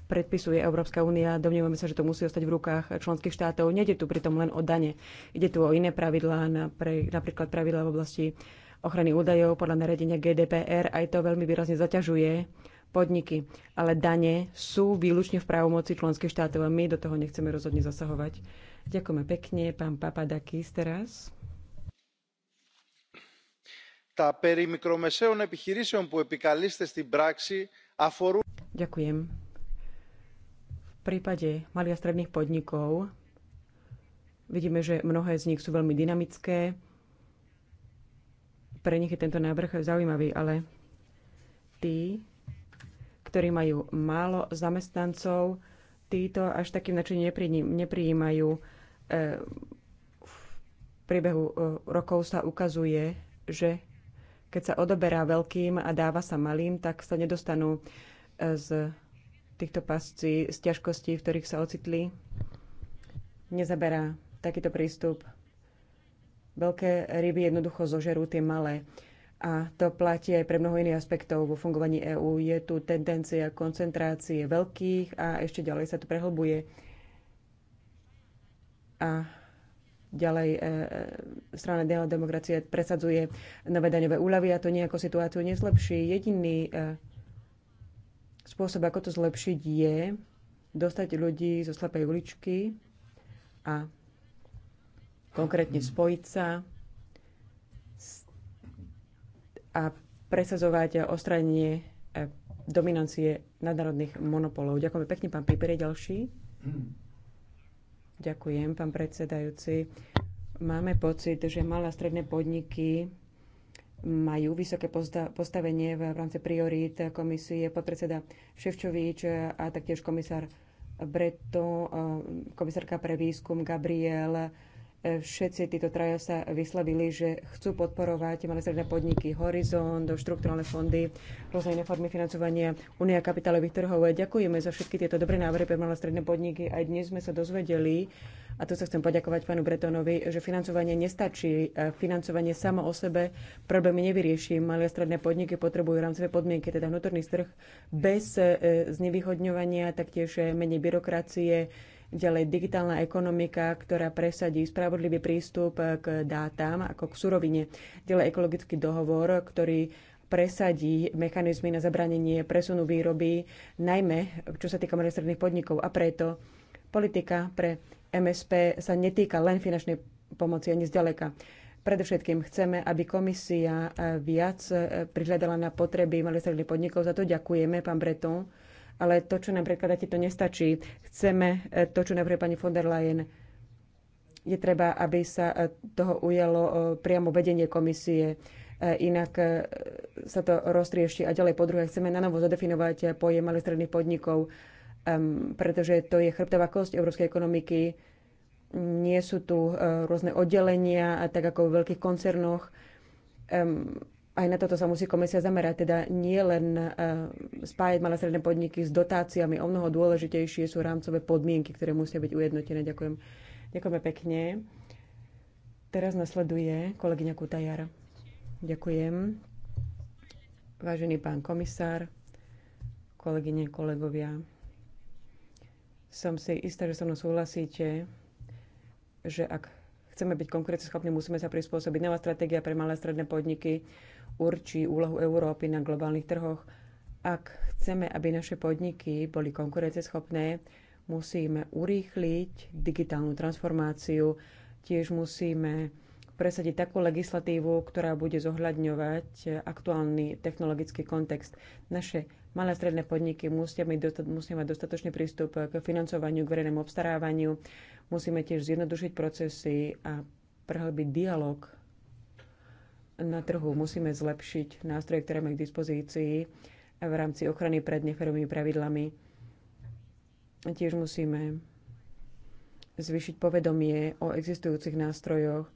predpisuje Európska únia. Domnievame sa, že to musí ostať v rukách členských štátov. Nede tu pritom len o dane. Ide tu o iné pravidlá, napríklad pravidlá v oblasti ochrany údajov podľa naredenia GDPR. Aj to veľmi výrazne zaťažuje podniky. Ale dane sú výlučne v právomoci členských štátov a my do toho nechceme rozhodne zasahovať. Ďakujeme pekne, pán Papadakis teraz. Τα περί μικρομεσαίων επιχειρήσεων που επικαλείστε στην πράξη αφορούν... Ďakujem. V prípade malých a stredných podnikov vidíme, že mnohé z nich sú veľmi dynamické. Pre nich je tento návrh zaujímavý, ale tí, ktorí majú málo zamestnancov, títo až takým načením neprijímajú E, v priebehu e, rokov sa ukazuje, že keď sa odoberá veľkým a dáva sa malým, tak sa nedostanú e, z týchto pascí, z ťažkostí, v ktorých sa ocitli. Nezaberá takýto prístup. Veľké ryby jednoducho zožerú tie malé. A to platí aj pre mnoho iných aspektov vo fungovaní EÚ. Je tu tendencia koncentrácie veľkých a ešte ďalej sa to prehlbuje a ďalej e, e strana demokracie presadzuje nové daňové úľavy a to nejako situáciu nezlepší. Jediný e, spôsob, ako to zlepšiť, je dostať ľudí zo slepej uličky a konkrétne spojiť sa a presazovať ostranenie e, dominancie nadnárodných monopolov. Ďakujem pekne, pán Piper, ďalší. Hmm. Ďakujem, pán predsedajúci. Máme pocit, že malé a stredné podniky majú vysoké postavenie v rámci priorít komisie podpredseda Ševčovič a taktiež komisár Breto, eh, komisárka pre výskum Gabriel Všetci títo traja sa vyslovili, že chcú podporovať malé stredné podniky, Horizont, štruktúrálne fondy, rôzne iné formy financovania, Unia kapitálových trhov. Ďakujeme za všetky tieto dobré návrhy pre malé stredné podniky. Aj dnes sme sa dozvedeli, a tu sa chcem poďakovať pánu Bretonovi, že financovanie nestačí. Financovanie samo o sebe problémy nevyrieši. Malé stredné podniky potrebujú rámcové podmienky, teda vnútorný trh bez e, znevýhodňovania, taktiež e, menej byrokracie, Ďalej digitálna ekonomika, ktorá presadí spravodlivý prístup k dátam ako k surovine. Ďalej ekologický dohovor, ktorý presadí mechanizmy na zabranenie presunu výroby, najmä čo sa týka malých podnikov. A preto politika pre MSP sa netýka len finančnej pomoci ani zďaleka. Predovšetkým chceme, aby komisia viac eh, prihľadala na potreby malých podnikov. Za to ďakujeme, pán Breton ale to, čo nám predkladáte, to nestačí. Chceme e, to, čo navrhuje pani von der Leyen. Je treba, aby sa e, toho ujalo e, priamo vedenie komisie, inak sa to roztriešti. A ďalej po druhé, chceme na novo zadefinovať pojem malých stredných podnikov, pretože to je chrbtová kosť európskej ekonomiky. Nie sú tu rôzne oddelenia, tak ako v veľkých koncernoch aj na toto sa musí komisia zamerať, teda nie len e, spájať malé stredné podniky s dotáciami, o mnoho dôležitejšie sú rámcové podmienky, ktoré musia byť ujednotené. Ďakujem. Ďakujeme pekne. Teraz nasleduje kolegyňa Kutajar. Ďakujem. Vážený pán komisár, kolegyne, kolegovia, som si istá, že so mnou súhlasíte, že ak chceme byť konkurencieschopní, musíme sa prispôsobiť. Nová stratégia pre malé a stredné podniky určí úlohu Európy na globálnych trhoch. Ak chceme, aby naše podniky boli konkurenceschopné, musíme urýchliť digitálnu transformáciu, tiež musíme presadiť takú legislatívu, ktorá bude zohľadňovať aktuálny technologický kontext. Naše malé a stredné podniky musia, mať, musia mať dostatočný prístup k financovaniu, k verejnému obstarávaniu. Musíme tiež zjednodušiť procesy a prehlbiť dialog na trhu. Musíme zlepšiť nástroje, ktoré máme k dispozícii v rámci ochrany pred neferovými pravidlami. Tiež musíme zvýšiť povedomie o existujúcich nástrojoch.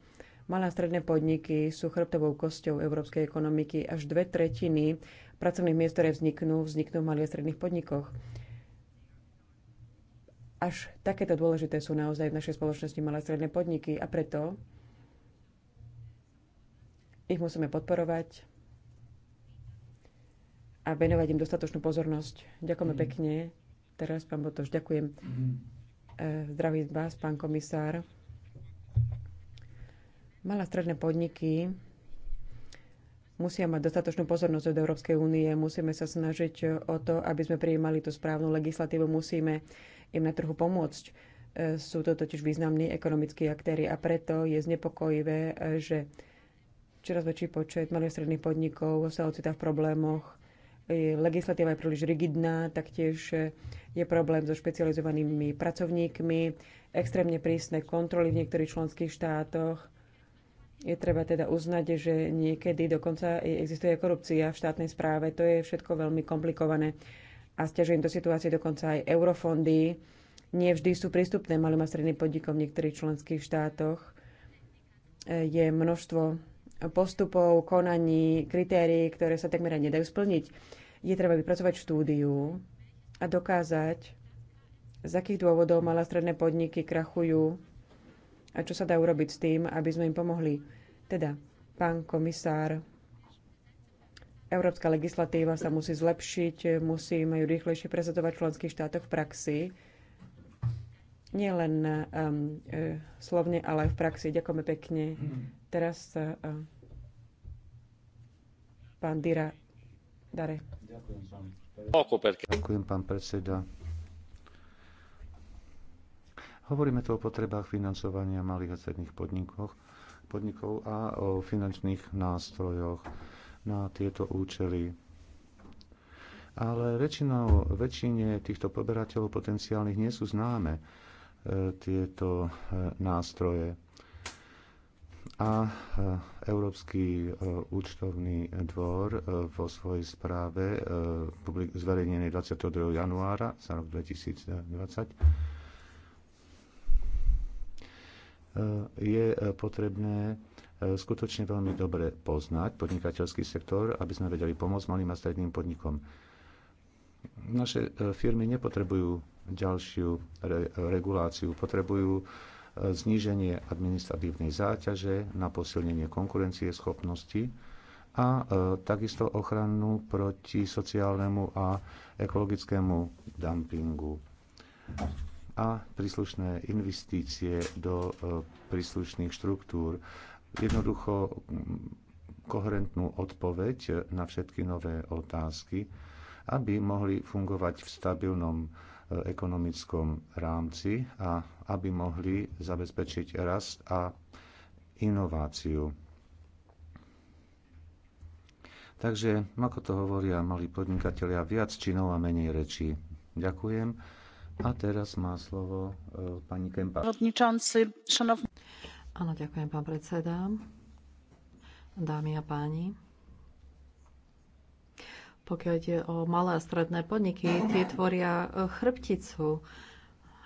Malé a stredné podniky sú chrbtovou kosťou európskej ekonomiky. Až dve tretiny pracovných miest, ktoré vzniknú, vzniknú v malých a stredných podnikoch. Až takéto dôležité sú naozaj v našej spoločnosti malé a stredné podniky a preto ich musíme podporovať a venovať im dostatočnú pozornosť. Ďakujeme mm. pekne. Teraz, pán Botoš, ďakujem. Mm. Zdravím vás, pán komisár. Malé stredné podniky musia mať dostatočnú pozornosť od Európskej únie, musíme sa snažiť o to, aby sme prijímali tú správnu legislatívu, musíme im na trhu pomôcť. E, sú to totiž významní ekonomickí aktéry a preto je znepokojivé, že Čoraz väčší počet malých stredných podnikov sa ocitá v problémoch. Legislatíva je príliš rigidná, taktiež je problém so špecializovanými pracovníkmi, extrémne prísne kontroly v niektorých členských štátoch. Je treba teda uznať, že niekedy dokonca existuje korupcia v štátnej správe. To je všetko veľmi komplikované a stiažujem do situácie dokonca aj eurofondy. Nie vždy sú prístupné malým a stredným podnikom v niektorých členských štátoch. Je množstvo postupov, konaní, kritérií, ktoré sa takmer nedajú splniť. Je treba vypracovať štúdiu a dokázať, z akých dôvodov malé stredné podniky krachujú a čo sa dá urobiť s tým, aby sme im pomohli. Teda, pán komisár, európska legislatíva sa musí zlepšiť, musíme ju rýchlejšie prezentovať v členských štátoch v praxi. Nielen um, e, slovne, ale aj v praxi. Ďakujeme pekne mhm. Teraz eh, pán Dira Dare. Ďakujem pán, Ďakujem, pán predseda. Hovoríme tu o potrebách financovania malých a stredných podnikov, podnikov a o finančných nástrojoch na tieto účely. Ale väčšinou, väčšine týchto poberateľov potenciálnych nie sú známe e, tieto e, nástroje. A e, Európsky e, účtovný dvor e, vo svojej správe zverejnenej 22. januára za rok 2020 je potrebné skutočne veľmi dobre poznať podnikateľský sektor, aby sme vedeli pomôcť malým a stredným podnikom. Naše firmy nepotrebujú ďalšiu re reguláciu, potrebujú zníženie administratívnej záťaže, na posilnenie konkurencie schopnosti a e, takisto ochranu proti sociálnemu a ekologickému dumpingu a príslušné investície do e, príslušných štruktúr. Jednoducho mm, koherentnú odpoveď na všetky nové otázky, aby mohli fungovať v stabilnom ekonomickom rámci a aby mohli zabezpečiť rast a inováciu. Takže, ako to hovoria malí podnikatelia, viac činov a menej rečí. Ďakujem. A teraz má slovo e, pani Kempa. Áno, ďakujem, pán predseda. Dámy a páni, pokiaľ ide o malé a stredné podniky, tie tvoria e, chrbticu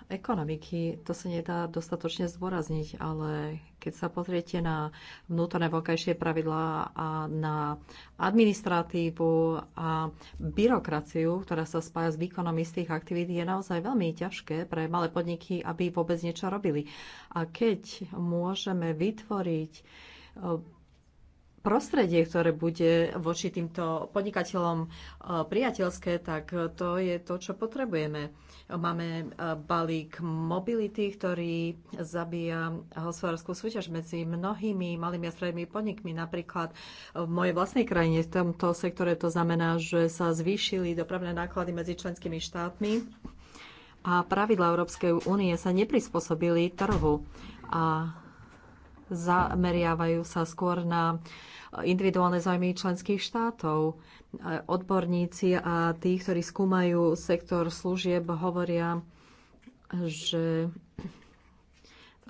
ekonomiky, to sa nedá dostatočne zdôrazniť, ale keď sa pozriete na vnútorné vokajšie pravidlá a na administratívu a byrokraciu, ktorá sa spája s výkonom istých aktivít, je naozaj veľmi ťažké pre malé podniky, aby vôbec niečo robili. A keď môžeme vytvoriť e, prostredie, ktoré bude voči týmto podnikateľom e, priateľské, tak to je to, čo potrebujeme. Máme e, balík mobility, ktorý zabíja hospodárskú súťaž medzi mnohými malými a strednými podnikmi. Napríklad v mojej vlastnej krajine, v tomto sektore, to znamená, že sa zvýšili dopravné náklady medzi členskými štátmi a pravidla Európskej únie sa neprispôsobili trhu. A zameriavajú sa skôr na individuálne zájmy členských štátov. Odborníci a tí, ktorí skúmajú sektor služieb, hovoria, že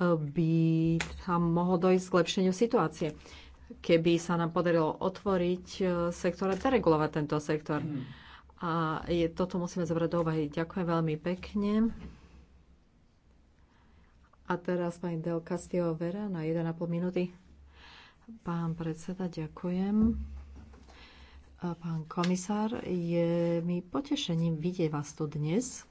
by tam mohlo dojsť k zlepšeniu situácie, keby sa nám podarilo otvoriť e, sektor a deregulovať tento sektor. Hmm. A je, toto musíme zobrať do úvahy. Ďakujem veľmi pekne. A teraz pani Del Castillo Vera na 1,5 minúty. Pán predseda, ďakujem. Pán komisár, je mi potešením vidieť vás tu dnes.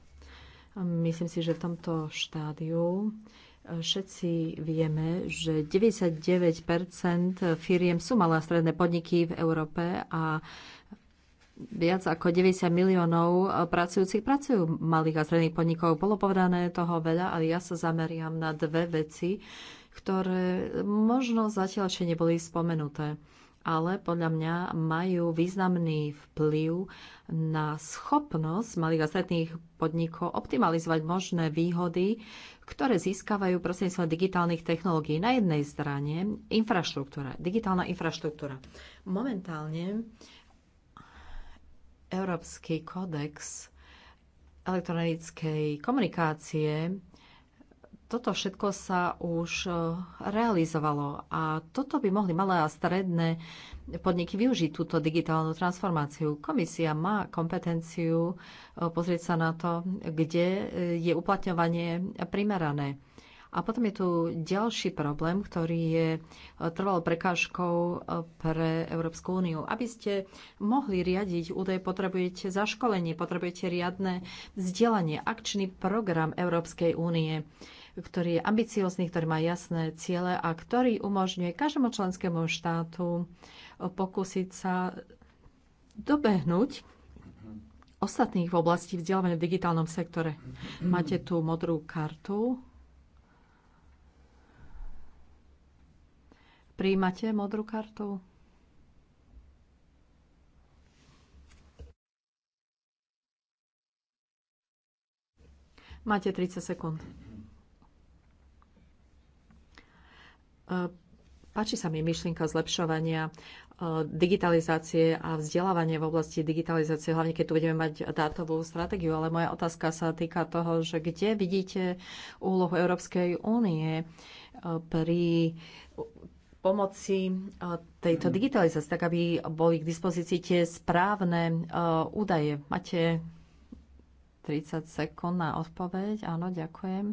Myslím si, že v tomto štádiu e, všetci vieme, že 99 firiem sú malé a stredné podniky v Európe a viac ako 90 miliónov e, pracujúcich pracujú malých a stredných podnikov. Bolo povedané toho veľa, ale ja sa zameriam na dve veci, ktoré možno zatiaľ ešte neboli spomenuté ale podľa mňa majú významný vplyv na schopnosť malých a stredných podnikov optimalizovať možné výhody, ktoré získavajú prostredníctvom digitálnych technológií. Na jednej strane infraštruktúra, digitálna infraštruktúra. Momentálne Európsky kódex elektronickej komunikácie, toto všetko sa už e, realizovalo a toto by mohli malé a stredné podniky využiť túto digitálnu transformáciu. Komisia má kompetenciu e, pozrieť sa na to, kde e, je uplatňovanie primerané. A potom je tu ďalší problém, ktorý je e, trvalo prekážkou e, pre Európsku úniu. Aby ste mohli riadiť údaje, potrebujete zaškolenie, potrebujete riadne vzdelanie, akčný program Európskej únie ktorý je ambiciózny, ktorý má jasné ciele a ktorý umožňuje každému členskému štátu e, pokúsiť sa dobehnúť ostatných v oblasti vzdelávania v digitálnom sektore. Máte tu modrú kartu Príjmate modrú kartu? Máte 30 sekúnd. E, páči sa mi myšlienka zlepšovania e, digitalizácie a vzdelávanie v oblasti digitalizácie, hlavne keď tu budeme mať dátovú stratégiu. Ale moja otázka sa týka toho, že kde vidíte úlohu Európskej únie e, pri pomoci e, tejto mm. digitalizácie, tak aby boli k dispozícii tie správne e, údaje. Máte 30 sekúnd na odpoveď. Áno, ďakujem.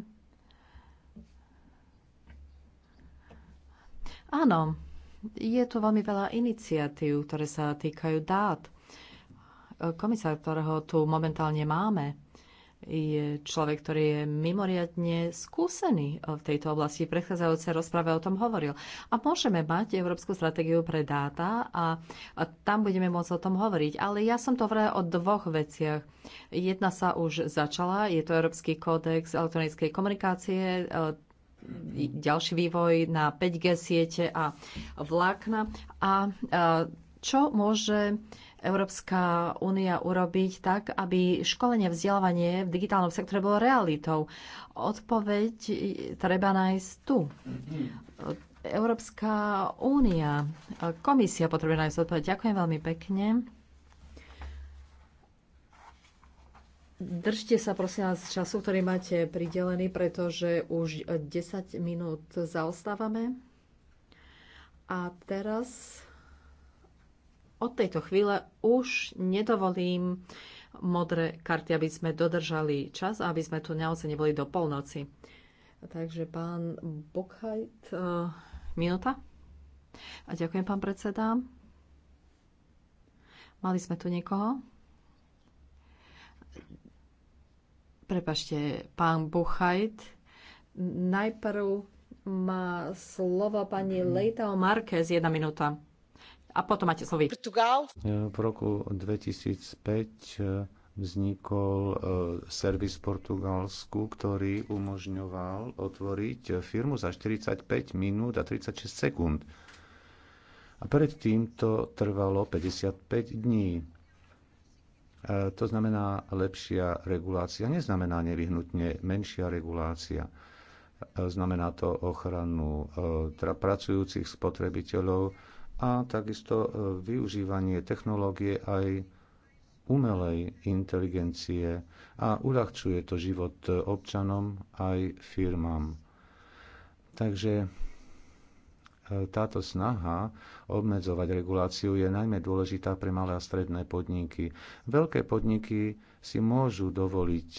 Áno, je tu veľmi veľa iniciatív, ktoré sa týkajú dát. E, komisár, ktorého tu momentálne máme, je človek, ktorý je mimoriadne skúsený v tejto oblasti. Predchádzajúce rozprave o tom hovoril. A môžeme mať Európsku stratégiu pre dáta a, a tam budeme môcť o tom hovoriť. Ale ja som to hovorila o dvoch veciach. Jedna sa už začala, je to Európsky kódex elektronickej komunikácie, e, ďalší vývoj na 5G siete a vlákna. A e, čo môže Európska únia urobiť tak, aby školenie a vzdelávanie v digitálnom sektore bolo realitou? Odpoveď treba nájsť tu. Európska únia, komisia potrebuje nájsť odpoveď. Ďakujem veľmi pekne. Držte sa prosím vás času, ktorý máte pridelený, pretože už 10 minút zaostávame. A teraz od tejto chvíle už nedovolím modré karty, aby sme dodržali čas a aby sme tu naozaj neboli do polnoci. Takže pán Bokhajt, e, minúta. A ďakujem, pán predseda. Mali sme tu niekoho? Prepašte, pán Buchajt. Najprv má slovo pani Leitao Marquez, jedna minúta a potom máte slovy. V roku 2005 eh, vznikol eh, servis v Portugalsku, ktorý umožňoval otvoriť eh, firmu za 45 minút a 36 sekúnd. A predtým to trvalo 55 dní. To znamená, lepšia regulácia neznamená nevyhnutne menšia regulácia. Znamená to ochranu pracujúcich spotrebiteľov, a takisto e, využívanie technológie aj umelej inteligencie a uľahčuje to život e, občanom aj firmám. Takže e, táto snaha obmedzovať reguláciu je najmä dôležitá pre malé a stredné podniky. Veľké podniky si môžu dovoliť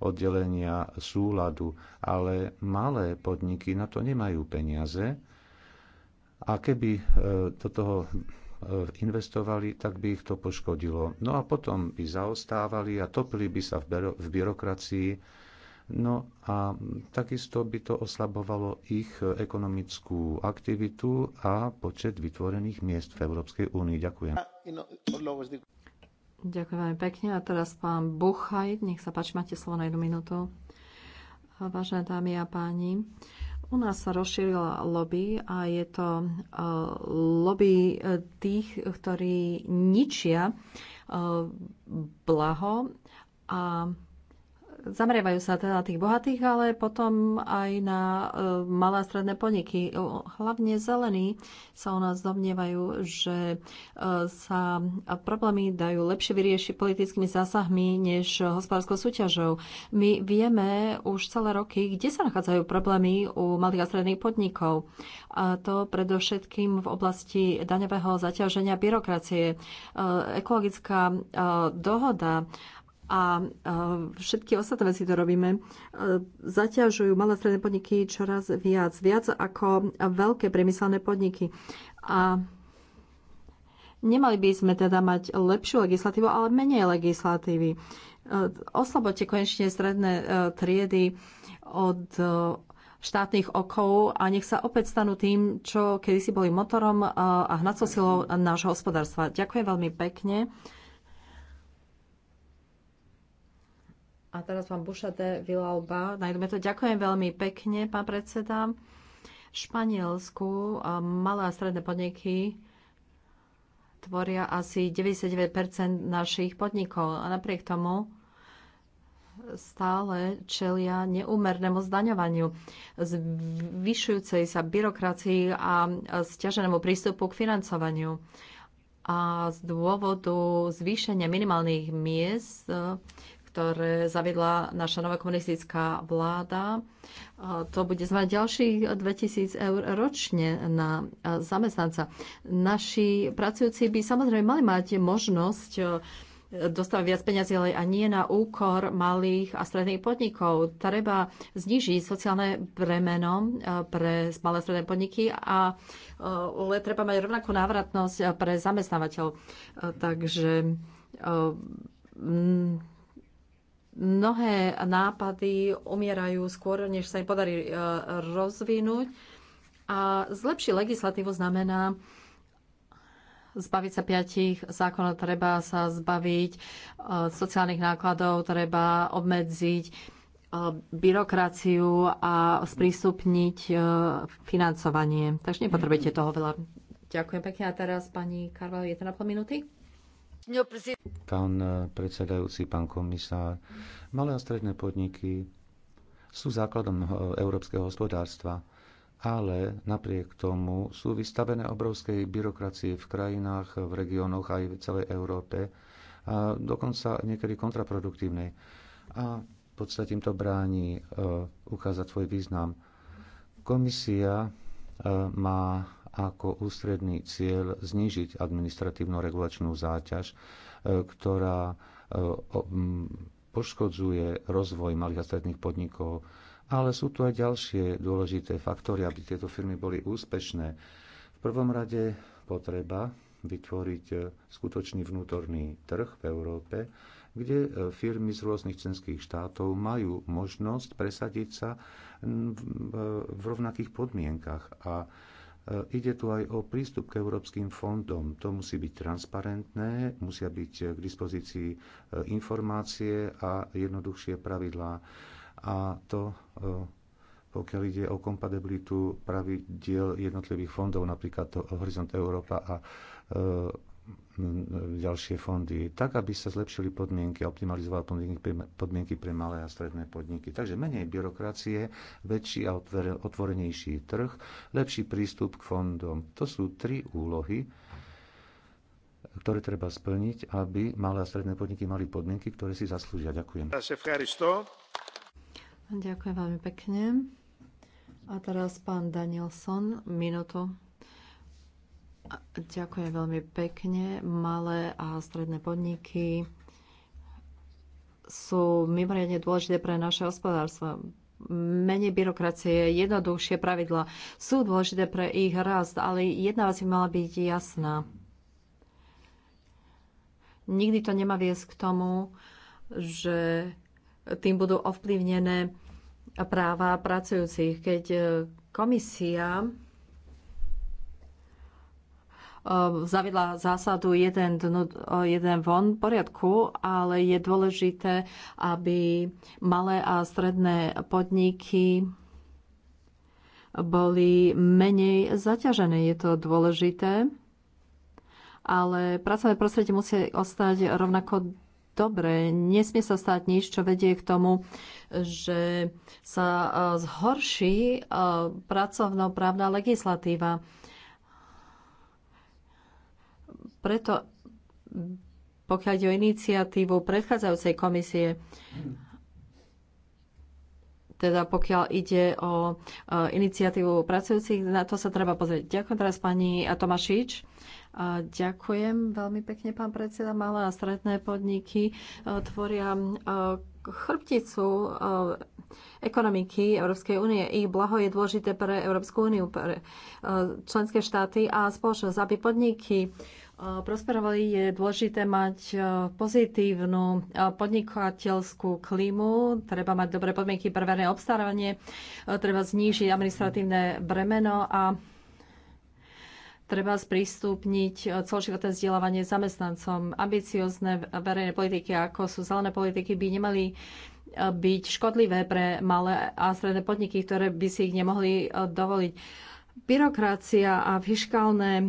oddelenia súladu, ale malé podniky na to nemajú peniaze a keby e, do toho e, investovali, tak by ich to poškodilo. No a potom by zaostávali a topili by sa v byrokracii. No a takisto by to oslabovalo ich ekonomickú aktivitu a počet vytvorených miest v Európskej únii. Ďakujem. Ďakujem veľmi pekne. A teraz pán Buchaj, nech sa páči, máte slovo na jednu minútu. Vážené dámy a páni, u nás sa rozšírila lobby a je to e, lobby e, tých, ktorí ničia e, blaho a zameriavajú sa teda na tých bohatých, ale potom aj na e, malé a stredné podniky. Hlavne zelení sa u nás domnievajú, že e, sa problémy dajú lepšie vyriešiť politickými zásahmi než hospodárskou súťažou. My vieme už celé roky, kde sa nachádzajú problémy u malých a stredných podnikov. A to predovšetkým v oblasti daňového zaťaženia byrokracie. E, ekologická dohoda a všetky ostatné veci, ktoré robíme, e, zaťažujú malé stredné podniky čoraz viac. Viac ako veľké priemyselné podniky. A nemali by sme teda mať lepšiu legislatívu, ale menej legislatívy. E, Oslobodte konečne stredné e, triedy od štátnych okov a nech sa opäť stanú tým, čo kedysi boli motorom a hnacou silou nášho hospodárstva. Ďakujem veľmi pekne. A teraz pán Bušate Vilalba. Najdeme to ďakujem veľmi pekne, pán predseda. V Španielsku malé a stredné podniky tvoria asi 99 našich podnikov. A napriek tomu stále čelia neúmernému zdaňovaniu, zvyšujúcej sa byrokracii a stiaženému prístupu k financovaniu. A z dôvodu zvýšenia minimálnych miest ktoré zaviedla naša nová komunistická vláda. To bude znamenať ďalších 2000 eur ročne na zamestnanca. Naši pracujúci by samozrejme mali mať možnosť e, dostávať viac peniazy, ale a nie na úkor malých a stredných podnikov. Treba znižiť sociálne bremeno e, pre malé a stredné podniky, a, ale e, treba mať rovnakú návratnosť pre zamestnávateľov. Takže Mnohé nápady umierajú skôr, než sa im podarí e, rozvinúť. A zlepšiť legislatívu znamená zbaviť sa piatich zákonov, treba sa zbaviť e, sociálnych nákladov, treba obmedziť e, byrokraciu a sprístupniť financovanie. Takže nepotrebujete toho veľa. Ďakujem pekne. A teraz pani je na pol minúty. Pán eh, predsedajúci, pán komisár, malé a stredné podniky sú základom eh, európskeho hospodárstva, ale napriek tomu sú vystavené obrovskej byrokracii v krajinách, v regiónoch aj v celej Európe, a dokonca niekedy kontraproduktívnej. A v podstate im to bráni eh, ukázať svoj význam. Komisia má ako ústredný cieľ znížiť administratívno-regulačnú záťaž, e, ktorá e, poškodzuje rozvoj malých a stredných podnikov. Ale sú tu aj ďalšie dôležité faktory, aby tieto firmy boli úspešné. V prvom rade potreba vytvoriť e, skutočný vnútorný trh v Európe, kde firmy z rôznych členských štátov majú možnosť presadiť sa v rovnakých podmienkach. A E, ide tu aj o prístup k európskym fondom. To musí byť transparentné, musia byť k dispozícii e, informácie a jednoduchšie pravidlá. A to e, pokiaľ ide o kompatibilitu pravidiel jednotlivých fondov, napríklad Horizont Európa a ďalšie fondy, tak aby sa zlepšili podmienky, optimalizovali podmienky, podmienky pre malé a stredné podniky. Takže menej byrokracie, väčší a otvorenejší trh, lepší prístup k fondom. To sú tri úlohy, ktoré treba splniť, aby malé a stredné podniky mali podmienky, ktoré si zaslúžia. Ďakujem. Ďakujem veľmi pekne. A teraz pán Danielson, minútu. Ďakujem veľmi pekne. Malé a stredné podniky sú mimoriadne dôležité pre naše hospodárstvo. Menej byrokracie, jednoduchšie pravidla sú dôležité pre ich rast, ale jedna vec by mala byť jasná. Nikdy to nemá viesť k tomu, že tým budú ovplyvnené práva pracujúcich. Keď komisia Ehm, zavedla zásadu jeden, e, jeden von poriadku, ale je dôležité, aby malé a stredné podniky boli menej zaťažené. Je to dôležité, ale pracovné prostredie musí ostať rovnako dobré. Nesmie sa stať nič, čo vedie k tomu, že sa e, zhorší e, pracovnoprávna legislatíva. Preto, pokiaľ ide o iniciatívu predchádzajúcej komisie, teda pokiaľ ide o e, iniciatívu pracujúcich, na to sa treba pozrieť. Ďakujem teraz pani Tomašič. ďakujem veľmi pekne, pán predseda. Malé a stredné podniky e, tvoria e, chrbticu ekonomiky Európskej únie. Ich blaho je dôležité pre Európsku úniu, pre členské štáty a spoločnosť, aby podniky prosperovali, je dôležité mať e, pozitívnu e, podnikateľskú klímu, treba mať dobré podmienky pre verejné obstarávanie, e, treba znížiť administratívne bremeno a treba sprístupniť celoživotné vzdelávanie zamestnancom. Ambiciozne verejné politiky, ako sú zelené politiky, by nemali byť škodlivé pre malé a stredné podniky, ktoré by si ich nemohli dovoliť. Byrokracia a fiskálne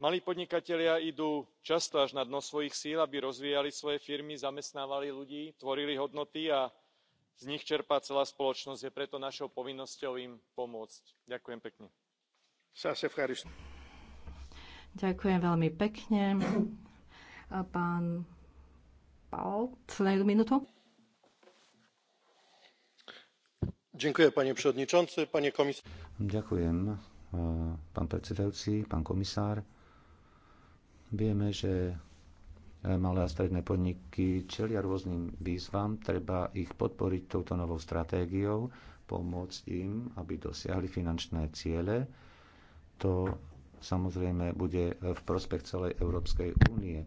malí podnikatelia idú často až na dno svojich síl aby rozvíjali svoje firmy zamestnávali ľudí tvorili hodnoty a z nich čerpá celá spoločnosť. je preto našou povinnosťou im pomôcť. ďakujem pekne. ďakujem veľmi pekne. pán Palt, na jednu minútu. Ďakujem, pani przewodniczący, pani komisarzu. Ďakujem, pán predsedajúci, pán komisár. Vieme, že e, malé a stredné podniky čelia rôznym výzvam, treba ich podporiť touto novou stratégiou, pomôcť im, aby dosiahli finančné ciele. To samozrejme bude v prospech celej Európskej únie.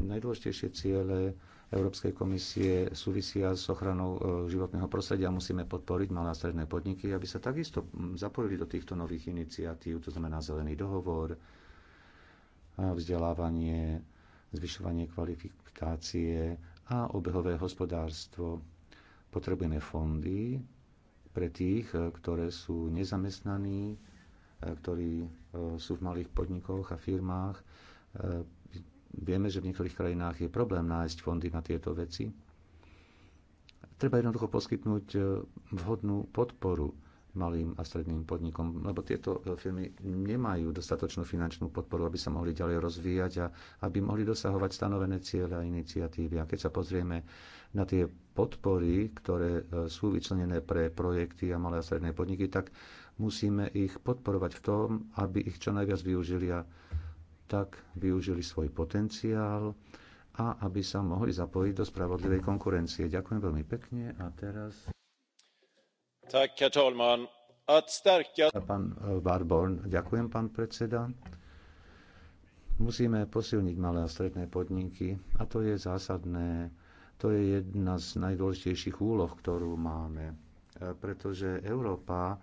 Najdôležitejšie ciele Európskej komisie súvisia s ochranou e, životného prostredia. Musíme podporiť malé a stredné podniky, aby sa takisto zapojili do týchto nových iniciatív, to znamená zelený dohovor, vzdelávanie, zvyšovanie kvalifikácie a obehové hospodárstvo. Potrebujeme fondy pre tých, e, ktoré sú nezamestnaní, e, ktorí e, sú v malých podnikoch a firmách. Vieme, že v niektorých krajinách je problém nájsť fondy na tieto veci. Treba jednoducho poskytnúť vhodnú podporu malým a stredným podnikom, lebo tieto e, firmy nemajú dostatočnú finančnú podporu, aby sa mohli ďalej rozvíjať a aby mohli dosahovať stanovené ciele a iniciatívy. A keď sa pozrieme na tie podpory, ktoré e, sú vyčlenené pre projekty a malé a stredné podniky, tak musíme ich podporovať v tom, aby ich čo najviac využili a tak využili svoj potenciál a aby sa mohli zapojiť do spravodlivej konkurencie. Ďakujem veľmi pekne a teraz Pán eh, ďakujem, pán predseda. Musíme posilniť malé a stredné podniky a to je zásadné. To je jedna z najdôležitejších úloh, ktorú máme, eh, pretože Európa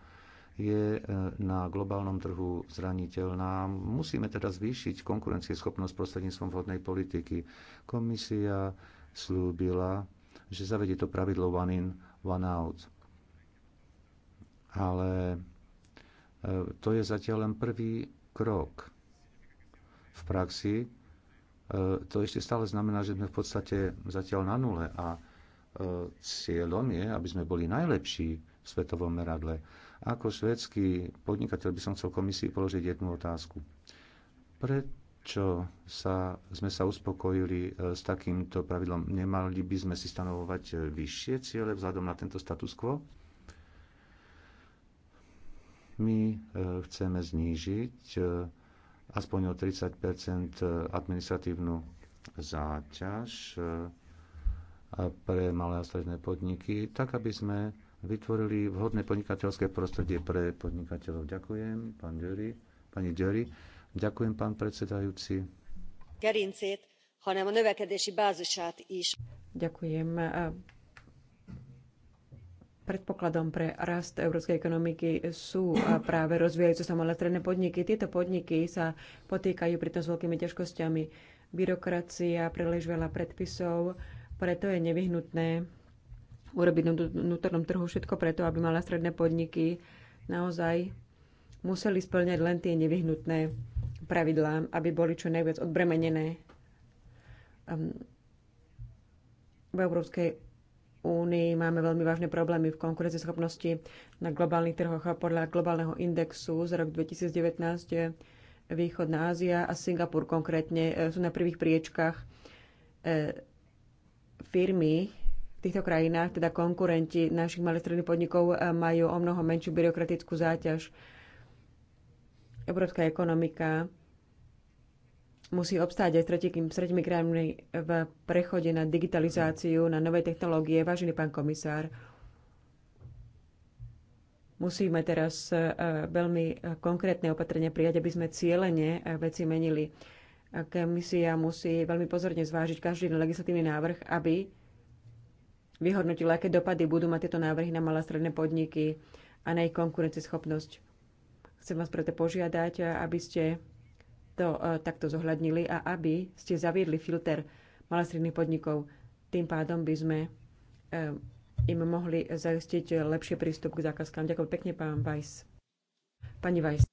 je eh, na globálnom trhu zraniteľná. Musíme teda zvýšiť konkurencieschopnosť prostredníctvom vhodnej politiky. Komisia slúbila, že zavedie to pravidlo one in, one out ale e, to je zatiaľ len prvý krok. V praxi e, to ešte stále znamená, že sme v podstate zatiaľ na nule a e, cieľom je, aby sme boli najlepší v svetovom meradle. Ako švedský podnikateľ by som chcel komisii položiť jednu otázku. Prečo sa, sme sa uspokojili s takýmto pravidlom? Nemali by sme si stanovovať vyššie ciele vzhľadom na tento status quo? My e, chceme znížiť e, aspoň o 30 administratívnu záťaž e, pre malé a stredné podniky, tak aby sme vytvorili vhodné podnikateľské prostredie pre podnikateľov. Ďakujem, pán Dury, pani Dury. Ďakujem, pán predsedajúci. hanem a növekedési is. Ďakujem. Predpokladom pre rast európskej ekonomiky sú práve rozvíjajúce sa malé stredné podniky. Tieto podniky sa potýkajú pritom s veľkými ťažkosťami. Byrokracia, príliš veľa predpisov, preto je nevyhnutné urobiť na vnútornom trhu všetko preto, aby malé stredné podniky naozaj museli splňať len tie nevyhnutné pravidlá, aby boli čo najviac odbremenené. Um, v Európskej únii máme veľmi vážne problémy v konkurenceschopnosti na globálnych trhoch. Podľa globálneho indexu z rok 2019 Východná Ázia a Singapur konkrétne e, sú na prvých priečkách e, firmy v týchto krajinách, teda konkurenti našich malých stredných podnikov e, majú o mnoho menšiu byrokratickú záťaž. Európska ekonomika musí obstáť aj s kým tretimi krajmi v prechode na digitalizáciu, na nové technológie. Vážený pán komisár, musíme teraz e, veľmi e, konkrétne opatrenia prijať, aby sme cieľene e, veci menili. Komisia musí veľmi pozorne zvážiť každý legislatívny návrh, aby vyhodnotila, aké dopady budú mať tieto návrhy na malé stredné podniky a na ich konkurencieschopnosť. Chcem vás preto požiadať, aby ste to e, takto zohľadnili a aby ste zaviedli filter malostredných podnikov. Tým pádom by sme e, im mohli zaistiť lepšie prístup k zákazkám. Ďakujem pekne, pán Weiss. Pani Weiss.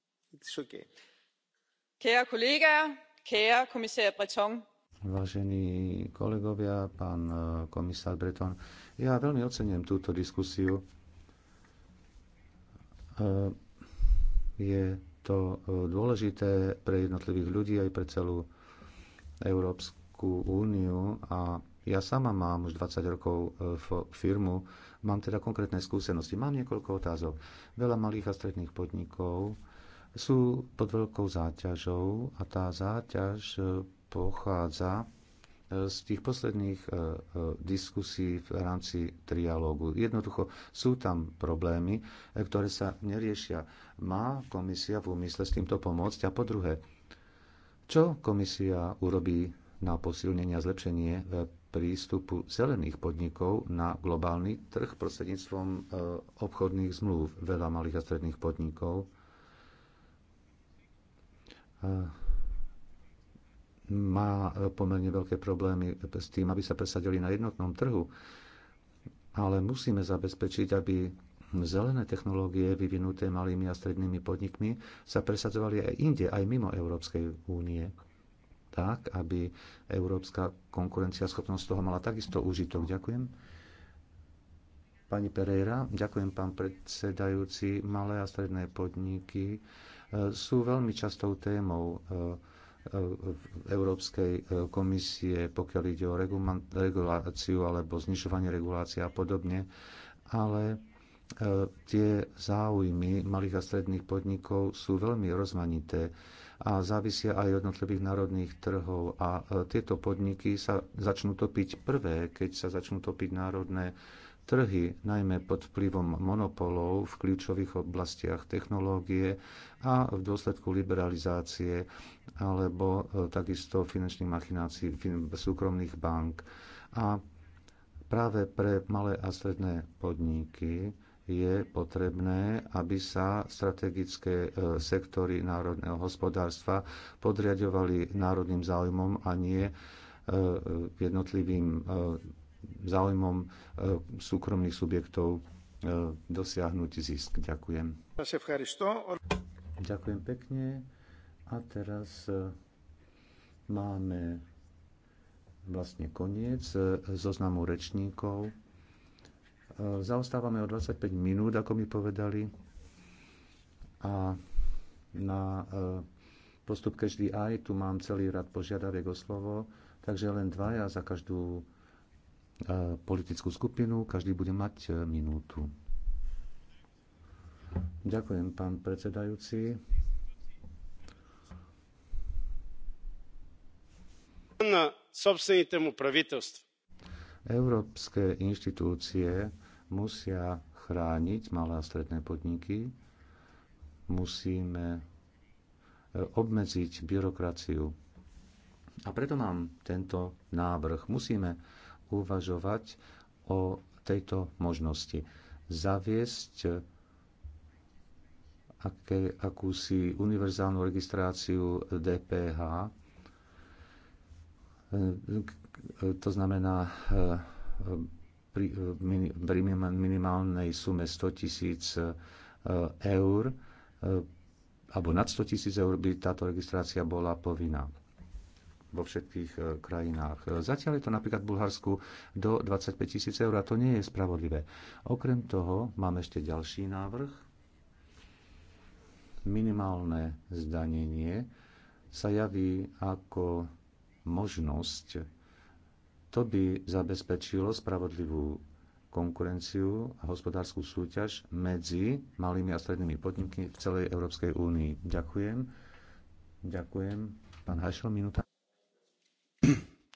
Kéa kolega, kéa komisár Breton. Vážení kolegovia, pán e, komisár Breton, ja veľmi ocenujem túto diskusiu. Je to e, dôležité pre jednotlivých ľudí aj pre celú Európsku úniu a ja sama mám už 20 rokov e, firmu, mám teda konkrétne skúsenosti. Mám niekoľko otázok. Veľa malých a stredných podnikov sú pod veľkou záťažou a tá záťaž e, pochádza z tých posledných e, e, diskusí v rámci trialógu. Jednoducho sú tam problémy, e, ktoré sa neriešia. Má komisia v úmysle s týmto pomôcť? A po druhé, čo komisia urobí na posilnenie a zlepšenie prístupu zelených podnikov na globálny trh prostredníctvom obchodných zmluv veľa malých a stredných podnikov má e, pomerne veľké problémy s tým, aby sa presadili na jednotnom trhu. Ale musíme zabezpečiť, aby zelené technológie vyvinuté malými a strednými podnikmi sa presadzovali aj inde, aj mimo Európskej únie tak, aby európska konkurenciaschopnosť toho mala takisto užitok. Ďakujem. Pani Pereira, ďakujem pán predsedajúci. Malé a stredné podniky e, sú veľmi častou témou e, Európskej e, komisie, pokiaľ ide o reguláciu alebo znižovanie regulácie a podobne, ale e, tie záujmy malých a stredných podnikov sú veľmi rozmanité a závisia aj od jednotlivých národných trhov. A e, tieto podniky sa začnú topiť prvé, keď sa začnú topiť národné trhy, najmä pod vplyvom monopolov v kľúčových oblastiach technológie a v dôsledku liberalizácie alebo e, takisto finančných machinácií súkromných bank. A práve pre malé a stredné podniky je potrebné, aby sa strategické e, sektory národného hospodárstva podriadovali národným záujmom a nie e, jednotlivým záujmom e, súkromných subjektov e, dosiahnuť zisk. Ďakujem. Ďakujem pekne. A teraz e, máme vlastne koniec zoznamu rečníkov. Zaostávame o 25 minút, ako mi povedali. A na postup každý aj, tu mám celý rad požiadaviek o slovo, takže len dvaja za každú E, politickú skupinu. Každý bude mať e, minútu. Ďakujem, pán predsedajúci. Na sobstvení tému pravitelstvu. Európske inštitúcie musia chrániť malé a stredné podniky. Musíme e, obmedziť byrokraciu. A preto mám tento návrh. Musíme uvažovať o tejto možnosti. Zaviesť eh, aké, akúsi univerzálnu registráciu DPH, eh, eh, to znamená pri minimálnej sume 100 tisíc eur alebo nad 100 tisíc eur by táto registrácia bola povinná vo všetkých e, krajinách. E, zatiaľ je to napríklad v Bulharsku do 25 tisíc eur a to nie je spravodlivé. Okrem toho máme ešte ďalší návrh. Minimálne zdanenie sa javí ako možnosť. To by zabezpečilo spravodlivú konkurenciu a hospodárskú súťaž medzi malými a strednými podnikmi v celej Európskej únii. Ďakujem. Ďakujem. Pán Hašel, minúta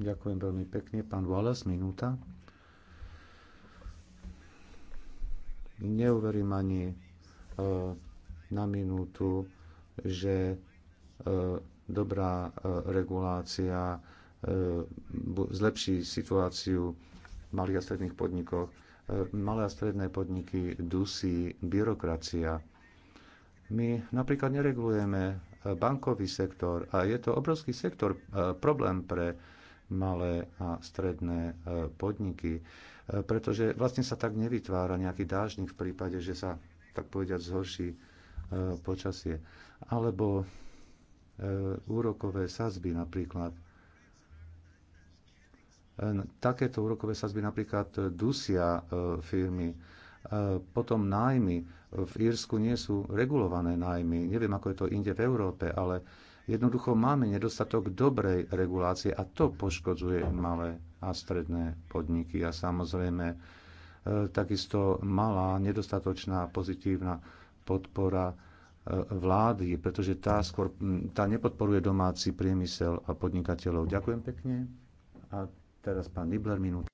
Ďakujem veľmi pekne. Pán Wallace, minúta. Neuverím ani e, na minútu, že e, dobrá e, regulácia zlepší situáciu v malých a stredných podnikoch. Malé a stredné podniky dusí byrokracia my napríklad neregulujeme e, bankový sektor a je to obrovský sektor, e, problém pre malé a stredné e, podniky, pretože vlastne sa tak nevytvára nejaký dážnik v prípade, že sa tak povediať zhorší počasie. Alebo úrokové sazby napríklad. Takéto úrokové sazby napríklad dusia firmy, potom nájmy v Írsku nie sú regulované nájmy. Neviem, ako je to inde v Európe, ale jednoducho máme nedostatok dobrej regulácie a to poškodzuje malé a stredné podniky a samozrejme e, takisto malá, nedostatočná, pozitívna podpora e, vlády, pretože tá, skôr, tá nepodporuje domáci priemysel a podnikateľov. Ďakujem pekne. A teraz pán Nibler, Minút.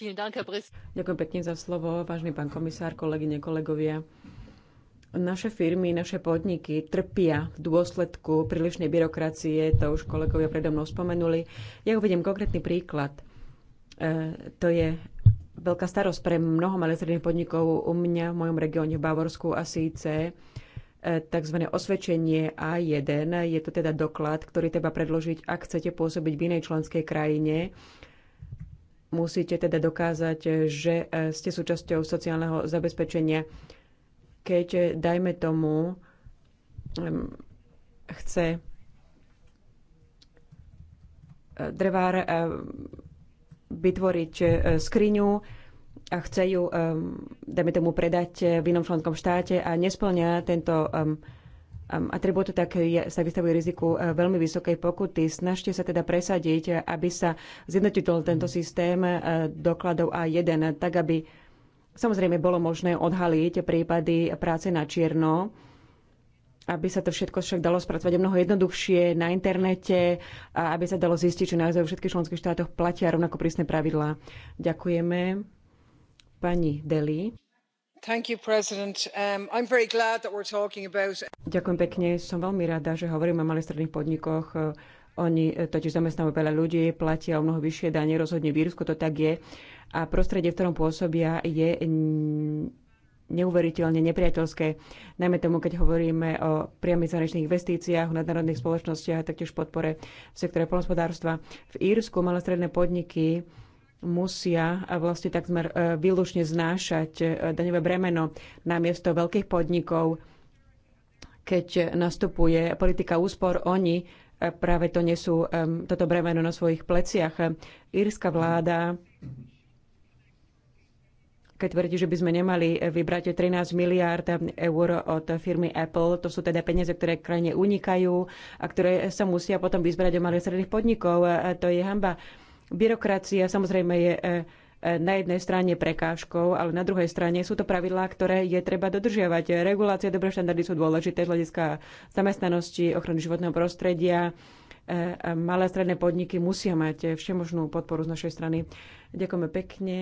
Ďakujem pekne za slovo, vážny pán komisár, kolegyne, kolegovia. Naše firmy, naše podniky trpia v dôsledku prílišnej byrokracie, to už kolegovia predo mnou spomenuli. Ja uvediem konkrétny príklad. E, to je veľká starosť pre mnoho malých podnikov u mňa v mojom regióne v Bavorsku a síce e, tzv. osvedčenie A1. Je to teda doklad, ktorý treba predložiť, ak chcete pôsobiť v inej členskej krajine Musíte teda dokázať, že e, ste súčasťou sociálneho zabezpečenia. Keď, e, dajme tomu, chce e, drevár vytvoriť skriňu a chce ju, dajme tomu, predať v inom členskom štáte a nesplňa tento atribúty, tak sa vystavuje riziku e, veľmi vysokej pokuty. Snažte sa teda presadiť, e, aby sa zjednotil tento systém e, dokladov A1, tak aby samozrejme bolo možné odhaliť prípady práce na čierno, aby sa to všetko však dalo spracovať mnoho jednoduchšie na internete a aby sa dalo zistiť, či naozaj vo všetkých členských štátoch platia rovnako prísne pravidlá. Ďakujeme. Pani Deli. Um, Ďakujem pekne. Som veľmi rada, že hovorím o malých stredných podnikoch. Uh, oni uh, totiž zamestnávajú veľa ľudí, platia o mnoho vyššie dane, rozhodne v Írsku to tak je. A prostredie, v ktorom pôsobia, je neuveriteľne nepriateľské. Najmä tomu, keď hovoríme o priamých zahraničných investíciách, o nadnárodných spoločnostiach a taktiež podpore v sektore polnospodárstva. V Írsku malé stredné podniky musia vlastne takmer e, výlučne znášať e, daňové bremeno namiesto veľkých podnikov. Keď nastupuje politika úspor, oni e, práve to nesú toto bremeno na svojich pleciach. Írska vláda keď tvrdí, že by sme nemali vybrať 13 miliárd eur od firmy Apple. To sú teda peniaze, ktoré krajine unikajú a ktoré sa musia potom vyzbrať o malých stredných podnikov. A to je hamba. Byrokracia samozrejme je e, e, na jednej strane prekážkou, ale na druhej strane sú to pravidlá, ktoré je treba dodržiavať. Regulácie, dobré štandardy sú dôležité z hľadiska zamestnanosti, ochrany životného prostredia. E, malé a stredné podniky musia mať všemožnú podporu z našej strany. Ďakujeme pekne.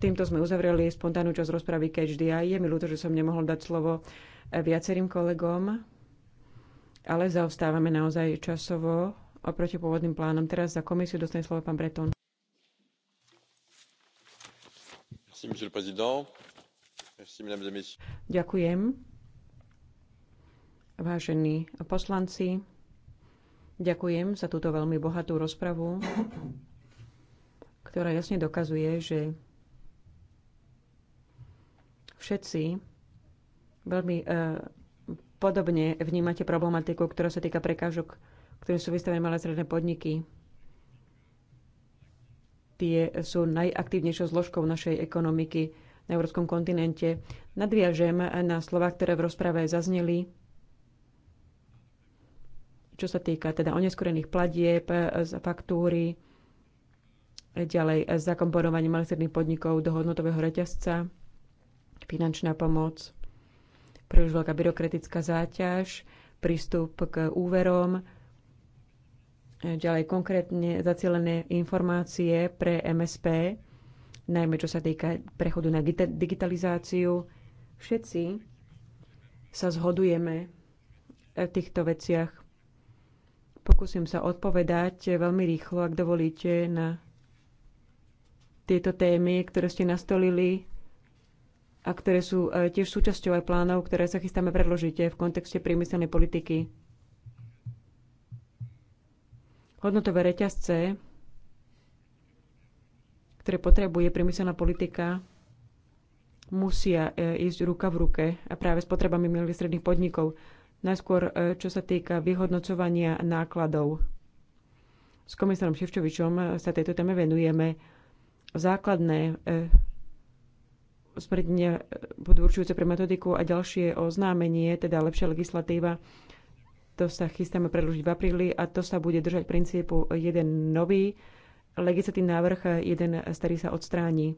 Týmto sme uzavreli spontánnu časť rozpravy KHDI. Je mi ľúto, že som nemohol dať slovo viacerým kolegom, ale zaostávame naozaj časovo oproti pôvodným plánom. Teraz za komisiu dostane slovo pán Breton. Ďakujem. Vážení poslanci, ďakujem za túto veľmi bohatú rozpravu, ktorá jasne dokazuje, že všetci veľmi eh, podobne vnímate problematiku, ktorá sa týka prekážok ktorým sú vystavené malé stredné podniky. Tie sú najaktívnejšou zložkou našej ekonomiky na európskom kontinente. Nadviažem na slova, ktoré v rozprave zazneli, čo sa týka teda oneskorených platieb, faktúry, ďalej zakomponovanie malých stredných podnikov do hodnotového reťazca, finančná pomoc, príliš veľká byrokratická záťaž, prístup k úverom, ďalej konkrétne zacielené informácie pre MSP, najmä čo sa týka prechodu na digitalizáciu. Všetci sa zhodujeme v týchto veciach. Pokúsim sa odpovedať veľmi rýchlo, ak dovolíte, na tieto témy, ktoré ste nastolili a ktoré sú eh, tiež súčasťou aj plánov, ktoré sa chystáme predložiť eh, v kontexte priemyselnej politiky hodnotové reťazce, ktoré potrebuje priemyselná politika, musia e, ísť ruka v ruke a práve s potrebami milých stredných podnikov. Najskôr, e, čo sa týka vyhodnocovania nákladov. S komisárom Ševčovičom e, sa tejto téme venujeme. Základné smrdne budú určujúce pre metodiku a ďalšie oznámenie, teda lepšia legislatíva to sa chystáme predložiť v apríli a to sa bude držať princípu jeden nový legislatívny návrh, jeden starý sa odstráni.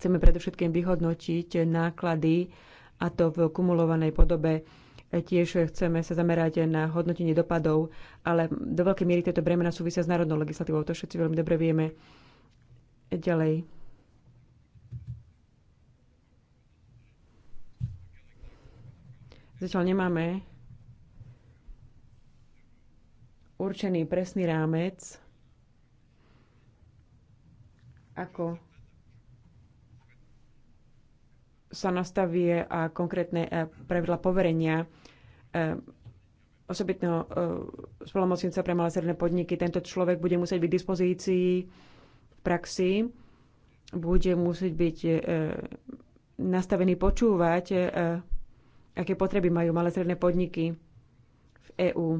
Chceme predovšetkým vyhodnotiť náklady a to v kumulovanej podobe. Tiež chceme sa zamerať na hodnotenie dopadov, ale do veľkej miery tieto bremena súvisia s národnou legislatívou. To všetci veľmi dobre vieme. Ďalej. Zatiaľ nemáme určený presný rámec, ako sa nastavie a konkrétne e, pravidla poverenia e, osobitného e, spolomocnica pre malé stredné podniky. Tento človek bude musieť byť v dispozícii v praxi, bude musieť byť nastavený počúvať, aké potreby majú malé stredné podniky v EÚ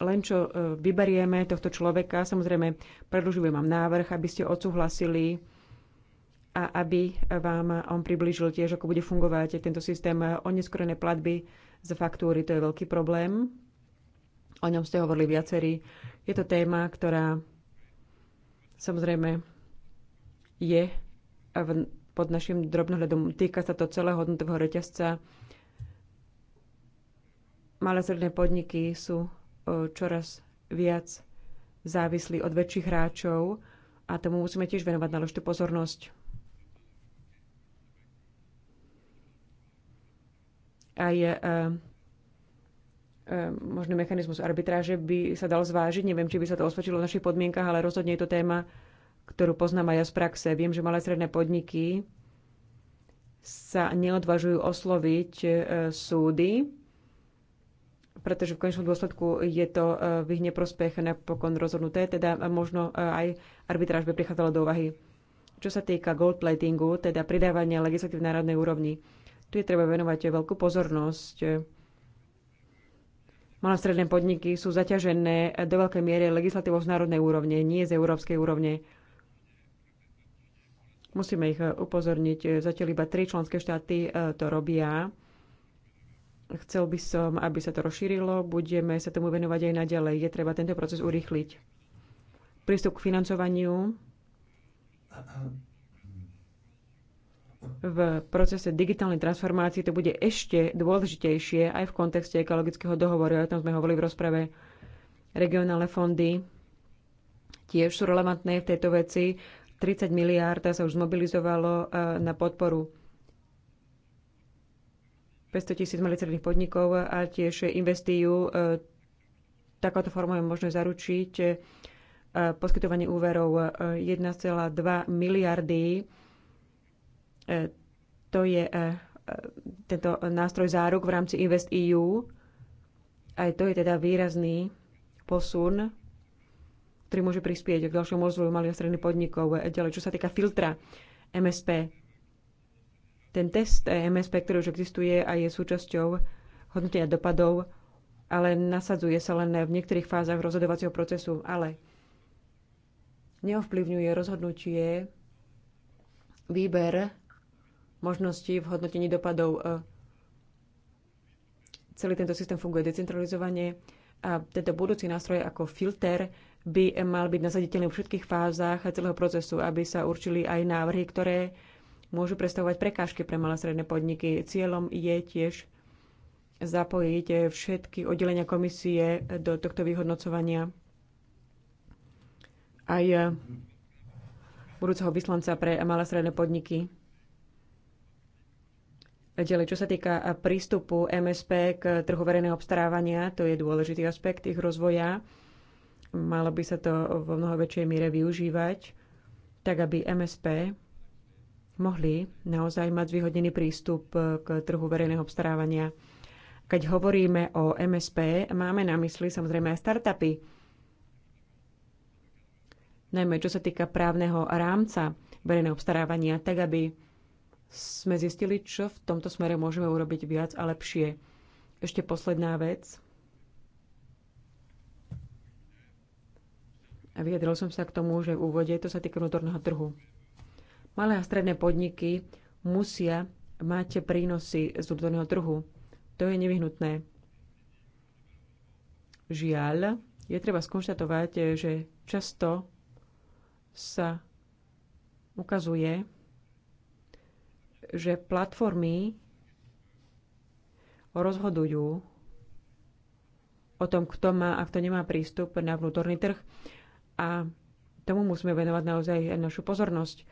len čo e, vyberieme tohto človeka, samozrejme predlžujem vám návrh, aby ste odsúhlasili a aby vám on približil tiež, ako bude fungovať tento systém oneskorené platby za faktúry. To je veľký problém. O ňom ste hovorili viacerí. Je to téma, ktorá samozrejme je pod našim drobnohľadom. Týka sa to celého hodnotového reťazca. Malé stredné podniky sú čoraz viac závislí od väčších hráčov a tomu musíme tiež venovať náležitú pozornosť. Aj e, e, možný mechanizmus arbitráže by sa dal zvážiť. Neviem, či by sa to osvedčilo v našich podmienkach, ale rozhodne je to téma, ktorú poznám aj ja z praxe. Viem, že malé stredné podniky sa neodvažujú osloviť e, súdy, pretože v konečnom dôsledku je to e, v ich neprospech napokon rozhodnuté, teda možno e, aj arbitráž by prichádzala do úvahy. Čo sa týka gold platingu, teda pridávania legislatív národnej úrovni, tu je treba venovať veľkú pozornosť. Malostredné stredné podniky sú zaťažené do veľkej miery legislatívou z národnej úrovne, nie z európskej úrovne. Musíme ich e, upozorniť, zatiaľ iba tri členské štáty to robia Chcel by som, aby sa to rozšírilo, budeme sa tomu venovať aj naďalej. Je treba tento proces urýchliť. Prístup k financovaniu v procese digitálnej transformácie to bude ešte dôležitejšie aj v kontexte ekologického dohovoru. O tom sme hovorili v rozprave. Regionálne fondy tiež sú relevantné v tejto veci. 30 miliárd sa už zmobilizovalo eh, na podporu 500 tisíc malých podnikov a tiež investíjú. E, takáto forma je možné zaručiť e, poskytovanie úverov 1,2 e, miliardy. To je tento nástroj záruk v rámci Invest EU. Aj to je teda výrazný posun, ktorý môže prispieť k ďalšiemu rozvoju malých a stredných podnikov. Ďalej, čo sa týka filtra MSP, ten test e MSP, ktorý už existuje a je súčasťou hodnotenia dopadov, ale nasadzuje sa len v niektorých fázach rozhodovacieho procesu, ale neovplyvňuje rozhodnutie výber možností v hodnotení dopadov. E, celý tento systém funguje decentralizovane a tento budúci nástroj ako filter by mal byť nasaditeľný v všetkých fázach celého procesu, aby sa určili aj návrhy, ktoré môžu predstavovať prekážky pre malé stredné podniky. Cieľom je tiež zapojiť všetky oddelenia komisie do tohto vyhodnocovania. Aj budúceho vyslanca pre malé stredné podniky. Ďalej, čo sa týka prístupu MSP k trhu verejného obstarávania, to je dôležitý aspekt ich rozvoja. Malo by sa to vo mnoho väčšej miere využívať, tak aby MSP mohli naozaj mať zvýhodnený prístup eh, k trhu verejného obstarávania. Keď hovoríme o MSP, máme na mysli samozrejme aj startupy, najmä čo sa týka právneho rámca verejného obstarávania, tak aby sme zistili, čo v tomto smere môžeme urobiť viac a lepšie. Ešte posledná vec. A vyjadril som sa k tomu, že v úvode to sa týka vnútorného trhu. Malé a stredné podniky musia mať prínosy z obzorného trhu. To je nevyhnutné. Žiaľ, je treba skonštatovať, že často sa ukazuje, že platformy rozhodujú o tom, kto má a kto nemá prístup na vnútorný trh. A tomu musíme venovať naozaj našu pozornosť.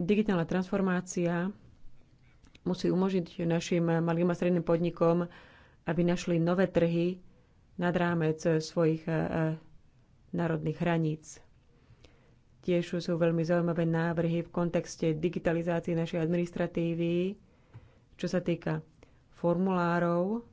Digitálna transformácia musí umožniť našim malým a stredným podnikom, aby našli nové trhy nad rámec svojich e, národných hraníc. Tiež sú veľmi zaujímavé návrhy v kontexte digitalizácie našej administratívy, čo sa týka formulárov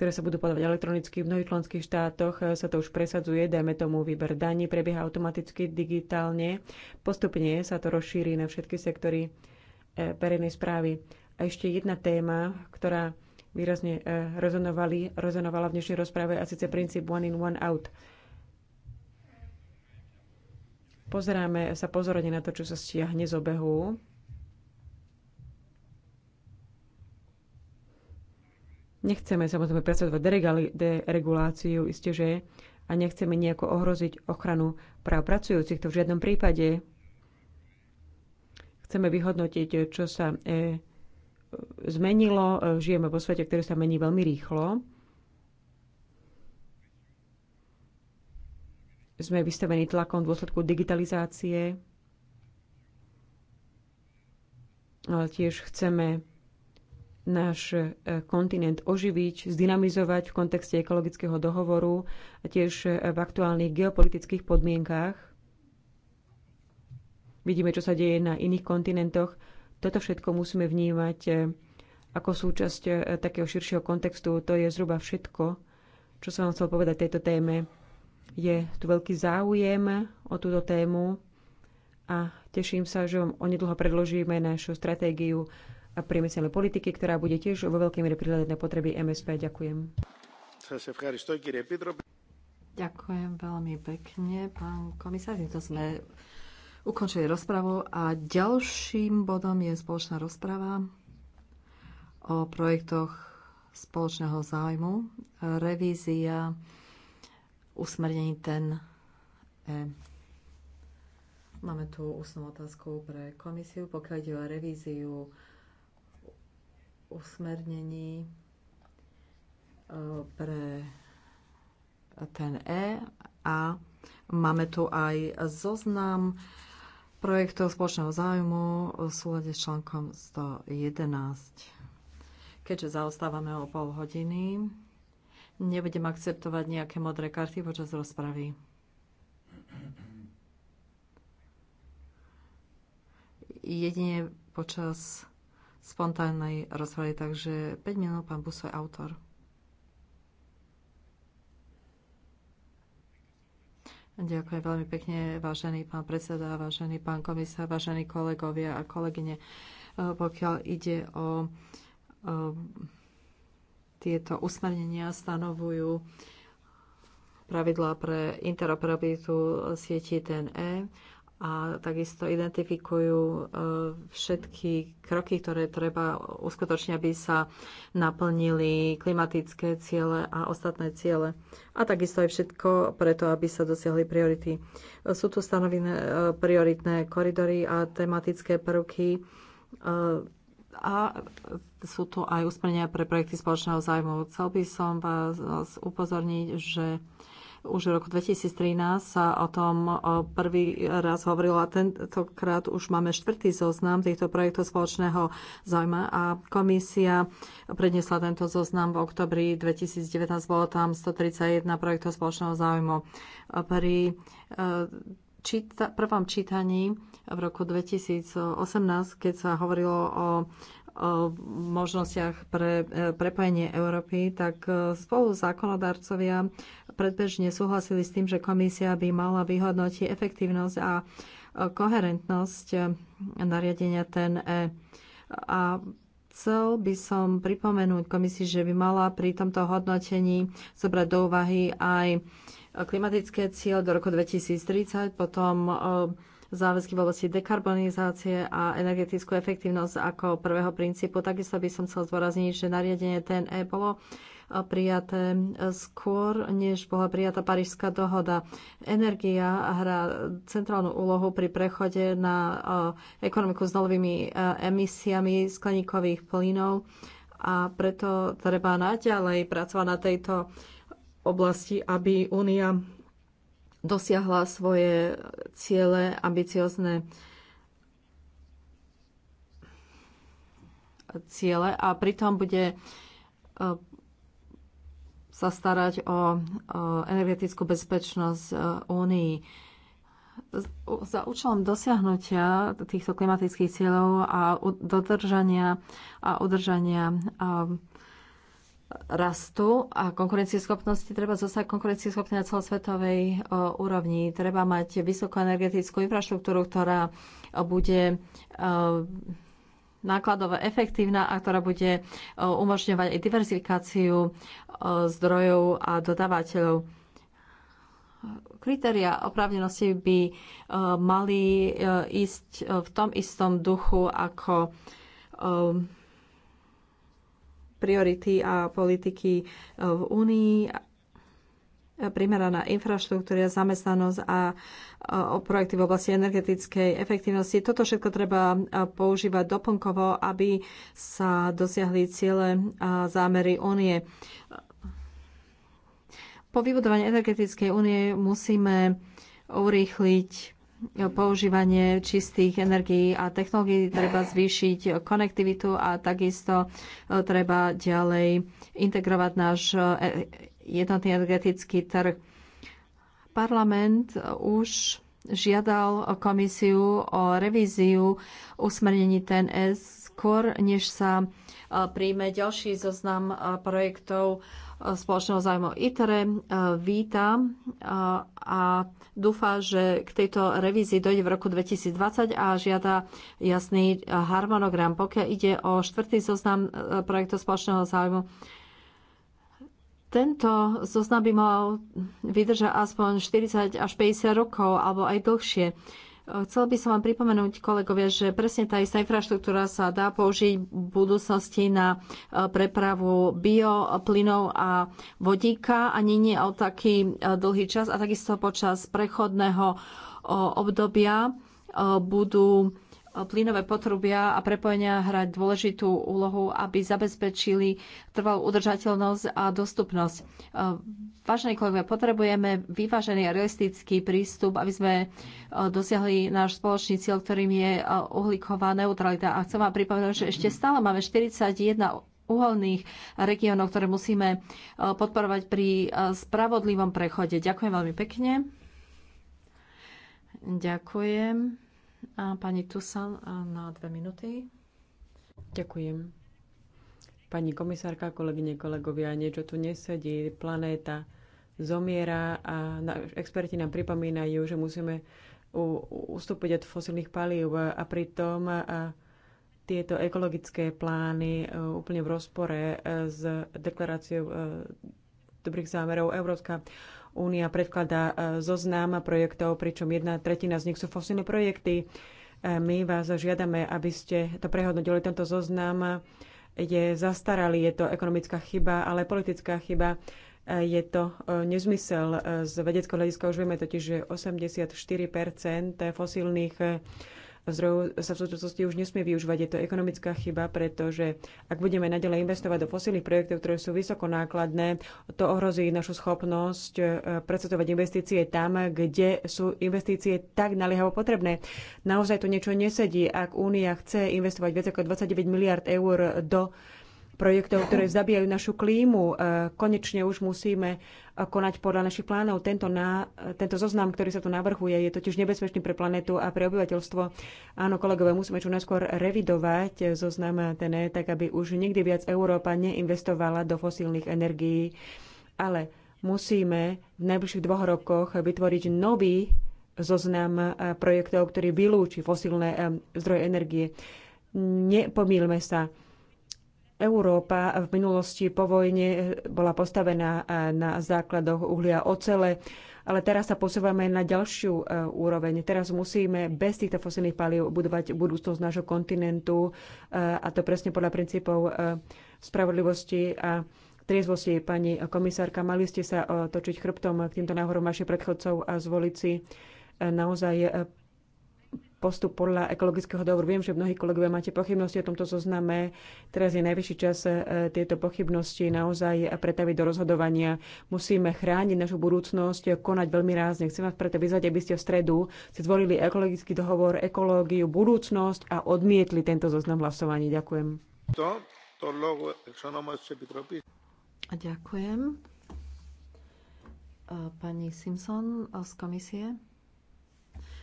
ktoré sa budú podávať elektronicky. V mnohých členských štátoch e, sa to už presadzuje, dajme tomu výber daní, prebieha automaticky, digitálne. Postupne sa to rozšíri na všetky sektory e, verejnej správy. A ešte jedna téma, ktorá výrazne e, rezonovali, rezonovala v dnešnej rozprave a síce princíp one in, one out. Pozeráme sa pozorne na to, čo sa stiahne z obehu Nechceme samozrejme presadzovať dereguláciu, isté, že a nechceme nejako ohroziť ochranu práv pracujúcich, to v žiadnom prípade. Chceme vyhodnotiť, čo sa e, zmenilo. Žijeme vo svete, ktorý sa mení veľmi rýchlo. Sme vystavení tlakom v dôsledku digitalizácie. Ale tiež chceme náš e, kontinent oživiť, zdynamizovať v kontexte ekologického dohovoru a tiež e, v aktuálnych geopolitických podmienkách. Vidíme, čo sa deje na iných kontinentoch. Toto všetko musíme vnímať e, ako súčasť takého širšieho kontextu. To je zhruba všetko, čo som vám chcel povedať tejto téme. Je tu veľký záujem o túto tému a teším sa, že vám onedlho predložíme našu stratégiu priemyselnej politiky, ktorá bude tiež vo veľkej miere prihľadať na potreby MSP. Ďakujem. Ďakujem veľmi pekne, pán komisár. Týmto sme ukončili rozpravu a ďalším bodom je spoločná rozprava o projektoch spoločného záujmu, revízia usmernení ten e. Máme tu ústnu otázku pre komisiu, pokiaľ ide o revíziu usmernení e, pre ten E a máme tu aj zoznam projektov spoločného záujmu v súlade s článkom 111. Keďže zaostávame o pol hodiny, nebudem akceptovať nejaké modré karty počas rozpravy. Jedine počas spontánnej rozhovory. Takže 5 minút, pán je autor. Ďakujem veľmi pekne, vážený pán predseda, vážený pán komisár, vážení kolegovia a kolegyne. E, pokiaľ ide o, o e, tieto usmernenia, stanovujú pravidlá pre interoperabilitu sieti TNE a takisto identifikujú e, všetky kroky, ktoré treba uskutočniť, aby sa naplnili klimatické ciele a ostatné ciele. A takisto aj všetko preto, aby sa dosiahli priority. Sú tu stanovené e, prioritné koridory a tematické prvky e, a sú tu aj usmernenia pre projekty spoločného zájmu. Chcel by som vás upozorniť, že už v roku 2013 sa o tom prvý raz hovorilo a tentokrát už máme štvrtý zoznam týchto projektov spoločného záujma a komisia predniesla tento zoznam v oktobri 2019. Bolo tam 131 projektov spoločného záujmu. Pri e, číta, prvom čítaní v roku 2018, keď sa hovorilo o, o možnostiach pre e, prepojenie Európy, tak e, spolu zákonodarcovia predbežne súhlasili s tým, že komisia by mala vyhodnotiť efektívnosť a e, koherentnosť e, nariadenia TNE. A chcel by som pripomenúť komisii, že by mala pri tomto hodnotení zobrať do úvahy aj e, klimatické cieľ do roku 2030, potom záväzky v oblasti dekarbonizácie a energetickú efektívnosť ako prvého princípu. Takisto by som chcel zdôrazniť, že nariadenie TNE bolo prijaté skôr, než bola prijatá Parížská dohoda. Energia hrá centrálnu úlohu pri prechode na eh, ekonomiku s novými eh, emisiami skleníkových plynov a preto treba naďalej pracovať na tejto oblasti, aby Únia dosiahla svoje ciele ambiciozne ciele a pritom bude eh, sa starať o energetickú bezpečnosť e, Únii. Za účelom dosiahnutia týchto klimatických cieľov a dodržania a udržania e, rastu a konkurencieschopnosti treba zostať konkurencieschopný na celosvetovej e, úrovni. Treba mať vysokú energetickú infraštruktúru, ktorá bude nákladovo efektívna a ktorá bude e, umožňovať aj diverzifikáciu e, zdrojov a dodávateľov. Kritéria oprávnenosti by e, mali ísť v tom istom duchu ako priority a politiky v Únii primeraná infraštruktúra, zamestnanosť a o projekty v oblasti energetickej efektivnosti. Toto všetko treba používať doplnkovo, aby sa dosiahli ciele a zámery únie. Po vybudovaní energetickej únie musíme urýchliť používanie čistých energií a technológií, treba zvýšiť konektivitu a takisto e, treba ďalej integrovať náš e, jednotný energetický trh. Parlament už žiadal komisiu o revíziu usmernení TNS skôr, než sa e, príjme ďalší zoznam e, projektov e, spoločného zájmu ITRE. Víta a dúfa, že k tejto revízii dojde v roku 2020 a žiada jasný harmonogram. Pokiaľ ide o štvrtý zoznam projektov spoločného zájmu, tento zoznam by mal vydržať aspoň 40 až 50 rokov alebo aj dlhšie. Chcel by som vám pripomenúť, kolegovia, že presne tá istá infraštruktúra sa dá použiť v budúcnosti na eh, prepravu bioplynov a vodíka, nie, nie o taký eh, dlhý čas a takisto počas prechodného eh, obdobia budú plynové potrubia a prepojenia hrať dôležitú úlohu, aby zabezpečili trvalú udržateľnosť a dostupnosť. E, Vážení kolegovia, potrebujeme vyvážený a realistický prístup, aby sme e, dosiahli náš spoločný cieľ, ktorým je e, uhlíková neutralita. A chcem vám pripomenúť, že ešte stále máme 41 uholných regiónov, ktoré musíme podporovať pri spravodlivom prechode. Ďakujem veľmi pekne. Ďakujem. A pani Tusan na dve minúty. Ďakujem. Pani komisárka, kolegyne, kolegovia, niečo tu nesedí, planéta zomiera a na, experti nám pripomínajú, že musíme u, ustúpiť od fosilných palív a pritom a tieto ekologické plány e, úplne v rozpore e, s deklaráciou e, dobrých zámerov Európska únia predkladá e, zoznám projektov, pričom jedna tretina z nich sú fosilné projekty. E, my vás žiadame, aby ste to prehodnotili. Tento zoznam je zastaralý, je to ekonomická chyba, ale politická chyba e, je to nezmysel. Z vedeckého hľadiska už vieme totiž, že 84 fosílnych zdrojov sa v súčasnosti už nesmie využívať. Je to ekonomická chyba, pretože ak budeme nadalej investovať do fosílnych projektov, ktoré sú vysoko nákladné, to ohrozí našu schopnosť e, predstavovať investície tam, kde sú investície tak naliehavo potrebné. Naozaj tu niečo nesedí. Ak Únia chce investovať viac ako 29 miliard eur do projektov, ktoré zabijajú našu klímu. E, konečne už musíme e, konať podľa našich plánov. Tento, na, e, tento zoznam, ktorý sa tu navrhuje, je totiž nebezpečný pre planetu a pre obyvateľstvo. Áno, kolegové, musíme čo najskôr revidovať zoznam ten, tak aby už nikdy viac Európa neinvestovala do fosílnych energií. Ale musíme v najbližších dvoch rokoch vytvoriť nový zoznam projektov, ktorý vylúči fosílne zdroje energie. Nepomílme sa Európa v minulosti po vojne bola postavená e, na základoch uhlia ocele, ale teraz sa posúvame na ďalšiu e, úroveň. Teraz musíme bez týchto fosilných palív budovať budúcnosť nášho kontinentu e, a to presne podľa princípov spravodlivosti a triezvosti. Pani komisárka, mali ste sa točiť chrbtom k týmto náhorom vašich predchodcov a zvoliť si naozaj postup podľa ekologického dohovoru. Viem, že mnohí kolegovia máte pochybnosti o tomto zozname. Teraz je najvyšší čas e, tieto pochybnosti naozaj pretaviť do rozhodovania. Musíme chrániť našu budúcnosť, konať veľmi rázne. Chcem vás preto vyzvať, aby ste v stredu si zvolili ekologický dohovor, ekológiu, budúcnosť a odmietli tento zoznam hlasovaní. Ďakujem. To, to logo, Ďakujem. E, pani Simpson z komisie.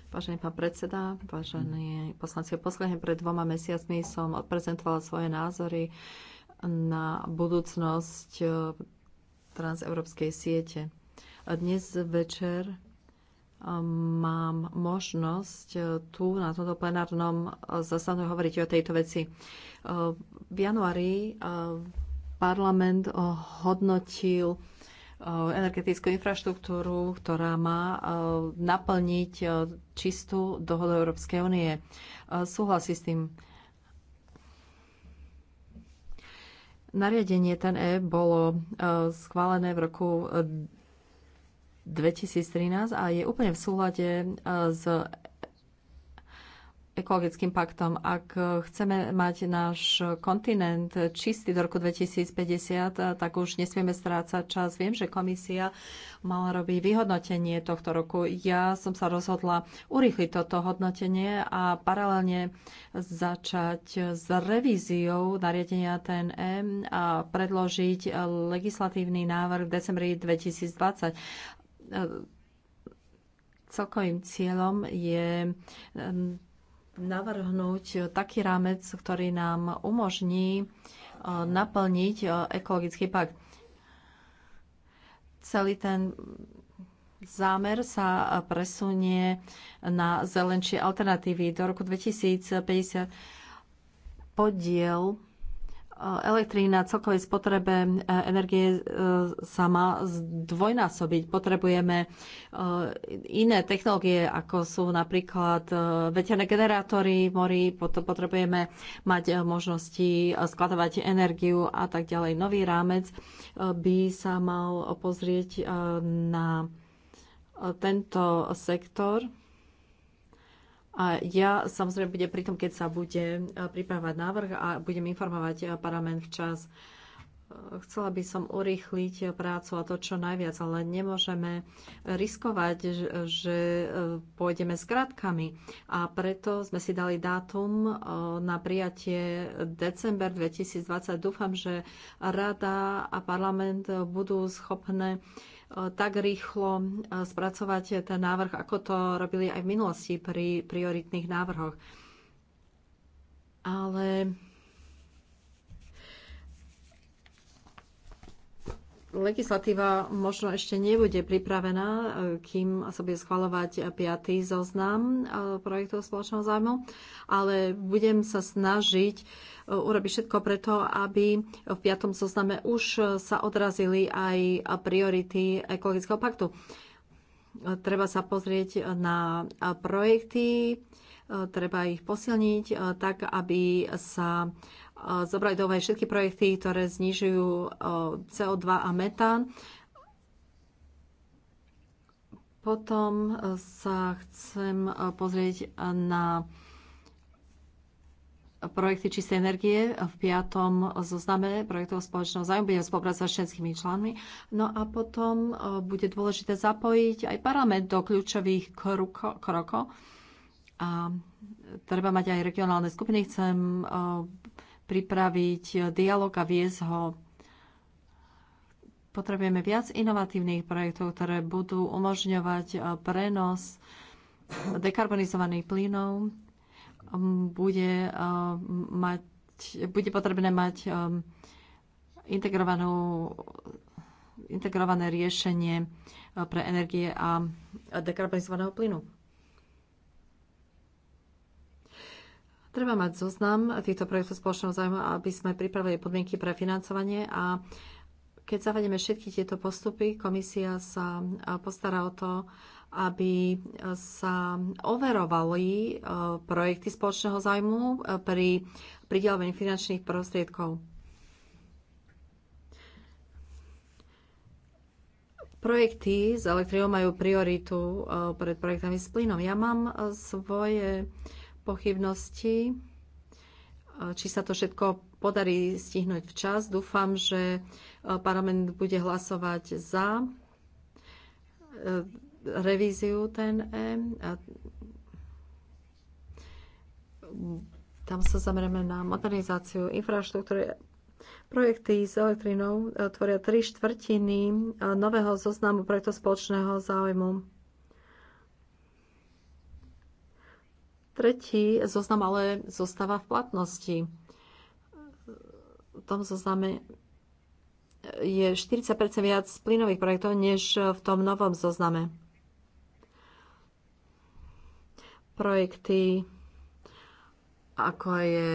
Vážený pán predseda, vážení poslanci posledne pred dvoma mesiacmi som odprezentovala svoje názory na budúcnosť eh, transeurópskej siete. A dnes večer eh, mám možnosť eh, tu na tomto plenárnom zasadnú hovoriť o tejto veci. V januári parlament hodnotil Eh, energetickú infraštruktúru, ktorá má eh, naplniť eh, čistú dohodu Európskej únie. Súhlasí s tým. Nariadenie TNE bolo schválené v roku 2013 a je úplne v súlade s ekologickým paktom. Ak chceme mať náš kontinent čistý do roku 2050, tak už nesmieme strácať čas. Viem, že komisia mala robiť vyhodnotenie tohto roku. Ja som sa rozhodla urýchliť toto hodnotenie a paralelne začať s revíziou nariadenia TNM a predložiť legislatívny návrh v decembri 2020 celkovým cieľom je navrhnúť taký rámec, ktorý nám umožní e, naplniť e, ekologický pakt. Celý ten zámer sa presunie na zelenšie alternatívy. Do roku 2050 podiel elektriny na celkovej spotrebe e, energie e, sa má zdvojnásobiť. Potrebujeme e, iné technológie, ako sú napríklad veterné generátory v mori, potom potrebujeme mať možnosti skladovať energiu a tak ďalej. Nový rámec by sa mal pozrieť na tento sektor a ja samozrejme budem pri tom, keď sa bude e, pripravovať návrh a budem informovať e, parlament včas. E, chcela by som urýchliť prácu a to čo najviac, ale nemôžeme riskovať, že pôjdeme s krátkami. A preto sme si dali dátum na prijatie december 2020. Dúfam, že rada a parlament budú schopné E, tak rýchlo e, spracovať ten návrh, ako to robili aj v minulosti pri prioritných návrhoch. Ale legislatíva možno ešte nebude pripravená, e, kým sa bude schvalovať piatý zoznam projektov spoločného zájmu, ale budem sa snažiť urobiť všetko preto, aby v piatom zozname už sa odrazili aj priority ekologického paktu. Treba sa pozrieť na projekty, treba ich posilniť eh, tak, aby sa eh, zobrali do úvahy všetky projekty, ktoré znižujú eh, CO2 a metán. Potom sa chcem pozrieť na projekty čisté energie v piatom zozname projektov spoločného zájmu. Budeme spolupracovať s členskými členmi. No a potom e, bude dôležité zapojiť aj parlament do kľúčových krokov. A treba mať aj regionálne skupiny. Chcem e, pripraviť dialog a viesť ho potrebujeme viac inovatívnych projektov, ktoré budú umožňovať e, prenos dekarbonizovaných plynov Um, bude, um, mať, bude potrebné mať um, integrovanú integrované riešenie uh, pre energie a dekarbonizovaného plynu. Treba mať zoznam týchto projektov spoločného zájmu, aby sme pripravili podmienky pre financovanie a keď zavedieme všetky tieto postupy, komisia sa uh, postará o to, aby sa overovali e, projekty spoločného zájmu e, pri pridelovaní finančných prostriedkov. Projekty s elektrinou majú prioritu e, pred projektami s plynom. Ja mám svoje pochybnosti, či sa to všetko podarí stihnúť včas. Dúfam, že parlament bude hlasovať za revíziu TNE a tam sa zamerieme na modernizáciu infraštruktúry. Projekty s elektrinou e, tvoria tri štvrtiny e, nového zoznamu projektov spoločného záujmu. Tretí zoznam ale zostáva v platnosti. V tom zozname je 40 viac plynových projektov než v tom novom zozname. projekty, ako je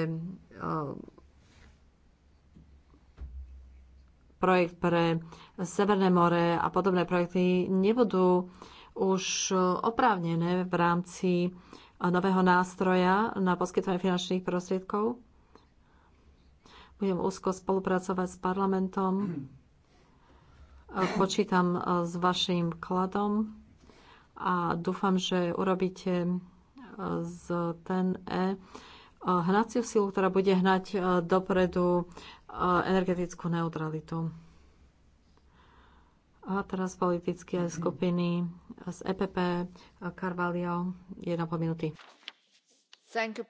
projekt pre Severné more a podobné projekty nebudú už oprávnené v rámci nového nástroja na poskytovanie finančných prostriedkov. Budem úzko spolupracovať s parlamentom. Počítam s vašim kladom a dúfam, že urobíte z TNE hnaciu silu, ktorá bude hnať e, dopredu e, energetickú neutralitu. A teraz politické mhm. skupiny z EPP e, Carvalho, jedna po minúty. You,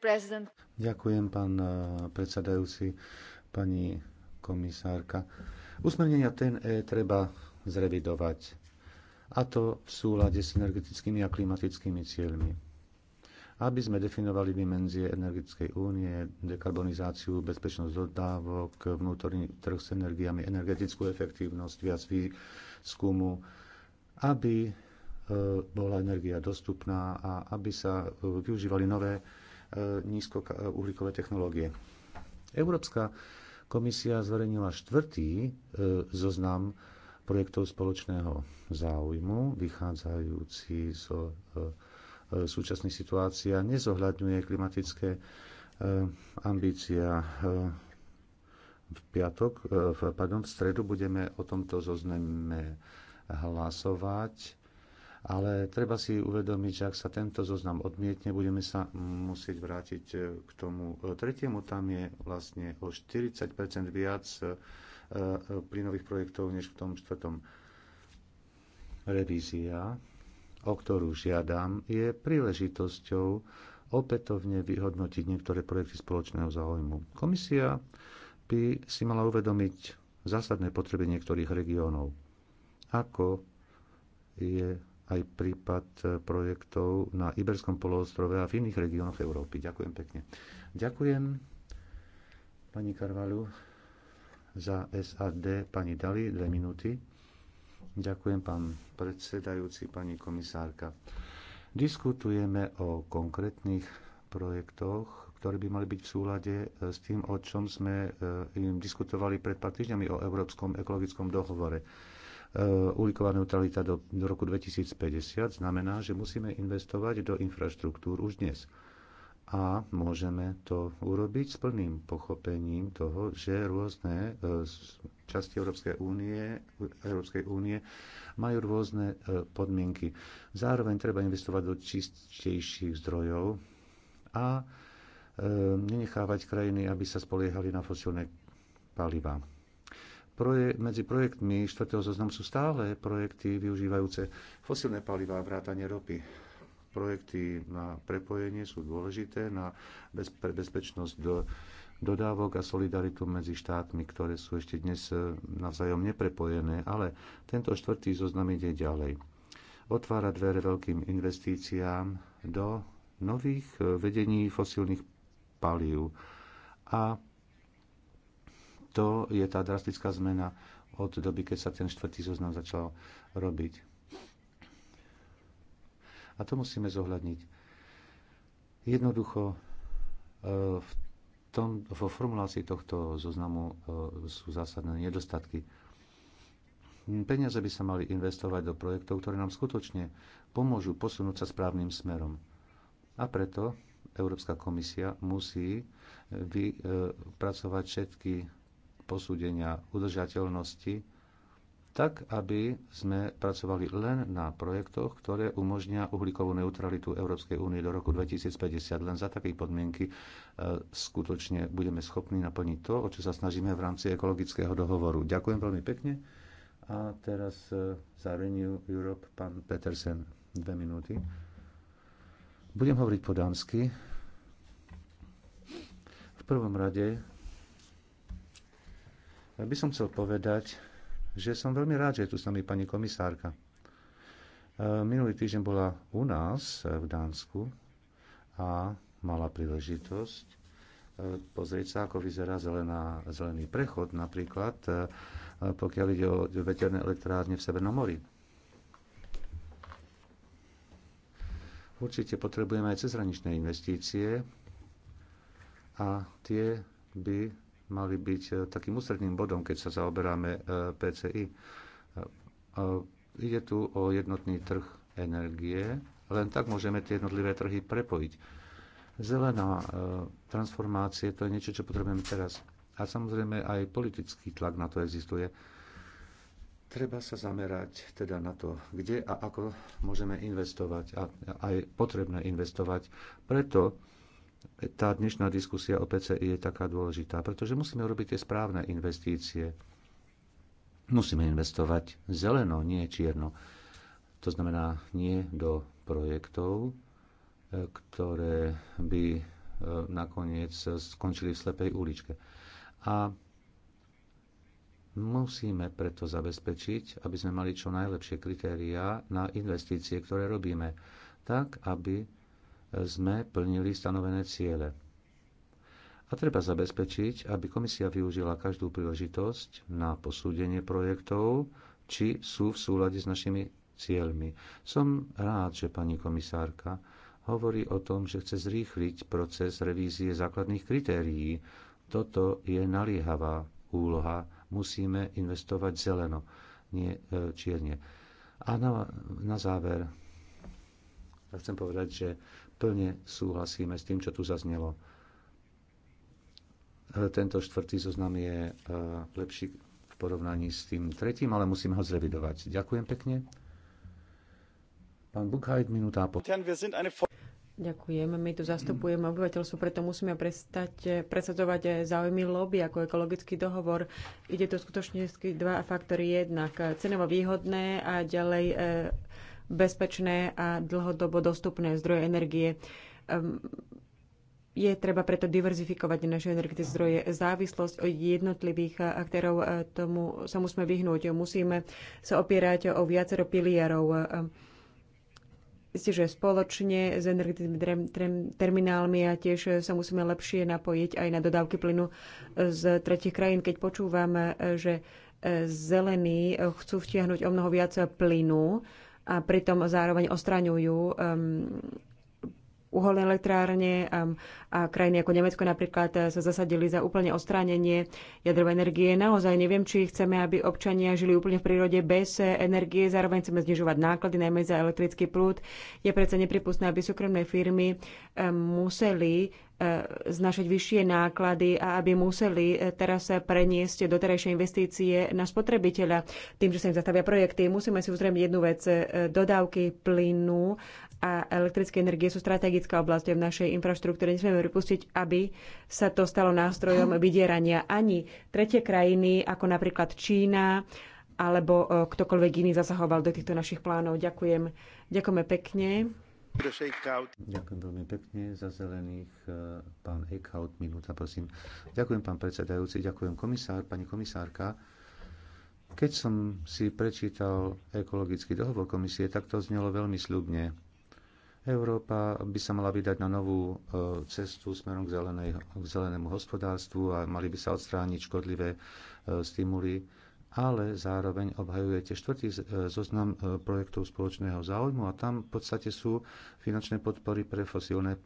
Ďakujem, pán predsedajúci, pani komisárka. Usmernenia TNE treba zrevidovať, a to v súlade s energetickými a klimatickými cieľmi aby sme definovali dimenzie energetickej únie, dekarbonizáciu, bezpečnosť dodávok, vnútorný trh s energiami, energetickú efektívnosť, viac výskumu, aby e, bola energia dostupná a aby sa e, využívali nové e, nízkouhlíkové technológie. Európska komisia zverejnila štvrtý zoznam projektov spoločného záujmu, vychádzajúci z so súčasná situácia nezohľadňuje klimatické e, ambície. E, v piatok, e, v, pardon, v stredu budeme o tomto zozname hlasovať, ale treba si uvedomiť, že ak sa tento zoznam odmietne, budeme sa musieť vrátiť k tomu tretiemu. Tam je vlastne o 40 viac plynových projektov než v tom štvrtom. Revízia o ktorú žiadam, je príležitosťou opätovne vyhodnotiť niektoré projekty spoločného záujmu. Komisia by si mala uvedomiť zásadné potreby niektorých regiónov, ako je aj prípad projektov na Iberskom poloostrove a v iných regiónoch Európy. Ďakujem pekne. Ďakujem pani Karvalu za SAD, pani Dali, dve minúty. Ďakujem, pán predsedajúci, pani komisárka. Diskutujeme o konkrétnych projektoch, ktoré by mali byť v súlade e, s tým, o čom sme e, im diskutovali pred pár týždňami o Európskom ekologickom dohovore. E, uhlíková neutralita do, do roku 2050 znamená, že musíme investovať do infraštruktúr už dnes a môžeme to urobiť s plným pochopením toho, že rôzne e, časti Európskej únie, Európskej únie majú rôzne e, podmienky. Zároveň treba investovať do čistejších zdrojov a e, nenechávať krajiny, aby sa spoliehali na fosilné paliva. Proje, medzi projektmi štvrtého zoznamu sú stále projekty využívajúce fosilné paliva a vrátanie ropy Projekty na prepojenie sú dôležité na pre bezpečnosť do dodávok a solidaritu medzi štátmi, ktoré sú ešte dnes e, navzájom neprepojené, ale tento štvrtý zoznam ide ďalej. Otvára dvere veľkým investíciám do nových e, vedení fosílnych palív. A to je tá drastická zmena od doby, keď sa ten štvrtý zoznam začal robiť. A to musíme zohľadniť. Jednoducho e, v tom, vo formulácii tohto zoznamu e, sú zásadné nedostatky. Peniaze by sa mali investovať do projektov, ktoré nám skutočne pomôžu posunúť sa správnym smerom. A preto Európska komisia musí e, vypracovať všetky posúdenia udržateľnosti tak aby sme pracovali len na projektoch, ktoré umožnia uhlíkovú neutralitu Európskej únie do roku 2050. Len za takej podmienky e, skutočne budeme schopní naplniť to, o čo sa snažíme v rámci ekologického dohovoru. Ďakujem veľmi pekne. A teraz e, za Renew Europe pán Petersen, dve minúty. Budem hovoriť po dánsky. V prvom rade e, by som chcel povedať, že som veľmi rád, že je tu s nami pani komisárka. E, minulý týždeň bola u nás e, v Dánsku a mala príležitosť e, pozrieť sa, ako vyzerá zelená, zelený prechod napríklad, pokiaľ ide o veterné elektrárne v Severnom mori. Určite potrebujeme aj cezhraničné investície a tie by mali byť e, takým ústredným bodom, keď sa zaoberáme e, PCI. E, ide tu o jednotný trh energie, len tak môžeme tie jednotlivé trhy prepojiť. Zelená transformácie to je niečo, čo potrebujeme teraz. A samozrejme aj politický tlak na to existuje. Treba sa zamerať teda na to, kde a ako môžeme investovať a aj potrebné investovať. Preto tá dnešná diskusia o PCI je taká dôležitá, pretože musíme robiť tie správne investície. Musíme investovať zeleno, nie čierno. To znamená nie do projektov, e, ktoré by e, nakoniec skončili v slepej uličke. A Musíme preto zabezpečiť, aby sme mali čo najlepšie kritériá na investície, ktoré robíme, tak aby sme plnili stanovené ciele. A treba zabezpečiť, aby komisia využila každú príležitosť na posúdenie projektov, či sú v súlade s našimi cieľmi. Som rád, že pani komisárka hovorí o tom, že chce zrýchliť proces revízie základných kritérií. Toto je naliehavá úloha. Musíme investovať zeleno, nie e, čierne. A na, na záver chcem povedať, že plne súhlasíme s tým, čo tu zaznelo. E, tento štvrtý zoznam je e, lepší v porovnaní s tým tretím, ale musíme ho zrevidovať. Ďakujem pekne. Pán Bukhajt, minúta a po... Ďakujem. My tu zastupujeme obyvateľstvo, preto musíme prestať e, presadzovať záujmy lobby ako ekologický dohovor. Ide to skutočne dva faktory. Jednak cenovo výhodné a ďalej bezpečné a dlhodobo dostupné zdroje energie. Ehm, je treba preto diverzifikovať naše energetické zdroje. Závislosť od jednotlivých aktérov, eh, tomu sa musíme vyhnúť. Musíme sa opierať o viacero pilierov. Ehm, Isté, že spoločne s energetickými terminálmi a tiež sa musíme lepšie napojiť aj na dodávky plynu z tretich krajín. Keď počúvam, eh, že eh, zelení chcú vtiahnuť o mnoho viac plynu, a pritom zároveň ostraňujú um, uholné elektrárne a, um, a krajiny ako Nemecko napríklad eh, sa zasadili za úplne odstránenie jadrovej energie. Naozaj neviem, či chceme, aby občania žili úplne v prírode bez eh, energie, zároveň chceme znižovať náklady, najmä za elektrický prúd. Je predsa nepripustné, aby súkromné firmy eh, museli znašať vyššie náklady a aby museli teraz preniesť doterajšie investície na spotrebiteľa tým, že sa im zastavia projekty. Musíme si uzrieť jednu vec. Dodávky plynu a elektrické energie sú strategická oblasť v našej infraštruktúre. Nesmieme pripustiť, aby sa to stalo nástrojom vydierania ani tretie krajiny, ako napríklad Čína, alebo e, ktokoľvek iný zasahoval do týchto našich plánov. Ďakujem. Ďakujeme pekne. Ďakujem veľmi pekne za zelených. E, pán Eichhout, minúta, prosím. Ďakujem, pán predsedajúci, ďakujem, komisár, pani komisárka. Keď som si prečítal ekologický dohovor komisie, tak to znelo veľmi sľubne. Európa by sa mala vydať na novú e, cestu smerom k, zelenej, k zelenému hospodárstvu a mali by sa odstrániť škodlivé e, stimuly, ale zároveň obhajujete štvrtý e, zoznam projektov spoločného záujmu a tam v podstate sú finančné podpory pre fosílne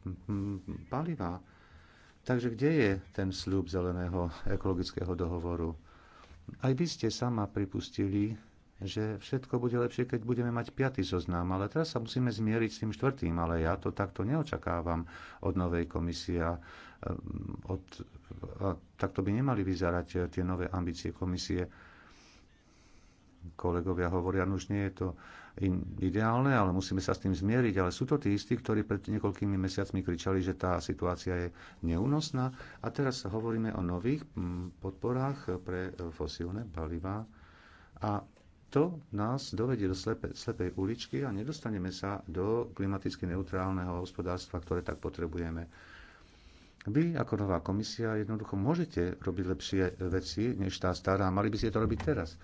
palivá. Takže kde je ten sľub zeleného ekologického dohovoru? Aj vy ste sama pripustili, že všetko bude lepšie, keď budeme mať piaty zoznam, ale teraz sa musíme zmieriť s tým štvrtým, ale ja to takto neočakávam od novej komisie ehm, od, a takto by nemali vyzerať e, tie nové ambície komisie. Kolegovia hovoria, no už nie je to ideálne, ale musíme sa s tým zmieriť. Ale sú to tí istí, ktorí pred niekoľkými mesiacmi kričali, že tá situácia je neúnosná. A teraz hovoríme o nových podporách pre fosílne palivá. A to nás dovedie do slepe, slepej uličky a nedostaneme sa do klimaticky neutrálneho hospodárstva, ktoré tak potrebujeme. Vy ako nová komisia jednoducho môžete robiť lepšie veci než tá stará. Mali by ste to robiť teraz.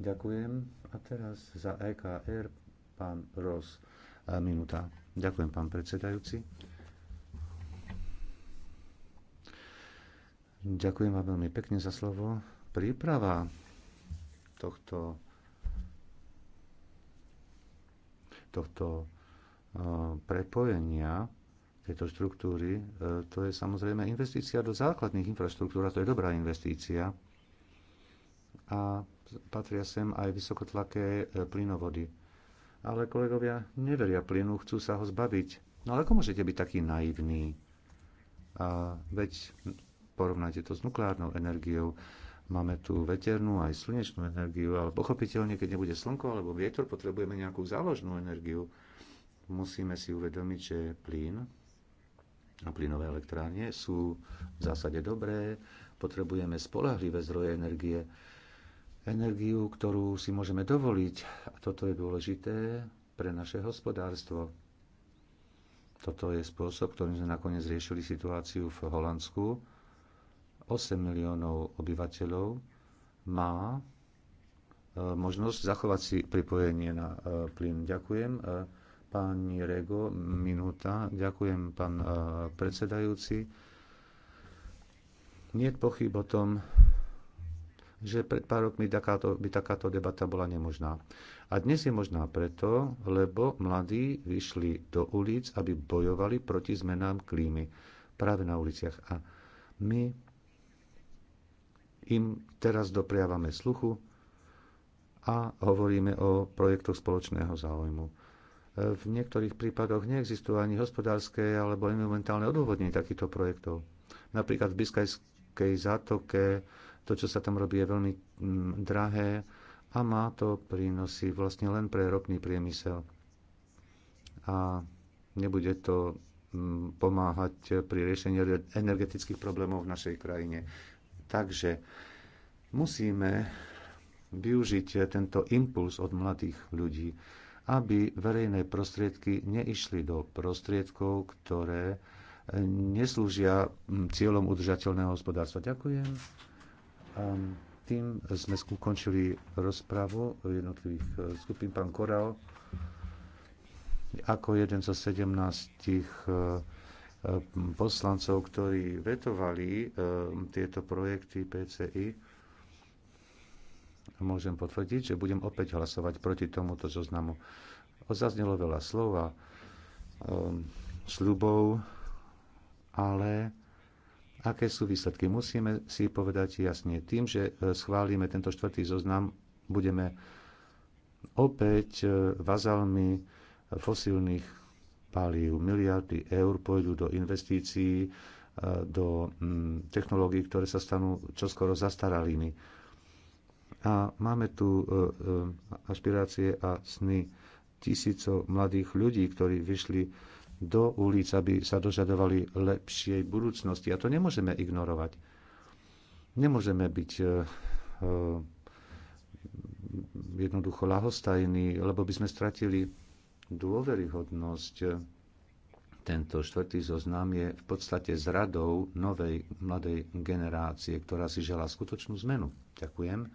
Ďakujem. A teraz za EKR pán Ros Minúta. Ďakujem, pán predsedajúci. Ďakujem vám veľmi pekne za slovo. Príprava tohto tohto e, prepojenia tejto štruktúry, e, to je samozrejme investícia do základných infraštruktúr, a to je dobrá investícia. A patria sem aj vysokotlaké e, plynovody. Ale kolegovia neveria plynu, chcú sa ho zbaviť. No ale ako môžete byť taký naivný? A veď porovnajte to s nukleárnou energiou. Máme tu veternú aj slnečnú energiu, ale pochopiteľne, keď nebude slnko alebo vietor, potrebujeme nejakú záložnú energiu. Musíme si uvedomiť, že plyn a plynové elektrárne sú v zásade dobré, potrebujeme spolahlivé zdroje energie, energiu, ktorú si môžeme dovoliť. A toto je dôležité pre naše hospodárstvo. Toto je spôsob, ktorým sme nakoniec riešili situáciu v Holandsku 8 miliónov obyvateľov má e, možnosť zachovať si pripojenie na e, plyn. Ďakujem. E, pani Rego, minúta. Ďakujem, pán predsedajúci. Nie je pochyb o tom, že pred pár rokmi takáto, by takáto debata bola nemožná. A dnes je možná preto, lebo mladí vyšli do ulic, aby bojovali proti zmenám klímy práve na uliciach. A my im teraz dopriavame sluchu a hovoríme o projektoch spoločného záujmu. E, v niektorých prípadoch neexistujú ani hospodárske alebo environmentálne odôvodnenie takýchto projektov. Napríklad v Biskajskej zátoke to, čo sa tam robí, je veľmi mm, drahé a má to prínosy vlastne len pre ropný priemysel. A nebude to mm, pomáhať pri riešení energetických problémov v našej krajine. Takže musíme využiť tento impuls od mladých ľudí, aby verejné prostriedky neišli do prostriedkov, ktoré neslúžia cieľom udržateľného hospodárstva. Ďakujem. Tým sme skončili rozpravu jednotlivých eh, skupín. Pán Koral, ako jeden zo 17 Eh, poslancov, ktorí vetovali eh, tieto projekty PCI, môžem potvrdiť, že budem opäť hlasovať proti tomuto zoznamu. Zaznelo veľa slov a eh, sľubov, ale aké sú výsledky? Musíme si povedať jasne. Tým, že schválime tento štvrtý zoznam, budeme opäť vazalmi fosílnych palív. Miliardy eur pôjdu do investícií, e, do mm, technológií, ktoré sa stanú čoskoro zastaralými. A máme tu e, e, aspirácie a sny tisícov mladých ľudí, ktorí vyšli do ulic, aby sa dožadovali lepšej budúcnosti. A to nemôžeme ignorovať. Nemôžeme byť jednoducho lahostajní, lebo by sme stratili dôveryhodnosť. Tento štvrtý zoznam je v podstate zradou novej mladej generácie, ktorá si žela skutočnú zmenu. Ďakujem.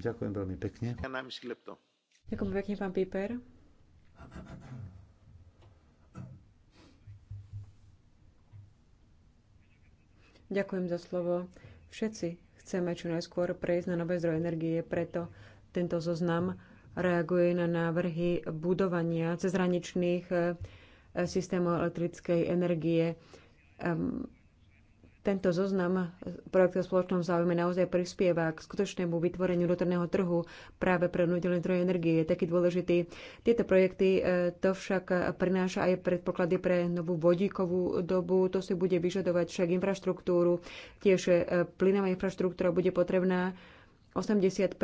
Ďakujem veľmi pekne. Ďakujem pekne, pán Piper. Ďakujem za slovo. Všetci chceme čo najskôr prejsť na nové zdroje energie, preto tento zoznam reaguje na návrhy budovania cezhraničných e, systémov elektrickej energie. Tento zoznam projektov v spoločnom záujme naozaj prispieva k skutočnému vytvoreniu vnútorného trhu práve pre obnoviteľné zdroje energie. Je taký dôležitý. Tieto projekty e, to však prináša aj predpoklady pre novú vodíkovú dobu. To si bude vyžadovať však infraštruktúru. Tiež e, plynová infraštruktúra bude potrebná 80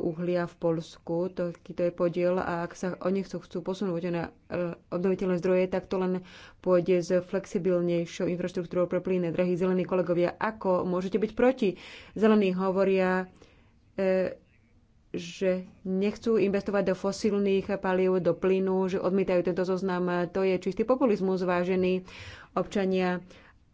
uhlia v Polsku, to, to je podiel, a ak sa o nich chcú posunúť na e, obnoviteľné zdroje, tak to len pôjde s flexibilnejšou infraštruktúrou pre plyne. Drahí zelení kolegovia, ako môžete byť proti? Zelení hovoria, e, že nechcú investovať do fosílnych palív, do plynu, že odmietajú tento zoznam. To je čistý populizmus, vážení občania,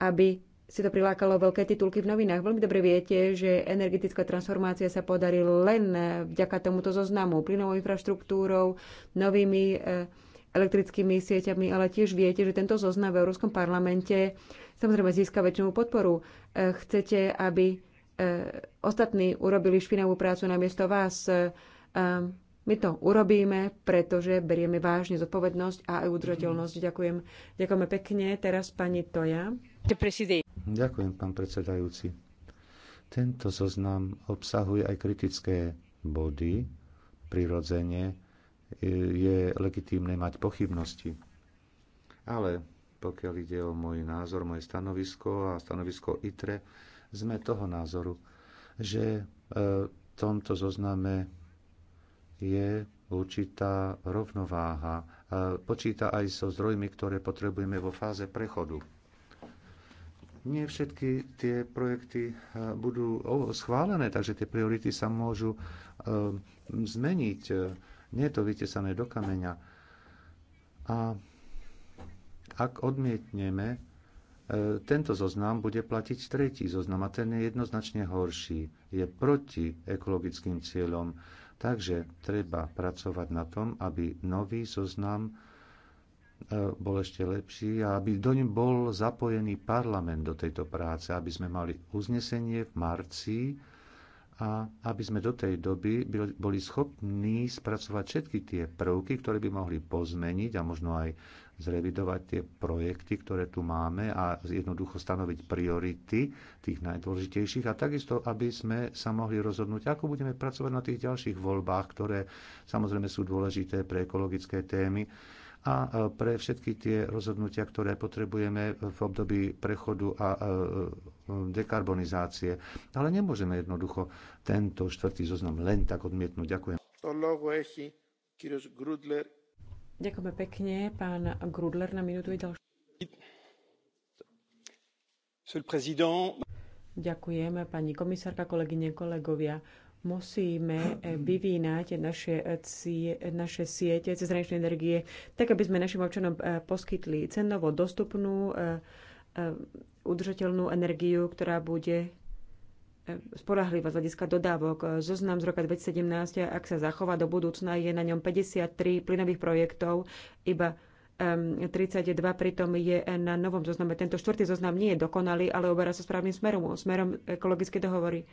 aby si to prilákalo veľké titulky v novinách. Veľmi dobre viete, že energetická transformácia sa podarí len eh, vďaka tomuto zoznamu, plynovou infraštruktúrou, novými eh, elektrickými sieťami, ale tiež viete, že tento zoznam v Európskom parlamente samozrejme získa väčšinu podporu. Eh, chcete, aby ostatní urobili špinavú prácu namiesto vás. My to urobíme, pretože berieme vážne zodpovednosť a aj udržateľnosť. Ďakujem. Ďakujeme pekne. Teraz pani Toja. Ďakujem, pán predsedajúci. Tento zoznam obsahuje aj kritické body. Prirodzene e, je legitímne mať pochybnosti. Ale pokiaľ ide o môj názor, moje stanovisko a stanovisko ITRE, sme toho názoru, že e, v tomto zozname je určitá rovnováha. Počíta aj so zdrojmi, ktoré potrebujeme vo fáze prechodu nie všetky tie projekty eh, budú schválené, takže tie priority sa môžu eh, zmeniť. Eh, nie je to vytesané do kameňa. A ak odmietneme, tento zoznam bude platiť tretí zoznam a ten je jednoznačne horší. Je proti ekologickým cieľom. Takže treba pracovať na tom, aby nový zoznam E, bol ešte lepší a aby ním bol zapojený parlament do tejto práce, aby sme mali uznesenie v marci a aby sme do tej doby boli schopní spracovať všetky tie prvky, ktoré by mohli pozmeniť a možno aj zrevidovať tie projekty, ktoré tu máme a jednoducho stanoviť priority tých najdôležitejších a takisto, aby sme sa mohli rozhodnúť, ako budeme pracovať na tých ďalších voľbách, ktoré samozrejme sú dôležité pre ekologické témy a e, pre všetky tie rozhodnutia, ktoré potrebujeme v období prechodu a e, e, dekarbonizácie. Ale nemôžeme jednoducho tento štvrtý zoznam len tak odmietnúť. Ďakujem. Ďakujeme pekne. Pán Grudler na minútu je ďalší. Ďakujem, pani komisárka, kolegyne, kolegovia musíme eh, vyvínať naše, naše siete cezhraničnej energie, tak aby sme našim občanom eh, poskytli cenovo dostupnú, eh, udržateľnú energiu, ktorá bude spolahlivá z hľadiska dodávok. Zoznam z roka 2017, ak sa zachová do budúcna, je na ňom 53 plynových projektov, iba 32 ehm, pritom je na novom zozname. Tento štvrtý zoznam nie je dokonalý, ale uberá sa správnym smerom, smerom ekologické dohovory.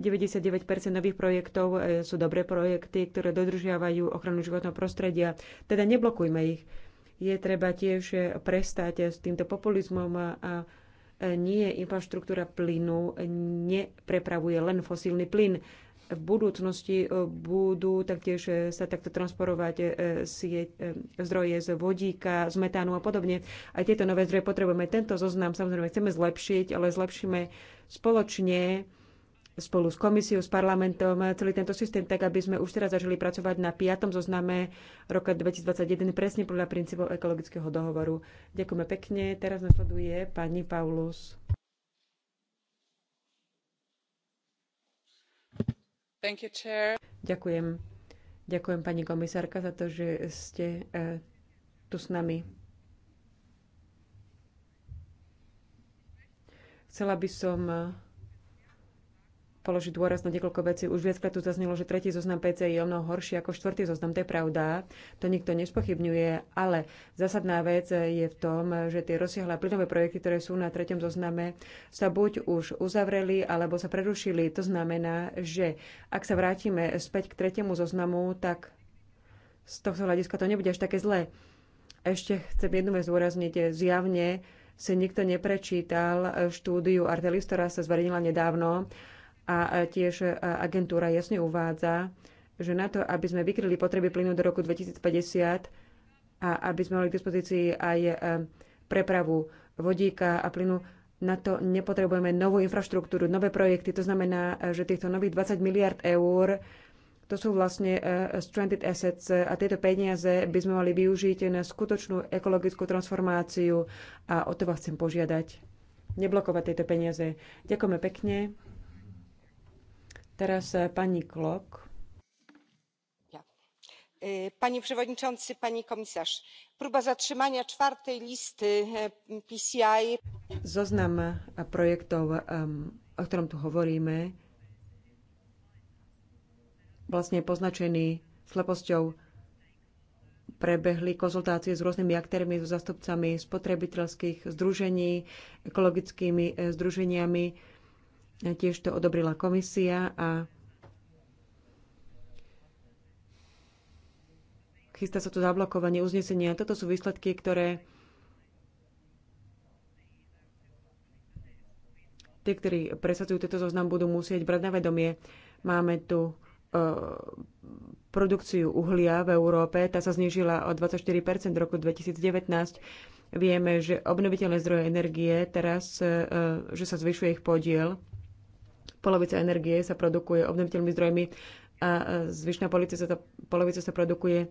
99% nových projektov e, sú dobré projekty, ktoré dodržiavajú ochranu životného prostredia. Teda neblokujme ich. Je treba tiež e, prestať e, s týmto populizmom a nie infraštruktúra plynu neprepravuje len fosílny plyn. V budúcnosti budú taktiež sa takto transporovať sieť, zdroje z vodíka, z metánu a podobne. Aj tieto nové zdroje potrebujeme. Tento zoznam samozrejme chceme zlepšiť, ale zlepšíme spoločne spolu s komisiou, s parlamentom celý tento systém, tak aby sme už teraz začali pracovať na piatom zozname roka 2021 presne podľa princípov ekologického dohovoru. Ďakujeme pekne. Teraz nasleduje pani Paulus. You, Ďakujem. Ďakujem pani komisárka za to, že ste e, tu s nami. Chcela by som e, položiť dôraz na niekoľko vecí. Už viackrát tu zaznelo, že tretí zoznam PC je o mnoho horší ako štvrtý zoznam, to je pravda, to nikto nespochybňuje, ale zásadná vec je v tom, že tie rozsiahle plynové projekty, ktoré sú na treťom zozname, sa buď už uzavreli, alebo sa prerušili. To znamená, že ak sa vrátime späť k tretiemu zoznamu, tak z tohto hľadiska to nebude až také zlé. Ešte chcem jednu vec zdôrazniť. Zjavne si nikto neprečítal štúdiu Artelis, ktorá sa zverejnila nedávno a e, tiež e, agentúra jasne uvádza, že na to, aby sme vykryli potreby plynu do roku 2050 a aby sme mali k dispozícii aj e, prepravu vodíka a plynu, na to nepotrebujeme novú infraštruktúru, nové projekty. To znamená, že týchto nových 20 miliard eur to sú vlastne stranded assets a tieto peniaze by sme mali využiť na skutočnú ekologickú transformáciu a o to vás chcem požiadať. Neblokovať tieto peniaze. Ďakujeme pekne. Teraz eh, pani Klok. Eh, panie przewodniczący, pani komisarz, próba zatrzymania czwartej listy eh, PCI. Zoznam projektov, o ktorom tu hovoríme, vlastne poznačený sleposťou prebehli konzultácie s rôznymi aktérmi, so zastupcami spotrebiteľských združení, ekologickými združeniami Tiež to odobrila komisia a chystá sa tu zablokovanie uznesenia. Toto sú výsledky, ktoré tí, ktorí presadzujú tento zoznam, budú musieť brať na vedomie. Máme tu e, produkciu uhlia v Európe, tá sa znižila o 24 v roku 2019. Vieme, že obnoviteľné zdroje energie teraz, e, e, že sa zvyšuje ich podiel Polovica energie sa produkuje obnoviteľnými zdrojmi a zvyšná polovica sa, polovica sa produkuje e,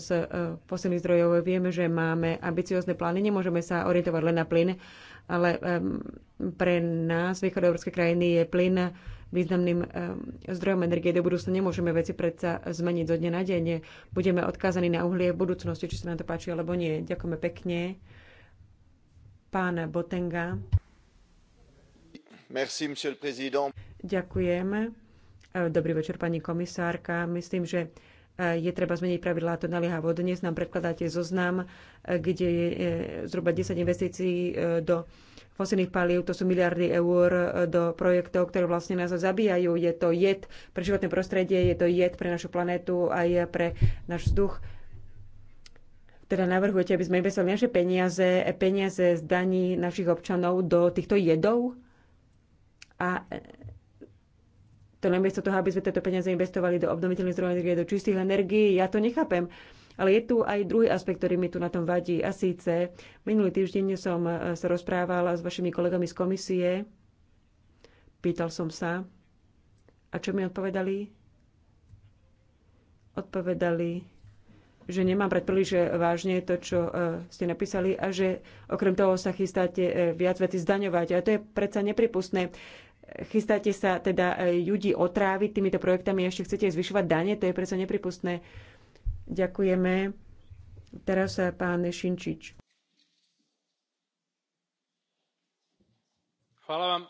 z e, fosilných zdrojov. Vieme, že máme ambiciozne plány, nemôžeme sa orientovať len na plyn, ale pre nás, východoeurópske krajiny, je plyn významným zdrojom energie do budúcna. Nemôžeme veci predsa zmeniť zo dňa na deň. Budeme odkázaní na uhlie v budúcnosti, či sa nám to páči alebo nie. Ďakujeme pekne. Pána Botenga. Merci, monsieur le président. Ďakujem. E, dobrý večer, pani komisárka. Myslím, že e, je treba zmeniť pravidlá, to naliehavo. Dnes nám predkladáte zoznam, e, kde je zhruba 10 investícií do fosilných palív, to sú miliardy eur do projektov, ktoré vlastne nás zabíjajú. Je to jed pre životné prostredie, je to jed pre našu planétu a je pre náš vzduch. Teda navrhujete, aby sme investovali naše peniaze, peniaze z daní našich občanov do týchto jedov? A e, to namiesto toho, aby sme tieto peniaze investovali do obnoviteľných zdrojov energie, do čistých energií, ja to nechápem. Ale je tu aj druhý aspekt, ktorý mi tu na tom vadí. A síce, minulý týždeň som e, sa rozprávala s vašimi kolegami z komisie. Pýtal som sa. A čo mi odpovedali? Odpovedali, že nemám brať príliš e, vážne to, čo ste napísali a že okrem toho sa chystáte viac veci zdaňovať. A to je predsa nepripustné chystáte sa teda e, ľudí otráviť týmito projektami, a ešte chcete zvyšovať dane, to je predsa nepripustné. Ďakujeme. Teraz sa e, pán Šinčič. Chvala vám.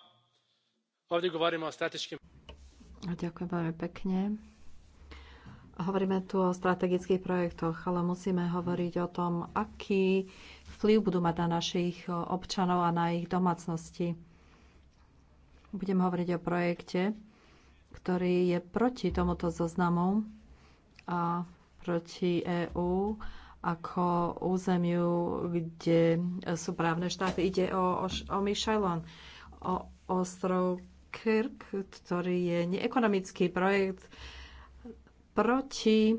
Ovdje govoríme o strateškim... Ďakujem veľmi pekne. Hovoríme tu o strategických projektoch, ale musíme hovoriť o tom, aký vplyv budú mať na našich občanov a na ich domácnosti budem hovoriť o projekte, ktorý je proti tomuto zoznamu a proti EÚ ako územiu, kde sú právne štáty. Ide o, o, o Michelon, o ostrov Kirk, ktorý je neekonomický projekt proti e,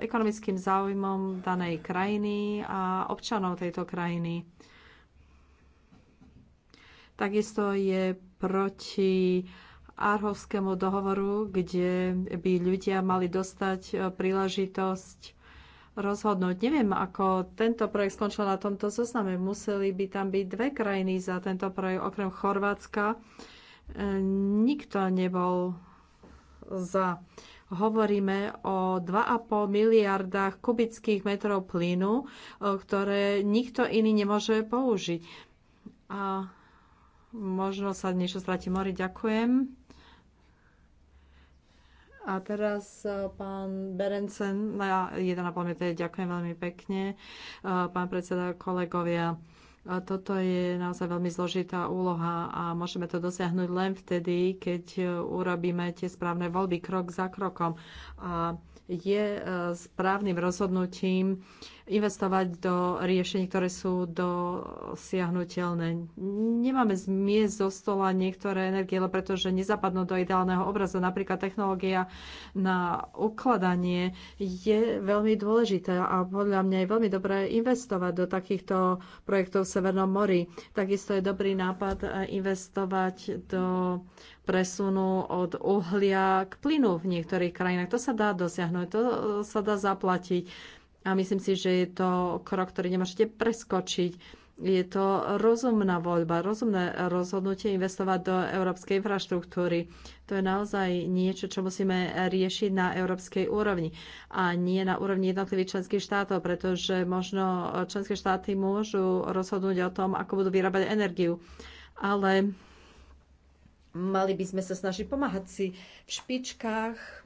ekonomickým záujmom danej krajiny a občanov tejto krajiny. Takisto je proti Arhovskému dohovoru, kde by ľudia mali dostať e, príležitosť rozhodnúť. Neviem, ako tento projekt skončil na tomto zozname. Museli by tam byť dve krajiny za tento projekt, okrem Chorvátska. E, nikto nebol za. Hovoríme o 2,5 miliardách kubických metrov plynu, e, ktoré nikto iný nemôže použiť. A Možno sa niečo stratí mori. Ďakujem. A teraz e, pán Berencen, na 1,5 minúte, ďakujem veľmi pekne. E, pán predseda, kolegovia, e, toto je naozaj veľmi zložitá úloha a môžeme to dosiahnuť len vtedy, keď urobíme tie správne voľby krok za krokom. A je správnym rozhodnutím investovať do riešení, ktoré sú dosiahnutelné. Nemáme zmiesť zo stola niektoré energie, ale pretože nezapadnú do ideálneho obrazu. Napríklad technológia na ukladanie je veľmi dôležitá a podľa mňa je veľmi dobré investovať do takýchto projektov v Severnom mori. Takisto je dobrý nápad investovať do presunu od uhlia k plynu v niektorých krajinách. To sa dá dosiahnuť, to sa dá zaplatiť a myslím si, že je to krok, ktorý nemôžete preskočiť. Je to rozumná voľba, rozumné rozhodnutie investovať do európskej infraštruktúry. To je naozaj niečo, čo musíme riešiť na európskej úrovni a nie na úrovni jednotlivých členských štátov, pretože možno členské štáty môžu rozhodnúť o tom, ako budú vyrábať energiu. Ale mali by sme sa snažiť pomáhať si v špičkách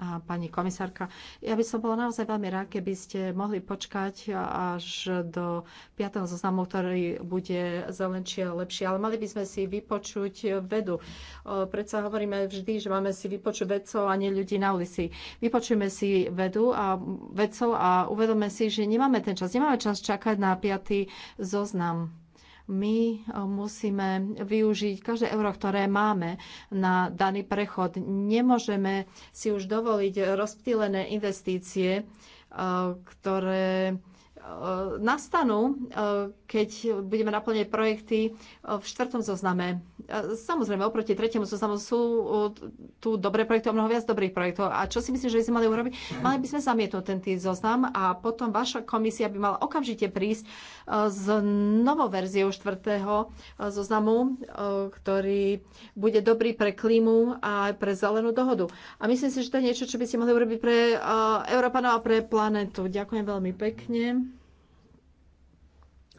a pani komisárka. Ja by som bola naozaj veľmi rád, keby ste mohli počkať až do 5. zoznamu, ktorý bude zelenšie a lepšie. Ale mali by sme si vypočuť vedu. Predsa hovoríme vždy, že máme si vypočuť vedcov a nie ľudí na ulici. Vypočujeme si vedu a vedcov a uvedome si, že nemáme ten čas. Nemáme čas čakať na 5. zoznam my e, musíme využiť každé euro, ktoré máme na daný prechod. Nemôžeme si už dovoliť rozptýlené investície, e, ktoré E, nastanú, e, keď budeme naplňať projekty e, v štvrtom zozname. Samozrejme, oproti tretiemu zoznamu sú tu dobré projekty, o mnoho viac dobrých projektov. A čo si myslím, že by sme mali urobiť? Mali by sme zamietnúť ten zoznam a potom vaša komisia by mala okamžite prísť s novou verziou štvrtého zoznamu, ktorý bude dobrý pre klímu a pre zelenú dohodu. A myslím si, že to je niečo, čo by ste mohli urobiť pre Európanov a pre planetu. Ďakujem veľmi pekne.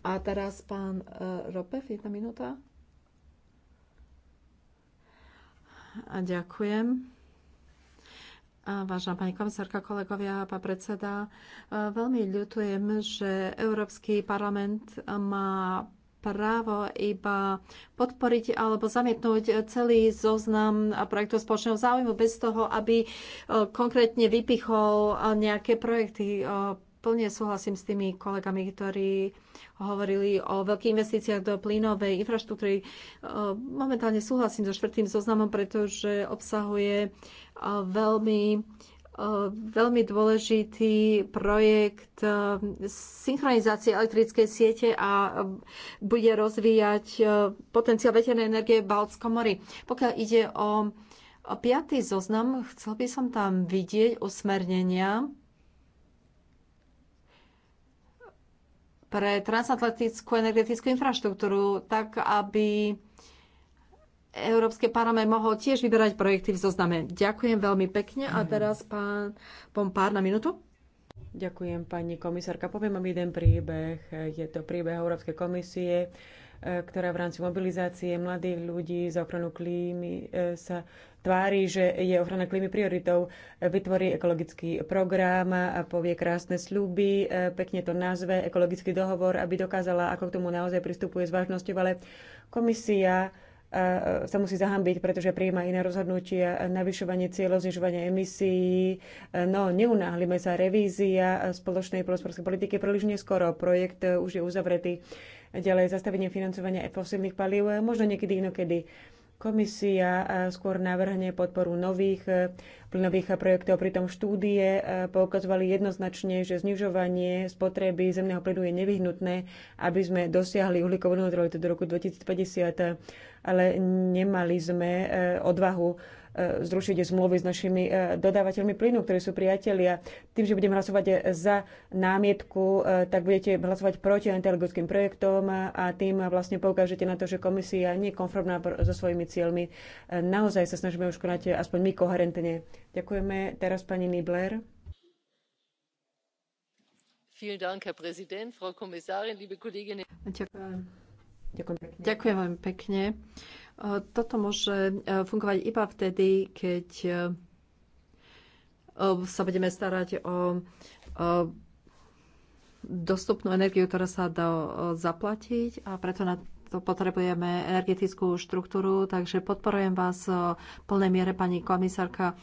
A teraz pán e, Ropef, jedna minúta. A ďakujem. A vážená pani komisárka, kolegovia, pán predseda, e, veľmi ľutujem, že Európsky parlament má právo iba podporiť alebo zamietnúť celý zoznam projektov spoločného záujmu bez toho, aby e, konkrétne vypichol nejaké projekty plne súhlasím s tými kolegami, ktorí hovorili o veľkých investíciách do plynovej infraštruktúry. E, momentálne súhlasím so štvrtým zoznamom, pretože obsahuje e, veľmi e, veľmi dôležitý projekt synchronizácie elektrickej siete a bude rozvíjať potenciál veternej energie v Baltskom mori. Pokiaľ ide o piatý zoznam, chcel by som tam vidieť usmernenia pre transatlantickú energetickú infraštruktúru, tak aby Európske parlament mohol tiež vyberať projekty v zozname. Ďakujem veľmi pekne a mhm. teraz pán Pompár na minútu. Ďakujem, pani komisárka. Poviem vám jeden príbeh. Je to príbeh Európskej komisie E, ktorá v rámci mobilizácie mladých ľudí za ochranu klímy e, sa tvári, že je ochrana klímy prioritou, e, vytvorí ekologický program a povie krásne sľuby, pekne to nazve, ekologický dohovor, aby dokázala, ako k tomu naozaj pristupuje s vážnosťou, ale komisia sa musí zahambiť, pretože prijíma iné rozhodnutia, navyšovanie cieľov, znižovanie emisí. No, neunáhlime sa, revízia spoločnej polospodárskej politiky príliš neskoro. Projekt už je uzavretý ďalej zastavenie financovania fosilných palív, možno niekedy inokedy. Komisia skôr navrhne podporu nových e, plynových projektov, pritom štúdie e, poukazovali jednoznačne, že znižovanie spotreby zemného plynu je nevyhnutné, aby sme dosiahli uhlíkovú neutralitu do roku 2050, ale nemali sme e, odvahu zrušiť zmluvy s našimi e, dodávateľmi plynu, ktorí sú priatelia. Tým, že budem hlasovať za námietku, e, tak budete hlasovať proti antialgickým projektom a tým vlastne poukážete na to, že komisia nie je konformná so svojimi cieľmi. E, naozaj sa snažíme už konať aspoň my koherentne. Ďakujeme teraz pani Nibler. Ďakujem. Ďakujem. Ďakujem veľmi pekne. Toto môže e, fungovať iba vtedy, keď e, e, sa budeme starať o dostupnú energiu, ktorá sa dá zaplatiť a preto na potrebujeme energetickú štruktúru, takže podporujem vás v plnej miere, pani komisárka, e,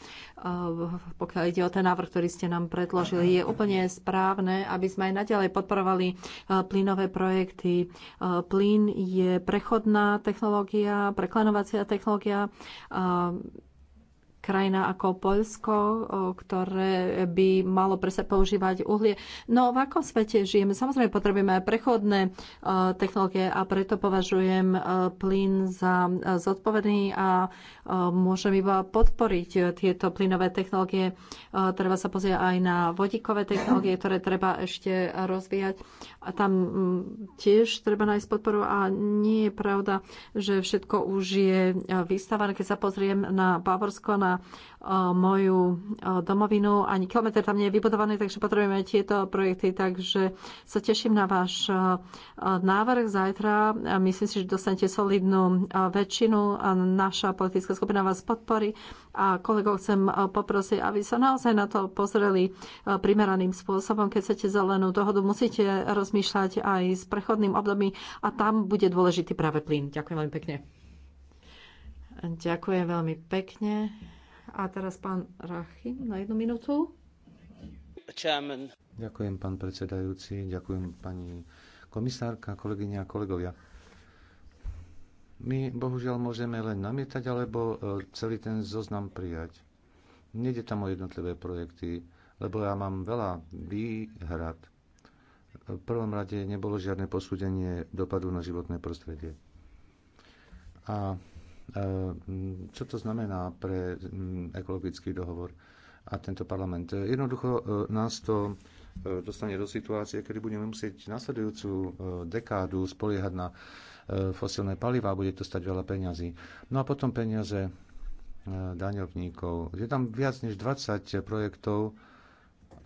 pokiaľ ide o ten návrh, ktorý ste nám predložili. Je úplne správne, aby sme aj naďalej podporovali e, plynové projekty. E, plyn je prechodná technológia, preklenovacia technológia krajina ako Poľsko, ktoré by malo pre sa používať uhlie. No v akom svete žijeme? Samozrejme potrebujeme aj prechodné technológie a preto považujem plyn za zodpovedný a môžem iba podporiť tieto plynové technológie. Treba sa pozrieť aj na vodíkové technológie, ktoré treba ešte rozvíjať a tam mm, tiež treba nájsť podporu a nie je pravda, že všetko už je e, vystávané. Keď sa pozriem na Bavorsko, na e, moju e, domovinu, ani kilometr tam nie je vybudovaný, takže potrebujeme tieto projekty. Takže sa teším na váš návrh zajtra. Myslím si, že dostanete solidnú väčšinu. Naša politická skupina vás podporí a kolegov chcem poprosiť, aby sa naozaj na to pozreli primeraným spôsobom. Keď chcete zelenú dohodu, musíte rozprávať rozmýšľať aj s prechodným obdobím a tam bude dôležitý práve plyn. Ďakujem veľmi pekne. Ďakujem veľmi pekne. A teraz pán Rachim na jednu minútu. Ďakujem, pán predsedajúci, ďakujem, pani komisárka, kolegyne a kolegovia. My bohužiaľ môžeme len namietať alebo e, celý ten zoznam prijať. Nede tam o jednotlivé projekty, lebo ja mám veľa výhrad v prvom rade nebolo žiadne posúdenie dopadu na životné prostredie. A e, čo to znamená pre mm, ekologický dohovor a tento parlament? E, jednoducho e, nás to dostane do situácie, kedy budeme musieť nasledujúcu dekádu spoliehať na fosilné paliva a bude to stať veľa peňazí. No a potom peniaze daňovníkov. Je tam viac než 20 projektov,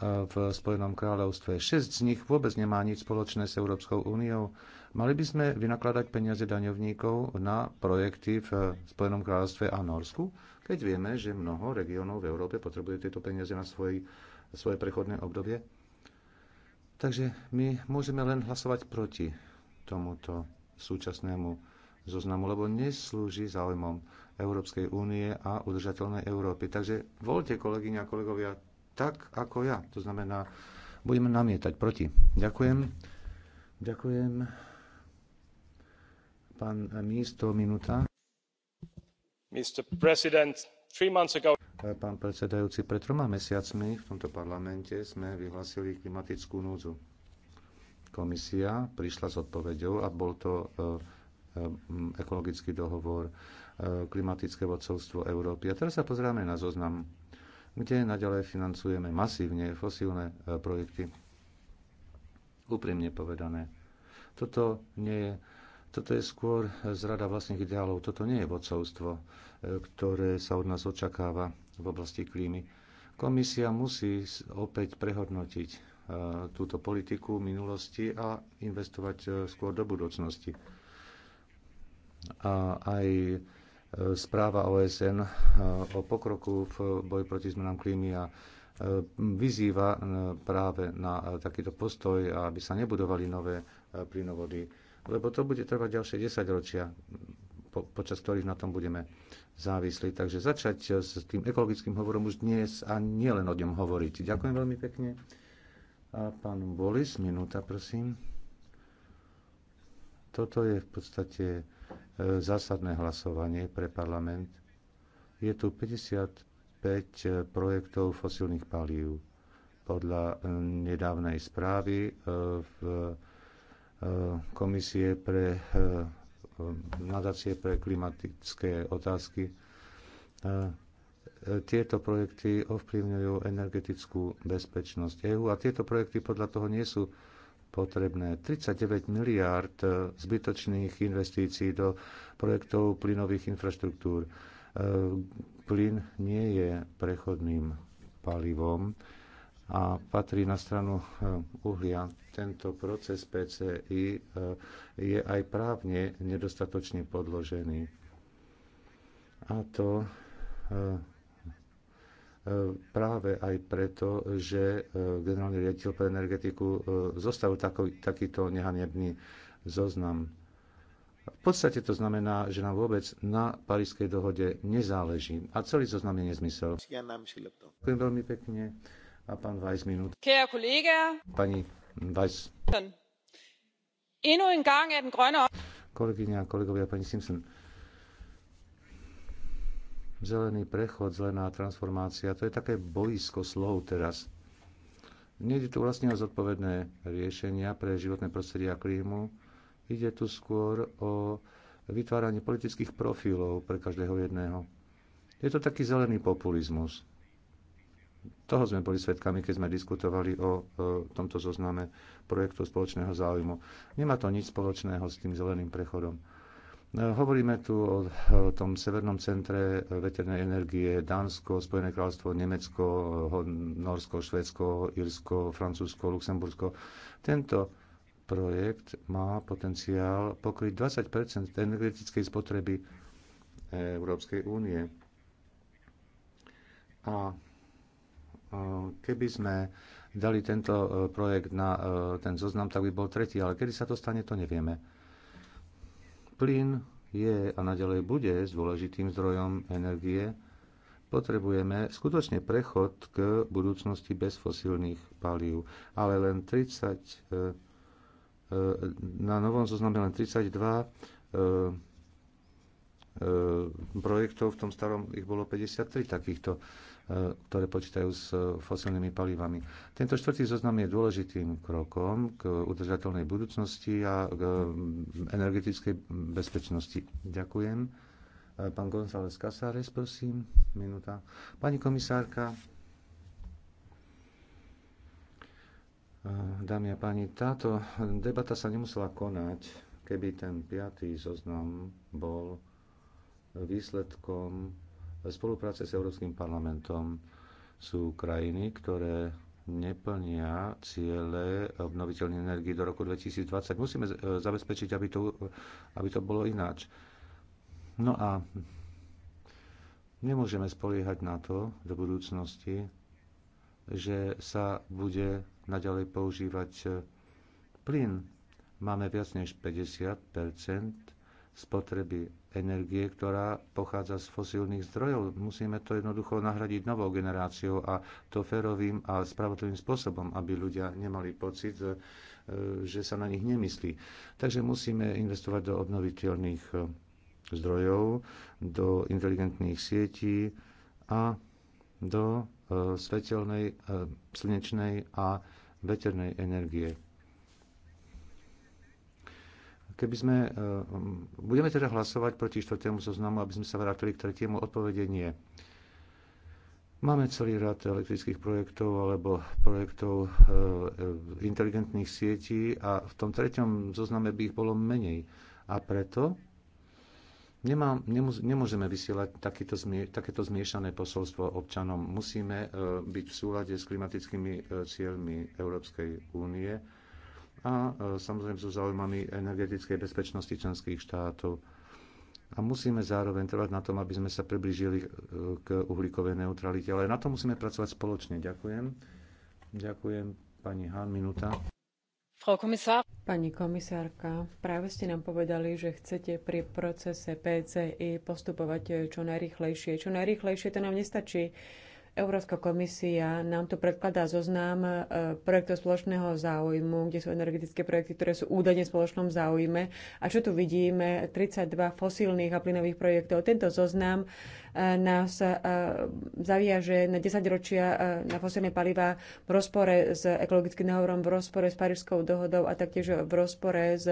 v Spojenom kráľovstve. Šesť z nich vôbec nemá nič spoločné s Európskou úniou. Mali by sme vynakladať peniaze daňovníkov na projekty v Spojenom kráľovstve a Norsku, keď vieme, že mnoho regiónov v Európe potrebuje tieto peniaze na svoj, svoje prechodné obdobie. Takže my môžeme len hlasovať proti tomuto súčasnému zoznamu, lebo neslúži záujmom Európskej únie a udržateľnej Európy. Takže voľte, kolegyňa a kolegovia, tak ako ja. To znamená, budeme namietať proti. Ďakujem. Ďakujem. Pán místo minúta. Mr. President, three months ago... Eh, pán predsedajúci, pred troma mesiacmi v tomto parlamente sme vyhlasili klimatickú núdzu. Komisia prišla s odpoveďou a bol to eh, eh, ekologický dohovor, klimatické vodcovstvo Európy. A teraz sa pozráme na zoznam kde naďalej financujeme masívne fosílne e, projekty. Úprimne povedané, toto nie je toto je skôr zrada vlastných ideálov. Toto nie je vodcovstvo, e, ktoré sa od nás očakáva v oblasti klímy. Komisia musí opäť prehodnotiť e, túto politiku minulosti a investovať skôr do budúcnosti. A aj správa OSN eh, o pokroku v boji proti zmenám klímy a eh, vyzýva eh, práve na takýto postoj, aby sa nebudovali nové plynovody, lebo to bude trvať ďalšie 10 ročia, po, počas ktorých na tom budeme závislí. Takže začať s tým ekologickým hovorom už dnes a nielen o ňom hovoriť. Ďakujem veľmi pekne. A pán Bolis, minúta prosím. Toto je v podstate zásadné hlasovanie pre parlament. Je tu 55 projektov fosílnych palív. Podľa eh, nedávnej správy eh, v eh, komisie pre nadácie pre klimatické otázky. Tieto projekty ovplyvňujú energetickú bezpečnosť EÚ a tieto projekty podľa toho nie sú potrebné. 39 miliárd e, zbytočných investícií do projektov plynových infraštruktúr. E, plyn nie je prechodným palivom a patrí na stranu e, uhlia. Tento proces PCI je aj právne nedostatočne podložený. A to E, práve aj preto, že e, generálny riaditeľ pre energetiku e, zostavil takýto nehanebný zoznam. V podstate to znamená, že nám vôbec na Parískej dohode nezáleží. A celý zoznam je nezmysel. Ďakujem veľmi pekne. A pán Vajs minút. Pani Weiss. Kolegyňa, kolegovia, pani Simpson Zelený prechod, zelená transformácia, to je také boisko slov teraz. Nejde tu vlastne o zodpovedné riešenia pre životné prostredie a klímu. Ide tu skôr o vytváranie politických profilov pre každého jedného. Je to taký zelený populizmus. Toho sme boli svedkami, keď sme diskutovali o, tomto zozname projektu spoločného záujmu. Nemá to nič spoločného s tým zeleným prechodom. No, hovoríme tu o tom severnom centre veternej energie Dánsko, Spojené kráľstvo, Nemecko, Norsko, Švedsko, Irsko, Francúzsko, Luxembursko. Tento projekt má potenciál pokryť 20 energetickej spotreby Európskej únie. A keby sme dali tento e, projekt na e, ten zoznam, tak by bol tretí, ale kedy sa to stane, to nevieme. Plyn je a naďalej bude s dôležitým zdrojom energie. Potrebujeme skutočne prechod k budúcnosti bez fosílnych palív, ale len 30, eh, eh, na novom zozname len 32 eh, projektov, v tom starom ich bolo 53 takýchto ktoré počítajú s eh, fosilnými palivami. Tento štvrtý zoznam je dôležitým krokom k udržateľnej budúcnosti a k mm, energetickej bezpečnosti. Ďakujem. Eh, pán González Casares, prosím, minúta. Pani komisárka, eh, Dámy a páni, táto debata sa nemusela konať, keby ten piatý zoznam bol výsledkom spolupráce s Európskym parlamentom sú krajiny, ktoré neplnia ciele obnoviteľnej energii do roku 2020. Musíme e, zabezpečiť, aby to, aby to bolo ináč. No a nemôžeme spoliehať na to do budúcnosti, že sa bude naďalej používať e, plyn. Máme viac než 50 spotreby energie, ktorá pochádza z fosílnych zdrojov. Musíme to jednoducho nahradiť novou generáciou a to férovým a spravodlivým spôsobom, aby ľudia nemali pocit, e, že sa na nich nemyslí. Takže musíme investovať do obnoviteľných e, zdrojov, do inteligentných sietí a do e, svetelnej, slnečnej a veternej energie. Keby sme, eh, budeme teda hlasovať proti štvrtému zoznamu, aby sme sa vrátili k tretiemu odpovedenie. Máme celý rad elektrických projektov alebo projektov eh, inteligentných sietí a v tom treťom zozname by ich bolo menej. A preto nemá, nemus, nemôžeme vysielať takýto zmie, takéto zmiešané posolstvo občanom. Musíme eh, byť v súlade s klimatickými cieľmi Európskej únie a e, samozrejme sú zaujímami energetickej bezpečnosti členských štátov. A musíme zároveň trvať na tom, aby sme sa priblížili e, k uhlíkovej neutralite. Ale na to musíme pracovať spoločne. Ďakujem. Ďakujem. Pani Han minúta. Pani komisárka, práve ste nám povedali, že chcete pri procese PCI postupovať e, čo najrychlejšie. Čo najrychlejšie to nám nestačí Európska komisia nám tu predkladá zoznam e, projektov spoločného záujmu, kde sú energetické projekty, ktoré sú údajne v spoločnom záujme. A čo tu vidíme? 32 fosílnych a plynových projektov. Tento zoznam nás e, zaviaže na 10 ročia e, na fosilné paliva v rozpore s ekologickým dohovorom, v rozpore s Parížskou dohodou a taktiež v rozpore s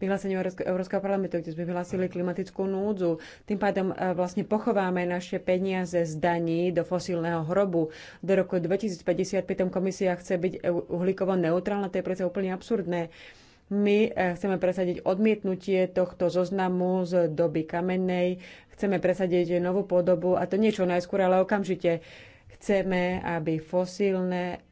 vyhlásením Európskeho parlamentu, kde sme vyhlásili klimatickú núdzu. Tým pádom e, vlastne pochováme naše peniaze z daní do fosílneho hrobu. Do roku 2055 komisia chce byť uhlíkovo neutrálna, to je predsa úplne absurdné. My eh, chceme presadiť odmietnutie tohto zoznamu z doby kamennej, chceme presadiť novú podobu a to niečo najskôr, ale okamžite chceme, aby fosílne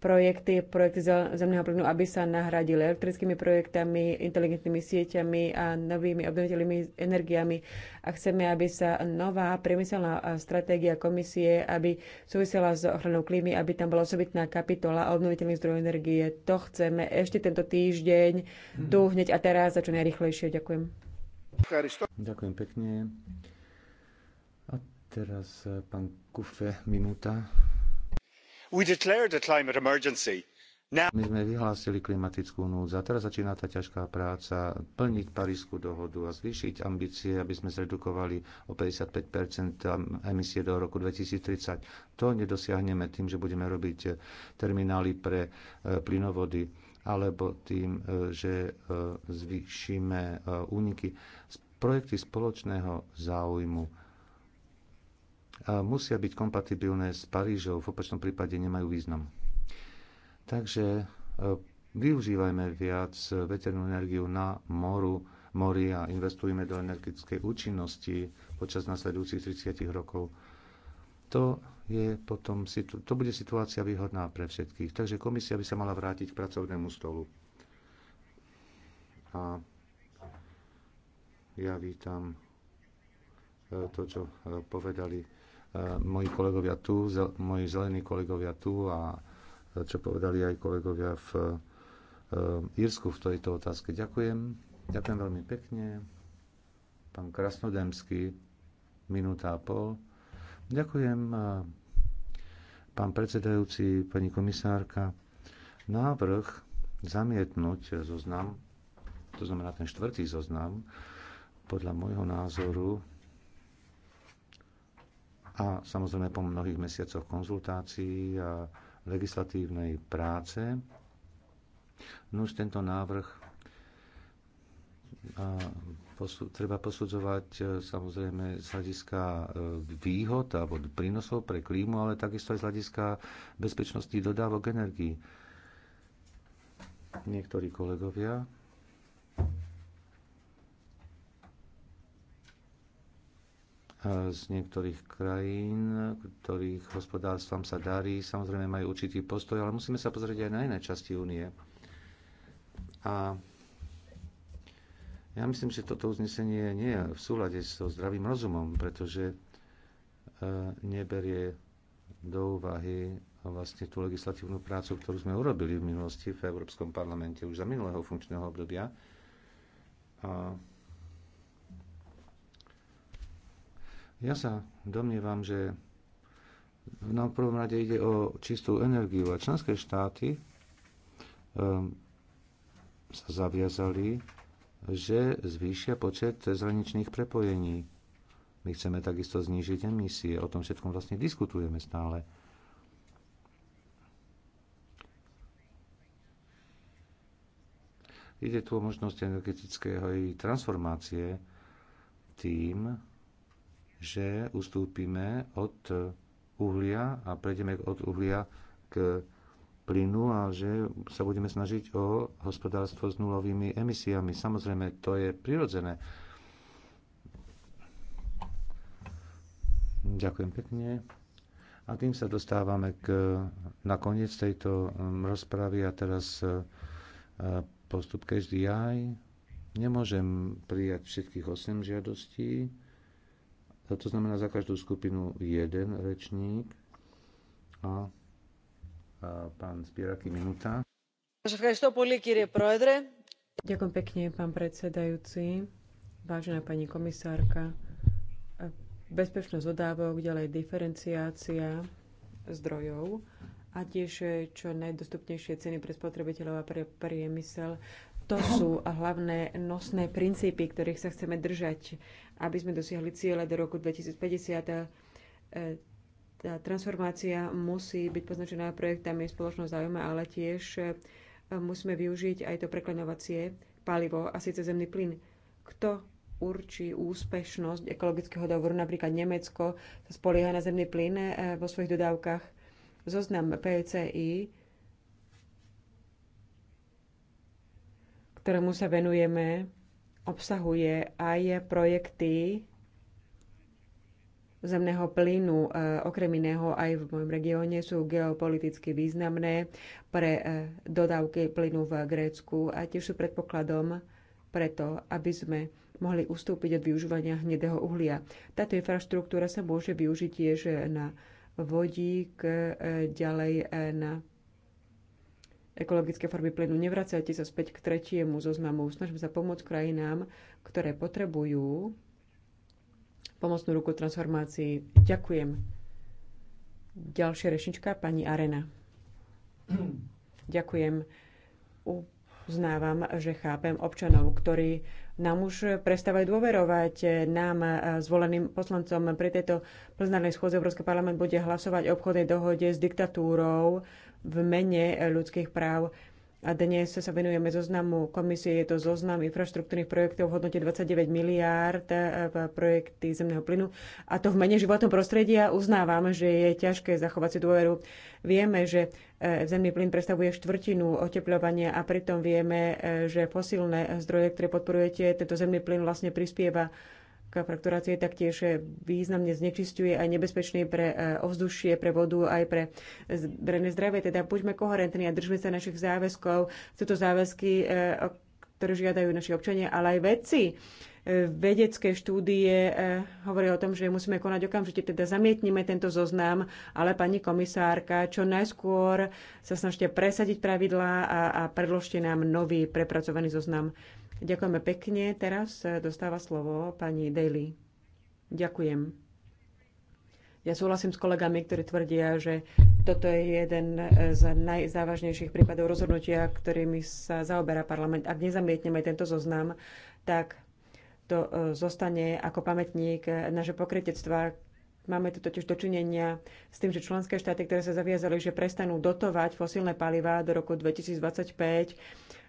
projekty, projekty zemného plynu, aby sa nahradili elektrickými projektami, inteligentnými sieťami a novými obnoviteľnými energiami. A chceme, aby sa nová priemyselná stratégia komisie, aby súvisela s ochranou klímy, aby tam bola osobitná kapitola obnoviteľných zdrojov energie. To chceme ešte tento týždeň, tu mhm. hneď a teraz a čo najrychlejšie. Ďakujem. Ďakujem pekne. A teraz e, pán Kufe, minúta. My sme vyhlásili klimatickú núdzu a teraz začína tá ťažká práca plniť Parísku dohodu a zvýšiť ambície, aby sme zredukovali o 55 emisie do roku 2030. To nedosiahneme tým, že budeme robiť e, terminály pre e, plynovody alebo tým, e, že zvýšime úniky. Projekty spoločného záujmu musia byť kompatibilné s Parížou, v opačnom prípade nemajú význam. Takže e, využívajme viac veternú energiu na moru, mori a investujme do energetickej účinnosti počas nasledujúcich 30 rokov. To, je potom, to bude situácia výhodná pre všetkých. Takže komisia by sa mala vrátiť k pracovnému stolu. A ja vítam e, to, čo e, povedali E, moji kolegovia tu, moji zelení kolegovia tu a e, čo povedali aj kolegovia v e, Írsku v tejto otázke. Ďakujem. Ďakujem veľmi pekne. Pán Krasnodemský, minúta a pol. Ďakujem, pán predsedajúci, pani komisárka. Návrh zamietnúť zoznam, to znamená ten štvrtý zoznam, podľa môjho názoru a samozrejme po mnohých mesiacoch konzultácií a legislatívnej práce. No už tento návrh posu, treba posudzovať e, samozrejme z hľadiska e, výhod alebo prínosov pre klímu, ale takisto aj z hľadiska bezpečnosti dodávok energii. Niektorí kolegovia z niektorých krajín, ktorých hospodárstvom sa darí, samozrejme majú určitý postoj, ale musíme sa pozrieť aj na iné časti únie. A ja myslím, že toto uznesenie nie je v súlade so zdravým rozumom, pretože e, neberie do úvahy vlastne tú legislatívnu prácu, ktorú sme urobili v minulosti v Európskom parlamente už za minulého funkčného obdobia. A Ja sa domnievam, že na no, prvom rade ide o čistú energiu a členské štáty um, sa zaviazali, že zvýšia počet zraničných prepojení. My chceme takisto znížiť emisie. O tom všetkom vlastne diskutujeme stále. Ide tu o možnosť energetického transformácie tým, že ustúpime od uhlia a prejdeme od uhlia k plynu a že sa budeme snažiť o hospodárstvo s nulovými emisiami. Samozrejme, to je prirodzené. Ďakujem pekne. A tým sa dostávame k, na koniec tejto um, rozpravy a teraz uh, postup každý aj. Nemôžem prijať všetkých 8 žiadostí. To znamená za každú skupinu jeden rečník. A, a pán Spiraky, minúta. Ďakujem pekne, pán predsedajúci. Vážená pani komisárka, bezpečnosť dodávok, ďalej diferenciácia zdrojov a tiež eh, čo najdostupnejšie ceny pre spotrebiteľov a pre priemysel. To sú hlavné nosné princípy, ktorých sa chceme držať aby sme dosiahli ciele do roku 2050. E, tá transformácia musí byť poznačená projektami spoločného záujma, ale tiež e, musíme využiť aj to preklenovacie palivo, a síce zemný plyn. Kto určí úspešnosť ekologického dohovoru? Napríklad Nemecko sa spolieha na zemný plyn e, vo svojich dodávkach. Zoznam PCI, ktorému sa venujeme, obsahuje aj projekty zemného plynu, e, okrem iného aj v mojom regióne, sú geopoliticky významné pre e, dodávky plynu v Grécku a tiež sú predpokladom preto, aby sme mohli ustúpiť od využívania hnedého uhlia. Táto infraštruktúra sa môže využiť tiež na vodík, e, ďalej na ekologické formy plynu. Nevracajte sa späť k tretiemu zoznamu. Snažme sa pomôcť krajinám, ktoré potrebujú pomocnú ruku transformácii. Ďakujem. Ďalšia rešnička, pani Arena. Ďakujem. Uznávam, že chápem občanov, ktorí nám už prestávajú dôverovať nám, eh, zvoleným poslancom. Pri tejto plenárnej schôdze Európsky parlament bude hlasovať o obchodnej dohode s diktatúrou, v mene ľudských práv. A dnes sa venujeme zoznamu komisie, je to zoznam infraštruktúrnych projektov v hodnote 29 miliárd e, v projekty zemného plynu. A to v mene životného prostredia uznávam, že je ťažké zachovať si dôveru. Vieme, že e, zemný plyn predstavuje štvrtinu oteplovania a pritom vieme, e, že fosílne zdroje, ktoré podporujete, tento zemný plyn vlastne prispieva frakturácie taktiež významne znečisťuje aj nebezpečný pre e, ovzdušie, pre vodu, aj pre verejné zdravie. Teda buďme koherentní a držme sa našich záväzkov. Sú to záväzky, e, ktoré žiadajú naši občania, ale aj vedci. E, vedecké štúdie hovoria o tom, že musíme konať okamžite, teda zamietnime tento zoznam, ale pani komisárka, čo najskôr sa snažte presadiť pravidlá a, a predložte nám nový prepracovaný zoznam. Ďakujeme pekne. Teraz eh, dostáva slovo pani Daly. Ďakujem. Ja súhlasím s kolegami, ktorí tvrdia, že toto je jeden eh, z najzávažnejších prípadov rozhodnutia, ktorými sa zaoberá parlament. Ak nezamietneme tento zoznam, tak to eh, zostane ako pamätník naše pokrytectva. Máme tu totiž dočinenia s tým, že členské štáty, ktoré sa zaviazali, že prestanú dotovať fosílne paliva do roku 2025,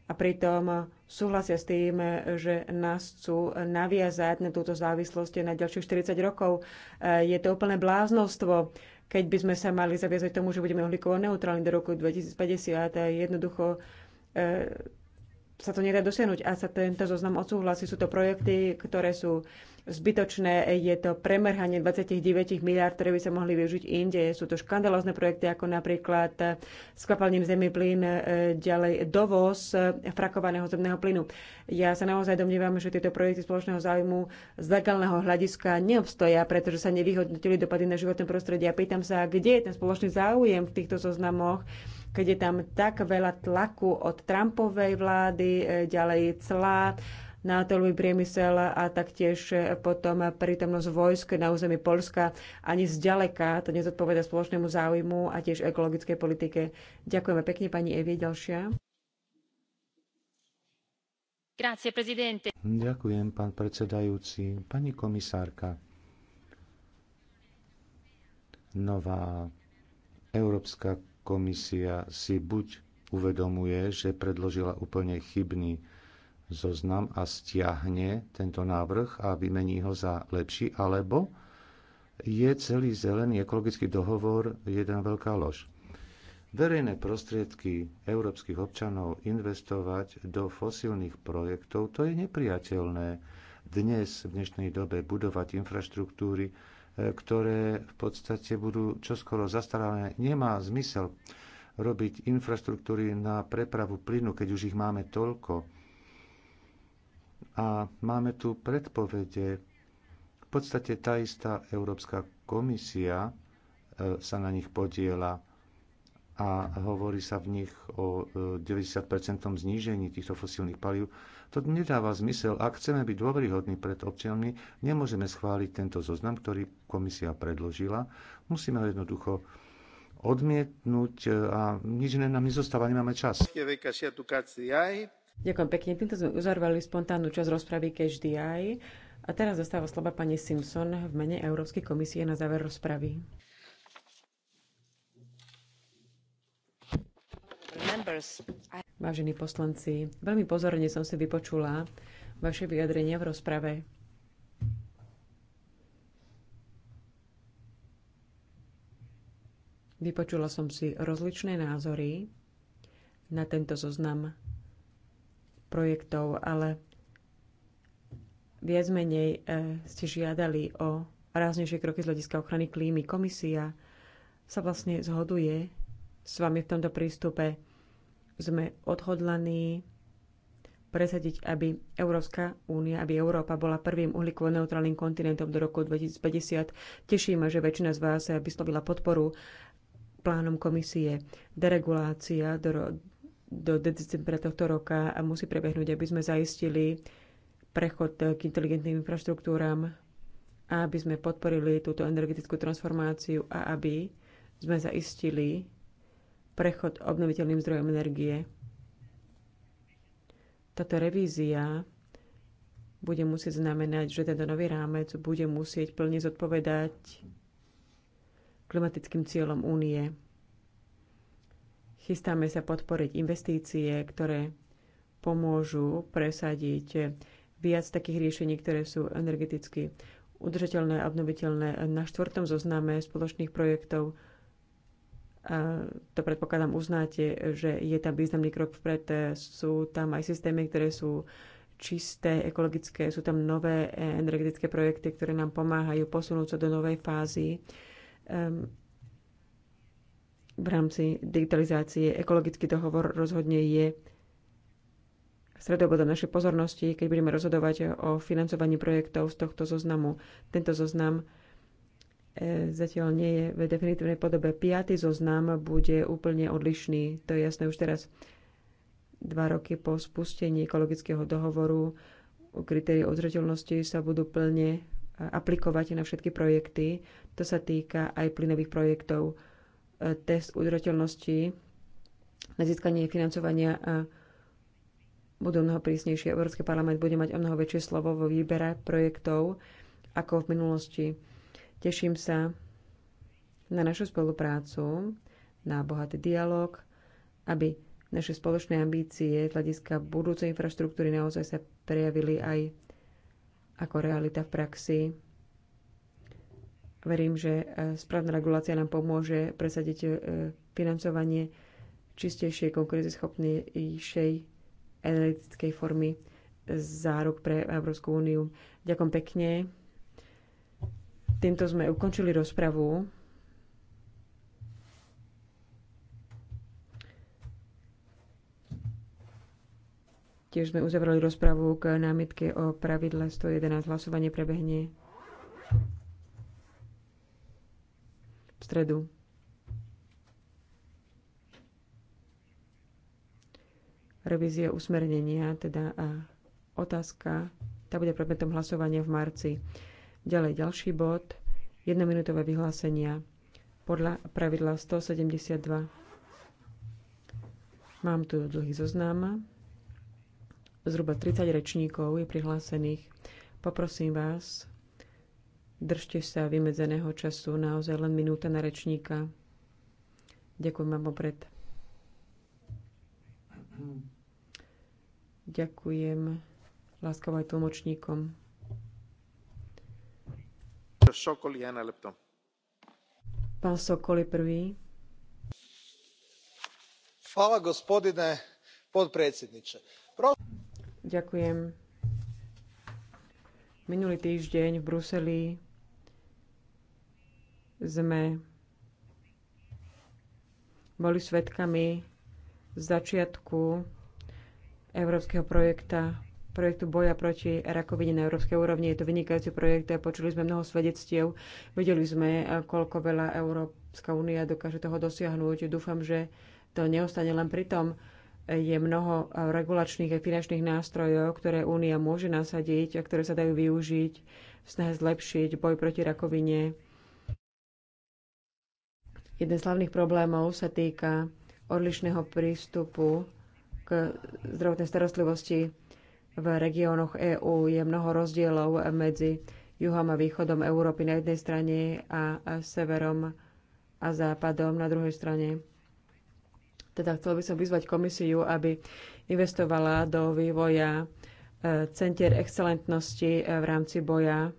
a pritom súhlasia s tým, že nás chcú naviazať na túto závislosť na ďalších 40 rokov. Je to úplné bláznostvo, keď by sme sa mali zaviazať tomu, že budeme uhlíkovo neutrálni do roku 2050. Jednoducho sa to nedá dosiahnuť a sa tento zoznam odsúhlasí. Sú to projekty, ktoré sú zbytočné. Je to premrhanie 29 miliard, ktoré by sa mohli využiť inde. Sú to škandalózne projekty, ako napríklad s kvapalním zemi plyn, e, ďalej dovoz frakovaného zemného plynu. Ja sa naozaj domnívam, že tieto projekty spoločného záujmu z legálneho hľadiska neobstoja, pretože sa nevyhodnotili dopady na životné prostredie. A pýtam sa, kde je ten spoločný záujem v týchto zoznamoch keď je tam tak veľa tlaku od Trumpovej vlády, e, ďalej clá, nátolový priemysel a taktiež e, potom prítomnosť vojsk na území Polska ani zďaleka to nezodpoveda spoločnému záujmu a tiež ekologickej politike. Ďakujeme pekne pani Evi, ďalšia. Grazie, prezidente. Ďakujem, pán predsedajúci. Pani komisárka, nová Európska Komisia si buď uvedomuje, že predložila úplne chybný zoznam a stiahne tento návrh a vymení ho za lepší, alebo je celý zelený ekologický dohovor jedna veľká lož. Verejné prostriedky európskych občanov investovať do fosílnych projektov, to je nepriateľné. Dnes, v dnešnej dobe, budovať infraštruktúry, E, ktoré v podstate budú čoskoro zastarané. Nemá zmysel robiť infraštruktúry na prepravu plynu, keď už ich máme toľko. A máme tu predpovede. V podstate tá istá Európska komisia e, sa na nich podiela a hovorí sa v nich o 90% e, znížení týchto fosílnych palív. To nedáva zmysel. Ak chceme byť dôveryhodní pred občanmi, nemôžeme schváliť tento zoznam, ktorý komisia predložila. Musíme ho jednoducho odmietnúť e, a nič iné nám nezostáva, nemáme čas. Ďakujem pekne. Týmto sme uzorvali spontánnu časť rozpravy KHDI. A teraz zostáva slova pani Simpson v mene Európskej komisie na záver rozpravy vážení poslanci, veľmi pozorne som si vypočula vaše vyjadrenia v rozprave. Vypočula som si rozličné názory na tento zoznam projektov, ale viac menej eh, ste žiadali o ráznejšie kroky z hľadiska ochrany klímy. Komisia sa vlastne zhoduje s vami v tomto prístupe sme odhodlaní presadiť, aby Európska únia, aby Európa bola prvým uhlíkovo neutrálnym kontinentom do roku 2050. Teší ma, že väčšina z vás vyslovila podporu plánom komisie. Deregulácia do, do decembra tohto roka a musí prebehnúť, aby sme zaistili prechod k inteligentným infraštruktúram, aby sme podporili túto energetickú transformáciu a aby sme zaistili prechod obnoviteľným zdrojom energie. Táto revízia bude musieť znamenať, že tento nový rámec bude musieť plne zodpovedať klimatickým cieľom únie. Chystáme sa podporiť investície, ktoré pomôžu presadiť viac takých riešení, ktoré sú energeticky udržateľné a obnoviteľné. Na štvrtom zozname spoločných projektov to predpokladám uznáte, že je tam významný krok vpred. Sú tam aj systémy, ktoré sú čisté, ekologické, sú tam nové energetické projekty, ktoré nám pomáhajú posunúť sa do novej fázy ehm, v rámci digitalizácie. Ekologický dohovor rozhodne je stredobodom našej pozornosti, keď budeme rozhodovať o financovaní projektov z tohto zoznamu. Tento zoznam E, zatiaľ nie je v definitívnej podobe. Piatý zoznam bude úplne odlišný, to je jasné už teraz. Dva roky po spustení ekologického dohovoru kritérie odzreteľnosti sa budú plne e, aplikovať na všetky projekty. To sa týka aj plynových projektov. E, test udržateľnosti na získanie financovania budú mnoho prísnejšie. Európsky parlament bude mať o mnoho väčšie slovo vo výbere projektov ako v minulosti Teším sa na našu spoluprácu, na bohatý dialog, aby naše spoločné ambície z hľadiska budúcej infraštruktúry naozaj sa prejavili aj ako realita v praxi. Verím, že e, správna regulácia nám pomôže presadiť e, financovanie čistejšej, konkurenceschopnejšej energetickej formy záruk pre Európsku úniu. Ďakujem pekne. Týmto sme ukončili rozpravu. Tiež sme uzavreli rozpravu k námietke o pravidle 111. Hlasovanie prebehne v stredu. Revízia usmernenia, teda a otázka, tá bude predmetom hlasovania v marci. Ďalej ďalší bod, jednominútové vyhlásenia podľa pravidla 172. Mám tu dlhý zoznám. Zhruba 30 rečníkov je prihlásených. Poprosím vás, držte sa vymedzeného času, naozaj len minúta na rečníka. Ďakujem vám opred. Ďakujem láskavo aj tlmočníkom gospodine Ďakujem. Minulý týždeň v Bruseli sme boli svedkami začiatku európskeho projekta projektu boja proti rakovine na európskej úrovni. Je to vynikajúci projekt a počuli sme mnoho svedectiev. Videli sme, koľko veľa Európska únia dokáže toho dosiahnuť. Dúfam, že to neostane len pri tom. Je mnoho regulačných a finančných nástrojov, ktoré únia môže nasadiť a ktoré sa dajú využiť v snahe zlepšiť boj proti rakovine. Jeden z hlavných problémov sa týka odlišného prístupu k zdravotnej starostlivosti v regiónoch EÚ je mnoho rozdielov medzi juhom a východom Európy na jednej strane a severom a západom na druhej strane. Teda chcel by som vyzvať komisiu, aby investovala do vývoja e, centier excelentnosti e, v rámci boja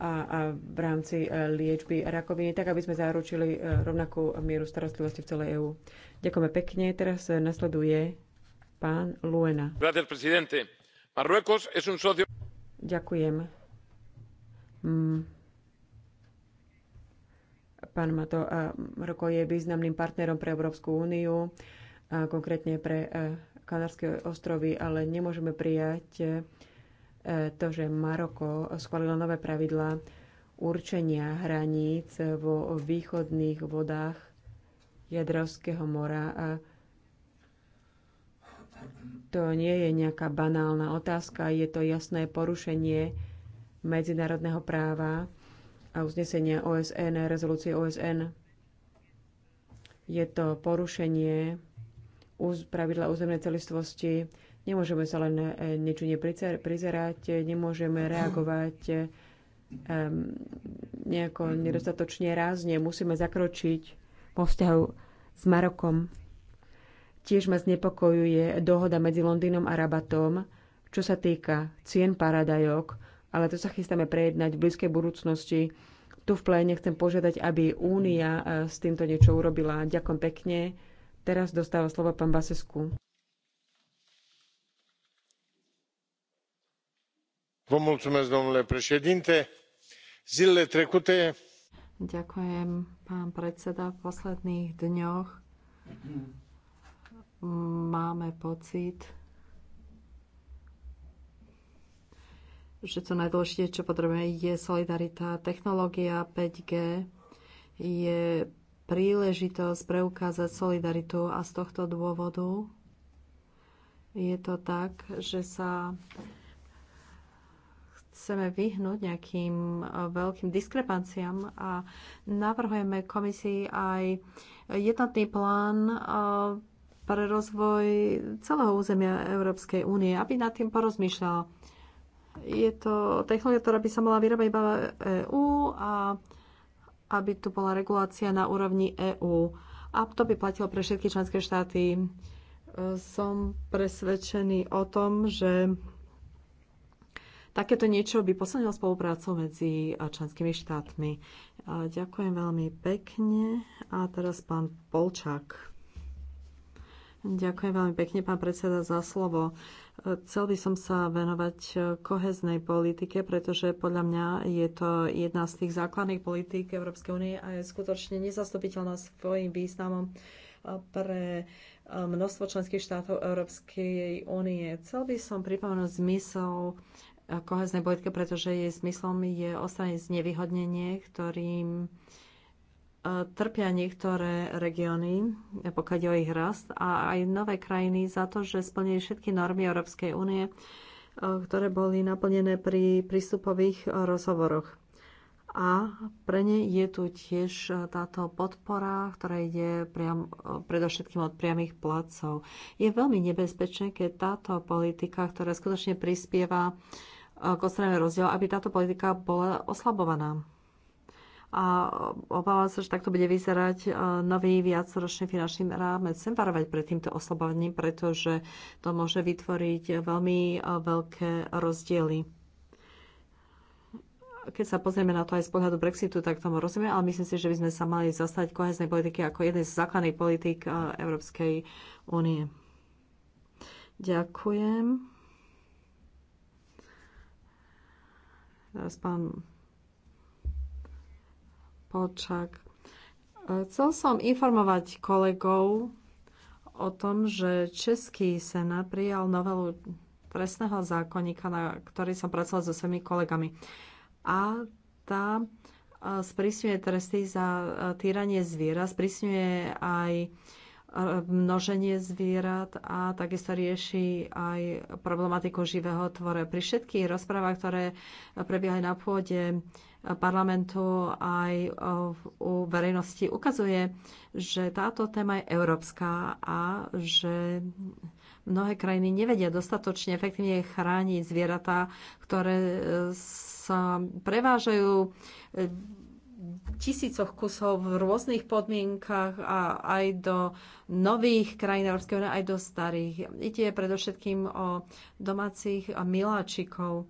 a, v rámci e, liečby rakoviny, tak aby sme zaručili rovnakú mieru starostlivosti v celej EÚ. Ďakujeme pekne. Teraz nasleduje Pán Luena. Ďakujem. Mm. Pán Mato, Maroko je významným partnerom pre Európsku úniu, konkrétne pre e, Kanárske ostrovy, ale nemôžeme prijať e, to, že Maroko schválilo nové pravidlá určenia hraníc vo východných vodách Jadrovského mora a to nie je nejaká banálna otázka, je to jasné porušenie medzinárodného práva a uznesenia OSN, rezolúcie OSN. Je to porušenie pravidla územnej celistvosti. Nemôžeme sa len e, niečo prizerať, nemôžeme reagovať nejako nedostatočne rázne. Musíme zakročiť vo vzťahu s Marokom. Tiež ma znepokojuje dohoda medzi Londýnom a Rabatom, čo sa týka cien paradajok, ale to sa chystáme prejednať v blízkej budúcnosti. Tu v pléne chcem požiadať, aby Únia e, s týmto niečo urobila. Ďakujem pekne. Teraz dostáva slovo pán Basesku. domnule trecute... Ďakujem, pán predseda. V posledných dňoch máme pocit, že to najdôležitejšie, čo potrebujeme, je solidarita. Technológia 5G je príležitosť preukázať solidaritu a z tohto dôvodu je to tak, že sa chceme vyhnúť nejakým veľkým diskrepanciám a navrhujeme komisii aj jednotný plán pre rozvoj celého územia Európskej únie, aby nad tým porozmýšľal. Je to technológia, ktorá by sa mala vyrábať iba v EÚ a aby tu bola regulácia na úrovni EÚ. A to by platilo pre všetky členské štáty. Som presvedčený o tom, že takéto niečo by posilnilo spoluprácu medzi členskými štátmi. Ďakujem veľmi pekne. A teraz pán Polčák. Ďakujem veľmi pekne, pán predseda, za slovo. Chcel by som sa venovať koheznej politike, pretože podľa mňa je to jedna z tých základných politík Európskej únie a je skutočne nezastupiteľná svojim významom pre množstvo členských štátov Európskej únie. Chcel by som pripomenúť zmysel koheznej politike, pretože jej zmyslom je ostane znevýhodnenie, ktorým E, trpia niektoré regióny, e, pokiaľ o ich rast, a aj nové krajiny za to, že splnili všetky normy Európskej únie, e, ktoré boli naplnené pri prístupových rozhovoroch. A pre ne je tu tiež táto podpora, ktorá ide priam, predovšetkým od priamých placov. Je veľmi nebezpečné, keď táto politika, ktorá skutočne prispieva k odstraňovaniu rozdielu, aby táto politika bola oslabovaná a obávam sa, že takto bude vyzerať e, nový viacročný finančný rámec. Chcem varovať pred týmto oslabovaním, pretože to môže vytvoriť veľmi e, veľké rozdiely. Keď sa pozrieme na to aj z pohľadu Brexitu, tak tomu rozumiem, ale myslím si, že by sme sa mali zastať koheznej politiky ako jeden z základných politík e, Európskej únie. Ďakujem. Teraz pán Polčák. E, chcel som informovať kolegov o tom, že Český senát prijal novelu trestného zákonníka, na ktorý som pracoval so svojimi kolegami. A tá e, sprísňuje tresty za e, týranie zviera, sprísňuje aj množenie zvierat a takisto rieši aj problematiku živého tvore. Pri všetkých rozprávach, ktoré prebiehajú na pôde parlamentu aj eh, u verejnosti ukazuje, že táto téma je európska a že mnohé krajiny nevedia dostatočne efektívne chrániť zvieratá, ktoré eh, sa prevážajú eh, tisícoch kusov v rôznych podmienkach a aj do nových krajín Európskej únie, aj do starých. Ide predovšetkým o domácich miláčikov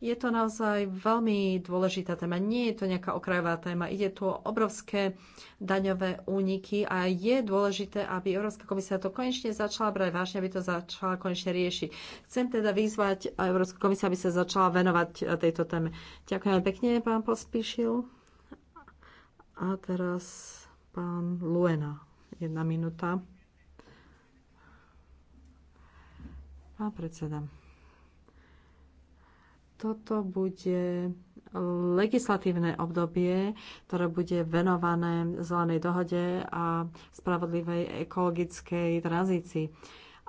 je to naozaj veľmi dôležitá téma. Nie je to nejaká okrajová téma. Ide tu o obrovské daňové úniky a je dôležité, aby Európska komisia to konečne začala brať vážne, aby to začala konečne riešiť. Chcem teda vyzvať Európsku komisiu, aby sa začala venovať e, tejto téme. Ďakujem pekne, pán Pospíšil. A teraz pán Luena. Jedna minúta. Pán predseda. Toto bude legislatívne obdobie, ktoré bude venované zelenej dohode a spravodlivej ekologickej tranzícii.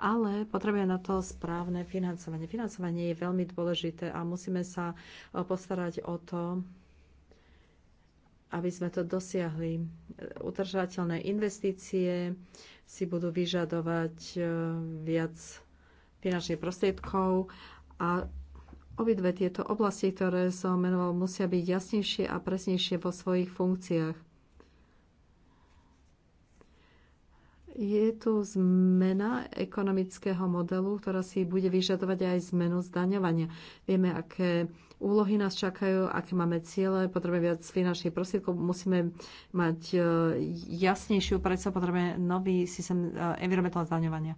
Ale potrebuje na to správne financovanie. Financovanie je veľmi dôležité a musíme sa postarať o to, aby sme to dosiahli. Utržateľné investície si budú vyžadovať eh, viac finančných prostriedkov a Obidve tieto oblasti, ktoré som menoval, musia byť jasnejšie a presnejšie vo svojich funkciách. Je tu zmena ekonomického modelu, ktorá si bude vyžadovať aj zmenu zdaňovania. Vieme, aké úlohy nás čakajú, aké máme ciele, potrebujeme viac finančných prostriedkov, musíme mať e, jasnejšiu predstavu, potrebujeme nový systém e, environmentálneho zdaňovania.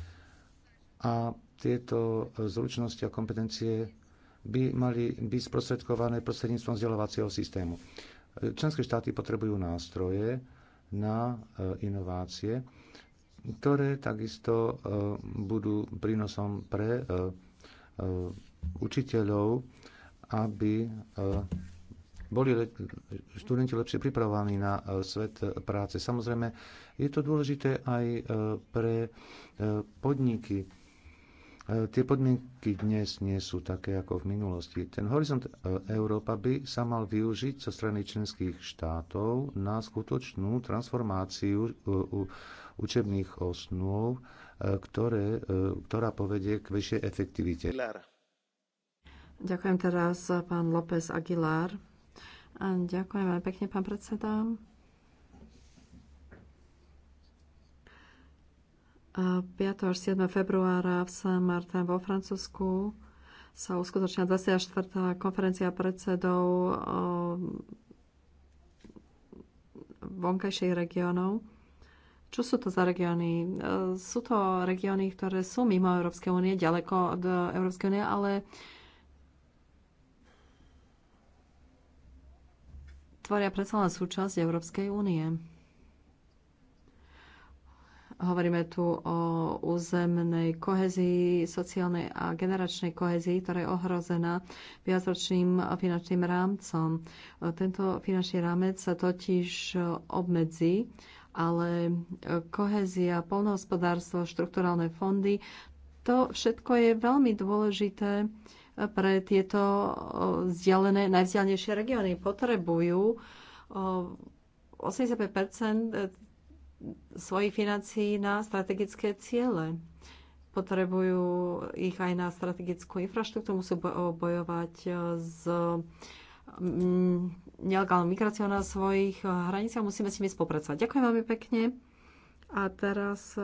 a tieto e, zručnosti a kompetencie by mali byť sprostredkované prostredníctvom vzdelávacieho systému. E, členské štáty potrebujú nástroje na e, inovácie, ktoré takisto budú prínosom pre učiteľov, aby boli študenti lepšie pripravovaní na svet práce. Samozrejme, je to dôležité aj pre podniky, E, tie podmienky dnes nie sú také ako v minulosti. Ten horizont e, Európa by sa mal využiť zo strany členských štátov na skutočnú transformáciu e, učebných osnov, ktoré, ktorá povedie k vyššej efektivite. Ďakujem teraz pán López Aguilar. Ďakujem veľmi pekne, pán predseda. 5. až 7. februára v Saint-Martin vo Francúzsku sa uskutočnila 24. konferencia predsedov ehm, vonkajších regiónov. Čo sú to za regióny? Ehm, sú to regióny, ktoré sú mimo Európskej únie, ďaleko od Európskej únie, ale tvoria predsa len súčasť Európskej únie. Hovoríme tu o územnej kohezii, sociálnej a generačnej kohezii, ktorá je ohrozená viacročným finančným rámcom. Tento finančný rámec sa totiž obmedzí, ale kohezia, polnohospodárstvo, štrukturálne fondy, to všetko je veľmi dôležité pre tieto vzdialené, najvzdialenejšie regióny. Potrebujú eh, 85 svojich financií na strategické ciele. Potrebujú ich aj na strategickú infraštruktúru, musú bojovať e, s mm, nelegálnou migráciou na svojich e, hraniciach. Musíme s nimi spolupracovať. Ďakujem veľmi pekne. A teraz e,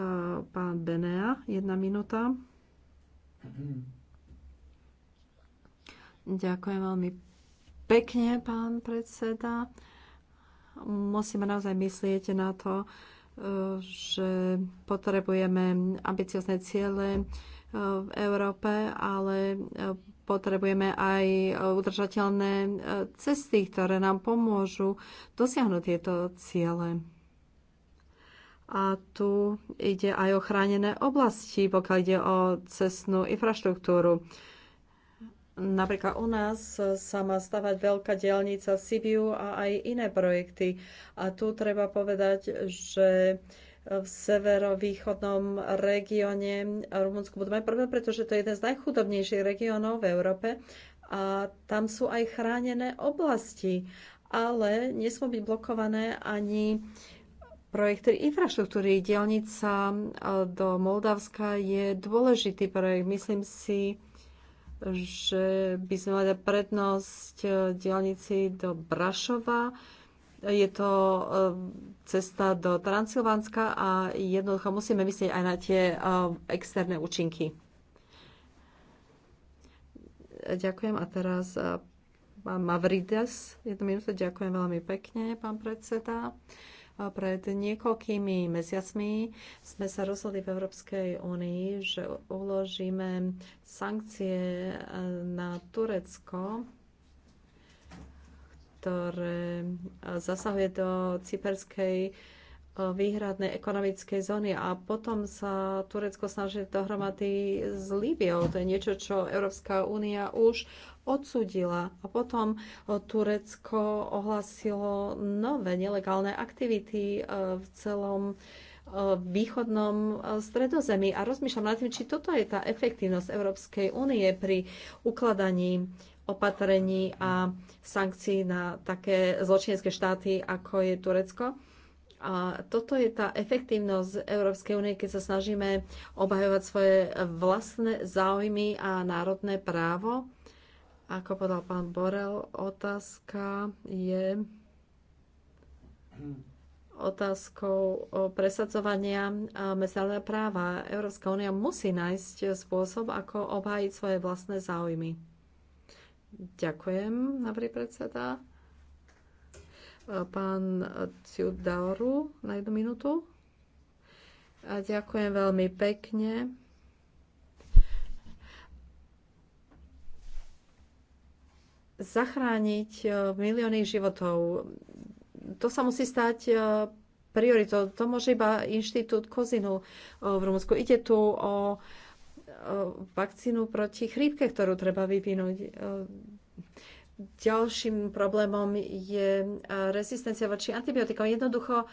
pán Benea, jedna minúta. Ďakujem veľmi pekne, pán predseda. Musíme naozaj myslieť na to, že potrebujeme ambiciozne ciele e, v Európe, ale e, potrebujeme aj udržateľné e, cesty, ktoré nám pomôžu dosiahnuť tieto ciele. A tu ide aj o chránené oblasti, pokiaľ ide o cestnú infraštruktúru. Napríklad u nás sa má stavať veľká diálnica v Sibiu a aj iné projekty. A tu treba povedať, že v severovýchodnom regióne budú mať problém, pretože to je jeden z najchudobnejších regiónov v Európe a tam sú aj chránené oblasti, ale nesmú byť blokované ani projekty infraštruktúry dielnica do Moldavska je dôležitý projekt. Myslím si, že by sme mali prednosť e, dielnici do Brašova. Je to e, cesta do Transylvánska a jednoducho musíme myslieť aj na tie e, externé účinky. Ďakujem a teraz pán Mavrides. Jednu minútu, ďakujem veľmi pekne, pán predseda. Pred niekoľkými mesiacmi sme sa rozhodli v Európskej únii, že uložíme sankcie e, na Turecko, ktoré zasahuje do cyperskej výhradnej ekonomickej zóny a potom sa Turecko snaží dohromady s Líbiou. To je niečo, čo Európska únia už odsudila. A potom Turecko ohlasilo nové nelegálne aktivity e, v celom e, východnom e, stredozemí. A rozmýšľam nad tým, či toto je tá efektívnosť Európskej únie pri ukladaní opatrení a sankcií na také zločinecké štáty, ako je Turecko a toto je tá efektívnosť Európskej únie, keď sa snažíme obhajovať svoje vlastné záujmy a národné právo. Ako povedal pán Borel, otázka je otázkou presadzovania medzinárodného práva. Európska únia musí nájsť spôsob, ako obhájiť svoje vlastné záujmy. Ďakujem, napríklad. predseda pán Ciudauru na jednu minútu. A ďakujem veľmi pekne. Zachrániť e, milióny životov. To sa musí stať e, prioritou. To môže iba inštitút Kozinu e, v Rumunsku. Ide tu o vakcínu proti chrípke, ktorú treba vyvinúť. Ďalším problémom je e, rezistencia voči antibiotikom. Jednoducho e,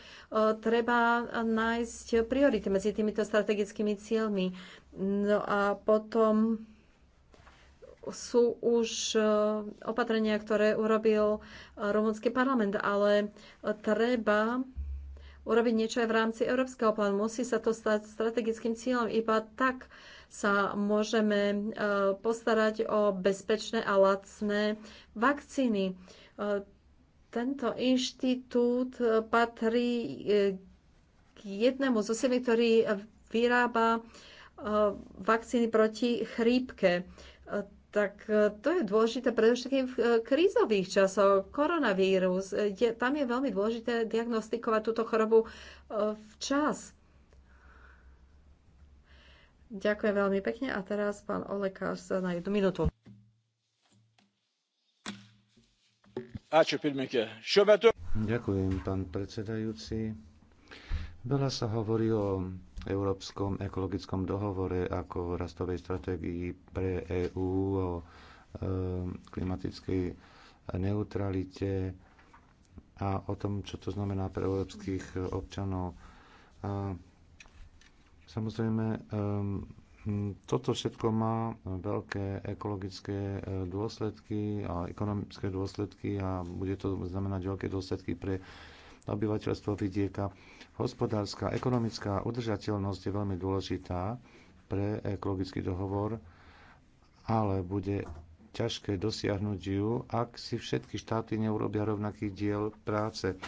treba nájsť priority medzi týmito strategickými cieľmi. No a potom sú už e, opatrenia, ktoré urobil rumunský parlament, ale treba urobiť niečo aj v rámci Európskeho plánu. Musí sa to stať strategickým cieľom. Iba tak uh, sa môžeme e, postarať o bezpečné a lacné vakcíny. E, tento inštitút e, patrí k jednému zo semi, ktorý vyrába vakcíny proti chrípke. Tak to je dôležité predovšetkým v krízových časoch. Koronavírus, tam je veľmi dôležité diagnostikovať túto chorobu včas. Ďakujem veľmi pekne a teraz pán Olekáš na jednu minútu. Ďakujem, pán predsedajúci. Veľa sa hovorí o Európskom ekologickom dohovore ako rastovej stratégii pre EÚ, o e, klimatickej neutralite a o tom, čo to znamená pre európskych občanov. Samozrejme, ehm, hm, toto všetko má veľké ekologické eh, dôsledky a ekonomické dôsledky a bude to znamenať veľké dôsledky pre obyvateľstvo vidieka. Hospodárska, ekonomická udržateľnosť je veľmi dôležitá pre ekologický dohovor, ale bude ťažké dosiahnuť ju, ak si všetky štáty neurobia rovnaký diel práce.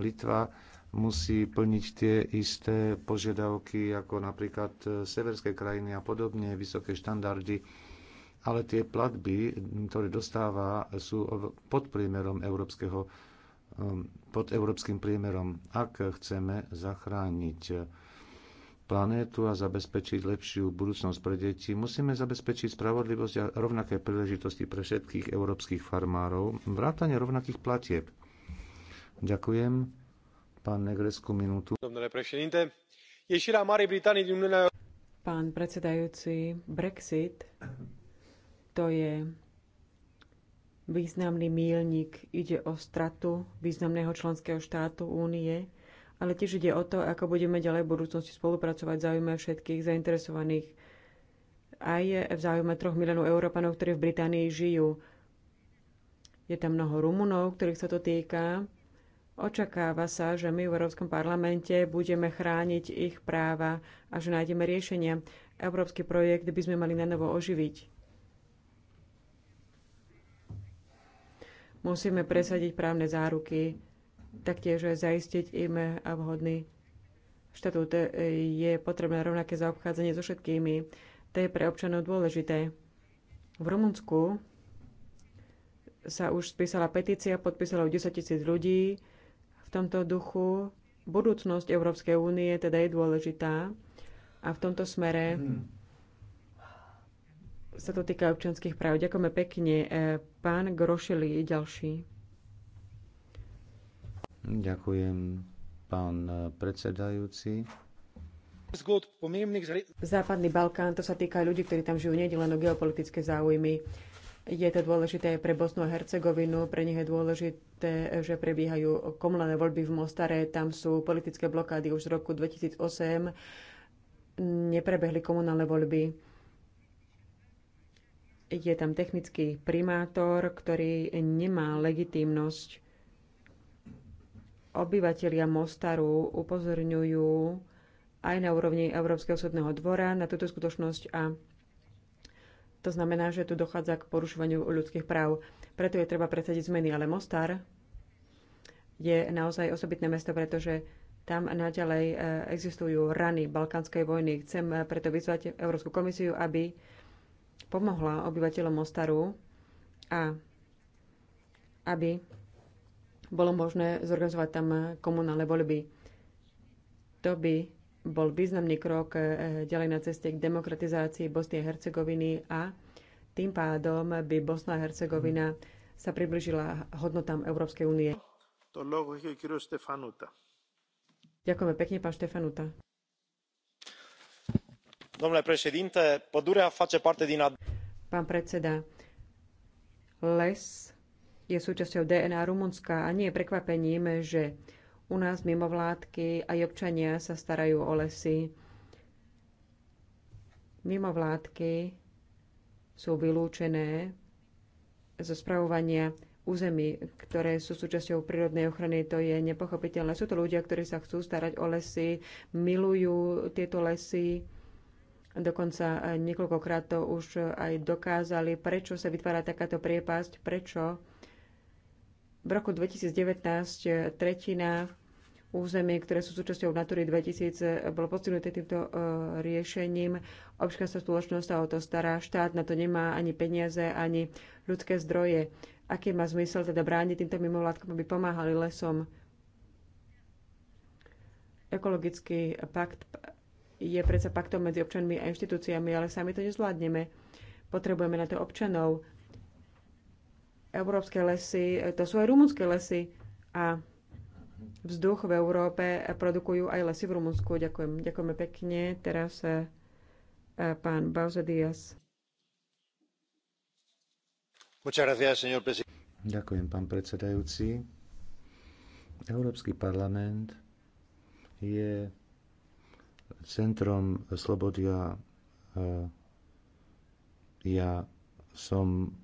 Litva musí plniť tie isté požiadavky ako napríklad e, severské krajiny a podobne, vysoké štandardy, ale tie platby, ktoré dostáva, sú pod priemerom európskeho, um, pod európskym priemerom. Ak chceme zachrániť planétu a zabezpečiť lepšiu budúcnosť pre deti, musíme zabezpečiť spravodlivosť a rovnaké príležitosti pre všetkých európskych farmárov, vrátane rovnakých platieb. Ďakujem. Pán predsedajúci, Brexit to je významný mílnik. Ide o stratu významného členského štátu Únie, ale tiež ide o to, ako budeme ďalej v budúcnosti spolupracovať v záujme všetkých zainteresovaných. Aj v záujme troch miliónov Európanov, ktorí v Británii žijú. Je tam mnoho Rumunov, ktorých sa to týka Očakáva sa, že my v Európskom parlamente budeme chrániť ich práva a že nájdeme riešenia. Európsky projekt by sme mali na novo oživiť. Musíme presadiť právne záruky, taktiež zaistiť im vhodný štatút. Je potrebné rovnaké zaobchádzanie so všetkými. To je pre občanov dôležité. V Rumunsku sa už spísala petícia, podpísalo 10 tisíc ľudí tomto duchu budúcnosť Európskej únie teda je dôležitá a v tomto smere sa to týka občanských práv. Ďakujeme pekne. E, pán Grošili, je ďalší. Ďakujem, pán e, predsedajúci. Západný Balkán, to sa týka ľudí, ktorí tam žijú, nie len o geopolitické záujmy. Je to dôležité aj pre Bosnu a Hercegovinu. Pre nich je dôležité, že prebiehajú komunálne voľby v Mostare. Tam sú politické blokády už z roku 2008. Neprebehli komunálne voľby. Je tam technický primátor, ktorý nemá legitímnosť. Obyvatelia Mostaru upozorňujú aj na úrovni Európskeho súdneho dvora na túto skutočnosť a to znamená, že tu dochádza k porušovaniu ľudských práv. Preto je treba presadiť zmeny. Ale Mostar je naozaj osobitné mesto, pretože tam naďalej e, existujú rany Balkánskej vojny. Chcem e, preto vyzvať Európsku komisiu, aby pomohla obyvateľom Mostaru a aby bolo možné zorganizovať tam e, komunálne voľby. To by bol významný krok eh, ďalej na ceste k demokratizácii Bosny a Hercegoviny a tým pádom by Bosna a Hercegovina sa približila hodnotám Európskej únie. Ďakujeme pekne, pán Štefanuta. Pán predseda, les je súčasťou DNA Rumunska a nie je prekvapením, že u nás mimovládky aj občania sa starajú o lesy. Mimovládky sú vylúčené zo spravovania území, ktoré sú súčasťou prírodnej ochrany. To je nepochopiteľné. Sú to ľudia, ktorí sa chcú starať o lesy, milujú tieto lesy. Dokonca e, niekoľkokrát to už aj dokázali, prečo sa vytvára takáto priepasť, prečo v roku 2019 tretina územie, ktoré sú súčasťou Natury 2000, bolo postihnuté týmto e, riešením. Občianská spoločnosť sa o to stará, štát na to nemá ani peniaze, ani ľudské zdroje. Aký má zmysel teda brániť týmto mimovládkom, aby pomáhali lesom? Ekologický pakt je predsa paktom medzi občanmi a inštitúciami, ale sami to nezvládneme. Potrebujeme na to občanov. Európske lesy, to sú aj rumúnske lesy a vzduch v Európe produkujú aj lesy v Rumunsku. Ďakujem. Ďakujeme pekne. Teraz eh, eh, pán Bauze Díaz. Ďakujem, pán predsedajúci. Európsky parlament je centrom slobody a eh, ja som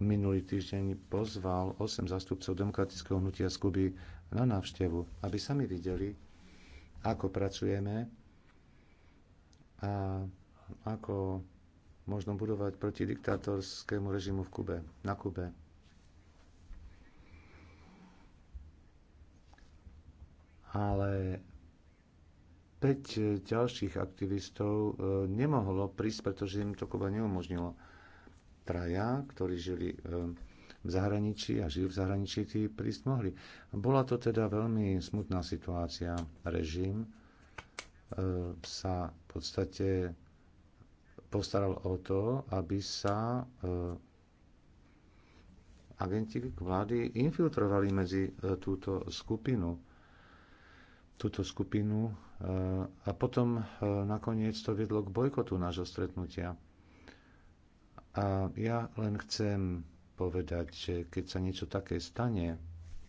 minulý týždeň pozval 8 zastupcov demokratického hnutia z Kuby na návštevu, aby sami videli, ako pracujeme a ako možno budovať proti diktátorskému režimu v Kube, na Kube. Ale 5 ďalších aktivistov e, nemohlo prísť, pretože im to Kuba neumožnilo. Traja, ktorí žili e, v zahraničí a žijú v zahraničí, tí prísť mohli. Bola to teda veľmi smutná situácia. Režim e, sa v podstate postaral o to, aby sa e, agenti vlády infiltrovali medzi e, túto skupinu túto skupinu a potom nakoniec to viedlo k bojkotu nášho stretnutia. A ja len chcem povedať, že keď sa niečo také stane,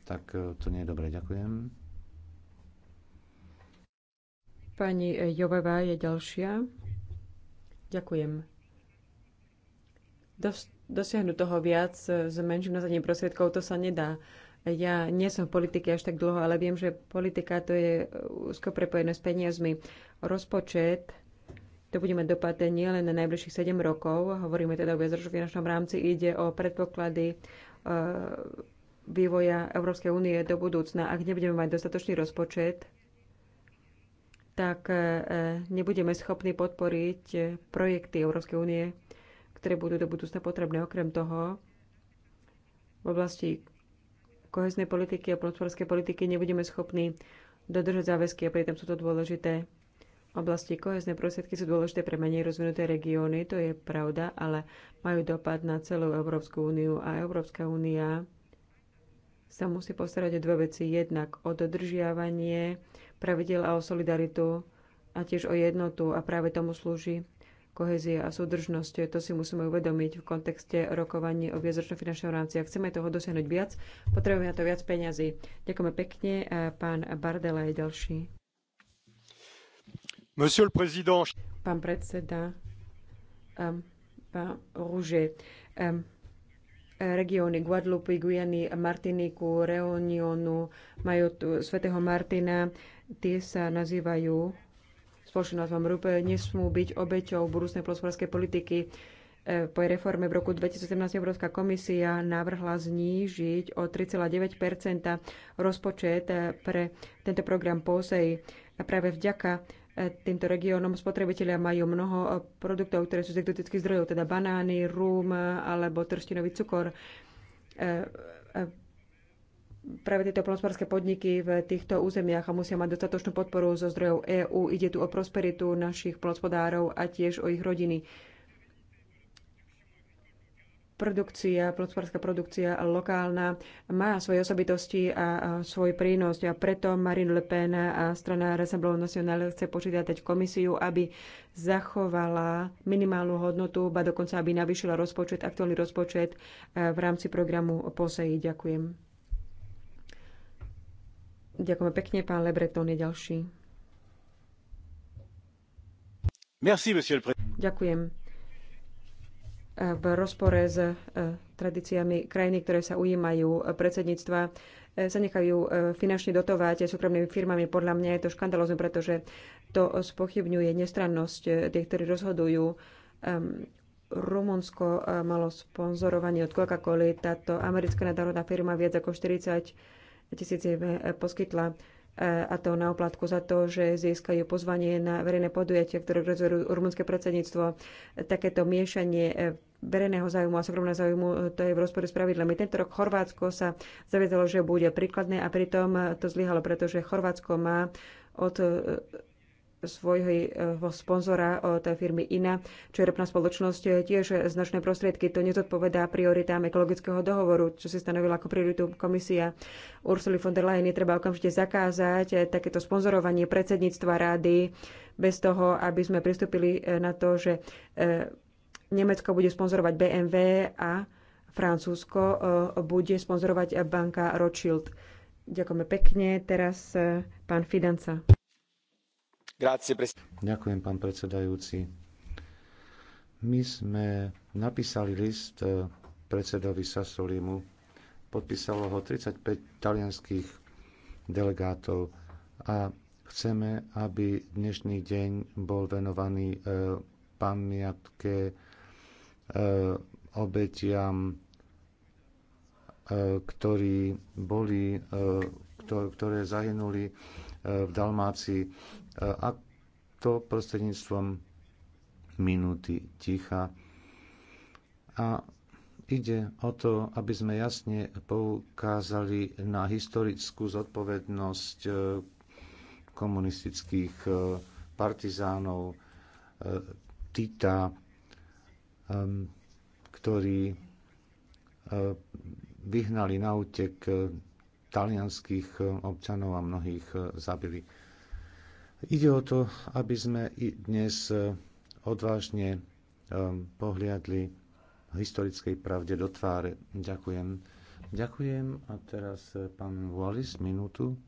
tak e, to nie je dobré. Ďakujem. Pani Jovová je ďalšia. Ďakujem. Dos- dosiahnuť toho viac e, s menším nasadením prostriedkov, to sa nedá. Ja nie som v politike až tak dlho, ale viem, že politika to je e, úzko prepojené s peniazmi. Rozpočet to bude mať dopad nielen na najbližších 7 rokov, hovoríme teda o viacročnom finančnom rámci, ide o predpoklady e, vývoja Európskej únie do budúcna. Ak nebudeme mať dostatočný rozpočet, tak e, nebudeme schopní podporiť projekty Európskej únie, ktoré budú do budúcna potrebné. Okrem toho, v oblasti koheznej politiky a plnospodárskej politiky nebudeme schopní dodržať záväzky a pritom sú to dôležité oblasti kohezné prostriedky sú dôležité pre menej rozvinuté regióny, to je pravda, ale majú dopad na celú Európsku úniu a Európska únia sa musí postarať o dve veci. Jednak o dodržiavanie pravidel a o solidaritu a tiež o jednotu a práve tomu slúži kohezie a súdržnosť. To si musíme uvedomiť v kontexte rokovaní o viacročnom finančnom rámci. Ak chceme toho dosiahnuť viac, potrebujeme na to viac peňazí. Ďakujeme pekne. Pán Bardela je ďalší. Monsieur le président. Pán predseda, um, pán Ruže, um, regióny Guadalupe, Guyany, Martiniku, Reunionu, majú tu svätého Martina, tie sa nazývajú spoločným názvom RUP, nesmú byť obeťou budúcnej plospodárskej politiky. E, po reforme v roku 2017 Európska komisia navrhla znížiť o 3,9 rozpočet e, pre tento program POSEI. A práve vďaka týmto regiónom spotrebitelia majú mnoho produktov, ktoré sú z exotických zdrojov, teda banány, rum alebo trštinový cukor. E, e, práve tieto plnospárske podniky v týchto územiach musia mať dostatočnú podporu zo zdrojov EÚ. Ide tu o prosperitu našich plnospodárov a tiež o ich rodiny. Produkcia, plotvorská produkcia lokálna má svoje osobitosti a, a svoj prínos a preto Marine Le Pen a strana Rassemblement National chce požiadať komisiu, aby zachovala minimálnu hodnotu, ba dokonca aby navýšila rozpočet, aktuálny rozpočet e, v rámci programu POSEI. Ďakujem. Ďakujem pekne, pán Lebreton je ďalší. Merci, Ďakujem v rozpore s e, tradíciami krajiny, ktoré sa ujímajú e, predsedníctva, e, sa nechajú finančne dotovať súkromnými firmami. Podľa mňa je to škandalozne, pretože to spochybňuje nestrannosť tých, ktorí rozhodujú. Ehm, Rumunsko malo sponzorovanie od coca coli Táto americká národná firma viac ako 40 tisíc poskytla a to na oplatku za to, že získajú pozvanie na verejné podujatie, ktoré rozhodujú rumunské predsedníctvo. Takéto miešanie e, verejného záujmu a súkromného záujmu, e, to je v rozpore s pravidlami. Tento rok Chorvátsko sa zaviedalo, že bude príkladné a pritom e, to zlyhalo, pretože Chorvátsko má od svojho eh, sponzora od firmy INA, čo je ropná spoločnosť, eh, tiež značné prostriedky. To nezodpovedá prioritám ekologického dohovoru, čo si stanovila ako prioritu komisia Ursuly von der Leyen. Je treba okamžite zakázať eh, takéto sponzorovanie predsedníctva rády bez toho, aby sme pristúpili na to, že Nemecko bude sponzorovať BMW a Francúzsko bude sponzorovať banka Rothschild. Ďakujeme pekne. Teraz pán Fidanca. Ďakujem, pán predsedajúci. My sme napísali list eh, predsedovi Sassolimu. Podpísalo ho 35 talianských delegátov a chceme, aby dnešný deň bol venovaný eh, pamiatke eh, obetiam, ktorí boli, ktoré zahynuli v Dalmácii a to prostredníctvom minúty ticha. A ide o to, aby sme jasne poukázali na historickú zodpovednosť e, komunistických e, partizánov e, Tita, ktorí vyhnali na útek talianských občanov a mnohých zabili. Ide o to, aby sme i dnes e, odvážne e, pohliadli historickej pravde do tváre. Ďakujem. Ďakujem a teraz e, pán Wallis, minútu.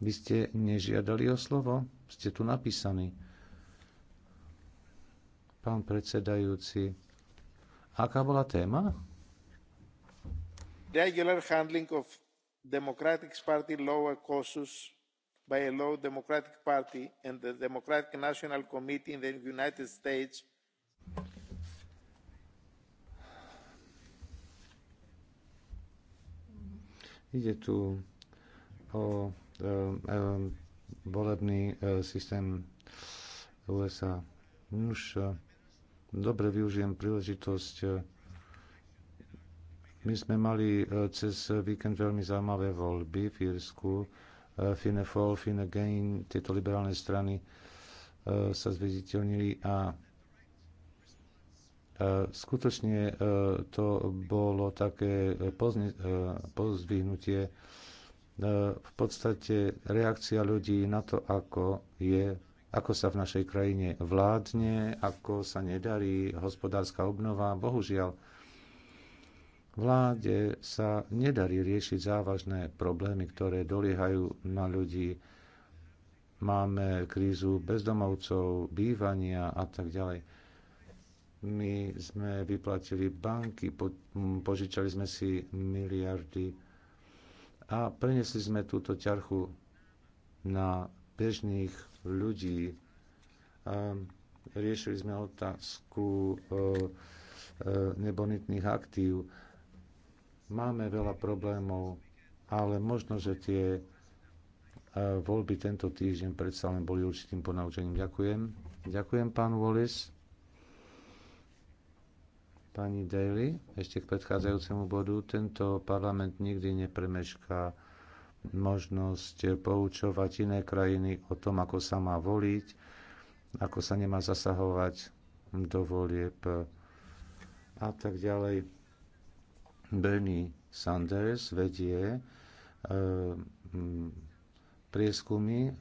Vy ste nežiadali o slovo, ste tu napísaní. Pán predsedajúci, aká bola téma? Regular handling of democratic party lower caucus by a low democratic party and the democratic national committee in the united states Ide tu o e, e, volebný e, systém USA. Už e, dobre využijem príležitosť e, my sme mali e, cez víkend veľmi zaujímavé voľby v Írsku. Fine Fall, Fine Gain, tieto liberálne strany e, sa zviditeľnili a e, skutočne to bolo také pozdvihnutie, v podstate reakcia ľudí na to, ako je ako sa v našej krajine vládne, ako sa nedarí hospodárska obnova. Bohužiaľ, Vláde sa nedarí riešiť závažné problémy, ktoré doliehajú na ľudí. Máme krízu bezdomovcov, bývania a tak ďalej. My sme vyplatili banky, po, požičali sme si miliardy a prenesli sme túto ťarchu na bežných ľudí. Riešili sme otázku eh, eh, nebonitných aktív Máme veľa problémov, ale možno, že tie e, voľby tento týždeň predsa len boli určitým ponaučením. Ďakujem. Ďakujem, pán Wallis. Pani Daly, ešte k predchádzajúcemu bodu. Tento parlament nikdy nepremešká možnosť poučovať iné krajiny o tom, ako sa má voliť, ako sa nemá zasahovať do volieb a tak ďalej. Bernie Sanders vedie e, prieskumy e,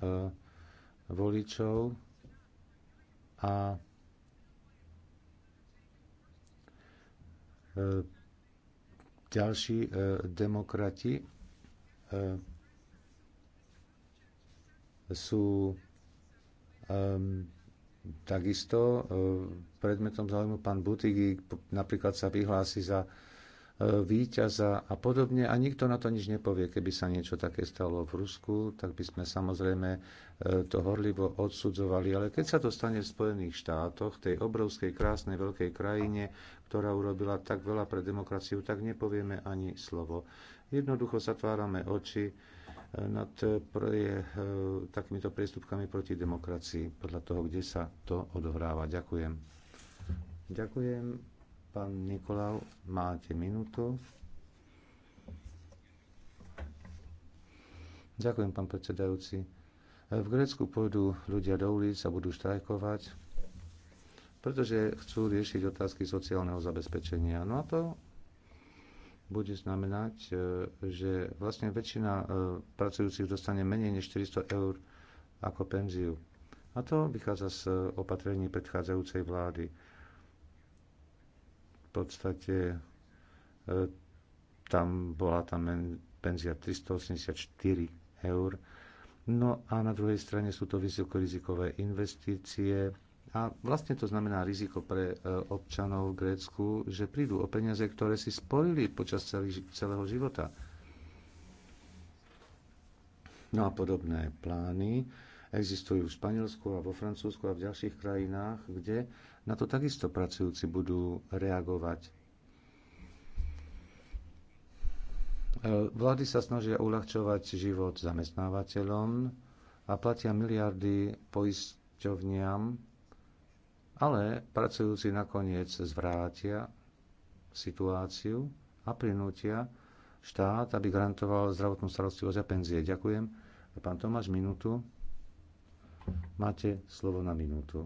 voličov a e, ďalší demokrati sú takisto predmetom záujmu pán Butigy napríklad sa vyhlási za E, víťaza a podobne. A nikto na to nič nepovie. Keby sa niečo také stalo v Rusku, tak by sme samozrejme e, to horlivo odsudzovali. Ale keď sa to stane v Spojených štátoch, tej obrovskej, krásnej, veľkej krajine, ktorá urobila tak veľa pre demokraciu, tak nepovieme ani slovo. Jednoducho zatvárame oči e, nad pre, takýmito priestupkami proti demokracii, podľa toho, kde sa to odohráva. Ďakujem. Ďakujem. Pán Nikolau, máte minútu. Ďakujem, pán predsedajúci. V Grécku pôjdu ľudia do ulic a budú štrajkovať, pretože chcú riešiť otázky sociálneho zabezpečenia. No a to bude znamenať, e, že vlastne väčšina e, pracujúcich dostane menej než 400 eur ako penziu. A to vychádza z e, opatrení predchádzajúcej vlády podstate e, tam bola tá penzia 384 eur. No a na druhej strane sú to vysokorizikové investície a vlastne to znamená riziko pre e, občanov v Grécku, že prídu o peniaze, ktoré si spojili počas celého života. No a podobné plány existujú v Španielsku a vo Francúzsku a v ďalších krajinách, kde na to takisto pracujúci budú reagovať. E, vlády sa snažia uľahčovať život zamestnávateľom a platia miliardy poisťovniam, ale pracujúci nakoniec zvrátia situáciu a prinútia štát, aby garantoval zdravotnú starostlivosť a penzie. Ďakujem. Pán Tomáš, minútu. Máte slovo na minútu.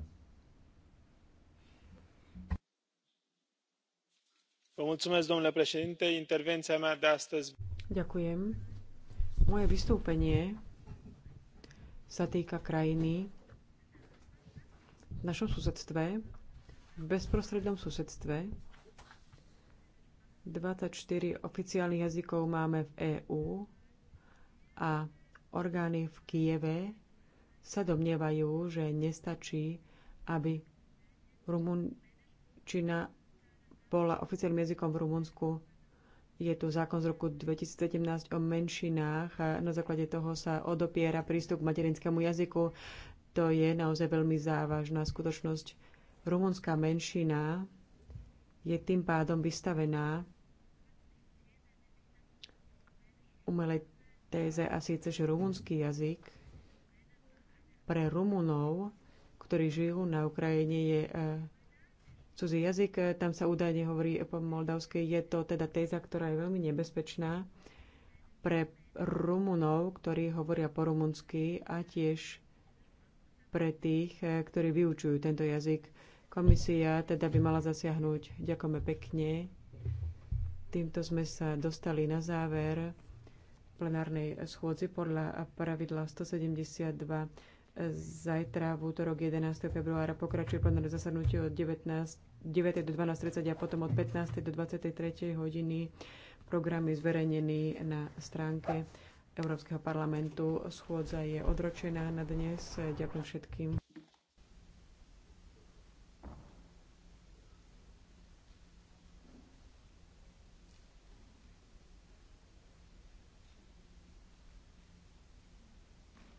domnule președinte intervenția mea de astăzi. Moje vystúpenie sa týka krajiny v našom susedstve, v bezprostrednom susedstve. 24 oficiálnych jazykov máme v EÚ a orgány v Kieve sa domnievajú, že nestačí, aby rumunčina bola oficiálnym jazykom v Rumunsku. Je tu zákon z roku 2017 o menšinách a na základe toho sa odopiera prístup k materinskému jazyku. To je naozaj veľmi závažná skutočnosť. Rumunská menšina je tým pádom vystavená umelej téze a síce, že rumunský jazyk pre Rumunov, ktorí žijú na Ukrajine, je eh, cudzí jazyk. E, tam sa údajne hovorí e, po moldavskej. Je to teda téza, ktorá je veľmi nebezpečná pre Rumunov, ktorí hovoria po rumunsky a tiež pre tých, e, ktorí vyučujú tento jazyk. Komisia teda by mala zasiahnuť. Ďakujeme pekne. Týmto sme sa dostali na záver plenárnej schôdzi podľa pravidla 172. Zajtra v útorok 11. februára pokračuje plenárne zasadnutie od 19. 9. do 12.30 a potom od 15. do 23. hodiny program je zverejnený na stránke Európskeho parlamentu. Schôdza je odročená na dnes. Ďakujem všetkým.